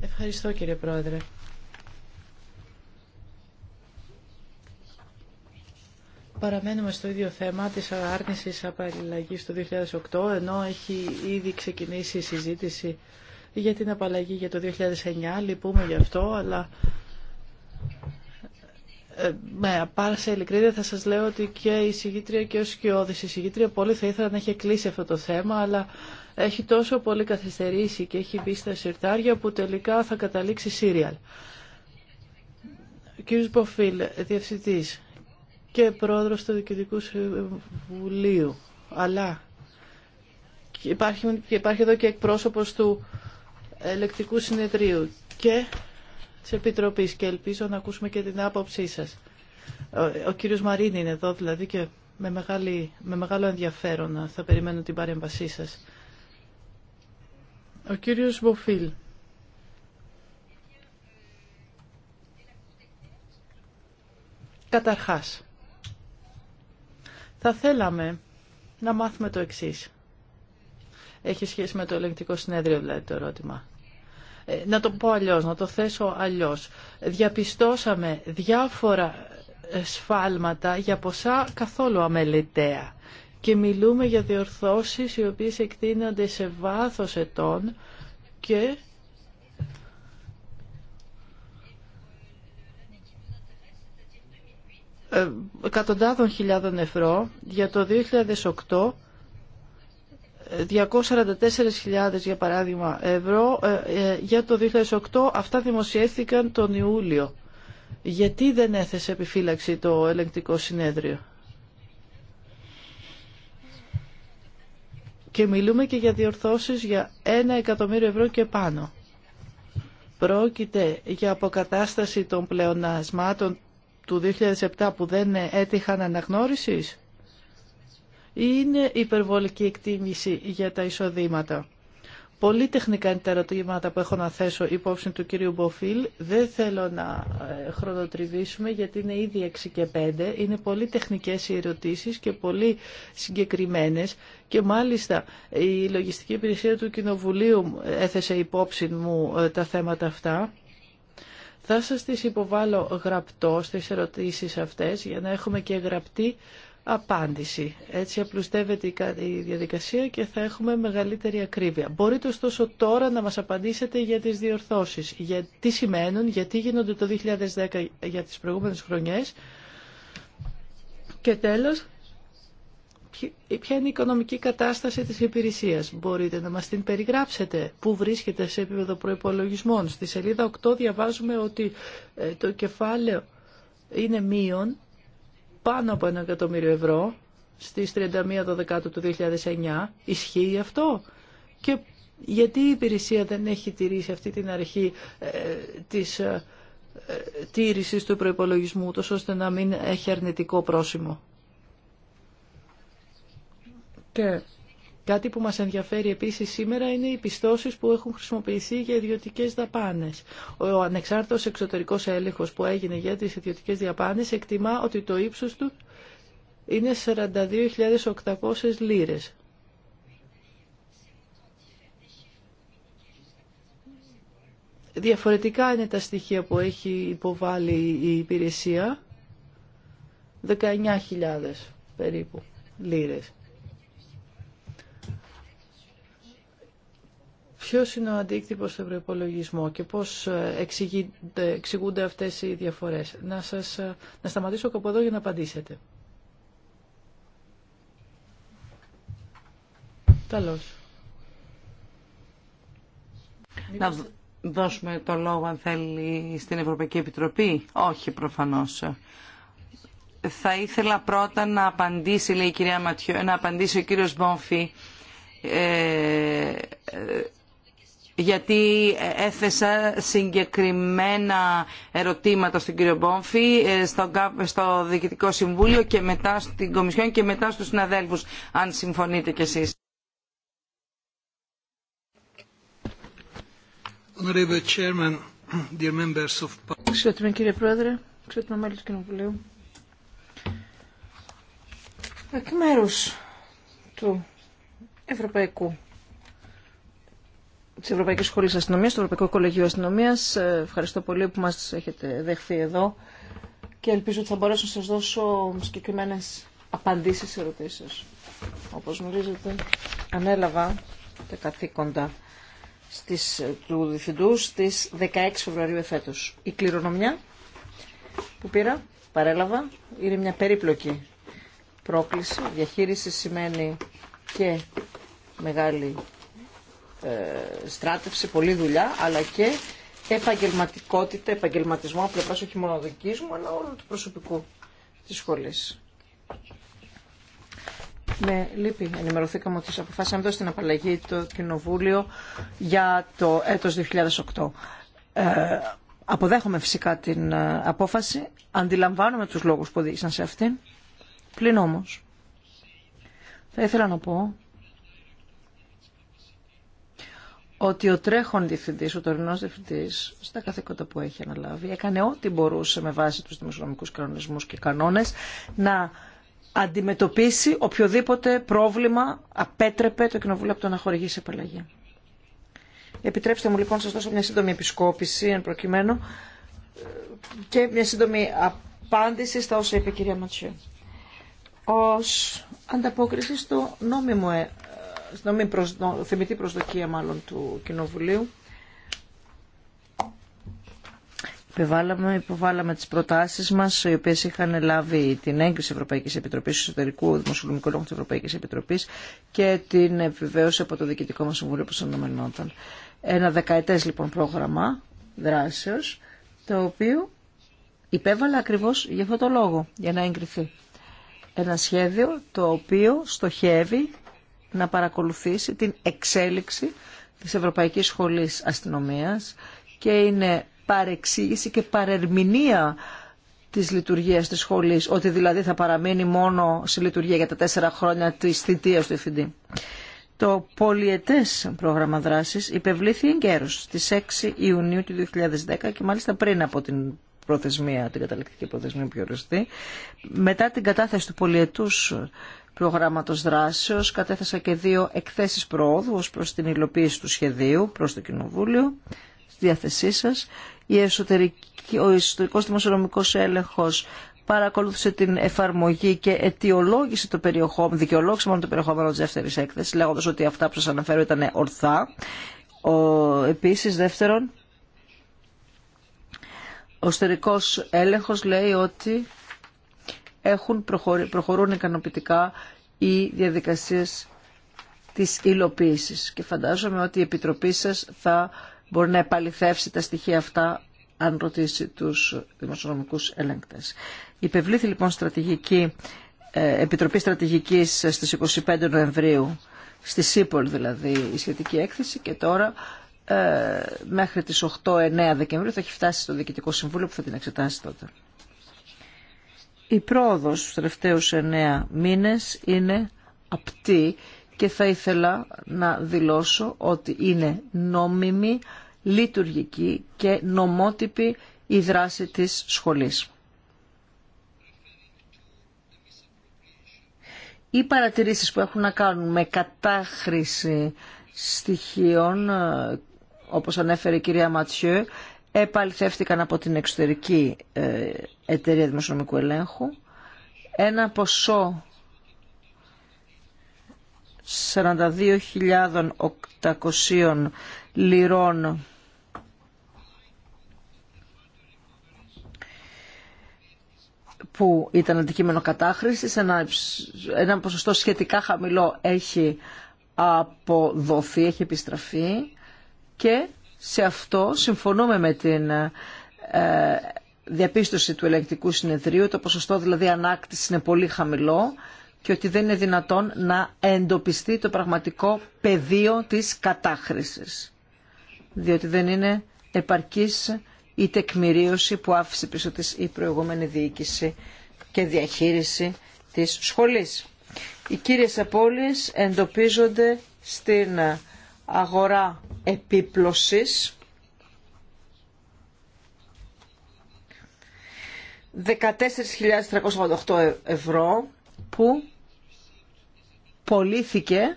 Ευχαριστώ κύριε Πρόεδρε. Παραμένουμε στο ίδιο θέμα της άρνησης απαλλαγής το 2008, ενώ έχει ήδη ξεκινήσει η συζήτηση για την απαλλαγή για το 2009. Λυπούμε γι' αυτό, αλλά ε, με πάσα ειλικρίνεια θα σας λέω ότι και η συγγήτρια και ο σκιώδης η συγγήτρια πολύ θα ήθελα να έχει κλείσει αυτό το θέμα αλλά έχει τόσο πολύ καθυστερήσει και έχει μπει στα συρτάρια που τελικά θα καταλήξει σύριαλ. κύριος Μποφίλ, διευθυντής και πρόεδρο του Διοικητικού Συμβουλίου. Αλλά και υπάρχει, και υπάρχει εδώ και εκπρόσωπος του Ελεκτικού Συνεδρίου και τη επιτροπή και ελπίζω να ακούσουμε και την άποψή σας. Ο, ο κύριος Μαρίνη είναι εδώ δηλαδή και με, με μεγάλο ενδιαφέρον θα περιμένω την παρέμβασή σας. Ο κύριος Μποφίλ. Καταρχάς, θα θέλαμε να μάθουμε το εξή. Έχει σχέση με το ελεγκτικό συνέδριο δηλαδή το ερώτημα. Ε, να το πω αλλιώς, να το θέσω αλλιώς. Διαπιστώσαμε διάφορα ε, σφάλματα για ποσά καθόλου αμεληταία και μιλούμε για διορθώσεις οι οποίες εκτείνονται σε βάθος ετών και Ε, εκατοντάδων χιλιάδων ευρώ για το 2008 244.000 ε, για παράδειγμα ευρώ ε, για το 2008 αυτά δημοσιεύθηκαν τον Ιούλιο γιατί δεν έθεσε επιφύλαξη το ελεγκτικό συνέδριο και μιλούμε και για διορθώσεις για ένα εκατομμύριο ευρώ και πάνω πρόκειται για αποκατάσταση των πλεονασμάτων του 2007 που δεν έτυχαν αναγνώρισης ή είναι υπερβολική εκτίμηση για τα εισοδήματα. Πολύ τεχνικά είναι τα ερωτήματα που έχω να θέσω υπόψη του κυρίου Μποφίλ. Δεν θέλω να ε, χρονοτριβήσουμε γιατί είναι ήδη 6 και 5. Είναι πολύ τεχνικές οι ερωτήσεις και πολύ συγκεκριμένες. Και μάλιστα η λογιστική υπηρεσία του Κοινοβουλίου έθεσε υπόψη μου ε, τα θέματα αυτά. Θα σας τις υποβάλω γραπτό στις ερωτήσεις αυτές για να έχουμε και γραπτή απάντηση. Έτσι απλουστεύεται η διαδικασία και θα έχουμε μεγαλύτερη ακρίβεια. Μπορείτε ωστόσο τώρα να μας απαντήσετε για τις διορθώσεις. Για τι σημαίνουν, γιατί γίνονται το 2010 για τις προηγούμενες χρονιές. Και τέλος, ποια είναι η οικονομική κατάσταση της υπηρεσίας. Μπορείτε να μας την περιγράψετε. Πού βρίσκεται σε επίπεδο προϋπολογισμών. Στη σελίδα 8 διαβάζουμε ότι ε, το κεφάλαιο είναι μείον πάνω από ένα εκατομμύριο ευρώ στις 31 Δεκάτου του 2009. Ισχύει αυτό. Και γιατί η υπηρεσία δεν έχει τηρήσει αυτή την αρχή ε, της ε, ε τήρησης του προϋπολογισμού, τόσο ώστε να μην έχει αρνητικό πρόσημο. Και κάτι που μας ενδιαφέρει επίσης σήμερα είναι οι πιστώσεις που έχουν χρησιμοποιηθεί για ιδιωτικές δαπάνες. Ο ανεξάρτητος εξωτερικός έλεγχος που έγινε για τις ιδιωτικές δαπάνες εκτιμά ότι το ύψος του είναι 42.800 λίρες. Διαφορετικά είναι τα στοιχεία που έχει υποβάλει η υπηρεσία. 19.000 περίπου λίρες. Ποιος είναι ο αντίκτυπος στον προπολογισμό και πώς ε, εξηγούνται αυτές οι διαφορές. Να, σας, ε, να σταματήσω από εδώ για να απαντήσετε. Καλώς. Να δώσουμε το λόγο αν θέλει στην Ευρωπαϊκή Επιτροπή. Όχι προφανώς. Θα ήθελα πρώτα να απαντήσει, λέει η κυρία Ματιώ, να απαντήσει ο κύριος Μπόμφη. ε, ε γιατί ε, έθεσα συγκεκριμένα ερωτήματα στον κύριο Μπόμφη, ε, στο Διοικητικό Συμβούλιο και μετά στην Κομισιόν και μετά στους συναδέλφους, αν συμφωνείτε κι εσείς. Εξαιρετικά κύριε Πρόεδρε, εξαιρετικά μέλη του Κοινοβουλίου. Εκ μέρους του Ευρωπαϊκού Τη Ευρωπαϊκή Σχολή Αστυνομίας, του Ευρωπαϊκού Κολεγίου Αστυνομία. Ε, ευχαριστώ πολύ που μας έχετε δεχθεί εδώ και ελπίζω ότι θα μπορέσω να σα δώσω συγκεκριμένε απαντήσεις σε ερωτήσεις. Όπως γνωρίζετε, ανέλαβα τα καθήκοντα στις, του Διευθυντού στι 16 Φεβρουαρίου εφέτο. Η κληρονομιά που πήρα, παρέλαβα, είναι μια περίπλοκη πρόκληση. Διαχείριση σημαίνει και μεγάλη ε, στράτευση, πολλή δουλειά, αλλά και επαγγελματικότητα, επαγγελματισμό πλευρά όχι μόνο δικής μου, αλλά όλου του προσωπικού της σχολής. Με λύπη ενημερωθήκαμε ότι αποφάσισαμε εδώ στην απαλλαγή το Κοινοβούλιο για το έτος 2008. Ε, αποδέχομαι φυσικά την ε, απόφαση, αντιλαμβάνομαι τους λόγους που οδήγησαν σε αυτήν, πλην όμως θα ήθελα να πω ότι ο τρέχον διευθυντή, ο τωρινό διευθυντή, στα καθήκοντα που έχει αναλάβει, έκανε ό,τι μπορούσε με βάση τους δημοσιονομικού κανονισμού και κανόνες να αντιμετωπίσει οποιοδήποτε πρόβλημα απέτρεπε το Κοινοβούλιο από το να χορηγήσει απαλλαγή. Επιτρέψτε μου λοιπόν να σα δώσω μια σύντομη επισκόπηση εν προκειμένου και μια σύντομη απάντηση στα όσα είπε η κυρία Ματσιού. Ω ανταπόκριση στο νόμιμο ε, θεμητή προσδοκία μάλλον του Κοινοβουλίου. Πεβάλαμε, υποβάλαμε τις προτάσεις μας, οι οποίες είχαν λάβει την έγκριση Ευρωπαϊκής Επιτροπής, του εσωτερικού δημοσιονομικού λόγου της Ευρωπαϊκής Επιτροπής και την επιβεβαίωση από το Διοικητικό μας Συμβούλιο που συνομενόταν. Ένα δεκαετές λοιπόν πρόγραμμα δράσεως, το οποίο υπέβαλα ακριβώς για αυτό το λόγο, για να εγκριθεί. Ένα σχέδιο το οποίο στοχεύει να παρακολουθήσει την εξέλιξη της Ευρωπαϊκής Σχολής Αστυνομίας και είναι παρεξήγηση και παρερμηνία της λειτουργίας της σχολής, ότι δηλαδή θα παραμείνει μόνο σε λειτουργία για τα τέσσερα χρόνια της θητείας του ευθυντή. Το πολιετές πρόγραμμα δράσης υπευλήθη εγκαίρως στις 6 Ιουνίου του 2010 και μάλιστα πριν από την προθεσμία, την καταληκτική προθεσμία που οριστεί, μετά την κατάθεση του πολιετούς προγράμματος δράσεως. Κατέθεσα και δύο εκθέσεις προόδου ως προς την υλοποίηση του σχεδίου προς το Κοινοβούλιο. Στη διάθεσή σας. Η εσωτερική, ο εσωτερικός δημοσιονομικός έλεγχος παρακολούθησε την εφαρμογή και αιτιολόγησε το περιεχόμενο, δικαιολόγησε μόνο το περιεχόμενο της δεύτερης έκθεσης, λέγοντας ότι αυτά που σας αναφέρω ήταν ορθά. Ο, επίσης, δεύτερον, ο εσωτερικός έλεγχος λέει ότι έχουν προχωρούν ικανοποιητικά οι διαδικασίες της υλοποίησης. Και φαντάζομαι ότι η Επιτροπή σας θα μπορεί να επαληθεύσει τα στοιχεία αυτά αν ρωτήσει τους δημοσιονομικούς ελέγκτες. Υπευλήθη λοιπόν στρατηγική, ε, Επιτροπή Στρατηγικής στις 25 Νοεμβρίου, στη ΣΥΠΟΛ δηλαδή η σχετική έκθεση και τώρα ε, μέχρι τις 8-9 Δεκεμβρίου θα έχει φτάσει στο Διοικητικό Συμβούλιο που θα την εξετάσει τότε η πρόοδος στους τελευταίους εννέα μήνες είναι απτή και θα ήθελα να δηλώσω ότι είναι νόμιμη, λειτουργική και νομότυπη η δράση της σχολής. Οι παρατηρήσεις που έχουν να κάνουν με κατάχρηση στοιχείων, ε, όπως ανέφερε η κυρία Ματσιέ, επαληθεύτηκαν από την εξωτερική ε, εταιρεία δημοσιονομικού ελέγχου ένα ποσό 42.800 λιρών που ήταν αντικείμενο κατάχρησης, ένα, ένα ποσοστό σχετικά χαμηλό έχει αποδοθεί, έχει επιστραφεί και σε αυτό συμφωνούμε με την ε, διαπίστωση του ελεγκτικού συνεδρίου, το ποσοστό δηλαδή ανάκτηση είναι πολύ χαμηλό και ότι δεν είναι δυνατόν να εντοπιστεί το πραγματικό πεδίο της κατάχρησης. Διότι δεν είναι επαρκής η τεκμηρίωση που άφησε πίσω της η προηγούμενη διοίκηση και διαχείριση της σχολής. Οι κύριες απώλειες εντοπίζονται στην αγορά επίπλωσης. 14.388 ε, ευρώ που πωλήθηκε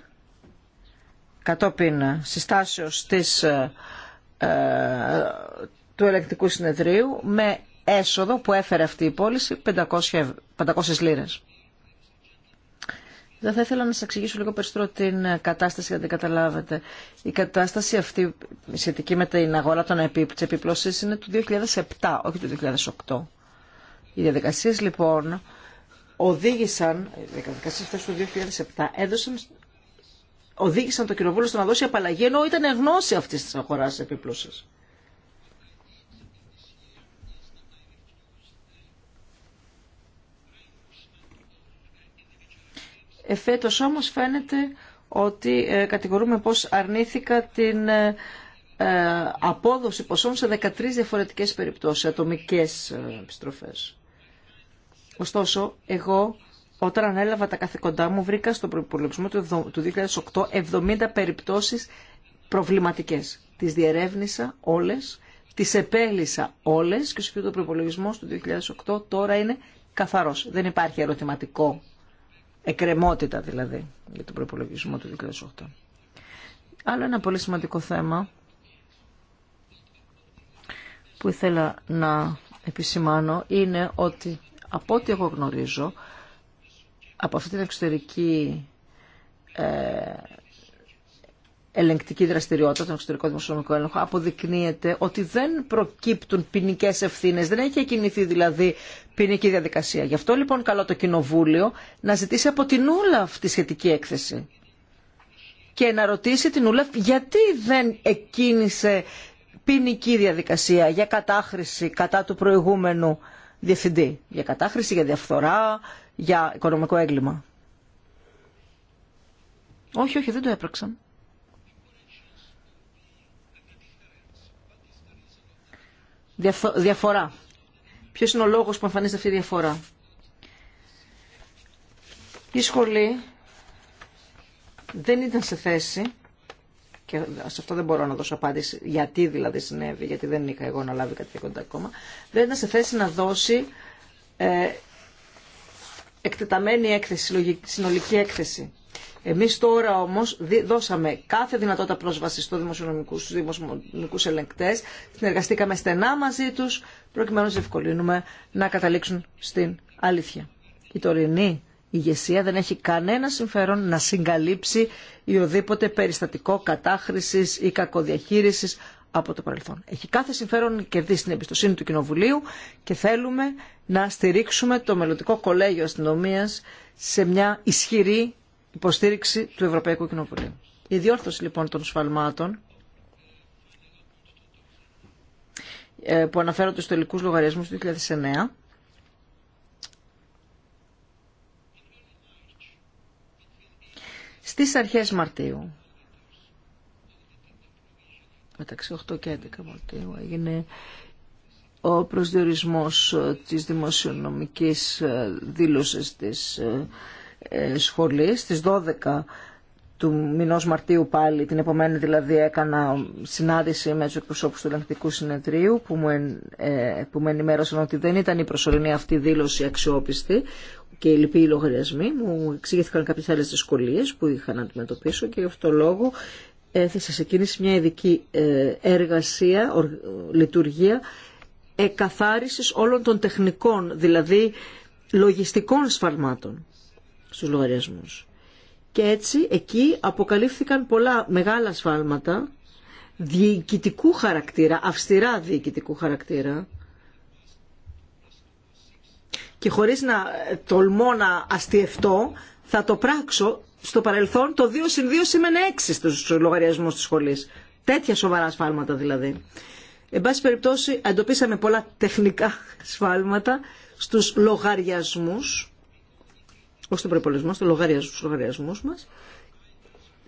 κατόπιν συστάσεως της, ε, ε, του ελεκτικού συνεδρίου με έσοδο που έφερε αυτή η πώληση 500, 500 λίρες. Δεν θα ήθελα να σας εξηγήσω λίγο περισσότερο την ε, κατάσταση, γιατί δεν καταλάβετε. Η κατάσταση αυτή σχετική με την αγορά των επιπλώσει είναι του 2007, όχι του 2008. Οι διαδικασίε, λοιπόν οδήγησαν, οι διαδικασίε αυτέ του 2007 έδωσαν οδήγησαν το κοινοβούλιο στο να δώσει απαλλαγή, ενώ ήταν γνώση αυτή τη αγορά επίπλωση. Εφέτος όμως φαίνεται ότι ε, κατηγορούμε πως αρνήθηκα την ε, ε, απόδοση ποσών σε 13 διαφορετικές περιπτώσεις, ατομικές επιστροφές. Ωστόσο, εγώ όταν ανέλαβα τα καθηκοντά μου βρήκα στον προπολογισμό του 2008 70 περιπτώσεις προβληματικές. Τις διερεύνησα όλες, τις επέλυσα όλες και ο το προπολογισμό του 2008 τώρα είναι καθαρός. Δεν υπάρχει ερωτηματικό εκκρεμότητα δηλαδή για τον προπολογισμό του 2008. Άλλο ένα πολύ σημαντικό θέμα που ήθελα να επισημάνω είναι ότι από ό,τι εγώ γνωρίζω από αυτή την εξωτερική ε, ελεγκτική δραστηριότητα, τον εξωτερικό δημοσιονομικό έλεγχο, αποδεικνύεται ότι δεν προκύπτουν ποινικέ ευθύνε. Δεν έχει κινηθεί δηλαδή ποινική διαδικασία. Γι' αυτό λοιπόν καλό το Κοινοβούλιο να ζητήσει από την Όλαφ τη σχετική έκθεση και να ρωτήσει την Όλαφ γιατί δεν εκκίνησε ποινική διαδικασία για κατάχρηση κατά του προηγούμενου διευθυντή. Για κατάχρηση, για διαφθορά, για οικονομικό έγκλημα. Όχι, όχι, δεν το έπραξαν. Διαφορά Ποιος είναι ο λόγος που εμφανίζεται αυτή η διαφορά. Η σχολή δεν ήταν σε θέση και σε αυτό δεν μπορώ να δώσω απάντηση γιατί δηλαδή συνέβη, γιατί δεν είχα εγώ να λάβει κάτι κοντά ακόμα, δεν ήταν σε θέση να δώσει ε, εκτεταμένη έκθεση, συνολική έκθεση εμείς τώρα όμως δώσαμε κάθε δυνατότητα πρόσβαση στους δημοσιονομικούς, δημοσιονομικούς ελεγκτές, συνεργαστήκαμε στενά μαζί τους, προκειμένου να ευκολύνουμε να καταλήξουν στην αλήθεια. Η τωρινή ηγεσία δεν έχει κανένα συμφέρον να συγκαλύψει ή οδήποτε περιστατικό κατάχρησης ή κακοδιαχείρισης από το παρελθόν. Έχει κάθε συμφέρον να κερδίσει την εμπιστοσύνη του Κοινοβουλίου και θέλουμε να στηρίξουμε το μελλοντικό κολέγιο αστυνομία σε μια ισχυρή υποστήριξη του Ευρωπαϊκού Κοινοβουλίου. Η διόρθωση λοιπόν των σφαλμάτων ε, που αναφέρονται στους τελικούς λογαριασμούς του 2009 στις αρχές Μαρτίου μεταξύ 8 και 11 Μαρτίου έγινε ο προσδιορισμός της δημοσιονομικής ε, δήλωσης της ε, ε, σχολή στις 12 του μηνό Μαρτίου πάλι, την επομένη δηλαδή έκανα συνάντηση με τους εκπροσώπους του Ελεγκτικού Συνεδρίου που μου, εν, ε, που με ενημέρωσαν ότι δεν ήταν η προσωρινή αυτή δήλωση αξιόπιστη και οι λοιποί λογαριασμοί. Μου εξηγήθηκαν κάποιες άλλες δυσκολίες που είχα να αντιμετωπίσω και γι' αυτό λόγο έθεσα σε κίνηση μια ειδική ε, εργασία, λειτουργία εκαθάρισης όλων των τεχνικών, δηλαδή λογιστικών σφαλμάτων στους λογαριασμούς. Και έτσι εκεί αποκαλύφθηκαν πολλά μεγάλα σφάλματα διοικητικού χαρακτήρα, αυστηρά διοικητικού χαρακτήρα και χωρίς να τολμώ να αστιευτώ θα το πράξω στο παρελθόν το 2 συν 2 σήμαινε 6 στους λογαριασμούς της σχολής. Τέτοια σοβαρά σφάλματα δηλαδή. Εν πάση περιπτώσει εντοπίσαμε πολλά τεχνικά σφάλματα στους λογαριασμούς ως τον προπολογισμό, στους λογαριασμούς μας.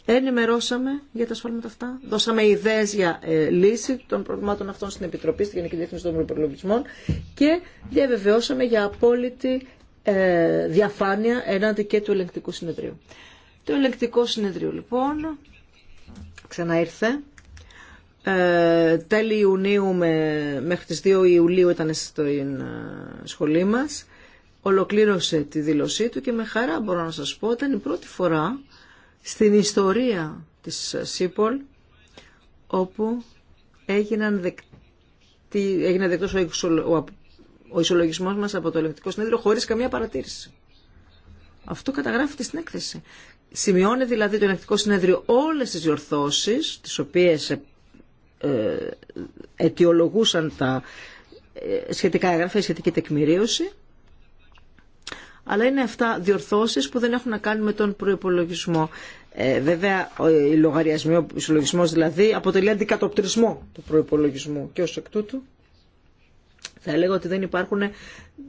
Ενημερώσαμε για τα σφάλματα αυτά, δώσαμε ιδέες για ε, λύση των προβλημάτων αυτών στην Επιτροπή, στην Γενική Διεθνή των Προπολογισμών και διαβεβαιώσαμε για απόλυτη ε, διαφάνεια ενάντια και του ελεγκτικού συνεδρίου. Το ελεγκτικό συνεδρίο λοιπόν ξαναήρθε. Ε, τέλη Ιουνίου μέχρι τις 2 Ιουλίου ήταν στην ε, σχολή μας ολοκλήρωσε τη δήλωσή του και με χαρά μπορώ να σας πω ήταν η πρώτη φορά στην ιστορία της ΣΥΠΟΛ όπου έγιναν έγινε δεκτός ο, ο, ο ισολογισμός μας από το Ελεκτικό συνέδριο χωρίς καμία παρατήρηση. Αυτό καταγράφεται στην έκθεση. Σημειώνει δηλαδή το Ελεκτικό συνέδριο όλες τις διορθώσεις τις οποίες ε, ε αιτιολογούσαν τα ε, σχετικά έγγραφα, η σχετική τεκμηρίωση αλλά είναι αυτά διορθώσεις που δεν έχουν να κάνουν με τον προϋπολογισμό. Ε, βέβαια, ο συλλογισμό δηλαδή αποτελεί αντικατοπτρισμό του προπολογισμού. και ως εκ τούτου θα έλεγα ότι δεν υπάρχουν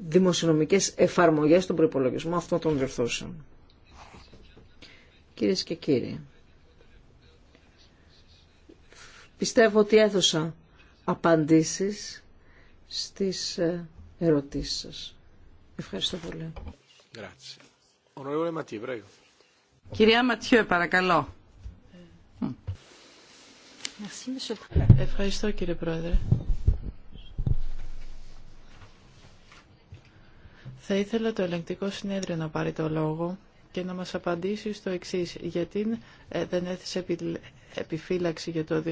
δημοσιονομικές εφαρμογές στον προϋπολογισμό αυτών των διορθώσεων. Κυρίε και κύριοι, πιστεύω ότι έδωσα απαντήσεις στις ε, ερωτήσεις σας. Ευχαριστώ πολύ. Κυρία Ματιέ, παρακαλώ. Ευχαριστώ κύριε Πρόεδρε. Θα ήθελα το ελεγκτικό συνέδριο να πάρει το λόγο και να μας απαντήσει στο εξής. Γιατί ε, δεν έθεσε επιφύλαξη για το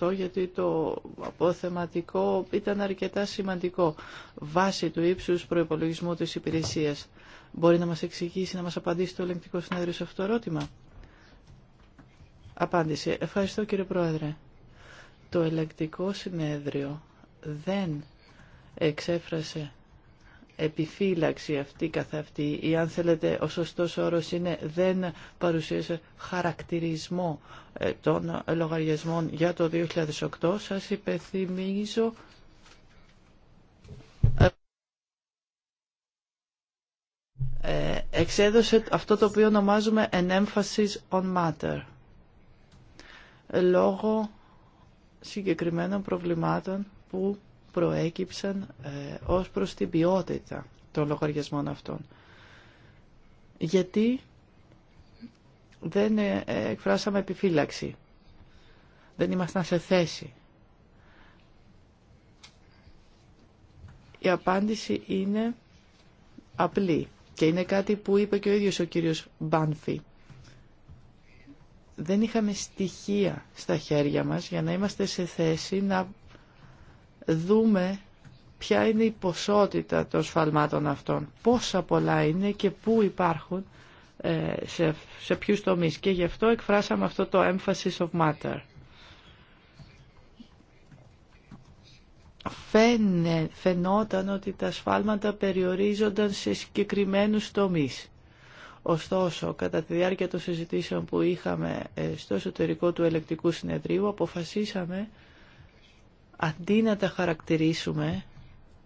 2008, γιατί το αποθεματικό ήταν αρκετά σημαντικό βάσει του ύψους προϋπολογισμού της υπηρεσίας. Μπορεί να μας εξηγήσει, να μας απαντήσει το ελεγκτικό συνέδριο σε αυτό το ερώτημα. Απάντηση. Ευχαριστώ κύριε Πρόεδρε. Το ελεγκτικό συνέδριο δεν εξέφρασε επιφύλαξη αυτή καθ' αυτή ή αν θέλετε ο σωστός όρος είναι δεν παρουσίασε χαρακτηρισμό ε, των λογαριασμών για το 2008. Σας υπενθυμίζω Ε, εξέδωσε αυτό το οποίο ονομάζουμε «An emphasis on matter» ε, λόγω συγκεκριμένων προβλημάτων που προέκυψαν ε, ως προς την ποιότητα των λογαριασμών αυτών. Γιατί δεν εκφράσαμε επιφύλαξη. Δεν ήμασταν σε θέση. Η απάντηση είναι απλή. Και είναι κάτι που είπε και ο ίδιος ο κύριος Μπάνφι. Δεν είχαμε στοιχεία στα χέρια μας για να είμαστε σε θέση να δούμε ποια είναι η ποσότητα των σφαλμάτων αυτών, πόσα πολλά είναι και πού υπάρχουν, ε, σε, σε ποιους τομείς. Και γι' αυτό εκφράσαμε αυτό το emphasis of matter. φαινόταν ότι τα σφάλματα περιορίζονταν σε συγκεκριμένους τομείς. Ωστόσο, κατά τη διάρκεια των συζητήσεων που είχαμε ε, στο εσωτερικό του ελεκτικού συνεδρίου, αποφασίσαμε αντί να τα χαρακτηρίσουμε,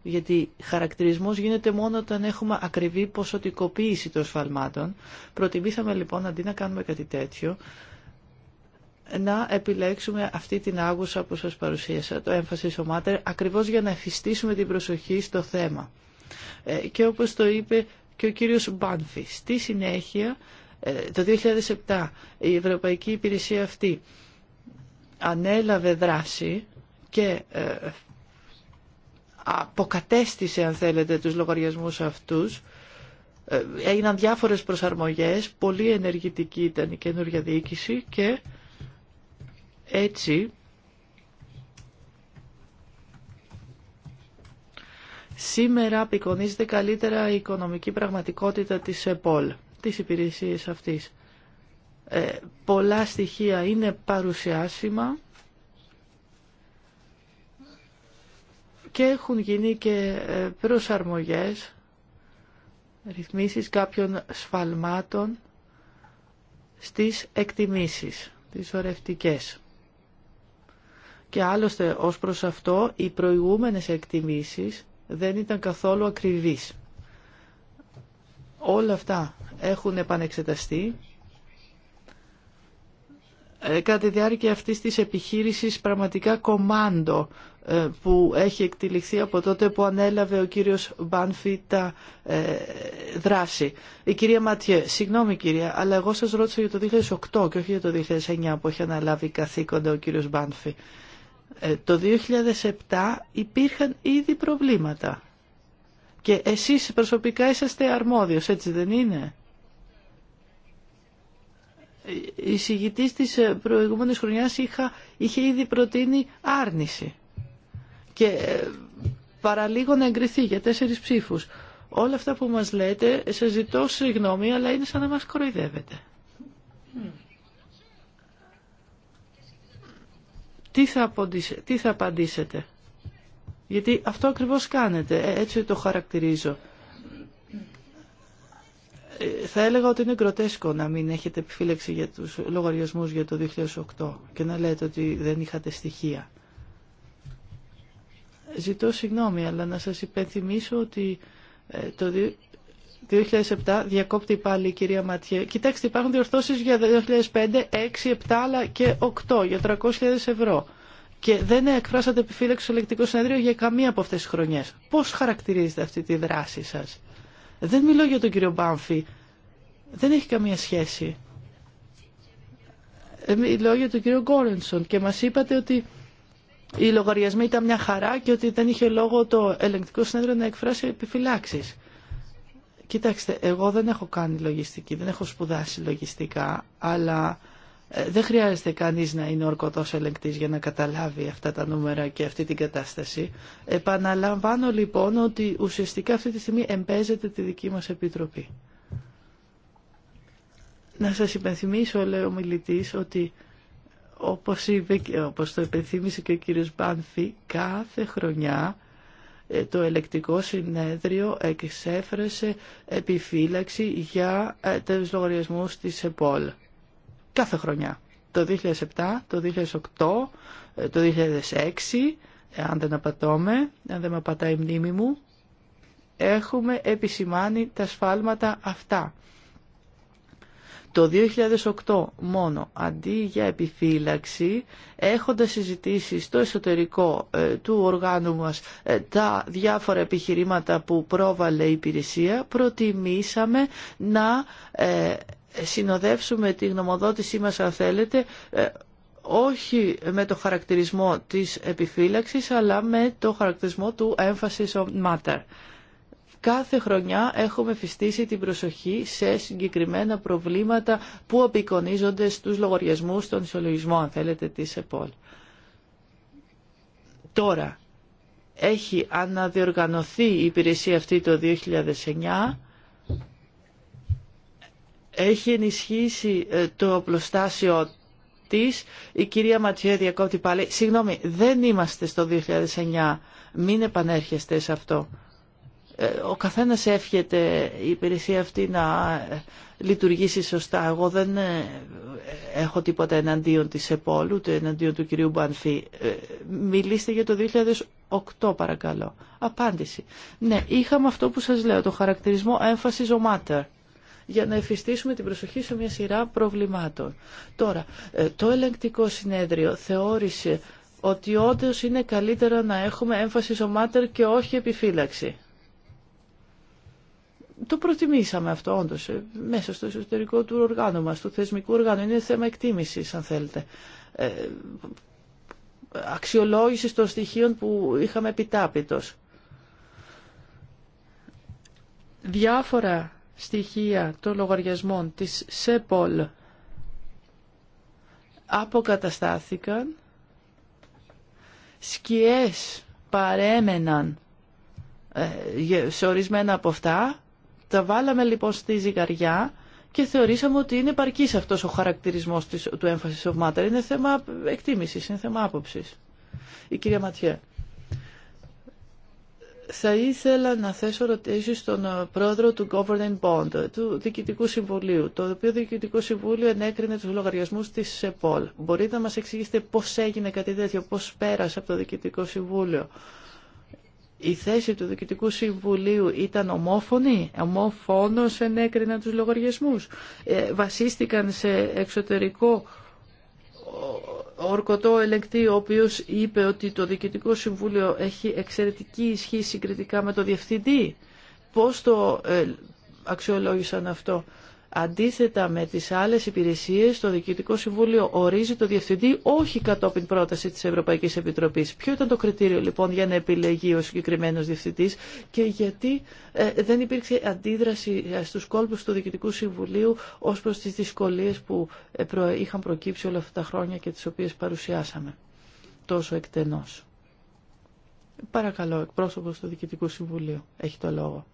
γιατί χαρακτηρισμός γίνεται μόνο όταν έχουμε ακριβή ποσοτικοποίηση των σφαλμάτων, προτιμήσαμε λοιπόν αντί να κάνουμε κάτι τέτοιο, να επιλέξουμε αυτή την άγουσα που σας παρουσίασα, το έμφαση σωμάτερ, ακριβώς για να εφιστήσουμε την προσοχή στο θέμα. Ε, και όπως το είπε και ο κύριος Μπάνφη, στη συνέχεια, ε, το 2007, η Ευρωπαϊκή Υπηρεσία αυτή ανέλαβε δράση και ε, αποκατέστησε, αν θέλετε, τους λογαριασμούς αυτούς, έγιναν διάφορες προσαρμογές, πολύ ενεργητική ήταν η καινούργια διοίκηση και έτσι, σήμερα απεικονίζεται καλύτερα η οικονομική πραγματικότητα της ΕΠΟΛ, της υπηρεσίας αυτής. Ε, πολλά στοιχεία είναι παρουσιάσιμα και έχουν γίνει και ε, προσαρμογές, ρυθμίσεις κάποιων σφαλμάτων στις εκτιμήσεις, τις ορευτικές. Και άλλωστε ως προς αυτό οι προηγούμενες εκτιμήσεις δεν ήταν καθόλου ακριβείς. Όλα αυτά έχουν επανεξεταστεί ε, κατά τη διάρκεια αυτής της επιχείρησης πραγματικά κομάντο ε, που έχει εκτελεχθεί από τότε που ανέλαβε ο κύριος Μπάνφι τα ε, δράση. Η κυρία Ματιέ, συγγνώμη κυρία, αλλά εγώ σας ρώτησα για το 2008 και όχι για το 2009 που έχει αναλάβει καθήκοντα ο κύριος Μπάνφι. Ε, το 2007 υπήρχαν ήδη προβλήματα. Και εσείς προσωπικά είσαστε αρμόδιος, έτσι δεν είναι. Η συγητή της ε, προηγούμενης χρονιάς είχα, είχε ήδη προτείνει άρνηση. Και ε, παραλίγο να εγκριθεί για τέσσερις ψήφους. Όλα αυτά που μας λέτε, σε ζητώ συγγνώμη, αλλά είναι σαν να μας κοροϊδεύετε. τι θα, απαντήσετε. Γιατί αυτό ακριβώς κάνετε, ε, έτσι το χαρακτηρίζω. Ε, θα έλεγα ότι είναι γκροτέσκο να μην έχετε επιφύλαξη για τους λογαριασμούς για το 2008 και να λέτε ότι δεν είχατε στοιχεία. Ζητώ συγγνώμη, αλλά να σας υπενθυμίσω ότι ε, το 2007 διακόπτει πάλι η κυρία Ματιέ. Κοιτάξτε, υπάρχουν διορθώσει για 2005, 6, 7 αλλά και 8 για 300.000 ευρώ. Και δεν εκφράσατε επιφύλαξη στο ελεκτικό συνέδριο για καμία από αυτέ τι χρονιές. Πώς χαρακτηρίζετε αυτή τη δράση σας. Δεν μιλώ για τον κύριο Μπάμφη. Δεν έχει καμία σχέση. Ε, μιλώ για τον κύριο Γκόρενσον και μα είπατε ότι οι λογαριασμοί ήταν μια χαρά και ότι δεν είχε λόγο το ελεγκτικό συνέδριο να εκφράσει επιφυλάξει. Κοιτάξτε, εγώ δεν έχω κάνει λογιστική, δεν έχω σπουδάσει λογιστικά, αλλά ε, δεν χρειάζεται κανείς να είναι ορκωτός ελεγκτής για να καταλάβει αυτά τα νούμερα και αυτή την κατάσταση. Επαναλαμβάνω λοιπόν ότι ουσιαστικά αυτή τη στιγμή εμπέζεται τη δική μας Επιτροπή. Να σας υπενθυμίσω, λέει ο μιλητής, ότι όπως, είπε, όπως το υπενθύμισε και ο κύριος Μπάνφη, κάθε χρονιά το ελεκτικό συνέδριο εξέφρασε επιφύλαξη για ε, τους λογαριασμούς της ΕΠΟΛ κάθε χρονιά. Το 2007, το 2008, ε, το 2006, ε, αν δεν απατώμε, αν δεν με απατάει η μνήμη μου, έχουμε επισημάνει τα σφάλματα αυτά. Το 2008 μόνο, αντί για επιφύλαξη, έχοντας συζητήσει στο εσωτερικό ε, του οργάνου μας ε, τα διάφορα επιχειρήματα που πρόβαλε η υπηρεσία, προτιμήσαμε να ε, συνοδεύσουμε τη γνωμοδότησή μας, αν θέλετε, όχι με το χαρακτηρισμό της επιφύλαξης, αλλά με το χαρακτηρισμό του emphasis on matter. Κάθε χρονιά έχουμε φυστήσει την προσοχή σε συγκεκριμένα προβλήματα που απεικονίζονται στους λογαριασμούς, των ισολογισμό, αν θέλετε, της ΕΠΟΛ. Τώρα, έχει αναδιοργανωθεί η υπηρεσία αυτή το 2009 έχει ενισχύσει ε, το οπλοστάσιο της. Η κυρία Ματιέ διακόπτει πάλι. Συγγνώμη, δεν είμαστε στο 2009. Μην επανέρχεστε σε αυτό. Ε, ο καθένας εύχεται η υπηρεσία αυτή να λειτουργήσει σωστά. Εγώ δεν ε, έχω τίποτα εναντίον της ΕΠΟΛΟΥ, ούτε εναντίον του κυρίου Μπανφή. Ε, μιλήστε για το 2008 παρακαλώ. Απάντηση. Ναι, είχαμε αυτό που σας λέω, το χαρακτηρισμό έμφαση ο μάτερ για να εφιστήσουμε την προσοχή σε μια σειρά προβλημάτων. Τώρα, το ελεγκτικό συνέδριο θεώρησε ότι όντω είναι καλύτερα να έχουμε έμφαση στο και όχι επιφύλαξη το προτιμήσαμε αυτό όντω. Ε, μέσα στο εσωτερικό του οργάνου μας, του θεσμικού οργάνου. Είναι θέμα εκτίμησης αν θέλετε. Ε, αξιολόγησης των στοιχείων που είχαμε επιτάπητος. Διάφορα στοιχεία των λογαριασμών της ΣΕΠΟΛ αποκαταστάθηκαν, σκιές παρέμεναν ε, σε ορισμένα από αυτά τα βάλαμε λοιπόν στη ζυγαριά και θεωρήσαμε ότι είναι επαρκή αυτός ο χαρακτηρισμός του έμφαση of matter. Είναι θέμα εκτίμησης, είναι θέμα άποψη. Η κυρία Ματιέ. Θα ήθελα να θέσω ρωτήσει στον ε, πρόεδρο του Governing Bond, ε, του Διοικητικού Συμβουλίου, το οποίο Διοικητικό Συμβούλιο ενέκρινε του λογαριασμού τη ΕΠΟΛ. Μπορείτε να μα εξηγήσετε πώ έγινε κάτι τέτοιο, πώ πέρασε από το Διοικητικό Συμβούλιο η θέση του Διοικητικού Συμβουλίου ήταν ομόφωνη, ομόφωνος ενέκριναν τους λογαριασμούς. Ε, βασίστηκαν σε εξωτερικό ορκωτό ελεγκτή, ο οποίος είπε ότι το Διοικητικό Συμβούλιο έχει εξαιρετική ισχύ συγκριτικά με το Διευθυντή. Πώς το ε, αξιολόγησαν αυτό Αντίθετα με τις άλλες υπηρεσίες, το Διοικητικό Συμβούλιο ορίζει το Διευθυντή όχι κατόπιν πρόταση της Ευρωπαϊκής Επιτροπής. Ποιο ήταν το κριτήριο λοιπόν για να επιλεγεί ο συγκεκριμένος Διευθυντής και γιατί ε, δεν υπήρξε αντίδραση ε, στους κόλπους του Διοικητικού Συμβουλίου ως προς τις δυσκολίες που ε, είχαν προκύψει όλα αυτά τα χρόνια και τις οποίες παρουσιάσαμε τόσο εκτενώς. Παρακαλώ, εκπρόσωπος του Διοικητικού Συμβουλίου έχει το λόγο.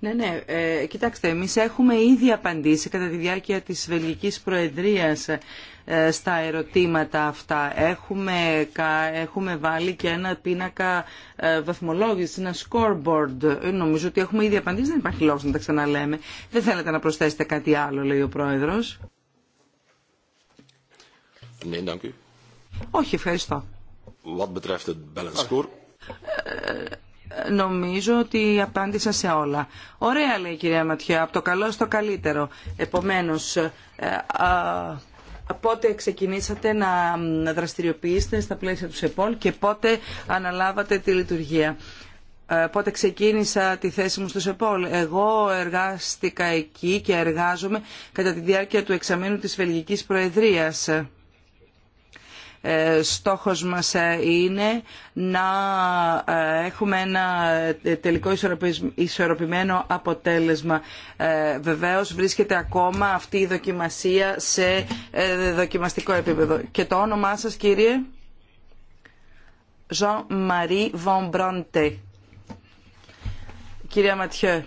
Ναι, ναι. Ε, κοιτάξτε, εμείς έχουμε ήδη απαντήσει κατά τη διάρκεια της Βελγικής Προεδρίας ε, στα ερωτήματα αυτά. Έχουμε, έχουμε βάλει και ένα πίνακα ε, βαθμολόγηση, ένα scoreboard. Ε, νομίζω ότι έχουμε ήδη απαντήσει, δεν υπάρχει λόγος να τα ξαναλέμε. Δεν θέλετε να προσθέσετε κάτι άλλο, λέει ο Πρόεδρος. Ναι, ευχαριστώ. Όχι, ευχαριστώ. Ε, ε, νομίζω ότι απάντησα σε όλα. Ωραία λέει η κυρία Ματιά, από το καλό στο καλύτερο. Επομένως, ε, πότε ξεκινήσατε να δραστηριοποιήσετε στα πλαίσια του ΣΕΠΟΛ και πότε αναλάβατε τη λειτουργία. Ε, πότε ξεκίνησα τη θέση μου στο ΣΕΠΟΛ. Εγώ εργάστηκα εκεί και εργάζομαι κατά τη διάρκεια του εξαμήνου της Βελγικής Προεδρίας ε, στόχος μας ε, είναι να ε, έχουμε ένα τελικό ισορροπημένο αποτέλεσμα. Βεβαίως βρίσκεται ακόμα αυτή η δοκιμασία σε δοκιμαστικό επίπεδο. Και το όνομά σας κύριε? Jean-Marie Van Bronte. Κυρία Ματιέ,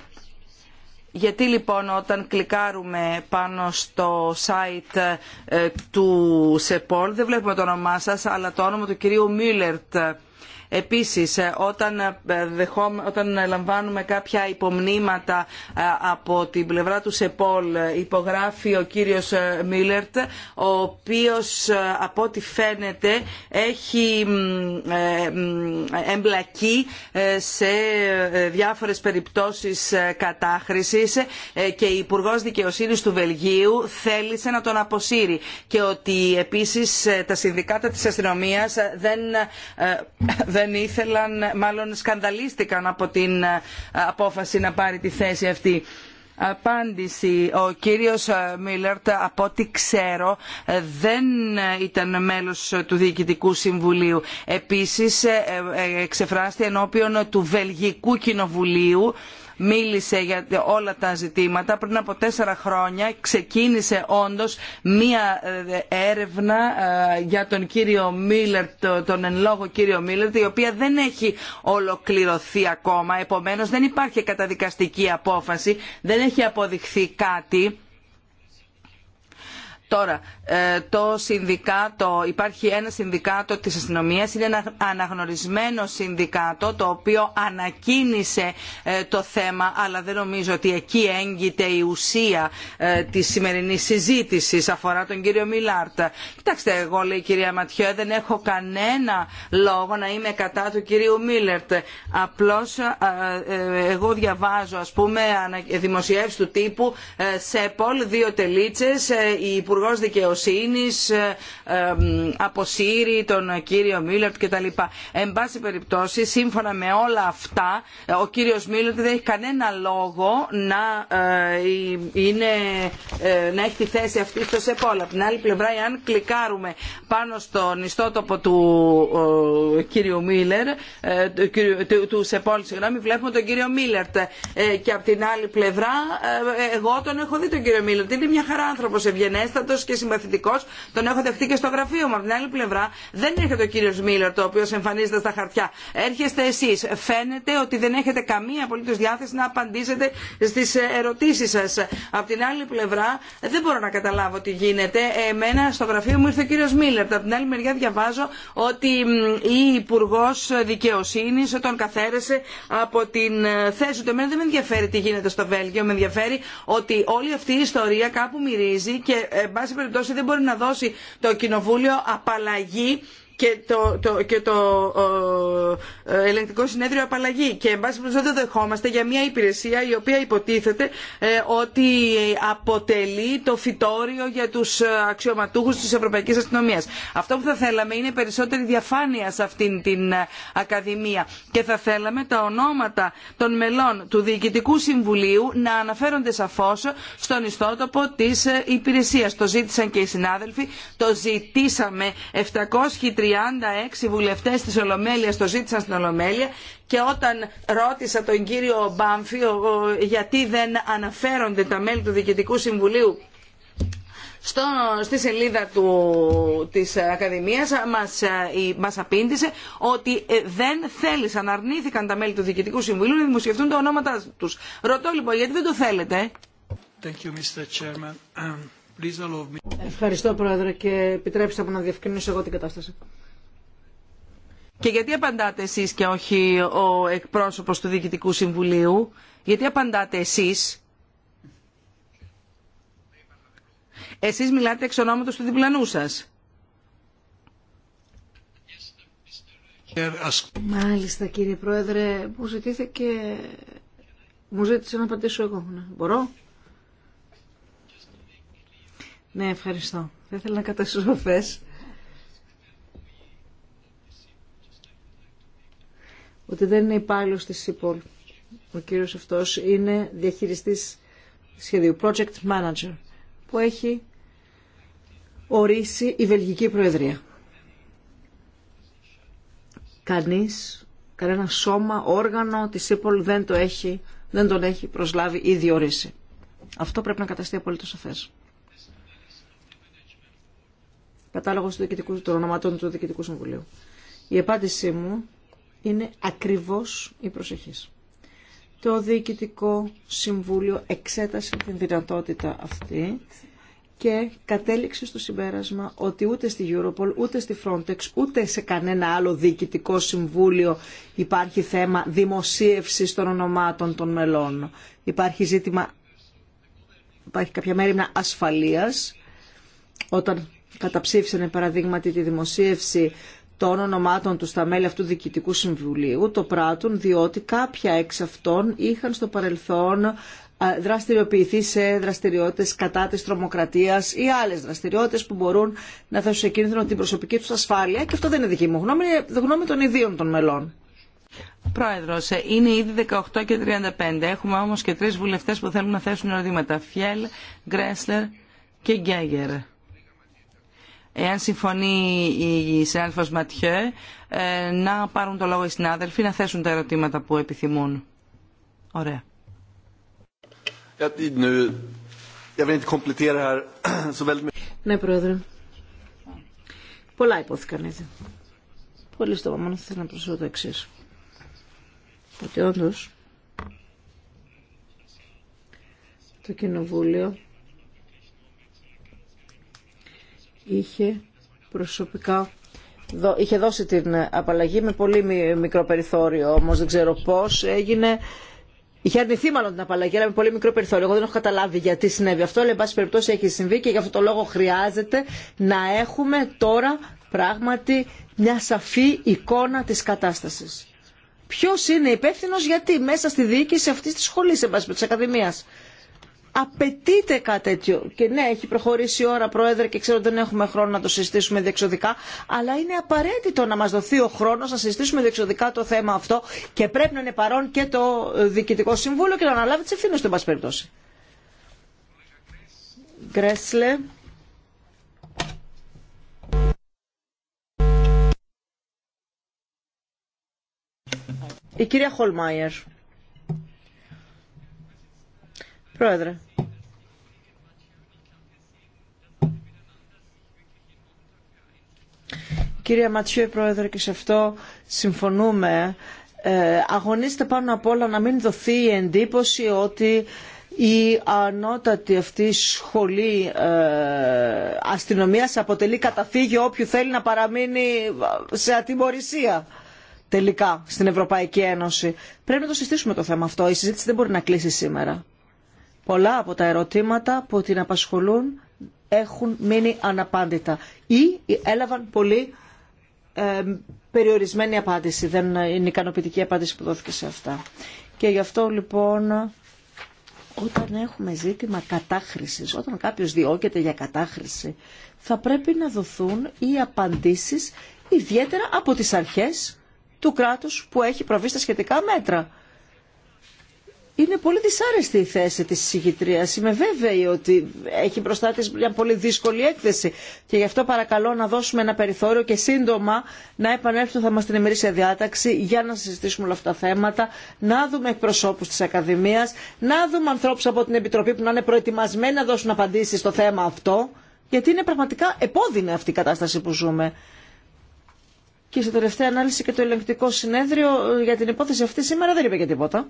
γιατί λοιπόν όταν κλικάρουμε πάνω στο site ε, του ΣΕΠΟΛ δεν βλέπουμε το όνομά σας αλλά το όνομα του κυρίου Μιλερτ Επίσης, όταν, ε, όταν λαμβάνουμε κάποια υπομνήματα ε, από την πλευρά του ΣΕΠΟΛ, ε, υπογράφει ο κύριος Μίλερτ, ο οποίος από ό,τι φαίνεται έχει εμπλακεί σε διάφορες περιπτώσεις κατάχρησης και η Υπουργό Δικαιοσύνης του Βελγίου θέλησε να τον αποσύρει και ότι επίσης τα συνδικάτα της αστυνομίας δεν δεν ήθελαν, μάλλον σκανδαλίστηκαν από την ε, απόφαση να πάρει τη θέση αυτή. Απάντηση. Ο κύριος ε, Μίλλερτ, από ό,τι ξέρω, ε, δεν ήταν μέλος του Διοικητικού Συμβουλίου. Επίσης, εξεφράστη ενώπιον του Βελγικού Κοινοβουλίου μίλησε για όλα τα ζητήματα. Πριν από τέσσερα χρόνια ξεκίνησε όντως μία ε, έρευνα ε, για τον κύριο Μίλλερ, τον εν λόγω κύριο Μίλλερ, η οποία δεν έχει ολοκληρωθεί ακόμα. Επομένως δεν υπάρχει καταδικαστική απόφαση, δεν έχει αποδειχθεί κάτι Τώρα, ε, το συνδικάτο, υπάρχει ένα συνδικάτο της αστυνομίας, είναι ένα αναγνωρισμένο συνδικάτο το οποίο ανακοίνησε ε, το θέμα, αλλά δεν νομίζω ότι εκεί έγκυται η ουσία ε, της σημερινής συζήτησης αφορά τον κύριο Μιλάρτα. Κοιτάξτε, εγώ λέει η κυρία Ματιό, δεν έχω κανένα λόγο να είμαι κατά του κυρίου Μίλερτ. Απλώς εγώ διαβάζω, ας πούμε, δημοσιεύσει του τύπου σε Πολ δύο τελίτσες, η υπουργό Δικαιοσύνης ε, ε, αποσύρει τον κύριο Μίλλερτ κτλ. Εν πάση περιπτώσει, σύμφωνα με όλα αυτά, ο κύριο Μίλλερτ δεν έχει κανένα λόγο ε, να, έχει τη θέση αυτή στο ΣΕΠΟΛ. Από την άλλη πλευρά, εάν κλικάρουμε πάνω στον ιστότοπο του κύριου Μίλλερ, του, του ΣΕΠΟΛ, συγγνώμη, βλέπουμε τον κύριο Μίλλερτ. Και από την άλλη πλευρά, εγώ τον έχω δει τον κύριο Μίλλερτ. Είναι μια χαρά άνθρωπο, ευγενέστατο και συμπαθητικό, τον έχω δεχτεί και στο γραφείο μου. Από την άλλη πλευρά δεν έρχεται ο κύριο Μίλλερ, το οποίο εμφανίζεται στα χαρτιά. Έρχεστε εσεί. Φαίνεται ότι δεν έχετε καμία απολύτω διάθεση να απαντήσετε στι ε, ερωτήσει σα. Από την άλλη πλευρά δεν μπορώ να καταλάβω τι γίνεται. Εμένα στο γραφείο μου ήρθε ο κύριο Μίλλερ. Από την άλλη μεριά διαβάζω ότι η Υπουργό Δικαιοσύνη τον καθαίρεσε από την ε, θέση του. Εμένα δεν με ενδιαφέρει τι γίνεται στο Βέλγιο. Με ενδιαφέρει ότι όλη αυτή η ιστορία κάπου μυρίζει και εν πάση περιπτώσει δεν μπορεί να δώσει το Κοινοβούλιο απαλλαγή και το, το, και το ε, ελεγκτικό συνέδριο απαλλαγή. Και εν πάση περιπτώσει δεν δεχόμαστε για μια υπηρεσία η οποία υποτίθεται ε, ότι αποτελεί το φυτόριο για του ε, αξιωματούχου τη Ευρωπαϊκή Αστυνομίας. Αυτό που θα θέλαμε είναι περισσότερη διαφάνεια σε αυτήν την Ακαδημία και θα θέλαμε τα ονόματα των μελών του Διοικητικού Συμβουλίου να αναφέρονται σαφώ στον ιστότοπο τη υπηρεσία. Το ζήτησαν και οι συνάδελφοι, το ζητήσαμε 36 βουλευτέ τη ολομέλεια, το ζήτησαν στην Ολομέλεια και όταν ρώτησα τον κύριο Μπάμφη γιατί δεν αναφέρονται τα μέλη του Διοικητικού Συμβουλίου στο, στη σελίδα του, της Ακαδημίας μας, ε, η, μας απήντησε ότι ε, δεν θέλησαν, αρνήθηκαν τα μέλη του Διοικητικού Συμβουλίου να δημοσιευτούν τα ονόματά τους. Ρωτώ λοιπόν γιατί δεν το θέλετε. Thank Ευχαριστώ Πρόεδρε και επιτρέψτε μου να διευκρινίσω εγώ την κατάσταση. Και γιατί απαντάτε εσείς και όχι ο εκπρόσωπος του Διοικητικού Συμβουλίου, γιατί απαντάτε εσείς. Εσείς μιλάτε εξ ονόματο του διπλανού σα. Μάλιστα κύριε Πρόεδρε, μου ζητήθηκε, μου ζήτησε να απαντήσω εγώ. Ναι. Μπορώ. Ναι, ευχαριστώ. Δεν θέλω να καταστροφέ. ότι δεν είναι υπάλληλο τη ΣΥΠΟΛ. Ο κύριο αυτό είναι διαχειριστή σχεδίου, project manager, που έχει ορίσει η Βελγική Προεδρία. Κανείς, κανένα σώμα, όργανο της ΣΥΠΟΛ δεν, το έχει, δεν τον έχει προσλάβει ή διορίσει. Αυτό πρέπει να καταστεί απολύτως σαφέ κατάλογο του διοικητικού, των ονοματών του Διοικητικού Συμβουλίου. Η απάντησή μου είναι ακριβώς η προσεχής. Το Διοικητικό Συμβούλιο εξέτασε την δυνατότητα αυτή και κατέληξε στο συμπέρασμα ότι ούτε στη Europol, ούτε στη Frontex, ούτε σε κανένα άλλο διοικητικό συμβούλιο υπάρχει θέμα δημοσίευση των ονομάτων των μελών. Υπάρχει ζήτημα, υπάρχει κάποια μέρη ασφαλείας όταν καταψήφισαν παραδείγματι τη δημοσίευση των ονομάτων του στα μέλη αυτού διοικητικού συμβουλίου, το πράττουν διότι κάποια εξ αυτών είχαν στο παρελθόν ε, δραστηριοποιηθεί σε δραστηριότητες κατά της τρομοκρατίας ή άλλες δραστηριότητες που μπορούν να θέσουν σε κίνδυνο την προσωπική τους ασφάλεια και αυτό δεν είναι δική μου γνώμη, είναι γνώμη των ιδίων των μελών. Πρόεδρος, ε, είναι ήδη 18 και 35. Έχουμε όμως και τρεις βουλευτές που θέλουν να θέσουν ερωτήματα. Φιέλ, Γκρέσλερ και Γκέγερ εάν συμφωνεί η συνάδελφος Ματιέ, ε, να πάρουν το λόγο οι συνάδελφοι, να θέσουν τα ερωτήματα που επιθυμούν. Ωραία. Ναι, Πρόεδρε. Πολλά υπόθηκαν ήδη. Πολύ στο μόνο θέλω να προσθέσω το εξή. Ότι όντω το Κοινοβούλιο είχε προσωπικά είχε δώσει την απαλλαγή με πολύ μικρό περιθώριο όμως δεν ξέρω πώς έγινε Είχε αρνηθεί μάλλον την απαλλαγή, αλλά με πολύ μικρό περιθώριο. Εγώ δεν έχω καταλάβει γιατί συνέβη αυτό, αλλά εν πάση περιπτώσει έχει συμβεί και γι' αυτό το λόγο χρειάζεται να έχουμε τώρα πράγματι μια σαφή εικόνα της κατάστασης. Ποιο είναι υπεύθυνο γιατί μέσα στη διοίκηση αυτή τη σχολή, εν πάση τη Ακαδημία. Απαιτείται κάτι τέτοιο. Και ναι, έχει προχωρήσει η ώρα, Πρόεδρε, και ξέρω ότι δεν έχουμε χρόνο να το συζητήσουμε διεξοδικά, αλλά είναι απαραίτητο να μα δοθεί ο χρόνο να συζητήσουμε διεξοδικά το θέμα αυτό και πρέπει να είναι παρόν και το Διοικητικό Συμβούλιο και να αναλάβει τι ευθύνε του, εν πάση περιπτώσει. Γκρέσλε. Η κυρία Χολμάιερ. Πρόεδρε. Κυρία Ματσιέ, Πρόεδρε, και σε αυτό συμφωνούμε. Ε, αγωνίστε πάνω απ' όλα να μην δοθεί η εντύπωση ότι η ανώτατη αυτή σχολή ε, αστυνομίας αποτελεί καταφύγιο όποιου θέλει να παραμείνει σε ατιμορρησία τελικά στην Ευρωπαϊκή Ένωση. Πρέπει να το συστήσουμε το θέμα αυτό. Η συζήτηση δεν μπορεί να κλείσει σήμερα πολλά από τα ερωτήματα που την απασχολούν έχουν μείνει αναπάντητα ή έλαβαν πολύ ε, περιορισμένη απάντηση. Δεν είναι ικανοποιητική απάντηση που δόθηκε σε αυτά. Και γι' αυτό λοιπόν όταν έχουμε ζήτημα κατάχρησης, όταν κάποιος διώκεται για κατάχρηση, θα πρέπει να δοθούν οι απαντήσεις ιδιαίτερα από τις αρχές του κράτους που έχει προβεί στα σχετικά μέτρα. Είναι πολύ δυσάρεστη η θέση της συγχυτρίας. Είμαι βέβαιη ότι έχει μπροστά της μια πολύ δύσκολη έκθεση και γι' αυτό παρακαλώ να δώσουμε ένα περιθώριο και σύντομα να επανέλθουμε θα μας την ημερήσια διάταξη για να συζητήσουμε όλα αυτά τα θέματα, να δούμε εκπροσώπους της Ακαδημίας, να δούμε ανθρώπους από την Επιτροπή που να είναι προετοιμασμένοι να δώσουν απαντήσεις στο θέμα αυτό, γιατί είναι πραγματικά επώδυνη αυτή η κατάσταση που ζούμε. Και σε τελευταία ανάλυση και το ελεγκτικό συνέδριο ε, για την υπόθεση αυτή σήμερα δεν είπε και τίποτα.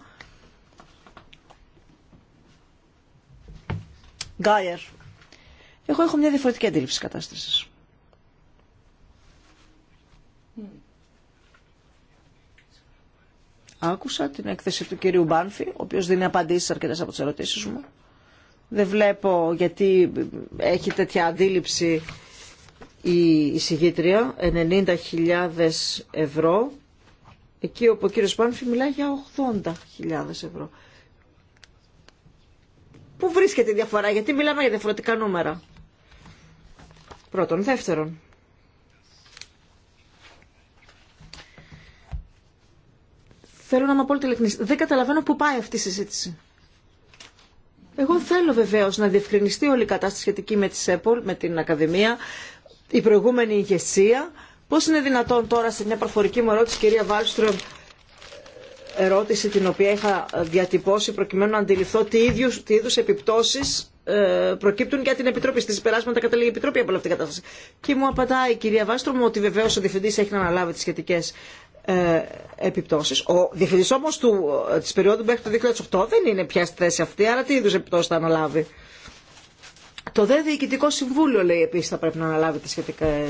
Γκάιερ. Εγώ έχω μια διαφορετική αντίληψη της κατάστασης. Άκουσα την έκθεση του κυρίου Μπάνφη, ο οποίος δίνει απαντήσεις σε αρκετές από τις ερωτήσεις μου. Δεν βλέπω γιατί έχει τέτοια αντίληψη η εισηγήτρια, 90.000 ευρώ, εκεί όπου ο κύριος Μπάνφη μιλάει για 80.000 ευρώ. Πού βρίσκεται η διαφορά, γιατί μιλάμε για διαφορετικά νούμερα. Πρώτον. Δεύτερον. Θέλω να είμαι απόλυτα ειλικρινής. Δεν καταλαβαίνω πού πάει αυτή η συζήτηση. Εγώ θέλω βεβαίω να διευκρινιστεί όλη η κατάσταση σχετική με τη ΣΕΠΟΛ, με την Ακαδημία, η προηγούμενη ηγεσία. Πώ είναι δυνατόν τώρα σε μια προφορική μου ερώτηση, κυρία Βάλστρομ, ερώτηση την οποία είχα διατυπώσει προκειμένου να αντιληφθώ τι, ίδιους, τι είδους επιπτώσεις ε, προκύπτουν για την Επιτροπή. Στι περάσματα καταλήγει η Επιτροπή από αυτήν την κατάσταση. Και μου απαντάει η κυρία Βάστρο μου ότι βεβαίω ο Διευθυντής έχει να αναλάβει τι σχετικέ ε, επιπτώσεις. Ο Διευθυντής όμω του, ε, περίοδου μέχρι το 2008 δεν είναι πια στη θέση αυτή, άρα τι είδου επιπτώσει θα αναλάβει. Το ΔΕ Διοικητικό Συμβούλιο, λέει, επίση θα πρέπει να αναλάβει τι σχετικέ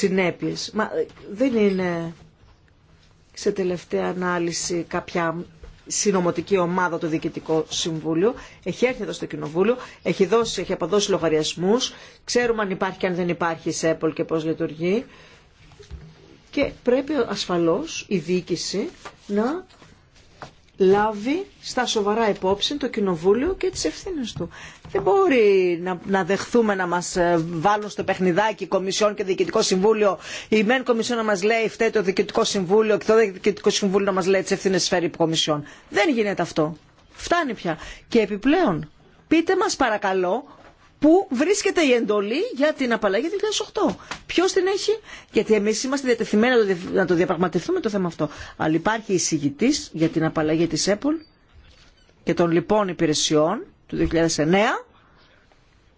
ε, ε Μα δεν είναι σε τελευταία ανάλυση κάποια συνομωτική ομάδα του Διοικητικού Συμβούλου έχει έρθει εδώ στο Κοινοβούλιο, έχει, δώσει, έχει αποδώσει λογαριασμού, ξέρουμε αν υπάρχει και αν δεν υπάρχει σε ΣΕΠΟΛ και πώ λειτουργεί. Και πρέπει ασφαλώ η διοίκηση να λάβει στα σοβαρά υπόψη το Κοινοβούλιο και τις ευθύνε του. Δεν μπορεί να, δεχθούμε να μας ε, βάλουν στο παιχνιδάκι Κομισιόν και Διοικητικό Συμβούλιο. Η ΜΕΝ Κομισιόν να μας λέει φταίει το Διοικητικό Συμβούλιο και το Διοικητικό Συμβούλιο να μας λέει τις ευθύνες φέρει η Κομισιόν. Δεν γίνεται αυτό. Φτάνει πια. Και επιπλέον, πείτε μας παρακαλώ Πού βρίσκεται η εντολή για την απαλλαγή 2008. Ποιο την έχει, γιατί εμεί είμαστε διατεθειμένοι να το διαπραγματευτούμε το θέμα αυτό. Αλλά υπάρχει εισηγητή για την απαλλαγή τη ΕΠΟΛ και των λοιπών υπηρεσιών του 2009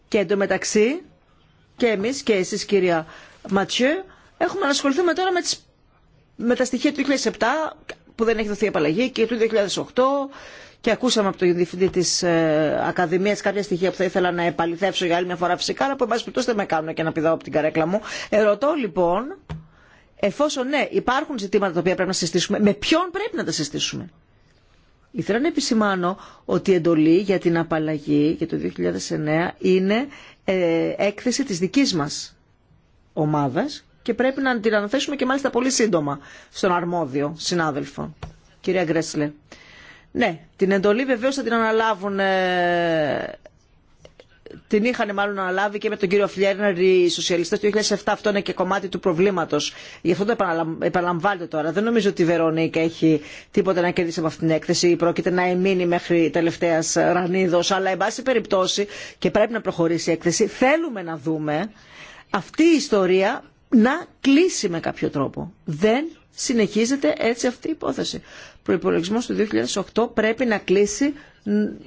και εντωμεταξύ και εμείς και εσείς κυρία Ματσιέ έχουμε ανασχοληθεί με τώρα με, τις, με τα στοιχεία του 2007 που δεν έχει δοθεί απαλλαγή και του 2008 και ακούσαμε από το διευθυντή τη ε, Ακαδημία κάποια στοιχεία που θα ήθελα να επαληθεύσω για άλλη μια φορά φυσικά, αλλά που εν πάση δεν με κάνουν και να πηδάω από την καρέκλα μου. Ερωτώ λοιπόν, εφόσον ναι, υπάρχουν ζητήματα τα οποία πρέπει να συστήσουμε, με ποιον πρέπει να τα συστήσουμε. Ήθελα να επισημάνω ότι η εντολή για την απαλλαγή για το 2009 είναι ε, έκθεση της δικής μας ομάδας και πρέπει να την αναθέσουμε και μάλιστα πολύ σύντομα στον αρμόδιο συνάδελφο. Κυρία Γκρέσλε. Ναι, την εντολή βεβαίως θα την αναλάβουν ε, την είχαν μάλλον αναλάβει και με τον κύριο Φλιέρνερ οι σοσιαλιστές του 2007. Αυτό είναι και κομμάτι του προβλήματος. Γι' αυτό το επαναλαμβάνεται τώρα. Δεν νομίζω ότι η Βερονίκη έχει τίποτα να κερδίσει από αυτήν την έκθεση. Πρόκειται να εμείνει μέχρι τελευταία ρανίδο, Αλλά, εν πάση περιπτώσει, και πρέπει να προχωρήσει η έκθεση, θέλουμε να δούμε αυτή η ιστορία να κλείσει με κάποιο τρόπο. Δεν συνεχίζεται έτσι αυτή η υπόθεση. Προπολογισμό του 2008 πρέπει να κλείσει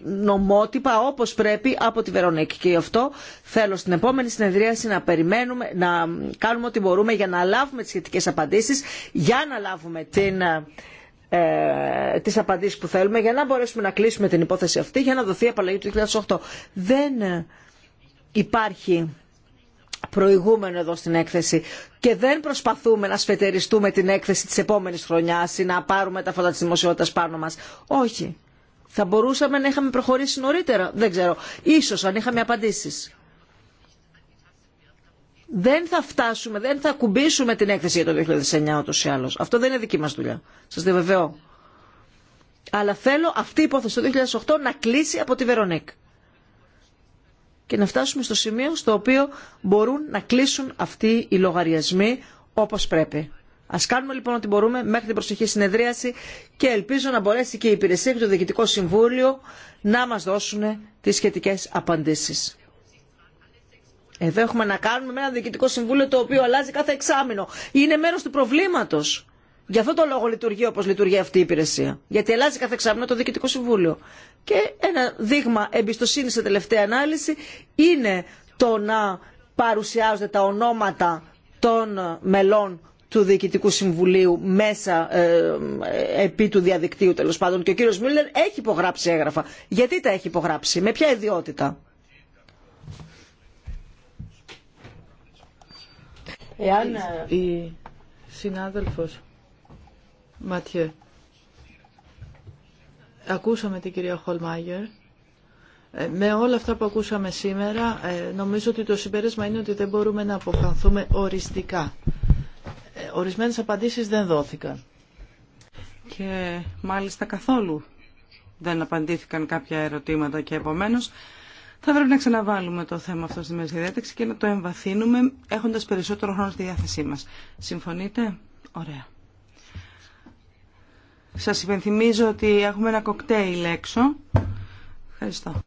νομότυπα όπως πρέπει από τη Βερονίκη. Και γι' αυτό θέλω στην επόμενη συνεδρίαση να περιμένουμε, να κάνουμε ό,τι μπορούμε για να λάβουμε τις σχετικές απαντήσεις, για να λάβουμε την, ε, τις απαντήσεις που θέλουμε, για να μπορέσουμε να κλείσουμε την υπόθεση αυτή, για να δοθεί απαλλαγή του 2008. Δεν υπάρχει προηγούμενο εδώ στην έκθεση και δεν προσπαθούμε να σφετεριστούμε την έκθεση της επόμενης χρονιάς ή να πάρουμε τα φώτα της δημοσιότητας πάνω μας. Όχι. Θα μπορούσαμε να είχαμε προχωρήσει νωρίτερα. Δεν ξέρω. Ίσως αν είχαμε απαντήσεις. Δεν θα φτάσουμε, δεν θα κουμπίσουμε την έκθεση για το 2009 ούτως ή άλλως. Αυτό δεν είναι δική μας δουλειά. Σας διαβεβαιώ. Αλλά θέλω αυτή η υπόθεση το 2008 να κλείσει από τη Βερονίκ και να φτάσουμε στο σημείο στο οποίο μπορούν να κλείσουν αυτοί οι λογαριασμοί όπως πρέπει. Ας κάνουμε λοιπόν ό,τι μπορούμε μέχρι την προσεχή συνεδρίαση και ελπίζω να μπορέσει και η υπηρεσία και το Διοικητικό Συμβούλιο να μας δώσουν τις σχετικές απαντήσεις. Εδώ έχουμε να κάνουμε με ένα Διοικητικό Συμβούλιο το οποίο αλλάζει κάθε εξάμεινο. Είναι μέρος του προβλήματος Γι' αυτό το λόγο λειτουργεί όπω λειτουργεί αυτή η υπηρεσία. Γιατί αλλάζει κάθε εξάμεινο το Διοικητικό Συμβούλιο. Και ένα δείγμα εμπιστοσύνη σε τελευταία ανάλυση είναι το να παρουσιάζονται τα ονόματα των μελών του Διοικητικού Συμβουλίου μέσα ε, ε, επί του διαδικτύου τέλο πάντων. Και ο κύριο Μίλλερ έχει υπογράψει έγγραφα. Γιατί τα έχει υπογράψει, με ποια ιδιότητα. Εάν ε, η Ματιέ. Ακούσαμε την κυρία Χολμάγερ. Ε, με όλα αυτά που ακούσαμε σήμερα, ε, νομίζω ότι το συμπέρασμα είναι ότι δεν μπορούμε να αποφανθούμε οριστικά. Ε, ορισμένες απαντήσεις δεν δόθηκαν. Και μάλιστα καθόλου δεν απαντήθηκαν κάποια ερωτήματα και επομένως θα πρέπει να ξαναβάλουμε το θέμα αυτό στη μέση και να το εμβαθύνουμε έχοντας περισσότερο χρόνο στη διάθεσή μας. Συμφωνείτε? Ωραία. Σας υπενθυμίζω ότι έχουμε ένα κοκτέιλ έξω. Ευχαριστώ.